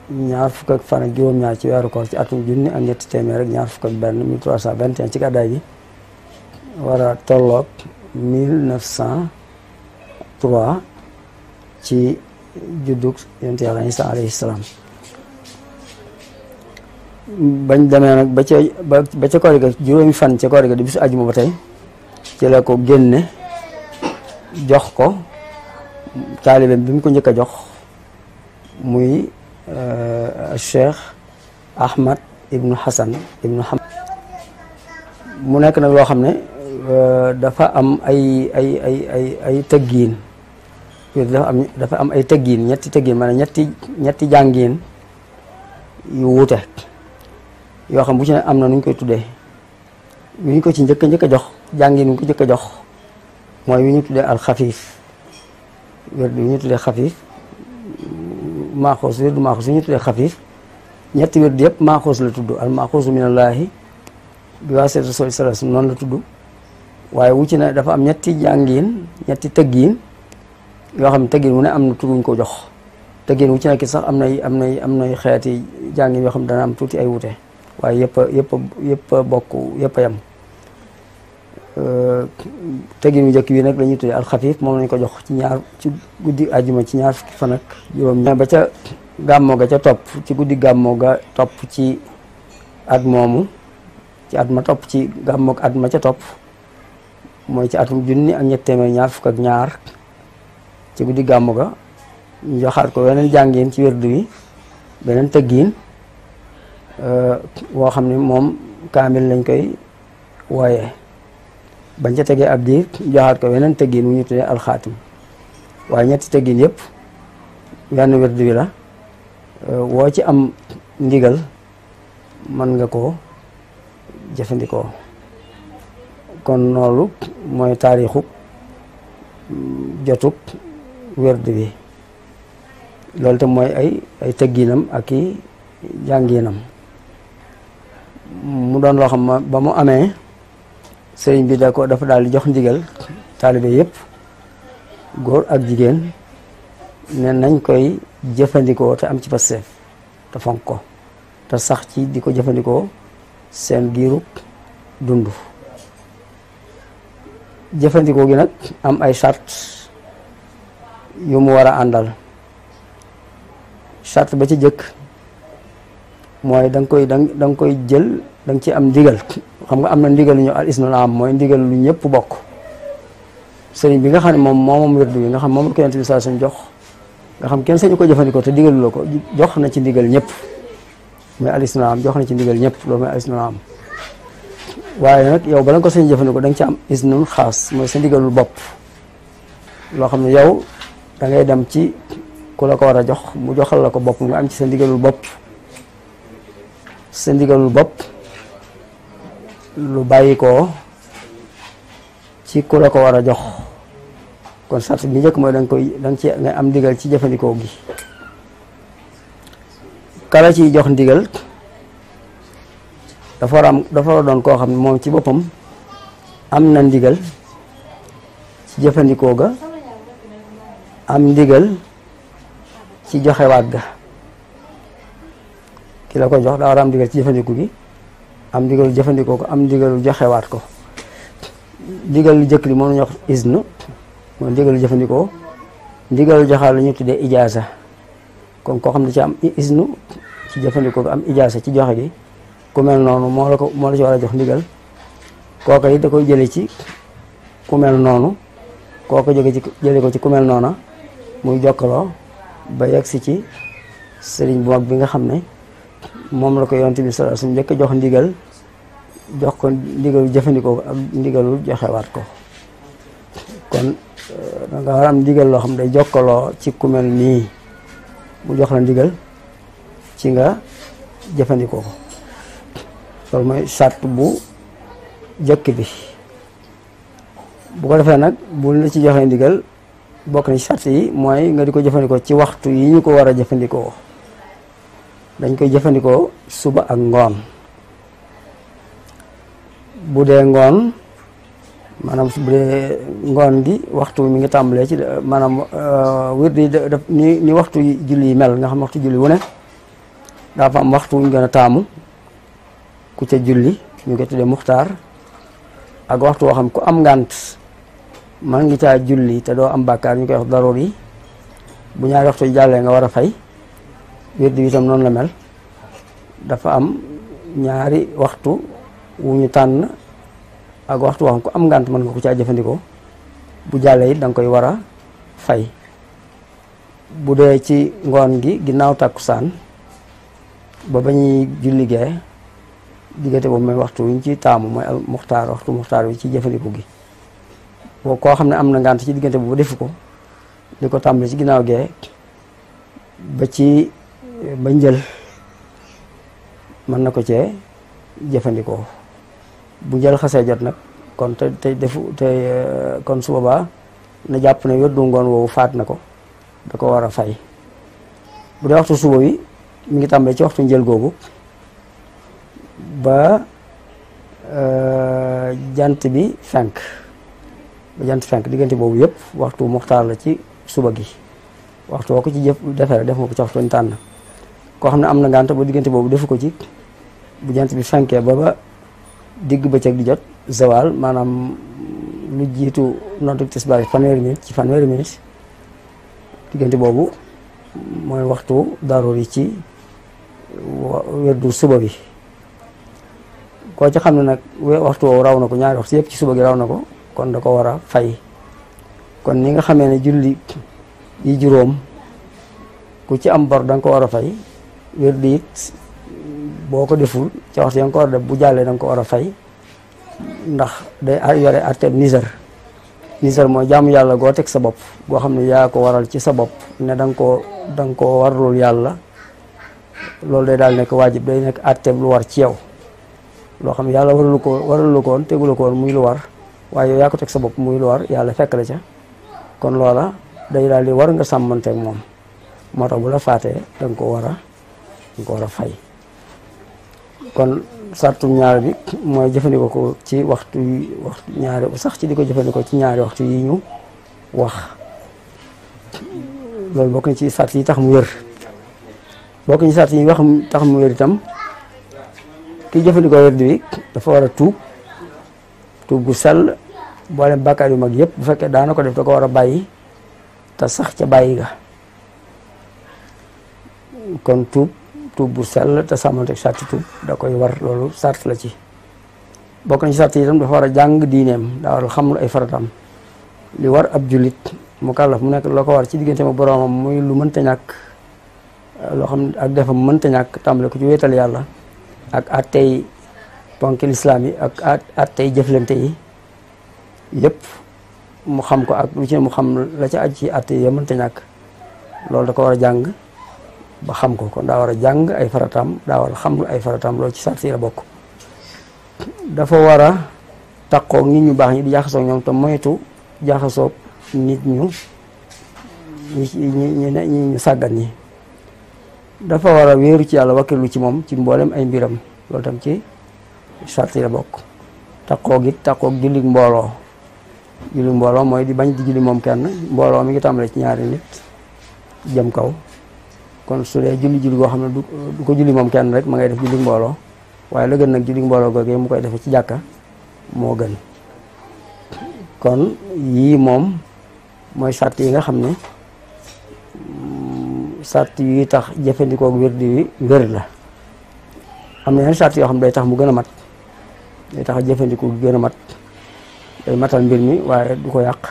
Speaker 8: ñaar fukk ak fan ak juróom-ñaar ci weeru koor ci at junni ak ñetti téeméer ak ñaar fukk ak benn 1321 ci gàddaay gi war a tolloog mille neuf ci juddug yonent yàlla Isa alayhi bañ demee nag ba ca ba ca ga juróomi fan ca koor ga di bisu àjjuma ba tey ci la ko génne jox ko taalibe bi mu ko njëkk a jox muy euh, Cheikh Ahmad ibnu Hassan ibnu Hamad mu nekk nag loo xam ne Euh, dafa am ay ay ay ay ay tëggiin dafa am dafa am ay tëggiin ñetti tëggiin maanaam ñetti ñetti jàngiin yu wuute yoo xam bu ci ne am na nu koy tuddee yu ñu ko ci njëkk njëkk a jox jàngiin yu ñu ko njëkk a jox mooy yu ñu tuddee alxafiif wér yu ñu tuddee xafiif maaxoos wér du maaxoos yu ñu tuddee xafiif ñetti wér yëpp maaxoos la tudd al maaxoosu minallaahi bi waa seet noonu la tudd waaye wu na dafa am ñetti jàngiin ñetti tëggiin yoo xam ne tëggiin wu ne am na turuñ ko jox tëggiin wu ci nekk sax am nay am nay am nay xeeti jàngiin yoo xam ne dana am tuuti ay wute waaye yëpp a yëpp yëpp bokk yëpp a yem euh, tëggiin wu njëkk wi nag la ñuy tuddee moom lañ ko jox ci ñaar ci guddi àjjuma ci ñaar fukki fan ak juróom ba ca gàmmoo ga ca topp ci guddi gàmmoo ga topp ci at moomu ci at ma topp ci gàmmoog at ma ca topp mooy ci atum junni ak ñett téeméer ñaar fukk ak ñaar ci guddi gàmmu ga ñu joxaat ko weneen jàngeen ci wérdu wi beneen tëggiin euh, woo xam ne moom kaamil lañ koy waaye bañ ca tegee ab diir joxaat ko weneen tëggiin wu ñu tuddee alxaatim waaye ñetti tëggiin yépp wenn wérdu la euh, woo ci am ndigal mën nga ko jëfandikoo kon loolu mooy taarixu mm, jotub werd wi loolu tam mooy ay ay tëgginam ak i jànginam mu doon loo ma ba mu amee sëriñ bi da ko dafa daal di jox ndigal taalibe yépp góor ak jigéen ne nañ koy jëfandikoo te am ci passeef te fonk ko te sax ci di ko jëfandikoo seen giirug dund jëfandikoo gi nag am ay charte yu mu war a àndal charte ba ci jëkk mooy da nga koy da da koy jël da ci am ndigal xam nga am na ndigal ñu al isnul am mooy ndigal lu ñëpp bokk sëriñ bi nga xam ne moom moom wérdu bi nga xam moom ko yonent bi saa suñ jox nga xam kenn ñu koy jëfandikoo te ndigalu la ko jox na ci ndigal ñëpp mooy al isnul am jox na ci ndigal ñëpp loolu mooy al isnul am waaye nag yow bala nga ko sañ jëfandikoo danga nga ci am isnun xaas mooy sa ndigalul bopp loo xam ne yow dangay dem ci ku la ko war a jox mu joxal la ko bopp nga am ci sa ndigalul bopp sa ndigalul bopp lu bàyyi ko ci ku la ko war a jox kon sart bi njëkk mooy da koy da ci nga am ndigal ci jëfandikoo gi kala ciy jox ndigal dafa war am dafa war doon koo xam ne moom ci boppam am na ndigal ci jëfandikoo ga am ndigal ci joxewaat ga ki la ko jox daa war a am ndigal ci jëfandikoo gi am ndigalu jëfandikoo ko am ndigalu joxewaat ko ndigalu jëkk li moom la ñuy wax iznu mooy ndigalu jëfandikoo ndigalu joxaat la ñu tuddee ijaasa kon koo xam ne ci am isnu ci jëfandikoo ko am ijaasa ci joxe gi ku noonu moo la ko moo la ci war a jox ndigal kooka yi da koy jële ci ku mel noonu kooka jóge ci jële ko ci ku noona muy jokkaloo ba yegg si ci sëriñ bu mag bi nga xam ne moom la ko yonent bi sallallahu alayhi njëkk jox ndigal jox ko ndigalu jëfandikoo ko ndigalul joxewaat ko kon eh, nga war am ndigal loo xam ne day jokkaloo ci ku mel nii mu jox la ndigal ci nga jëfandikoo ko loolu mooy sart bu jëkk bi bu ko defee nag bu la ci joxee ndigal bokk na ci sart yi mooy nga di ko jëfandikoo ci waxtu yi ñu ko war a jëfandikoo dañ koy jëfandikoo suba ak ngoon bu dee ngoon maanaam bu dee ngoon gi waxtu mi ngi tàmbalee ci maanaam euh, wird yi daf ni ni waxtu julli yi mel nga xam waxtu julli wu ne daa fa am waxtu wuñ gën a taamu ku ca julli ñu ko tuddee muxtaar ak waxtu woo xam ku am ngànt man ngi caa julli te doo am bàkkaar ñu koy wax daroor yi bu ñaari waxtu yi jàllee nga war a fay wird bi itam noonu la mel dafa am ñaari waxtu wu ñu tànn ak waxtu woo xam ku am ngànt mën nga ko caa jëfandikoo bu jàllee it da koy war a fay bu dee ci ngoon gi ginnaaw tàkkusaan ba ba ñuy julli gee diggante boobu mooy waxtu wi ñu ci taamu mooy muxtaar waxtu muxtaar wi ci jëfandiku gi boo koo xam ne am na ngant ci diggante boobu defu ko li ko tàmbali ci ginnaaw gee ba ci ba njël mën na ko cee jëfandikoo bu njël xasee jot nag kon te te defu te euh, kon su boobaa na jàpp na yoddu ngoon woowu faat na ko da ko war a fay bu dee waxtu suba wi mu ngi tàmbali ci waxtu njël googu ba euh, jant bi fenk ba jant fenk diggante boobu yëpp waxtu muxtaar la ci suba gi waxtu woo ko ci jëf defee def nga ko ci waxtu tànn koo xam ne am na ngànt ba diggante boobu defu ko ci bu jant bi fenkee ba ba digg bëccëg di jot zawal maanaam lu jiitu noddu tisbaar fanweeri ci fanweeri minute diggante boobu mooy waxtu daaroor yi ci wérdu suba bi koo ci xam ne nag waxtu woowu raw na ko ñaari waxtu yëpp ci suba gi raw na ko kon da ko war a fay kon ni nga xamee ne julli yi juróom ku ci am bor danga nga ko war a fay wird it boo ko deful ca waxtu ya nga ko bu jàllee da ko war a fay ndax day yore arteb nisar nisar mooy yàlla goo teg sa bopp goo xam ne yaa ko waral ci sa bopp ne danga nga koo da koo warlul yàlla loolu day daal nekk waajib day nekk arteb lu war ci yow loo xam ne yàlla waralu ko waralu ko woon tegula ko woon muy lu war waaye yow yaa ko teg sa bopp muy lu war yàlla fekk la ca kon loola day daal di war nga sàmmanteeg moom moo tax bu la faatee da nga ko war a danga ko war a fay kon sartu ñaar bi mooy jëfandikoo ko ci waxtu waxtu ñaari sax ci di ko jëfandikoo ci ñaari waxtu yi ñu wax loolu bokk na ci sart yi tax mu wér bokk na ci sart yi wax tax mu wér itam kii jëfandikoo wird bi dafa war a tuub tuub gu sell boolem bàkkaar yu mag yëpp bu fekkee daana ko def da ko war a bàyyi te sax ca bàyyi ga kon tuub tuub bu sel te sàmmanteeg sàrti tuub da koy war loolu sart la ci bokk na ci yi itam dafa war a jàng diineem daa war a xam ay faratam li war ab jullit mu kàllaf mu nekk loo ko war ci diggante ma boroomam muy lu mënta ñàkk loo xam ak defam mënta ñàkk tàmbale ko ci wetal yàlla ak attey ponk lislaam yi ak attey jëflante yi yëpp mu xam ko ak lu ci ne mu xam la ci aj ci atte yi mënta ñàkk loolu da ko war a jàng ba xam ko kon daa war a jàng ay faratam daa war a xam ay farataam loolu ci sart yi la bokk dafa war a taqoo nit ñu baax ñi di jaxasoo ñoom te moytu jaxasoo nit ñu ñi ñu sàggan ñi dafa war a wéeru ci yàlla lu ci moom ci mboolem ay mbiram loolu tam ci sart yi la bokk takkoog it takkoog julli mbooloo julli mbooloo mooy di bañ di julli moom kenn mbooloo mi ngi tàmbale ci ñaari nit jëm kaw kon su dee julli julli goo xam ne du ko julli moom kenn rek ma ngay def julli mbooloo waaye la gën nag julli mbooloo googee mu koy defee ci jàkka moo gën kon yii moom mooy sart yi nga xam ne sart yuy tax jëfandikoo wérdi wi wér la am na yeneen sart yoo xam ne day tax mu gën a mat day tax jëfandikoo gi gën a mat day matal mbir mi waaye du ko yàq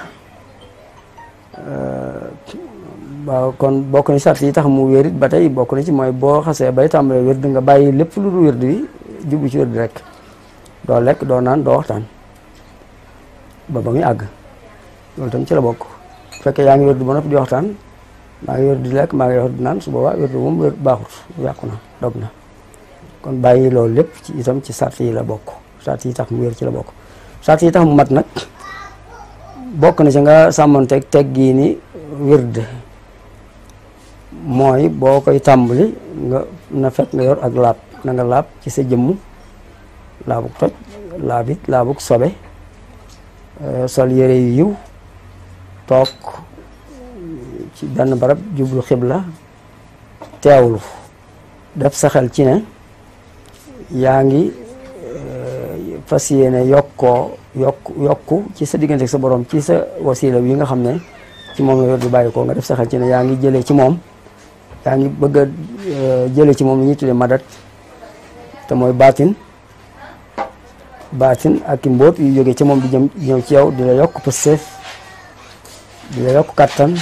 Speaker 8: waaw kon bokk na sart yi tax mu wérit ba tey bokk na ci mooy boo xasee bay tàmbalee wérdi nga bàyyi lépp lu dul wérdi wi jublu ci wérdi rek doo lekk doo naan doo waxtaan ba ba muy àgg loolu tam ci la bokk fekkee yaa ngi wérdi ba noppi di waxtaan maa ngi yor di lekk maa ngi yor di naan su boobaa yor moom baaxut yàqu na dog kon bàyyi loolu lépp ci itam ci sart yi la bokk sart yi tax mu wér ci la bokk sart yi mu mat nag bokk na ci nga sàmmanteeg teg teg ni wird mooy boo koy tàmbali nga na fekk nga yor ak laab na nga laab ci sa jëmm laabuk toj laabit laabuk sobe eh, sol yére yu yiw toog ci benn barab jublu xibla teewlu def sa xel ci ne yaa ngi eh, fas yéene yokkoo yokk yokku ci sa diggante sa borom ci sa wasila yi nga xam ne ci moom la yor di bàyyi ko nga def sa xel ci ne yaa ngi jëlee ci moom yaa ngi bëgg a eh, jëlee ci moom li ñuy tuddee madat te mooy baatin baatin ak mbóot yu jóge ci moom di jëm ñëw ci yow di la yokk pësteef di la yokk kattan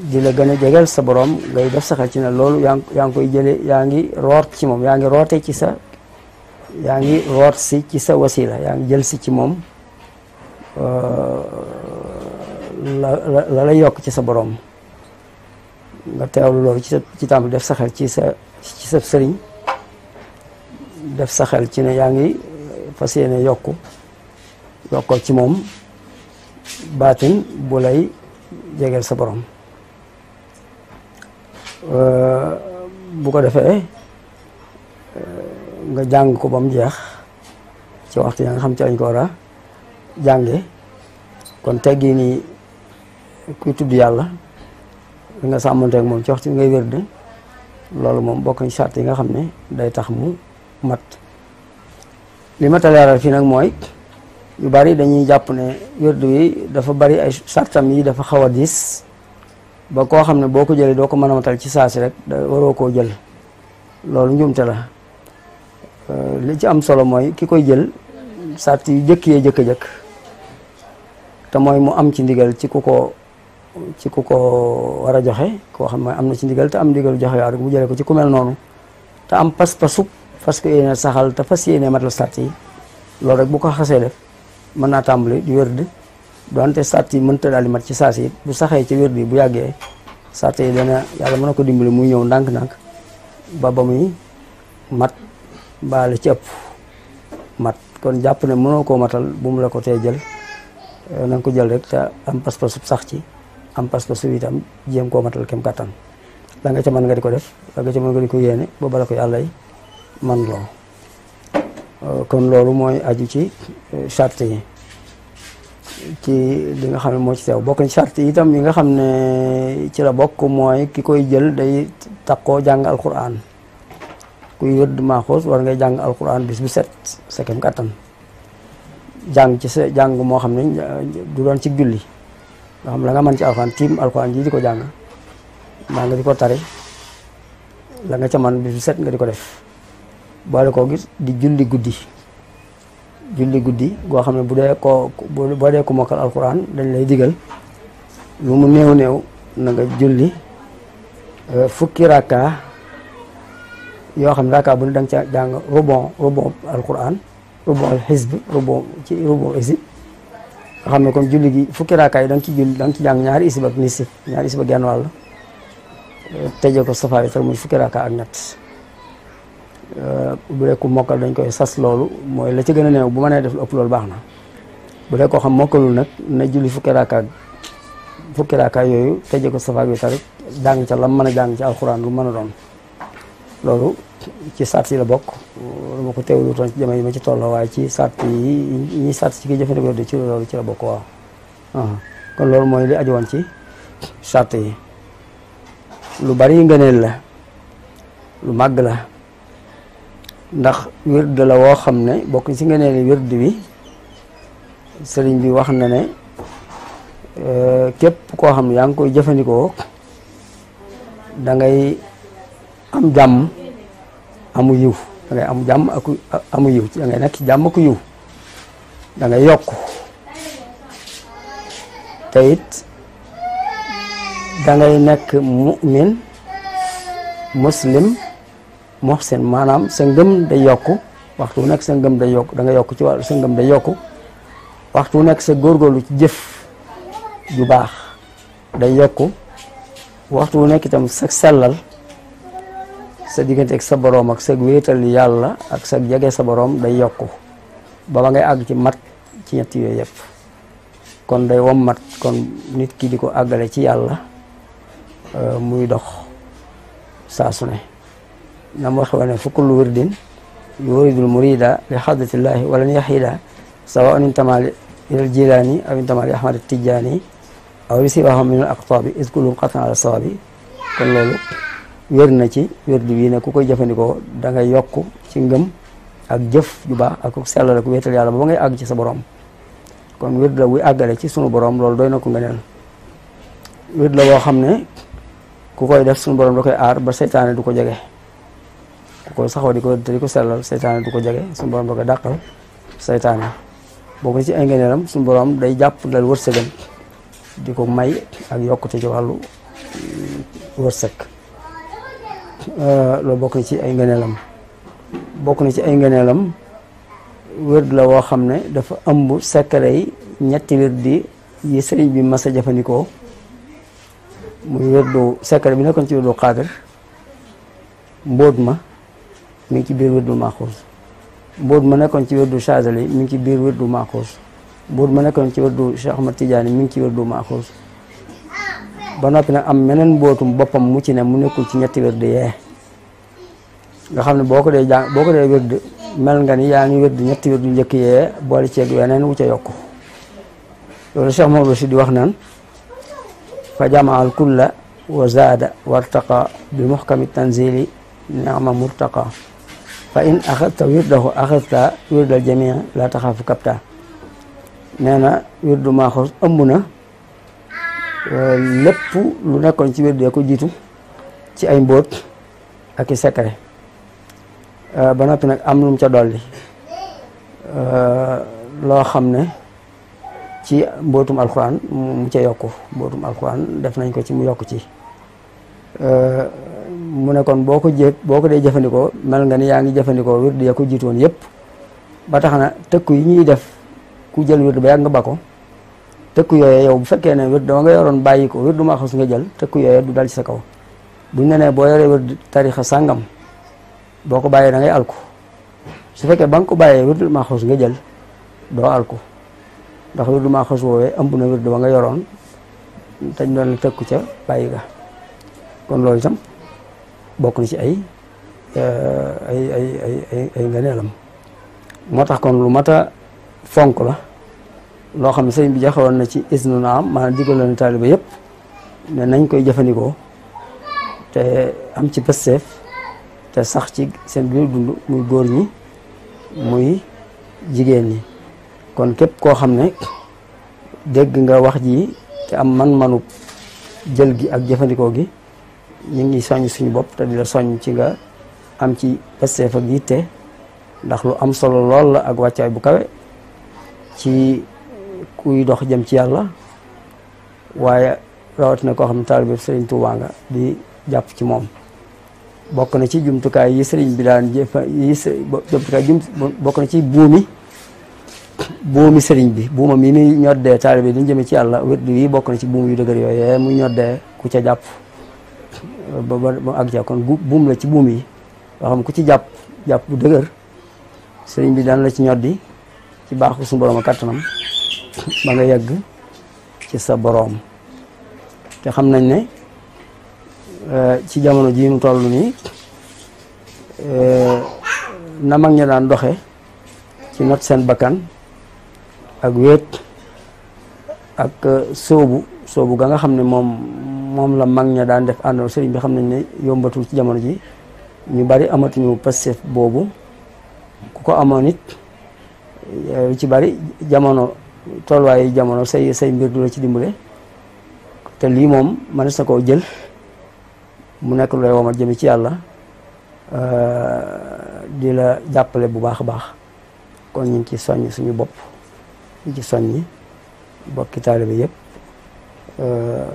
Speaker 8: di la gën a jegeel sa borom ngay def sa xel ci ne loolu yaa ngi yaa koy jëlee yaa ngi root ci moom yaa ngi roote ci sa yaa ngi root si ci sa wasila yaa ngi jël si ci moom euh, la la yokk ci sa boroom nga teewlu loolu ci sa ci tàmbali def sa xel ci sa ci sa sëriñ def sa xel ci ne yaa ngi fas yéene yokk yokkoo ci moom baatin bu lay jegeel sa boroom Euh, bu ko defee euh, nga jàng ko ba mu jeex ci waxtu ya nga xam ci lañ ko war a jànge kon teggi nii kuy tudd yàlla nga sàmmanteeg moom ci waxtu ngay wérde loolu moom bokk na yi nga xam ne day tax mu mat li ma leeral fii nag mooy yu bari dañuy jàpp ne wérdu yi dafa bari ay sartam yi dafa xaw a diis ba koo xam ne boo ko jëlee doo ko mën a matal ci saasi rek da waroo koo jël loolu njuumte la euh, li ci am solo mooy ki koy jël sart yu jëkk yee jëkk jëkk te mooy mu am ci ndigal ci ku ko ci ku ko war a joxe koo xam ne am na ci ndigal te am ndigal joxe waaw rek mu jëlee ko ci ku mel noonu te am pas-pasu fas ko yéene saxal te fas yéene matal sart yi loolu rek bu ko xasee def mën naa tàmbali di wér di donte sart yi mënta daal di mat ci saa si bu saxee ci wér bi bu yàggee sart yi dana yàlla mën na ko dimbali muy ñëw ndànk-ndànk ba ba muy mat baale ci mat kon jàpp ne mënoo koo matal bu mu la ko jël eh, na ko jël rek am pas-pas su sax ci am pas-pas su itam koo matal kem kàttan la nga ca mën nga di ko def la nga ca mën nga di ko yéene ba bala ko yàlla yi man loo eh, kon loolu mooy aju ci sart eh, yi ci li nga xam ne moo ci teew bokk na itam yi nga xam ne ci la bokk mooy ki koy jël day takkoo jàng ku kuy wërd maaxoos war ngay jàng alquran bis bu set sa kàttan jàng ci sa jàng moo xam ne du doon ci julli nga xam la nga mën ci alquran tiim alquran ji di ko jàng maa nga di ko tare la nga ca man bis nga di ko def boole koo gis di julli guddi julli guddi goo xam ne bu dee ko boo dee ko mokkal alxuraan dañ lay digal lu mu néew néew na nga julli euh, fukki rakka yoo xam ne rakka bu ne da nga ca jàng rubon rubon alxuraan rubon alxisb rubon rubon isib xam ne kon julli gi fukki rakka yi da nga ci julli da nga ci jàng ñaari isib ak nisib ñaari isib ak genn wàll euh, tëjee ko safaari te muy fukki rakka ak ñett Euh, bu dee ku mokkal dañ koy sas loolu mooy la ci gën a néew bu mënee def lu ëpp loolu baax na bu dee koo xam mokkalul nag na julli fukki raakaat fukki raakaat yooyu tëjee sa safaak yu tarik jàng ca lam mën a jàng ci alxuraan lu mën a doon loolu ci sart yi la bokk dama ko teewlu toon ci yi ma ci tolloo waaye ci sart yi ñi sart ci ki jëfandikoo de ci loolu ci la bokk waaw kon loolu mooy li aju woon ci sart yi lu bari ngëneel la lu màgg la ndax wird la woo xam ne bokk si nga ne wird bi sëriñ bi wax na ne euh, képp koo xam ne yaa ngi koy jëfandikoo da ngay am jàmm amu yiw da ngay am jàmm ak amu yiw da yokk te it da ngay nekk mu'min muslim muhsin maanaam sa ngëm day yokku waxtu wu nekk sa ngëm day yokku da yokk ci wàllu sa ngëm waxtu wu nekk sa góorgóorlu ci jëf ju baax day yokku waxtu wu nekk itam sa sellal sa diggante ak sa boroom ak sa wéetal yàlla ak sa jege sa boroom day yokku ba ba ngay àgg ci mat ci ñett yooyu yëpp kon day wom mat kon nit ki di ko àggale ci yàlla euh, muy dox saa su ne na waxe woon ne fa kullu wirdin yuridul murida li xadratillaahi walan yaxida sawa intamaali ilal jilaani aw intamaali ahmad tijaani aw li siwaahum min al aqtaabi is kullum xatan ala sawabi kon loolu wér na ci wérdi bii ne ku koy jëfandikoo da ngay yokk ci ngam ak jëf ju baax ak sellal ak wéetal yàlla ba ngay àgg ci sa borom kon wérd la wuy àggale ci sunu borom loolu doy na ko nga neel wérd la boo xam ne ku koy def sunu borom da koy aar ba seytaane du ko jege bu ko saxoo di ko di ko sellal seytaane du ko jege suñu borom da ko dàqal seytaane bokk ci ay ngëneelam suñu borom day jàpp dal wërsëgam di ko may ak yokkute ci wàllu mm, wërsëg euh, loolu bokk na ci ay ngëneelam bokk na ci ay ngëneelam wérd la woo xam ne dafa ëmb secret yi ñetti wérdi yi sëriñ bi mas a jëfandikoo muy wérdu secret bi nekkoon ci wérdu xaadir mbóot ma mi ngi ci biir wirdu Maxuus mbóot ma nekkoon ci wirdu Chazali mi ngi ci biir wirdu Maxuus mbóot ma nekkoon ci wirdu Cheikh Ahmad Tidiane mi ngi ci wirdu Maxuus ba noppi nag am meneen mbootum boppam mu ci ne mu nekkul ci ñetti wird yee nga xam ne boo ko dee jàng boo ko dee wird mel nga ni yaa ngi wird ñetti wird njëkk yee boole ceeg weneen wu ca yokku loolu Cheikh Maodo si di wax naan fa jamaal kulla wa zaada wartaqa bi muhkami tanzili ni'ma murtaqa fa in axasta wirdahu axasta wirdal jamii laa taxaafu kapta nee na wirdu maaxoos ëmb na lépp lu nekkoon ci wirdee ko jiitu ci ay mbóot ak i secret euh, ba nag am lu ca dolli euh, loo xam ne ci mbootum alxuraan mu ca yokku mbootum alxuraan def nañ ko ci mu yokk ci euh, mu ne kon boo ko jé boo ko dee jëfandikoo mel nga ni yaa ngi jëfandikoo wird ya ko jiitoon yépp ba tax na tëkku yi ñuy def ku jël wird ba yàgg nga ba ko tëkku yooye yow bu fekkee ne wird dama nga yoroon bàyyi du ma xas nga jël tëkku du dal ci sa kaw buñ ne ne boo yoree wird tarixa sàngam boo ko bàyyee da ngay alku su fekkee ba ko bàyyee wird du nga jël doo du ma xas woowee na wird nga yoroon dañ doon la tëkku ca bàyyi ga kon loolu itam bokk na ci eh, ay ay ay ay ay ay moo tax kon lu mat a fonk la loo xam ne sëñ bi joxewoon na ci isnu na am maanaam digal na taaliba yëpp ne nañ koy jëfandikoo te am ci pësteef te sax ci seen biir dund muy góor ñi muy jigéen ñi kon képp koo xam ne dégg nga wax ji te am man-manu jël gi ak jëfandikoo gi ñu ngi soññ suñu bopp te di la soññ ci nga am ci pasteef ak yitte ndax lu am solo lool la ak wàccaay bu kawe ci kuy dox jëm ci yàlla waaye rawatina koo xam ne taalibe sëriñ Tuubaa nga di jàpp ci moom bokk na ci jumtukaay yi sëriñ bi daan jëf yi jumtukaay jum bokk na ci buumi buumi sëriñ bi buuma mi ni ñoddee taalibe dañ jëme ci yàlla wér yi bokk na ci buum yu dëgër yooyee mu ñoddee ku ca jàpp ba ba ak ja kon buum la ci buum yi yoo xam ku ci jàpp jàpp bu dëgër sëriñ bi daan la ci ñoddi ci baaxu suñu borom a kattanam ba nga yegg ci sa boroom te xam nañ ne euh, ci jamono ji mu toll nii euh, na mag ña daan doxe ci not seen bakkan ak wéet ak euh, soobu soobu ga nga xam ne moom moom la mag ña daan def àndandoo sëriñ bi xam nañ ne yombatul ci jamono ji ñu bari amatuñu passeef boobu ku ko amoon it ci bari jamono tolluwaayu jamono say say mbir du la ci dimbale te lii moom mënees na koo jël mu nekk lu lay womat jëme ci yàlla di la jàppale bu baax a baax kon ñu ngi ci soññ suñu bopp ñu ci soññi bokki taalibe yépp Euh,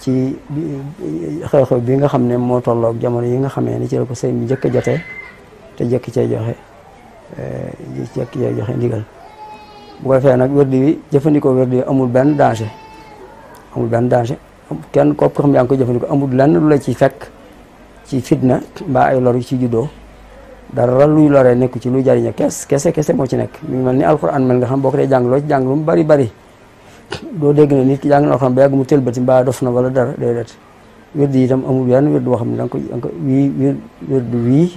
Speaker 8: ci xew-xew bi nga xam ne moo tollook jamono yi nga xamee ni ci la ko sëñ bi njëkk a jotee te jëkk cee joxe euh, jëkk cee joxe ndigal bu ko nag wérdi bi jëfandikoo wérdi bi amul benn danger amul benn danger kenn kopp ko xam yaa ngi koy jëfandikoo amul lenn lu la ci fekk ci fitna mbaa ay lor yu ci juddoo dara luy loree nekk ci lu jariña kees kese kese moo ci nekk mu mel ni alxuraan mel nga xam boo ko dee jàng loo ci jàng lu mu bari bari doo dégg na nit ki jàng na alxuraan ba yàgg mu tëlbati mbaa dof na wala dara déedéet wérdi yi itam amul benn wérdu boo xam ne da nga ko da nga ko wii wérdu wii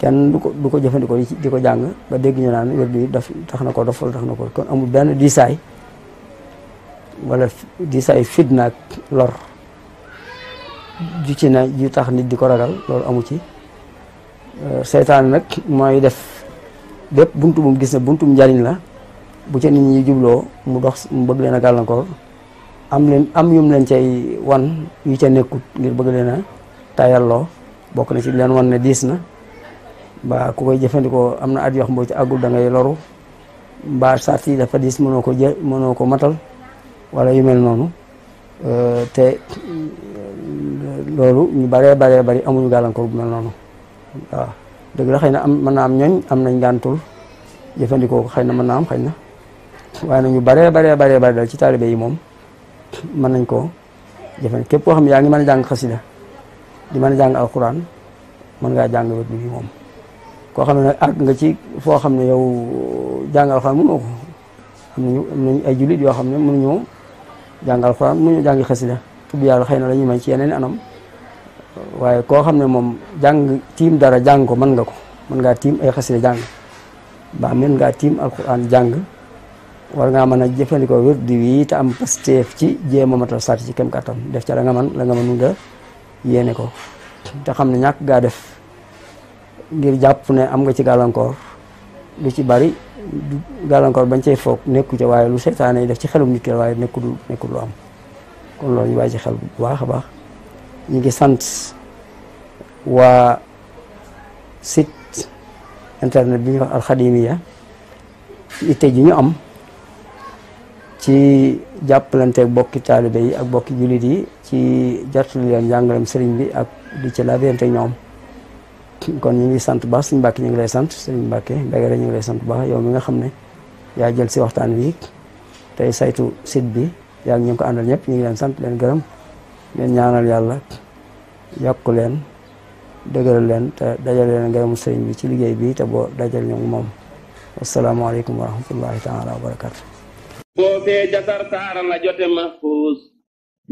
Speaker 8: kenn du ko du ko jëfandikoo di ko jàng ba dégg ñu naan wérdu yi daf tax na ko dof wala tax na ko kon amul benn diisaay wala diisaay fitna ak lor ju ci na ju tax nit di ko ragal loolu amu ci euh, seytaan nag mooy def bépp buntu bu mu gis ne buntum njariñ la bu ca nit ñi jubloo mu dox mu bëgg leen a gàllankoor am leen am yum leen cay wan yu ca nekkut ngir bëgg leen a tayalloo bokk na ci leen wan ne diis na mbaa ku koy jëfandikoo am na at yoo ci àggul da loru mbaa sart yi mënoo ko jë mënoo ko matal wala yu mel noonu euh, te euh, loolu ñu baree baree bari amuñu gàllankoor bu mel noonu waaw xëy na am mën naa am ñooñ am nañ gàntul jëfandikoo ko xëy na mën naa am xañ na waaye nag ñu baree baree baree bare daal ci taalibe yi moom mën nañ ko jëfandikoo képp koo xam ne yaa ngi mën a jàng xasida di mën a jàng alquran mën ngaa jàng wet bi moom koo xam ne nag àgg nga ci foo xam ne yow jàng alquran mënoo ko am nañu yoo xam ne mënuñoo jàng alquran mënuñoo jàng xasida tudd yàlla xëy na la ñuy ci yeneen anam waaye koo xam ne moom jàng tiim dara jàng ko mën nga ko mën ngaa tiim ay xasida jàng ba mën ngaa tiim alquran jàng war ngaa mën a jëfandikoo wirdu wi te am pasteef ci jéem a matal sart ci kem kàttan def ca la nga man la nga mën nga yéene ko te xam ne ñàkk gaa def ngir jàpp ne am nga ci gàllankoor lu ci bari gàllankoor bañ cay foog nekku ca waaye lu seytaane yi def ci xelum nit ki waaye nekkul nekkul lu am kon loolu ñu bàyyi ci xel bu baax a baax ñu ngi sant waa site internet bi ñuy wax alxadimiya itte ji ñu am ci jàppalanteeg bokki taalibe yi ak bokki jullit yi ci jottali leen njàngalem sëriñ bi ak di ci laabirante ñoom kon ñu ngi sant baax sëriñ Mbàkke ñu ngi lay sant sëriñ Mbàkke Mbegere ñu ngi lay sant baax yow mi nga xam ne yaa jël si waxtaan wi tey saytu site bi yaa ngi ñu ko àndal ñëpp ñu ngi leen sant leen gërëm leen ñaanal yàlla yokk leen dëgëral leen te dajal leen mu sëriñ bi ci liggéey bi te boo dajal ñu moom asalaamaaleykum wa rahmatullahi taala wa barakatu
Speaker 6: foofee ca sarsaara la jote mahfuus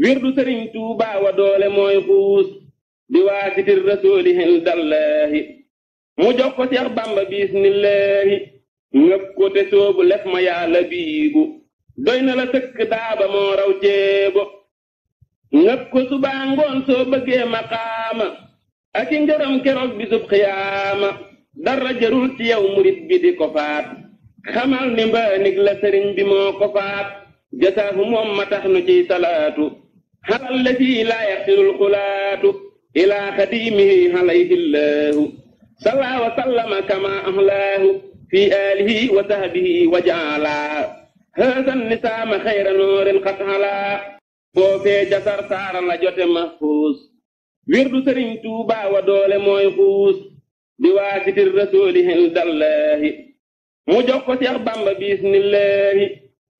Speaker 6: wirdu sëriñ tuuba wa doole mooy xuus di waasitir rasuuli hin dallaahi mu jox ko seex bamba bismillaahi ngëp ko te soobu lef ma yàlla biibu doy na la sëkk daaba moo raw jéebo ngëp ko subaa ngoon soo bëggee maqaama ak i ngërëm keroog bisub xiyaama dara jarul ci yow murit bi di ko faat xamal ni mbaanig la sëriñ bi moo ko faat jasaahu moom ma tax nu ciy salaatu xalal la ci laa yaxtirul xulaatu ilaa xadiimihi alayhi llaahu sallaa wa sallama kama ahlaahu fi aalihi wa sahbihi wa jaalaa haasan nisaama xayra xat xalaa foofee jasar saara la jote mahfuus wirdu sëriñ tuubaa wa doole mooy xuus di waasitir rasuuli hindallaahi mu jox ko Seex Bàmba bismillaahi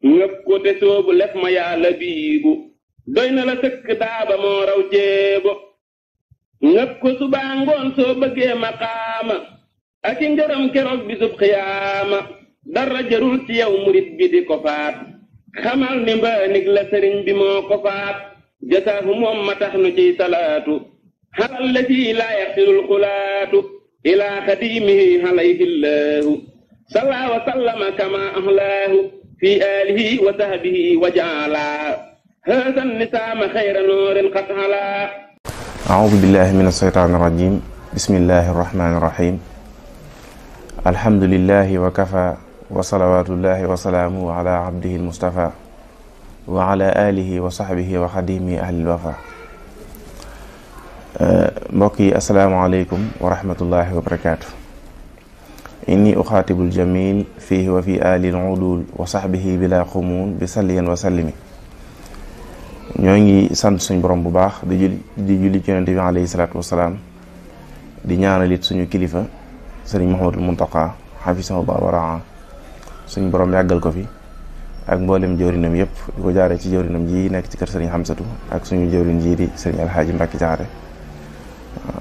Speaker 6: ngëpp ko te soobu lef ma yàlla biibu doy na la sëkk daaba moo raw jéebo ngëpp ko subaa ngoon soo bëggee maqaama ak i ngërëm keroog bisub xiyaama dara jarul ci yow murit bi di ko faat xamal ni mbaanig la sëriñ bi moo ko faat jasaahu moom ma tax nu ciy salaatu xalal la sii laa yaxsilul xulaatu ilaa xadiimihi alayhi llaahu صلى وسلم كما أهلاه في آله وصحبه وجعلا هذا النسام خير نور قد علا
Speaker 15: أعوذ بالله من الشيطان الرجيم بسم الله الرحمن الرحيم الحمد لله وكفى وصلوات الله وسلامه على عبده المصطفى وعلى آله وصحبه وخديم أهل الوفا mbokk yi asalaamaaleykum wa rahmatullahi wa barakaatu inni uxaatibul jamil fihi wa fi alil udul wa saxbihi bila xumuun bi salliyan wa sallimi ñoo ngi sant suñ borom bu baax di jul di julli ci yonente bi alayhi salaatu wasalaam di ñaanalit suñu kilifa sëriñ Muhammadul Muntaqa xafisahu ba waraa suñ borom yàggal ko fi ak mboolem jëwrinam yëpp di ko jaaree ci jëwrinam ji nekk ci kër sëriñ Xamsatu ak suñu jëwrin ji di sëriñ Alxaaji Mbàkki Jaxate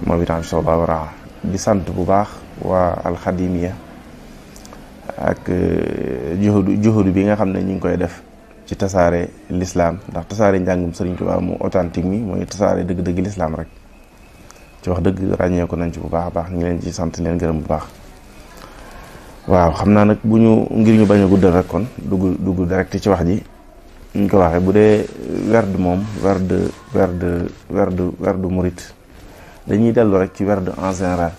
Speaker 15: moom itam xafisahu ba waraa di sant bu baax waa alxadimiya ak euh, juhudu juhudu bi nga xam ne ñu ngi koy def ci tasaare lislaam ndax tasaare njàngum Sëriñ Tuubaa mu authentique mi mooy tasaare dëgg-dëgg lislaam rek ci wax dëgg ràññee nañ ci bu baax a baax ñu leen ci sant leen gërëm bu baax waaw xam naa nag bu ñu ngir ñu bañ a guddal rek kon dugg dugg direct ci wax ji ñu ko waxee bu dee werd moom werd werd werd murit dañuy dellu rek ci werd en général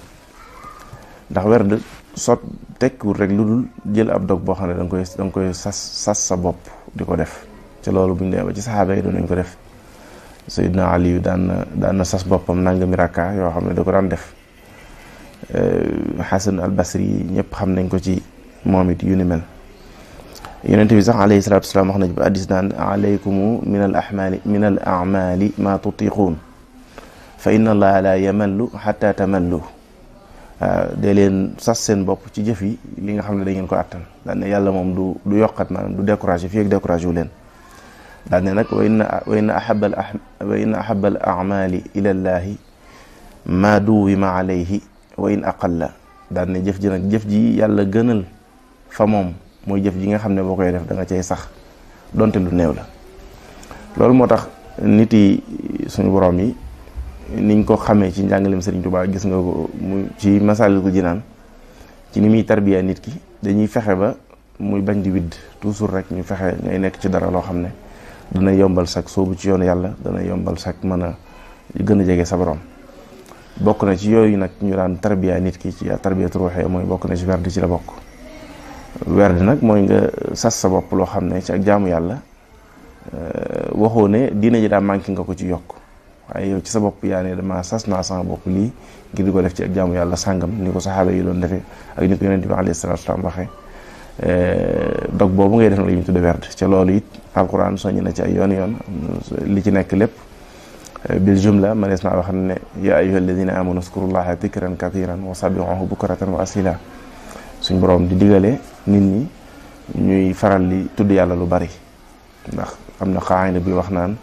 Speaker 15: ndax werd sot tekkiwul rek lu dul jël ab dog boo xam ne da nga koy sas sas sa bopp di ko def ci loolu bu ñu nee ba ci saxaaba yi nañ ko def Seydina Aliyu daan na daan sas boppam nangami rakka yoo xam ne da ko daan def Xasan eh, al Basri ñëpp xam nañ ko ci moom it yu ni mel yonente bi sax alayhi salaatu wasalaam wax na ci ba addis naan a min al ahmaali min al amaali ma tutiquun fa inna allaha la yamallu xata tamallu Euh, dee leen sas seen bopp ci jëf yi li nga xam ne da ko àttan daan ne yàlla moom du du yokkat maanaam du découragé fii ak découragé wu leen daan nag wa inna wa inna ahaba al wa inna ahaba al amali ila jëf ji nag jëf ji yàlla gënal fa moom mooy jëf ji nga xam ne boo koy def danga nga cay sax donte lu néew la loolu moo tax nit yi suñu borom yi niñ ko xamee ci njàngaleem Serigne Touba gis nga ko mu ci Masaalikul Jinaan ci ni muy tarbiya nit ki dañuy fexe ba muy bañ di widd toujours rek ñu fexe ngay nekk ci dara loo xam ne dana yombal sag soobu ci yoon yàlla danay yombal sag mën a gën a jege sa borom bokk na ci yooyu nag ñu daan tarbiya nit ki ci tarbiyatu ruuxee mooy bokk na ci werd ci la bokk werd nag mooy nga sas sa bopp loo xam ne ci ak jaamu yàlla euh, waxoo ne diina ji daa manqué nga ko ci yokk waaye yow ci sa bopp yaa ne dama sas naa sama bopp lii ngir di ko def ci ak jaamu yàlla sàngam ni ko saxaaba yi doon defee ak ni ko yonente bi alayhi salaatu salaam waxee eh, dog boobu ngay def nag la ñu tudde ci ay yoon yoon li ci nekk lépp eh, bil jumla manees naa waxam ne yaa ayyuha alladina amanu uskurullaha dikran kathiran wa sabihuhu bukratan wa asila suñ borom di digale nit ñi ñuy faral li tudd yàlla lu bari am na xaayna bi wax naan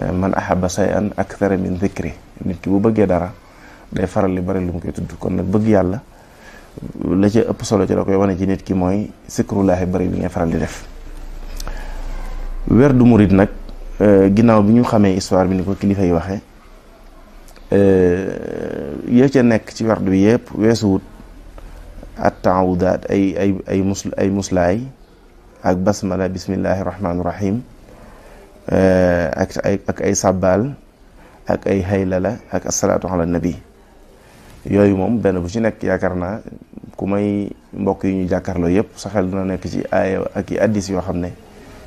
Speaker 15: man ahaba shay'an akthara min dhikri nit ki bu bëggee dara day faral li bari lu koy tudd kon nag bëgg yàlla la ci ëpp solo ci la koy wane ci nit ki mooy sikrullaahi bari bi ngay faral di def werdu murit nag euh, ginnaaw bi ñu xamee histoire bi ni ko kilifa yi waxee euh, yee ca nekk ci werdu bi yëpp weesuwut at taawudaat ay ay ay mus ay muslaay ak basmala bismillahi rahmaani rahim Eh, ak ay ak ay sàbbaal ak ay haylala ak asalaatu ala nabi yooyu moom benn bu ci nekk yaakaar naa ku may mbokk yi ñu jàkkaarloo yëpp sa xel dina nekk ci aaya ak i addis yoo xam ne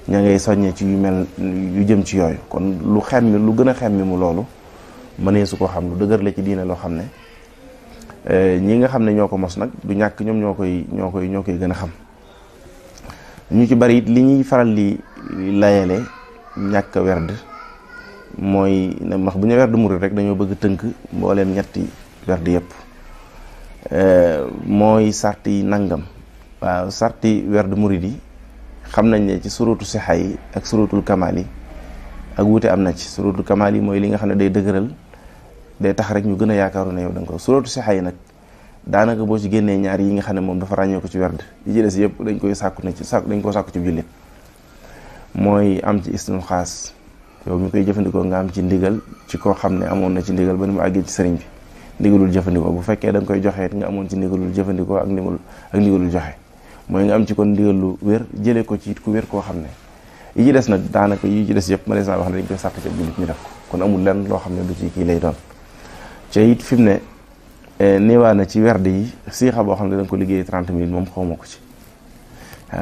Speaker 15: ña ngay soññee ci yu mel yu jëm ci yooyu kon lu xemmi lu gën a xemmi mu loolu mënee su ko xam lu dëgër la ci diine loo xam ne eh, ñi nga xam ne ñoo ko mos nag du ñàkk ñoom ñoo koy ñoo koy ñoo koy gën a xam ñu ci bari it li ñuy faral di layale ñàkk werd mooy ndax bu ñu werd murid rek dañoo bëgg tënk mbooleem ñetti werd yépp eh, mooy sart yi nangam waaw sart yi werd murid yi xam nañ ne ci surutu sixa yi ak surutul kamaal yi ak wuute am na ci surutul kamaal yi mooy li nga xam ne day dëgëral day tax rek ñu gën a yaakaaru ne yow da nga ko surutu sixa yi nag daanaka boo ci génnee ñaar yi nga xam ne moom dafa ràññee ko ci werd yi ci des yëpp dañ koy sàkku na ci sàkku dañ koo sàkku ci jullit mooy am ci isnul xaas yow ñu koy jëfandikoo nga am ci ndigal ci koo xam ne amoon na ci ndigal ba ni mu àggee ci sëriñ bi ndigalul jëfandikoo bu fekkee da koy joxe nga amoon ci ndigalul jëfandikoo ak ndigal ak ndigalul joxe mooy nga am ci kon ndigal lu wér jëlee ko ci ku wér koo xam ne yi des nag daanaka yi ci des yëpp ma les wax ne dañ koy sàrt ci ab jullit ñu def ko kon amul lenn loo xam ne du ci kii lay doon ca it fi mu ne eh, néewaa na ci werd yi siixa boo xam ne da nga ko liggéey 30 moom xaw ko ci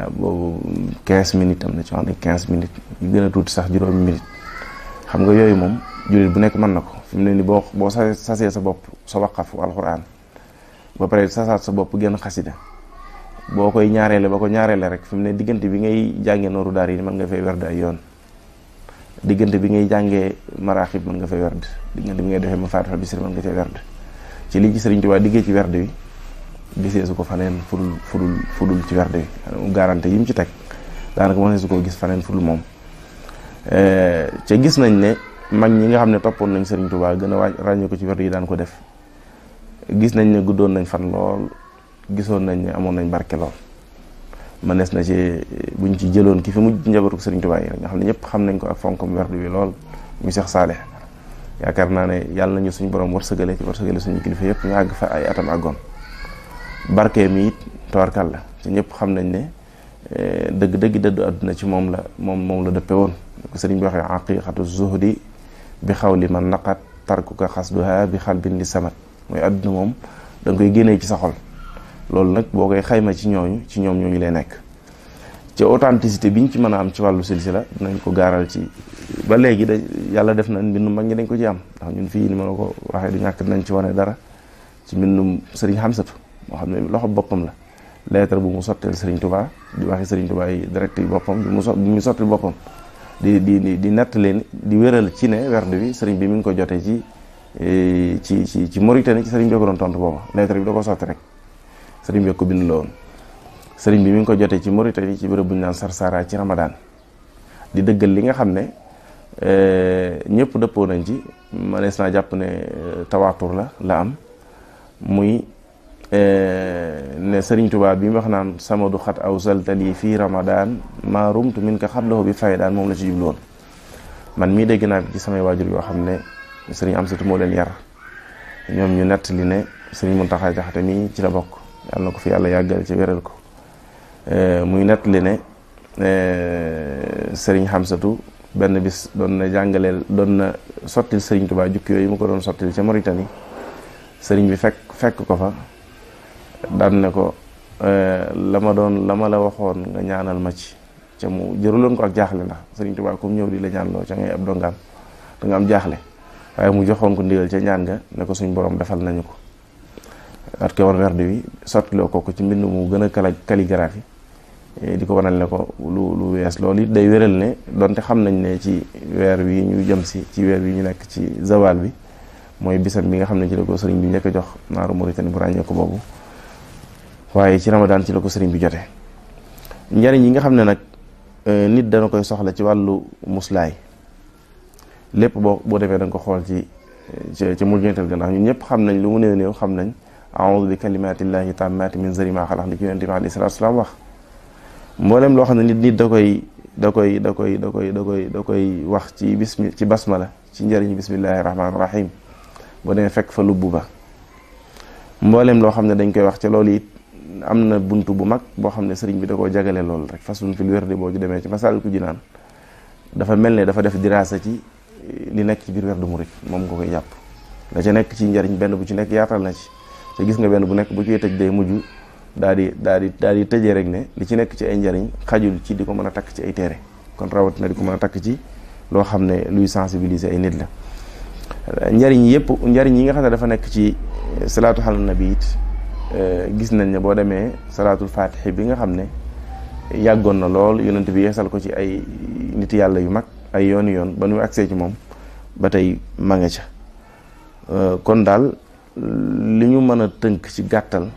Speaker 15: boobu quinze minutes am na ci wax ne 15 minutes tuuti sax juróomi minutes xam nga yooyu moom jullit bu nekk mën na ko fi mu ne ni boo boo sasee sa bopp sa waqafu alxuraan ba pare sasaat sa bopp genn xasida boo koy ñaareele ba ko ñaareele rek fi mu ne diggante bi ngay jàngee nooru daar yi mën nga fay werd ay yoon diggante bi ngay jàngee maraaxib mën nga fay werd diggante bi ngay defee ma faatifa bisir mën nga fay werd ci lii ci Sëriñ Tuubaa diggee ci werd wi su ko faneen fudul fudul fudul ci werd bi garanti yi mu ci teg daanaka mën su ko gis faneen fudul moom eh, ca gis nañ ne mag ñi nga xam ne toppoon nañ Serigne Touba gën a waaj ràññee ko ci werd yi daan ko def gis nañ ne guddoon nañ fan lool gisoon nañ ne amoon nañ barke lool mënees na ci buñ ci jëloon ki fi mujj njabootu Serigne Touba yi rek nga xam ne ñëpp xam nañ ko ak fonkom werd wi lool muy Cheikh Salih yaakaar naa ne yàlla nañu suñu borom wërsëgale ci wërsëgale suñu yëpp ñu àgg fa ay atam àggoon barke mi it tawarkal la te ñëpp xam nañ ne eh, dëgg dëgg dëddu àdduna ci moom la moom moom la dëppe woon ko sëriñ bi waxee aqiqatu zuhdi bi xaw xawli man naqat tarkuka xasduha bi xalbin li samat mooy àdduna moom da koy génnee ci sa xol loolu nag boo koy xayma ci ñooñu ci ñoom ñooñu lay nekk ci authenticité ñu ci mën a am ci wàllu silsila dinañ ko gaaral ci ba léegi da yàlla def na mbindum mag ñi dañ ko ci am ndax ñun fii ni ma la ko waxee du ñàkk dinañ ci wane dara ci mbindum sëriñ xamsatu moo xam ne loxo boppam la lettre bu mu sotteel Serigne Touba di waxi Serigne Touba yi direct yi boppam bu mu so bu mu sotteel boppam di di di natt leen di wéral ci ne werd bi Serigne bi mi ngi ko jotee ci e, ci ci ci Mauritanie ci Serigne bi ko doon tontu booba bi da ko sotti rek Serigne bi ko bind la bi mi ngi ko jotee ci Mauritanie ci bërëb bu ñu naan Sarsara ci Ramadan di dëggal li nga xam ne e, ñëpp dëppoo nañ ci manees naa jàpp ne e, tawaatur la la am muy. Eh, ne Sëriñ Tuubaa bi mu wax naan sama du xat aw saltali fii Ramadan maa rumtu min ka xablahu bi faydaan moom la ci jubluwoon man mii dégg naa ci samay waajur yoo xam ne Sëriñ Amsatu moo leen yar ñoom ñu nett li ne Sëriñ Muntaxa Jaxate mi ci la bokk yàlla na ko fi yàlla yàggal ci wéral ko eh, muy nett li ne eh, Sëriñ Amsatu benn bis doon na jàngaleel doon na sottil Sëriñ Tuubaa jukki yooyu mu ko doon sottil ca Mauritanie sëriñ bi fekk fekk ko fa. daan ne ko eh, la ma doon lama la waxoon nga ñaanal ma ci ca mu jëruloon ko ak jaaxle ndax sëriñ Tuubaa comme ñëw di la ñaanloo ca ngay ab dongaam danga am jaaxle waaye mu joxoon ko ndigal ca ñaan nga ne ko suñ borom defal nañu ko at ko war werd wi ko ko ci mbind mu gën a kala calligraphie eh, di ko wanal ne ko lu lu wees loolu it day wéral ne donte xam nañ ne ci weer wi ñu jëm si ci weer wi ñu nekk ci zawal bi mooy bisam bi nga xam ne ci la ko sëriñ bi njëkk jox naaru Mauritanie bu ràññee ko boobu waaye ci ramadaan ci la ko sëriñ bi jote njariñ yi nga xam ne nag euh, nit dana koy soxla ci wàllu muslaay lépp boo boo defee da ko xool ci ci mujjantal ga ndax ñun ñëpp xam nañ lu mu néew néew xam nañ aoudu bi kalimatillahi tammati min zari ma xalaq li ci yonente bi alayhi salatu wasalaam wax loo xam ne nit nit da koy da koy da koy da koy da koy da koy wax ci bismi ci basmala ci njëriñu bismillahi rahmaani rahim boo demee fekk fa lubbu ba mboolem loo xam ne dañ koy wax ca loolu it am na bunt bu mag boo xam ne sëriñ bi da koo jagale loolu rek fasul fil werdi boo ci demee ci masal ku jinaan dafa mel ne dafa def diraasa ci eh, li nekk ci biir mu murit moom nga koy jàpp la ca nekk ci njariñ benn bu ci nekk yaatal na ci te gis nga benn bu nekk bu ciy tëj day mujj daal di daal di daal di tëjee rek ne li ci nekk ci ay njariñ xajul ci di ko mën a takk ci ay téere kon rawat na di ko mën a takk ci loo xam ne luy sensibilisé ay nit la eh, njariñ yëpp njariñ yi nga xam ne dafa nekk ci eh, salaatu ala nabi it Euh, gis nañ ne boo demee salaatul faatihi bi nga xam ne yàggoon na lool yonent bi yeesal ko ci ay nit yàlla yu mag ay yoon yoon ba nu agsee ci moom ba tey ma ca euh, kon daal li ñu mën a tënk ci gàttal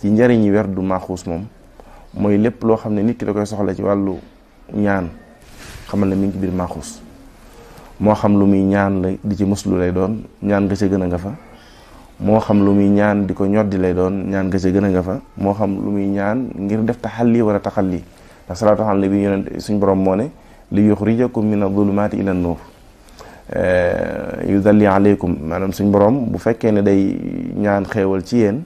Speaker 15: ci njariñi werdu maaxuus moom mooy lépp loo xam ne nit ki da koy soxla ci wàllu ñaan xamal na mi ngi ci biir maaxuus moo xam lu muy ñaan la di ci muslu lay doon ñaan nga ca gën a nga fa moo xam lu muy ñaan di ko ñoddi lay doon ñaan ga ca gën a nga fa moo xam lu muy ñaan ngir def taxalli wala taxalli ndax salaatu xam ne bi yonent suñ borom moo ne li yuxrijakum min adulumaati ila nuur eh, yudalli aleykum maanaam suñ borom bu fekkee ne day ñaan xeewal ci yéen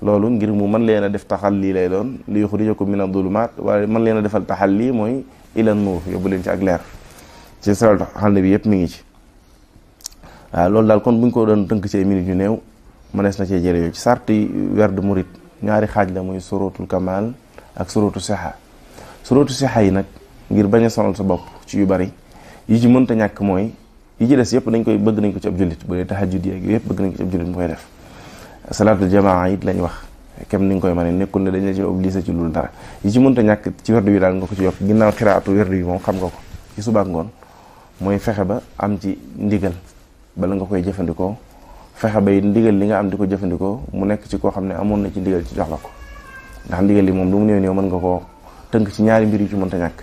Speaker 15: loolu ngir mu mën leen a def lii lay doon li yuxrijakum min adulumaat waaye mën leen a defal taxalli mooy ila nuur yóbbu leen ci ak leer ci salaatu xam ne bi yëpp mi ngi ci waaw loolu daal kon buñ ko doon tënk ci minutes yu néew mënees na cee jële yooyu ci sarti werd murit ñaari xaaj la muy sorotul kamal ak sorotu sexa sorotu sexa yi nag ngir bañ a sonal sa bopp ci yu bari yi ci mënta ñàkk mooy yi ci des yëpp dañ koy bëgg nañ ko ci ab jullit bu dee tahajjud yi ak yëpp bëgg nañ ko ci ab jullit mu it lañ wax kem ni nga koy mënee nekkul ne dañ la ci obligé ci loolu dara yi ci ñàkk ci werdu yi daal nga ko ci yokk ginnaaw xiraatu werdu yi moom xam nga ko ci subaak ngoon mooy fexe ba am ci ndigal bala nga koy jëfandikoo fexe bay ndigal li nga am di ko jëfandikoo mu nekk ci koo xam ne amoon na ci ndigal ci jox la ko ndax ndigal li moom lu mu néew néew mën nga koo tënk ci ñaari mbir yu ci mënta ñàkk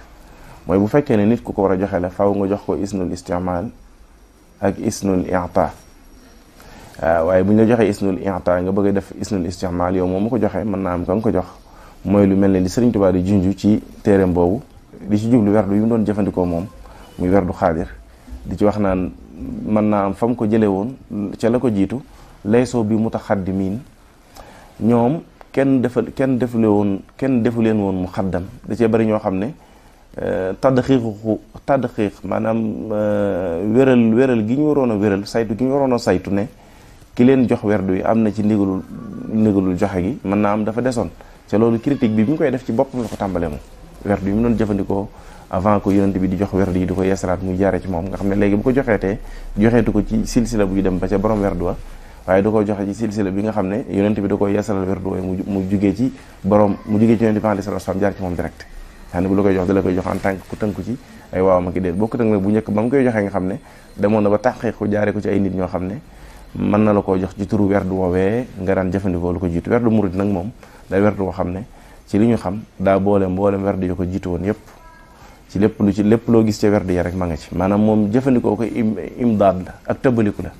Speaker 15: mooy bu fekkee ne nit ku ko war a joxe la faw nga jox ko isnul istimal ak isnul i'ta ah, waaye bu ñu la joxee isnul i'ta nga bëgg a def isnul istimal yow moom mu ko joxe mën naa am ka nga ko jox mooy lu mel ne li Sëriñ Tuubaa di junju ci téereem boobu di ci jublu werdu yu mu doon jëfandikoo moom muy werdu xaadir di ci wax naan mën naa am fa ko jëlee woon ca la ko jiitu laysoo bi miin ñoom kenn defal kenn defule woon kenn defu leen woon mu xaddam da cee bari ñoo xam ne euh, tadxiixu tadxiix maanaam euh, wéral wéral gi ñu waroon a wéral saytu gi ñu waroon a saytu ne ki leen jox werdu yi am na ci ndigalul ndigalul joxe gi mën naa am dafa desoon ca loolu critique bi bi koy def ci boppam la ko tàmbalee moom werdu yi mu doon jëfandikoo avant que yonent bi di jox werd yi di ko yeesalaat muy jaare ci moom nga xam ne léegi bu ko joxeetee joxeetu ko ci silsila buy dem ba ca borom werd wa waaye da ko joxe ci silsila bi nga xam ne yonent bi da ko yeesalal werd wa moom direct xam ne bu la koy jox en tant que ku tënku ci bu njëkk ba mu koy joxee nga xam ne demoon na ba tàqee ko jaare ko ci ay nit ñoo xam ne mën na la koo jox ci turu werdu woowee nga daan jëfandikoo lu ko jiitu werdu murid nag moom day werdu woo xam ne ci li ñu xam daa boole mboolem werdu yu ko jiitu woon yépp ci lépp lu ci lépp loo gis ca werd ya rek ma nga ci maanaam moom jëfandikoo ko imdaad la ak tëbbaliku la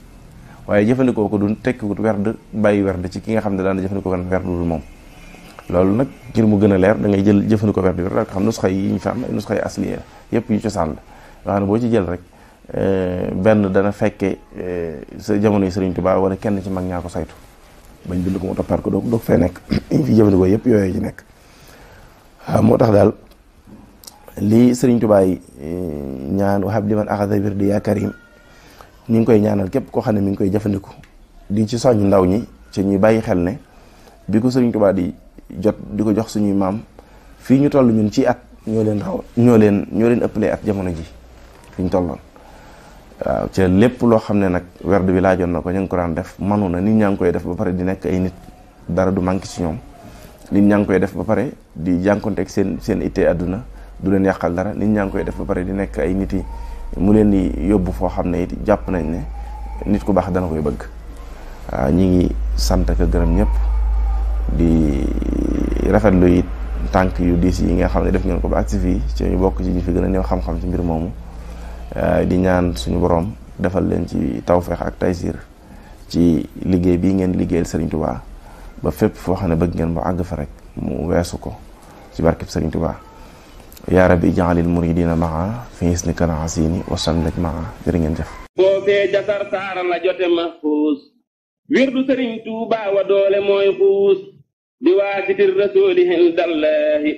Speaker 15: waaye jëfandikoo ko du tekkiwut werd bàyyi werd ci ki nga xam ne daana jëfandikoo kan werd moom loolu nag ngir mu gën a leer da ngay jël jëfandikoo werd bi rek xam nusxa xay ñu fi am nusxa yi yëpp yu cosaan la yoo xam ne boo ci jël rek eh, benn dana fekke eh, sa jamono yi Sëriñ Tuubaa wala kenn ci mag ñaa ko saytu bañ bind ko mu toppaat ko doog ko fee nekk fi jëfandikoo yëpp yooyu ci nekk ah, moo tax daal lii sëriñ Tuubaa yi eh, ñaan waxab liman axada wirdi yaa karim ñu ngi koy ñaanal képp koo xam ne mu ngi koy jëfandiku di ci soññ ndaw ñi ci ñu bàyyi xel ne bi ko sëriñ Tuubaa di jot di ko jox suñuy maam fii ñu toll ñun ci at ñoo leen raw ñoo leen ñoo leen ëppalee at jamono ji fi ñu tolloon waaw ca lépp loo xam ne nag werd bi laajoon na ko ñu ngi ko daan def manu na nit ñaa ngi koy def ba pare di nekk ay nit dara du manqué ci ñoom nit ñaa koy def ba pare di jànkonteeg seen seen ittee àdduna du leen yàqal dara nit ñaa ngi koy def ba pare di nekk ay niti mu leen di yóbbu foo xam ne di jàpp nañ ne nit ku baax dana koy bëgg waaw ah, ñi ngi sant ak gërëm ñëpp di rafetlu it tànk yu diis yi nga xam ne def ngeen ko ba agsi fii ñu bokk ci ñi fi gën a néew xam-xam ci mbir moomu ah, di ñaan suñu boroom defal leen ci tawfeex ak taysiir ci liggéey bii ngeen liggéeyal Serigne Touba ba fépp foo xam ne bëgg ngeen mu àgg fa rek mu weesu ko ci barkeb Serigne Touba yaa rabbi ijaalil muridina maa fi hisnika al asini wa sannaj maa jërë ngeen jëf
Speaker 6: foofee ca la jote mahfuus du sëriñ tuubaa wa doole mooy xuus di waasitir rasuuli hindallaahi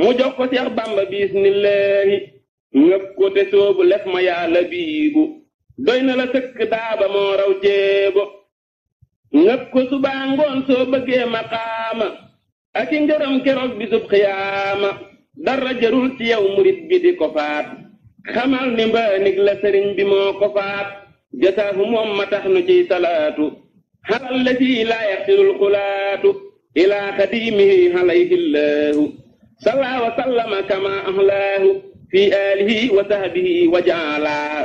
Speaker 6: mu jox ko seex bamba bismillaahi ngëpp ko te soobu lef ma yàlla biibu doy na la sëkk daaba moo raw jéebo ngëpp ko subaa ngoon soo bëggee maqaama ak i ngërëm keroog bisub xiyaama dara jarul ci yow murit bi di ko faat xamal ni mbaanig la sëriñ bi moo ko faat jasaahu moom ma tax nu ciy salaatu xalal la ci laa yaxsilul xulaatu ilaa xadiimihi xalayhillaahu sallaa wa sallama kama ahlaahu fi aalihi wa sahbihi wa jaalaa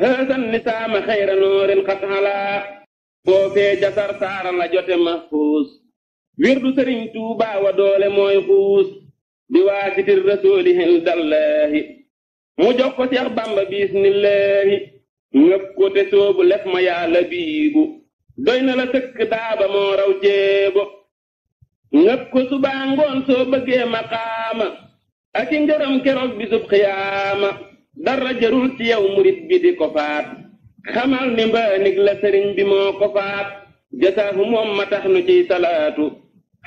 Speaker 6: hësan nisaama xayra noorin xat xalaa foofee jasar saara la jote mahfuus wirdu sëriñ tuubaa wa doole mooy xuus bi waasiti rasuuli hindallaahi mu jox ko Seex Bàmba bismillaahi ngëp ko te soobu lef ma yàlla biibu doy na la sëkk daaba moo raw jéebo ngëp ko subaa ngoon soo bëggee maqaama ak i ngërëm keroog bisub xiyaama dara jarul ci yow murit bi di ko faat xamal ni mbaanig la sëriñ bi moo ko faat jasaahu moom ma tax nu ciy salaatu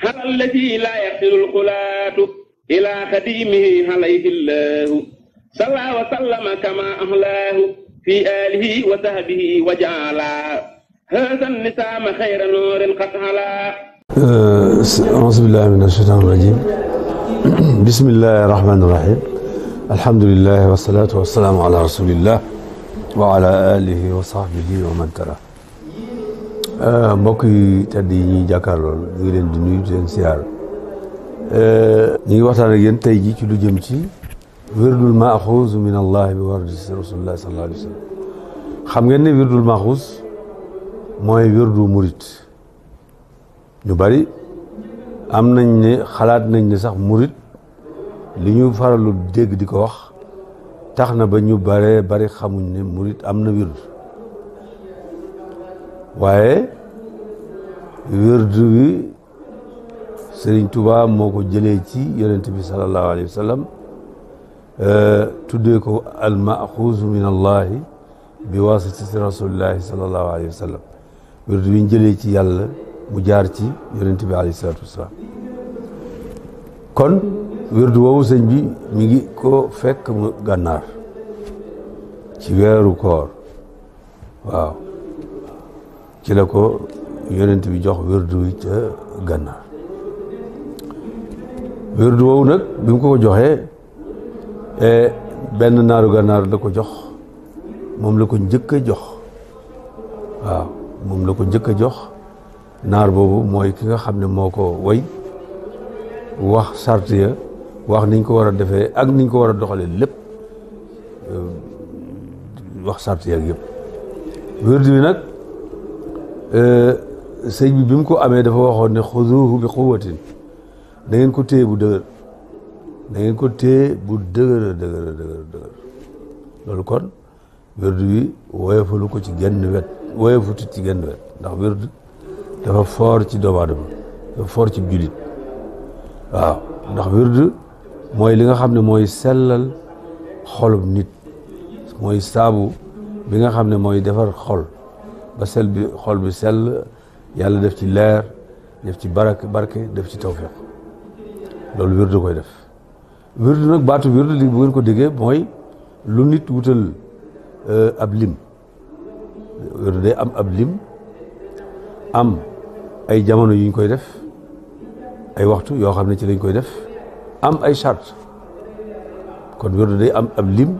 Speaker 6: xalal la ciy laayaxtilul xulaatu إلى خديمه عليه الله صلى وسلم كما أهلاه في آله وصحبه وجعل هذا النسام خير نور قد
Speaker 9: علا
Speaker 16: أعوذ بالله من الشيطان الرجيم بسم الله الرحمن الرحيم الحمد لله والصلاة والسلام على رسول الله وعلى آله وصحبه ومن تلا mbokk yi tedd yi ñuy jàkkaarlool ñu ngi leen di nuyu di leen siyaar Euh, ñu ngi waxtaan ak yéen tey ji ci lu jëm ci wirdul maaxuus min allah bi wardi rasulillah sallallahu alayhi wa sallam xam ngeen ne wirdul maaxuus mooy wirdu murit ñu bari am nañ ni xalaat nañ ni sax murit li ñu faralu dégg di ko wax tax na ba ñu bare bari xamuñ ne murit am na wird waaye wird Sëriñ Tuba moo ko jëlee ci yonent bi sallallahu alayhi wa euh, tuddee ko al maxuusu min allahi bi wasitati rasulillahi sallallahu alayhi wa sallam wérdu bi jëlee ci yàlla mu jaar ci yonent bi alayhi salatu wasalaam kon wirdu woowu sëñ bi mi ngi ko fekk mu gànnaar ci weeru koor waaw ci ko yonent bi jox wérdu wi ca gànnaar wérdu woowu nag bi mu ko joxee e, benn naaru naar la ko jox moom la ko njëkk a jox waaw moom la ko njëkk a jox naar boobu mooy ki nga xam ne moo ko way wax sart ya wax niñ ko war a defee ak niñ ko war a doxalee lépp ehm, wax sart ya ak yëpp wérdu bi nag e, sëñ bi bi mu ko amee dafa waxoon ne xuduuhu bi quwwatin da ngeen ko téye bu dëgër da ngeen ko téye bu dëgër dëgër dëgër dëgër loolu kon wérdu yi woyofalu ko ci genn wet woyofutu ci genn wet ndax wérdu dafa foor ci doomu aadama foor ci julit waaw ndax wérdu mooy li nga xam ne mooy sellal xolub nit mooy saabu bi nga xam ne mooy defar xol ba sel bi xol bi sel yàlla def ci leer def ci barake barke def ci tawfiq loolu wirdu koy def wirdu nag baatu wirdu li bu ngeen ko déggee mooy lu nit wutal euh, ab lim wirdu day am ab lim am ay jamono yu ñu koy def ay waxtu yoo xam ne ci lañ koy def am ay charte kon wirdu day am ab lim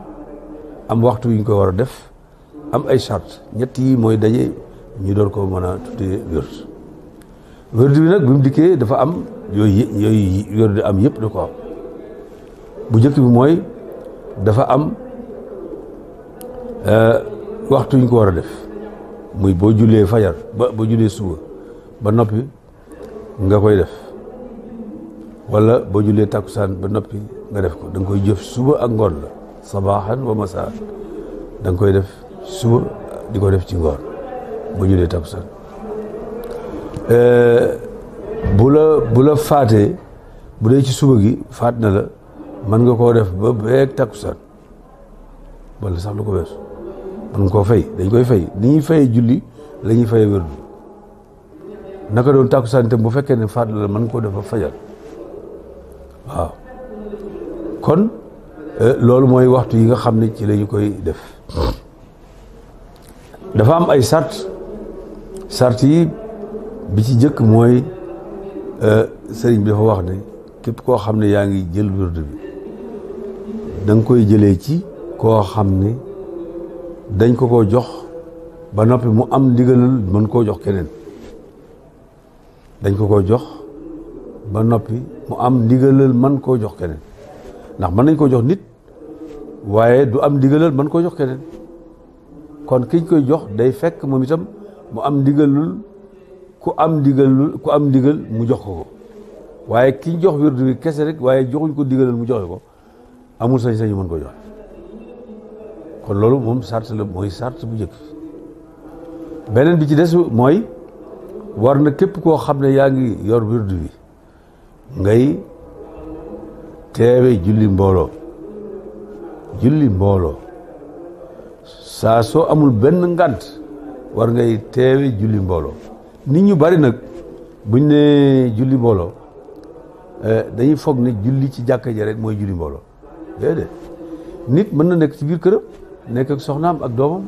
Speaker 16: am waxtu yu ñu koy war a def am ay charte ñett yi mooy daje ñu door ko mën a tuddee wirdu wirdu bi nag bi dafa am yooyu yooyu yor di am yëpp da ko am bu njëkk bi mooy dafa am euh, waxtu ñu ko war a def muy boo jullee fajar ba boo jullee suba ba noppi nga koy def wala boo jullee takkusaan ba noppi nga def ko da nga koy jëf suba ak ngoon la sabaaxan wa masaan da nga koy def suba di ko def ci ngoon boo jullee takkusaan euh, bu la bu la faatee bu dee ci suba gi faat na la mën nga koo def ba beeg takkusaan wala sax lu ko weesu mën nga koo fay dañ koy fay ni ñuy fayee julli la ñuy fayee wérdu naka doon takkusaan itam bu fekkee ne faat na la mën nga koo def ba fajal waaw kon eh, loolu mooy waxtu yi nga xam ne ci lañu koy def dafa am ay sart sart yi bi ci jëkk mooy Euh, sëriñ bi dafa wax ne képp koo xam ne yaa ngi jël wird bi da koy jëlee ci koo xam ni dañ ko ko jox ba noppi mu am ndigalul mën koo jox keneen dañ ko ko jox ba noppi mu am ndigalal mën koo jox keneen ndax mën nañ koo jox nit waaye du am ndigalal mën koo jox keneen kon kiñ koy jox day fekk moom itam mu am ndigalul ku am ndigal ku am ndigal mu jox ko waaye ki ñu jox wirdu bi kese rek waaye joxuñ ko ndigalal mu joxe ko amul sañ-sañu mën ko jox kon loolu moom sart la mooy sart bu njëkk beneen bi ci des mooy war na képp koo xam ne yaa ngi yor wirdu bi ngay teewe julli mbooloo julli mbooloo saa soo amul benn ngant war ngay teewe julli mbooloo nit ñu bari nag buñ ne julli mbooloo eh, dañuy foog ni julli ci jàkka ja mooy julli mbooloo déedéet nit mën na nekk ci biir këram nekk ak soxnaam ak doomam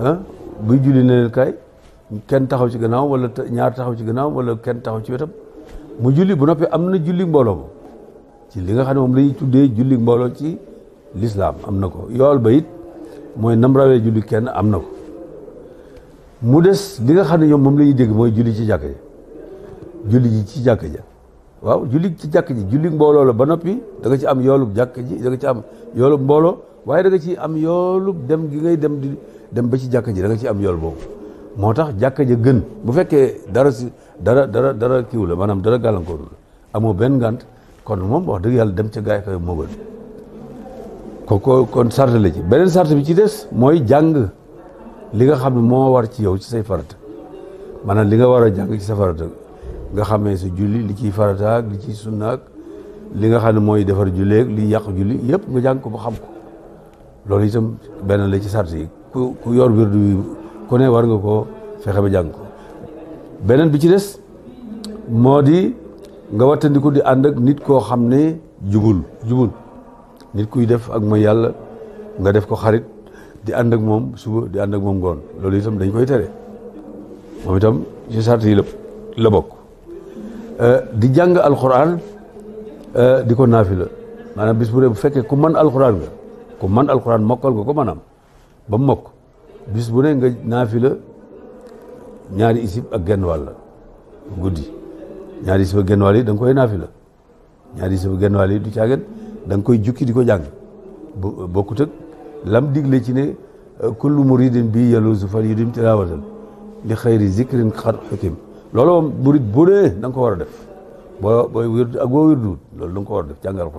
Speaker 16: ah buy julli ne leen kaay kenn taxaw ci gannaaw wala ñaar taxaw ci gannaaw wala kenn taxaw ci wetam mu julli bu noppee am na julli mbooloo moom ci li nga xam ne moom la ñuy tuddee julli mbooloo ci lislaam am na ko yool ba it mooy nam rawee julli kenn am na ko mu des li nga xam ne ñoom moom la ñuy dégg mooy juli ci jàkk ji julli ji ci jàkk ji waaw julli ci jàkk ji julli mbooloo la ba noppi da ci am yoolub jàkk ji da nga ci am yoolub mbooloo waaye da nga ci am yoolub dem gi ngay dem di dem ba ci jàkk ji da nga ci am yool boobu moo tax jàkk ja gën bu fekkee dara si dara dara dara kiiw la maanaam dara gàllankooru la amoo benn ngànt kon moom wax dëgg yàlla dem ca gaay ka moo gën kon sart la ci beneen sart bi ci des mooy jàng li nga xam ne moo war ci yow ci say farata maanaam li nga war a jàng ci sa farata nga xamee sa julli li ciy farata ak li ci sunna ak li nga xam ne mooy defar julleeg li yàq julli yëpp nga jàng ko ba xam ko loolu itam benn la ci sart yi ku ku yor wirdu wi ku war nga koo fexe ba jàng ko beneen bi ci des moo di nga wattandiku di ànd ak nit koo xam ne jubul jubul nit kuy def ak mooy yàlla nga def ko xarit di ànd ak moom suba di ànd ak moom goon loolu itam dañ koy tere moom itam ci sart yi la la bokk euh, di jàng alxuraan euh, di ko naafila maanaam bis bu ne bu fekkee ku mën alxuraan nga ku mën alxuraan mokkal nga ko maanaam ba mu mokk bis bu ne nga naafila ñaari isib ak genn wàll guddi ñaari isib ak genn wàll yi koy naafila ñaari isib ak genn wàll yi du caagen da koy jukki di ko jàng bokkut ak lam digle ci ne euh, kullu muridin bi yaluusu fal yudim tilaawatan li di zikrin xat xukim loolu moom murid bu ne da nga ko war a def boo booy wirdu ak boo wirdu loolu da ko war def jàngal ko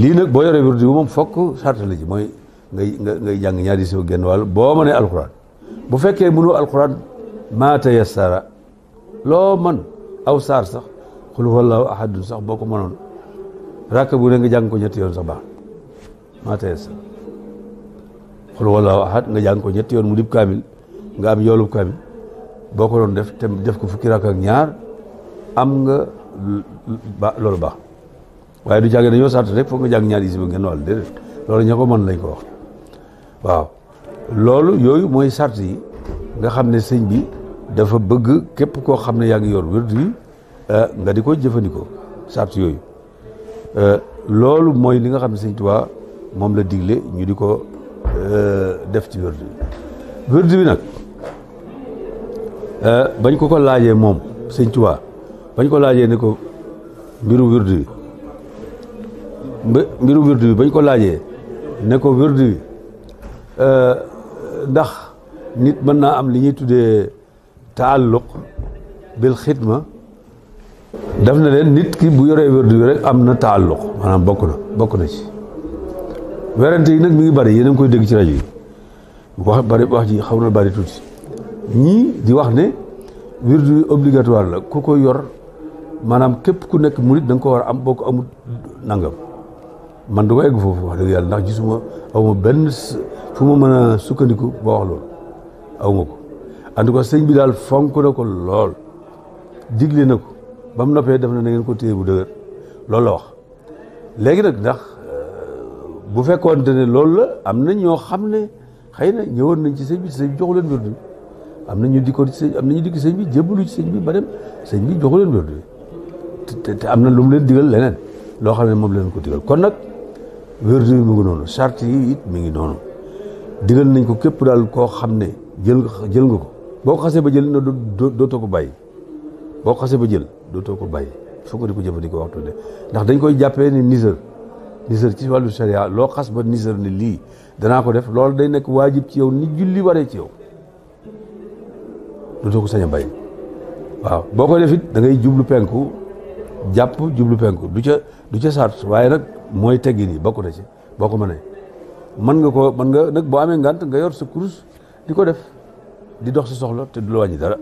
Speaker 16: lii nag boo yoree wirdu moom fokk sart la mooy ngay ngay jàng ñaari soo gen wàll boo mënee alxuraan bu fekkee mënoo alxuraan maa tayassara loo man aw saar sax xul huwallahu ahadun sax boo ko mënoon rakk bu ne nga jàng ko ñetti yoon sax baax maa tees xul wallaahu ahad nga jàng ko ñetti yoon mu dib kaamil nga am yoolub kaamil boo ko doon def te def ko fukki rakk ñaar am nga ba loolu ba waaye du jàngee dañoo sart rek foog nga jàng ñaar yi si ba ngeen wàll déedéet loolu ña ko mën lañ ko wax waaw loolu yooyu mooy sart yi nga xam ne sëñ bi dafa bëgg képp koo xam ne yaa ngi yor wérdu yi eh, nga di ko jëfandikoo sart yooyu eh, loolu mooy li nga xam ne sëñ Tuubaa moom la digle ñu di ko euh, def ci wérdu bi wérdu bi nag euh, bañ ko ko laajee moom sëñ Tuubaa bañ ko laajee ne ko mbiru wérdu wi mbiru wérdu wi bañ ko laajee ne ko wérdu bi euh, ndax nit mën naa am li ñuy tuddee taalluq bil xidma daf na leen nit ki bu yoree wérdu wi rek am na taalluq maanaam bokk na bokk na ci werante yi nag mi ngi bëri yéen a koy dégg ci rajo wax bari wax ji xaw na bëri tuuti ñii di wax ne wirdu obligatoire la ko ko yor maanaam képp ku nekk mu da nga ko war a am boo ko amul nangam man du ma egg foofu wax dëgg yàlla ndax gisuma awma benn fu ma mën a sukkandiku wax loolu awma ko en tout sëñ bi daal fonk na ko lool digle na ko ba mu noppee def na na ngeen ko téye bu dëgër loolu la wax léegi nag ndax bu fekkoonte ne loolu la am na ñoo xam ne xëy na ñëwoon nañ ci sëñ bi sëñ bi joxu leen wérdu am na ñu dikkoon ci sëñ am na ñu dikk sëñ bi jébbalu ci sëñ bi ba dem sëñ bi joxu leen te te am na lu mu leen digal leneen loo xam ne moom leen ko digal kon nag wérdu yi mu noonu charte yi it mi ngi noonu digal nañ ko képp daal koo xam ne jël nga jël nga ko boo ko xasee ba jël na dootoo ko bàyyi boo ko xasee ba jël dootoo ko bàyyi foo ko di ko jëfandikoo waxtu de ndax dañ koy jàppee ni niseur nisër ci wàllu sharia loo xas ba nisër ne lii danaa ko def lool day nekk waajib ci yow ni julli ware ci yow dootoo ko sañ a bàyyi waaw boo koy def it jublu penku jàpp jublu penku du ca du ca sart waaye nag mooy teggi nii bokk na ci boo ko mënee mën nga ko mën nga nag boo amee ngant nga yor sa kurus di ko def di dox sa soxla te du la wàññi dara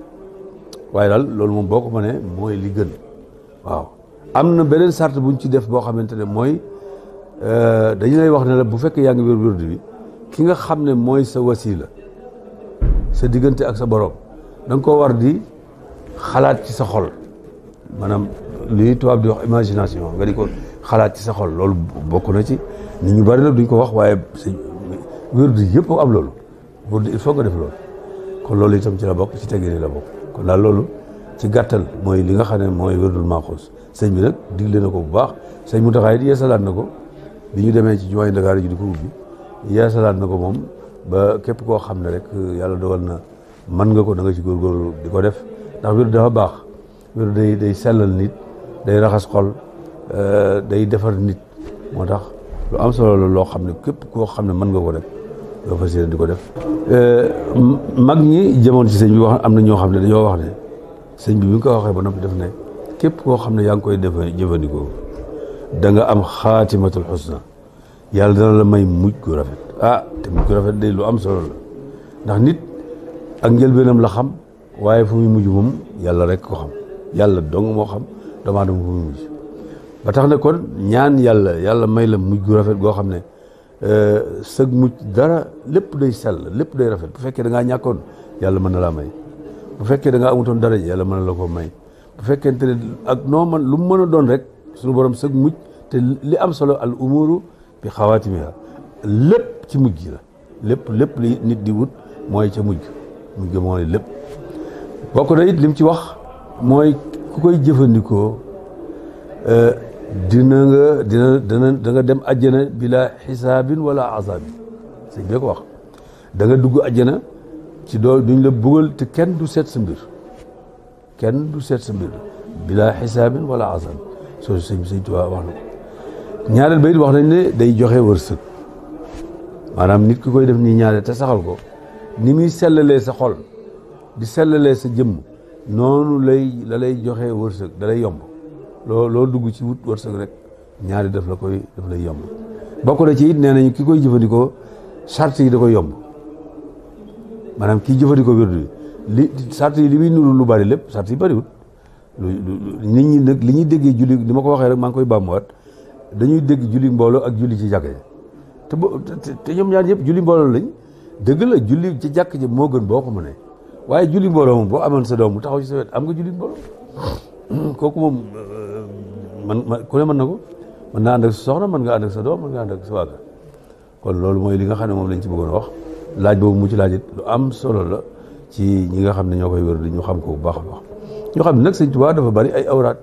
Speaker 16: waaye daal loolu moom boo ko mënee mooy li am na beneen sart buñ ci def boo xamante ne mooy Euh, dañu lay wax ne la bu fekkee yaa ngi wér wérdu bi ki nga xam ne mooy sa wasila sa diggante ak sa borom da nga koo war di xalaat ci sa xol maanaam lii tubaab di wax imagination nga di xalaat ci sa xol loolu bokk na ci nit ñu bari na duñ ko wax waaye wérdu yëpp am loolu pour il faut nga def loolu kon loolu itam ci la bokk ci teggin la bokk kon daal loolu ci gàttal mooy li nga xam ne mooy wérdul maaxoos sëñ bi nag digle na ko bu baax sëñ mu taxaay di yeesalaat na ko bi ñu demee ci jumaa yi Ndakaaru ji di ko ubbi yeesalaat na ko moom ba képp koo xam ne rek euh, yàlla dogal na mën nga ko da ci ci góorgóorlu di ko def ndax da dafa baax wird day sellal nit day raxas xol euh, day defar nit moo tax lu am solo la loo xam ne képp koo xam ne mën nga ko rek doo fas yéene di ko def euh, mag ñi jëmoon ci sëñ bi wax am na ñoo xam ne dañoo wax ne sëñ bi bi nga ko waxee ba noppi def ne képp koo xam ne yaa ngi koy def jëfandikoo da nga am xaatimatul xusna yàlla dana la may mujj gu rafet ah te mujj gu rafet day lu am solo la ndax nit ak njëlbeenam la xam waaye fu muy mujj moom yàlla rek ko xam yàlla dong moo xam doomu aadama fu muy ba tax na kon ñaan yàlla yàlla may la muj gu rafet goo xam ne euh, sëg mujj dara lépp day sell lépp day rafet bu fekkee da ngaa ñàkkoon yàlla mën na laa may bu fekkee da ngaa amutoon dara yàlla mën na la ko may bu fekkente ne ak noo man lu mën a doon rek suñu borom sëg muj te li am solo al umuru bi xawaatimiha lépp ci mujj la lépp lépp li nit di wut mooy ci mujj mujj moo ne lépp bokk na it lim ci wax mooy ku koy jëfandikoo euh, dina nga da nga dem àjjana bila xisaabin wala azaabin sëñ bee ko wax da dugg àjjana ci doo duñ la bugal te kenn du seet sa mbir kenn du seet sa mbir bila xisaabin wala azaabin so sëñ sëñ Tuubaa wax na ko ñaareel ba it wax nañ ne day joxe wërsëg maanaam nit ki koy def nii ñaareel te saxal ko ni muy sellalee sa xol di sellalee sa jëmm noonu lay la lay joxe wërsëg da lay yomb loo loo dugg ci wut wërsëg rek ñaari daf la koy daf lay yomb bokku na ci it nee nañu ki koy jëfandikoo sart yi da koy yomb maanaam kii jëfandikoo wérdu bi li sart yi li muy nuru lu bari lépp sart yi bariwul nit ñi nag li ñuy déggee julli li ma ko waxee rek maa ngi koy bàmmuwaat dañuy dégg julli mbooloo ak julli ci jàkk ji te bo te ñoom ñaar yëpp julli mbooloo lañ dëgg la julli ci jàkk ji moo gën boo ko mënee waaye julli mbooloo moom boo amoon sa doom mu taxaw ci sa am nga julli kooku moom euh, man ku ne mën na ko mën naa ànd ak mën nga ànd ak mën nga ànd ak kon loolu li nga xam ne moom lañ ci bëggoon wax laaj boobu mu ci laajit lu am solo la ci ñi nga xam ne ñoo koy wér di ñu xam ko bu baax a baax ñu xam ne nag sëñ Tuubaa dafa bari ay awraat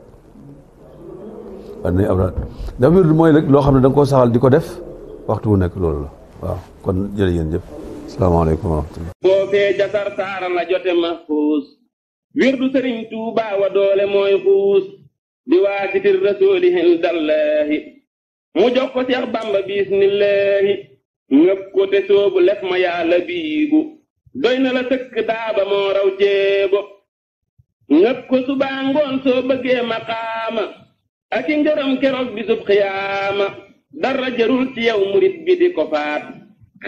Speaker 16: bari nay awraat dafa wird mooy rek loo xam ne da nga saxal di ko def waxtu wu nekk loolu la waaw kon jërë ngeen jëf salaamaaleykum wa
Speaker 6: rahmatullah ma Tuubaa wa doole mooy xuus di waasitir rasuulihil dallaahi mu jox ko Seex Bàmba bismillaahi ngëp ko te soobu lef ma yàlla biibu doy na la sëkk daaba moo raw jéebo ngëp ko subaa ngoon soo bëggee maqaama ak ngërëm keroog bisub xiyaama dara jërul ci yow murit bi di ko faat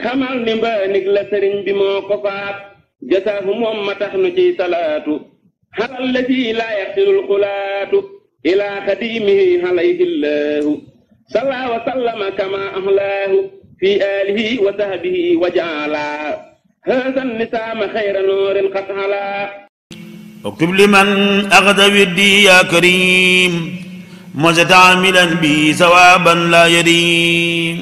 Speaker 6: xamal ni mbaanig la sëriñ bi moo ko faat jasaahu moom ma tax nu ciy salaatu xalal la ci xulaatu ilaa xadiimihi alayhi llaahu sallaa wa sallama kama ahlaahu fi aalihi wa sahbihi wa jaalaa haasan nisaama xayra noorin xat halaa اكتب لمن
Speaker 1: أخذ ودي يا كريم متعاملا بي ثوابا لا يريم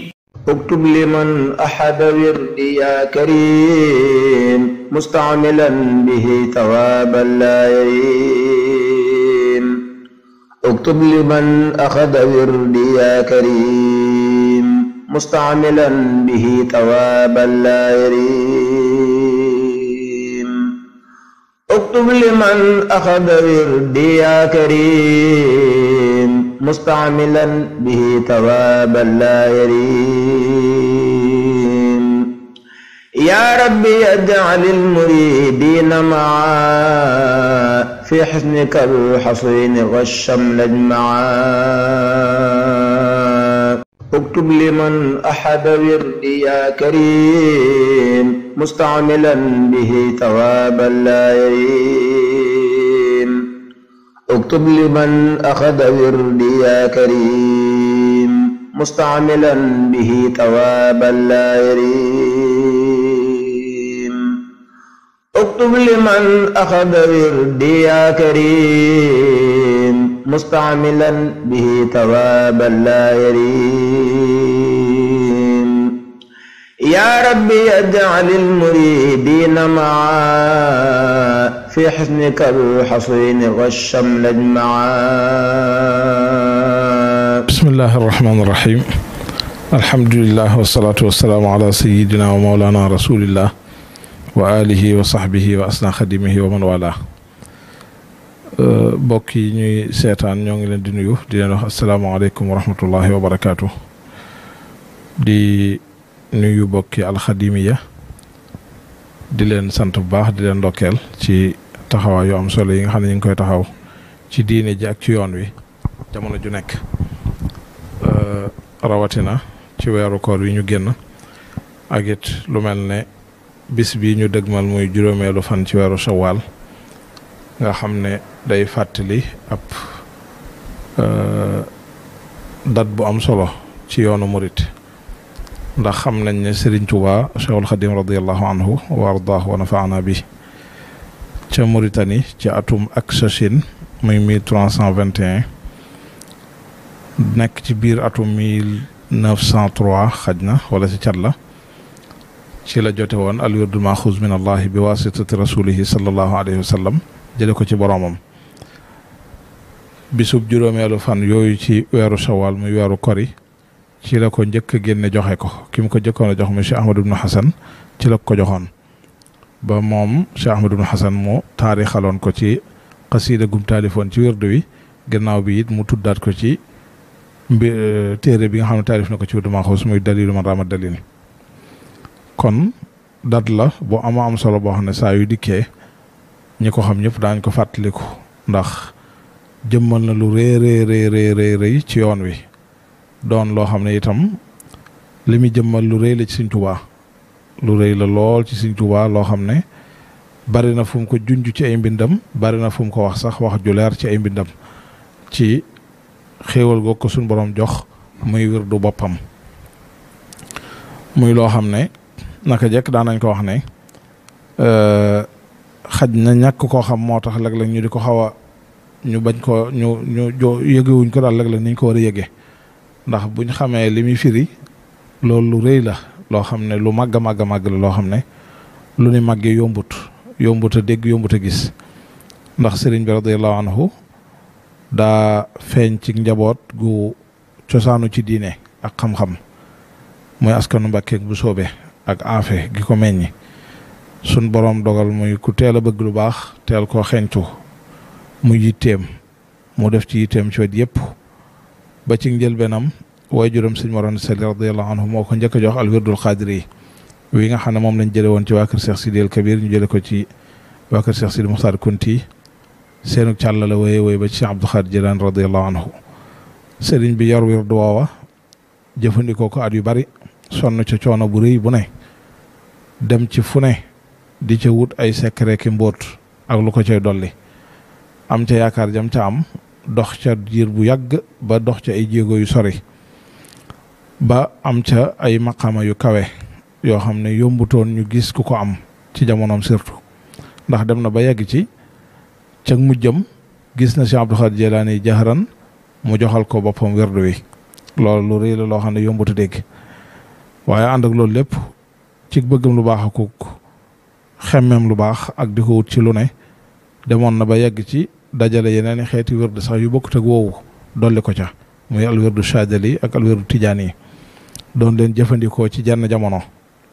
Speaker 1: اكتب لمن أحد وردي يا كريم مستعملا به ثوابا لا يريم اكتب لمن أخذ وردي يا كريم مستعملا به ثوابا لا يريم اكتب لمن أخذ وردي يا كريم مستعملا به ثوابا لا يريم يا ربي اجعل المريدين معا في حسنك الحصين والشمل اجمعا اكتب لمن أحد وردي يا كريم مستعملا به ثوابا لا يريم اكتب لمن أخذ وردي يا كريم مستعملا به ثوابا لا يريم اكتب لمن أخذ وردي يا كريم مستعملا به ثوابا لا يريم yaa rabbi yaj'al al-muridiina maa fi xusnika al-xasini wash-shamli ajmaa. bismillahi rahmaani
Speaker 2: rahiim alhamdulilah wasalaatu wasalaamu ala sayyidina wa mawlaana rasulillah wa aalihi wa saxbihi wa asna xadimihi wa man waalaa. mbokk yi ñuy seetaan ñoo ngi leen di nuyu di leen wax asalaamualeykum wa rahmatullahi wa barakaatu di. nuyu bokki alxadimiya di leen sant bu baax di leen ndokkeel ci taxawaay am solo yi nga xam ne ñu koy taxaw ci diine ji ak ci yoon wi jamono ju nekk euh, rawatina ci weeru koor wi ñu génn ak it lu mel ne bis bi ñu dëgmal muy juróomeelu fan ci weeru shawaal nga xam ne day fàttali ab euh, dat bu am solo ci yoonu murit ndax xam nañ ne Serigne Touba Cheikhul Khadim radiallahu anhu wa ardaahu wa nafaana bi ca Mauritanie ci atum ak Chachine muy mille trois nekk ci biir atum mille xaj na wala ci cat la ci la jote woon al wirdul maxuus min allahi bi wasitati rasulihi sallallahu alayhi wa sallam jële ko ci boroomam bisub juróomeelu fan yooyu ci weeru shawal muy weeru kori ci la ko njëkk a génne joxe ko ki mu ko njëkkoon a jox mu Cheikh Ahmadou ibnu Hasan ci la ko joxoon ba moom Cheikh Ahmadou ibnu Hasan mu taarixaloon ko ci xasiida gum taalifoon ci wérdu wi gannaaw bi it mu tuddaat ko ci mbi euh, téere bi nga xam ne taalif na ko ci wérdu Maxuus muy dalilu man rama dalil kon dat la boo ama am solo boo xam ne saa yu dikkee ñi ko xam ñëpp daañ ko fàttaliku ndax jëmmal na lu rëy rëy rëy rëy rëy ci yoon wi doon loo xam ne itam li muy jëmmal lu réyla ci Sëñ Tuubaa lu rëy la lool ci Sëñ Tuubaa loo xam ne bari na fu ko junj ci ay mbindam bari na fu mu ko wax sax wax ju leer ci ay mbindam ci xéewal goog ko suñ boroom jox muy du boppam muy loo xam ne naka jekk daan nañ ko wax ne euh, xaj na ñàkk koo xam moo tax léeg-léeg ñu di ko xaw a ñu bañ ko ñu ñu jo yëgewuñ ko daal léeg-léeg niñ ko war a yëge ndax buñ xamee li muy firi loolu lu rëy la loo xam ne lu màgg a màgg màgg la loo xam ne lu ni màggee yombut yombut a dégg yombut a gis ndax sëriñ bi radiyallahu anhu daa feeñ ci njaboot gu cosaanu ci diine ak xam-xam muy askanu mbàkkeek bu soobee ak aafe gi ko meññi sun boroom dogal muy ku teel a bëgg lu baax teel koo xeeñtu mu yitteem mu def ci yitteem ci wet yépp ba ci njëlbeenam waajuram sëñ Mor Anta Sali moo ko njëkk jox al wirdul xaadiri wii nga xam ne moom lañ jële woon ci waa kër Cheikh Sidi El Kabir ñu jële ko ci waa kër Cheikh Sidi Moukhtar Kunti seenu càlla la wooye wooye ba ci Cheikh Abdou Khadir Jilaan radiyallahu anhu sëriñ bi yor wirdu woowa jëfandikoo ko at yu bari sonn ca coono bu rëy bu ne dem ci fu ne di ca wut ay secret ki mbóot ak lu ko cay dolli am ca yaakaar jam ca am dox ca diir bu yàgg ba dox ca ay jéego yu sori ba am ca ay maqama yu kawe yoo xam ne yombutoon ñu gis ku ko am ci jamonoom surtout ndax dem na ba yegg ci ca mujjam gis na Cheikh Abdou Khadir Jeylaani jaxaran mu joxal ko boppam werdu wi loolu lu rëy loo xam ne yombutu dégg waaye ànd ak loolu lépp ci bëggam lu baax ak lu baax ak di ko wut ci lu ne demoon na ba yegg ci dajale yeneen xeeti wërd sax yu bokkut ak woowu dolli ko ca muy alwërdu chadali ak alwërdu tijaan yi doon den jëfandikoo ci jenn jamono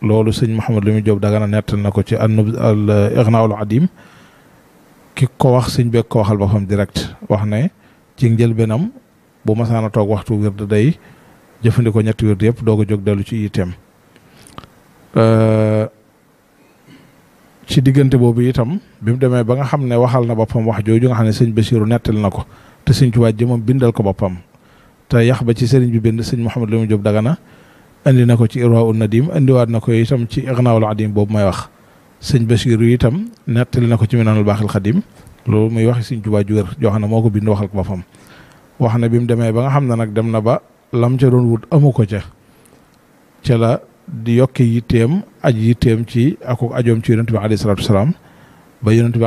Speaker 2: loolu sëñ Mouhamed Lamine Diop Dagana nettal na ko ci annub al Ighnaul Adim ki ko wax sëñ beeg ko waxal boppam direct wax ne ci njëlbeenam bu masaan a toog waxtu wërd day jëfandikoo ñetti wërd yëpp doog a jóg dellu ci item. ci diggante boobu itam bi mu demee ba nga xam ne waxal na boppam wax jooju nga xam ne sëñ Basiiru nettali na ko te sëñ Tuubaa jëmam bindal ko boppam te yax ba ci sëriñ bi bind sëñ Mouhamadou Lamine daga na indi na ko ci na diim indiwaat na ko itam ci Ignaa'ul Adiim boobu may wax sëñ Basiiru itam nettali na ko ci Minaanul Baaxil Xadiim loolu muy wax sëñ Tuubaa ju wér joo xam ne moo ko bind waxal ko boppam wax na bi mu demee ba nga xam ne nag dem na ba lam ca wut amu ko ca di yokk yitteem aj yitteem ci ak ajoom ci yonent bi alayhi salaatu wasalaam ba yonent bi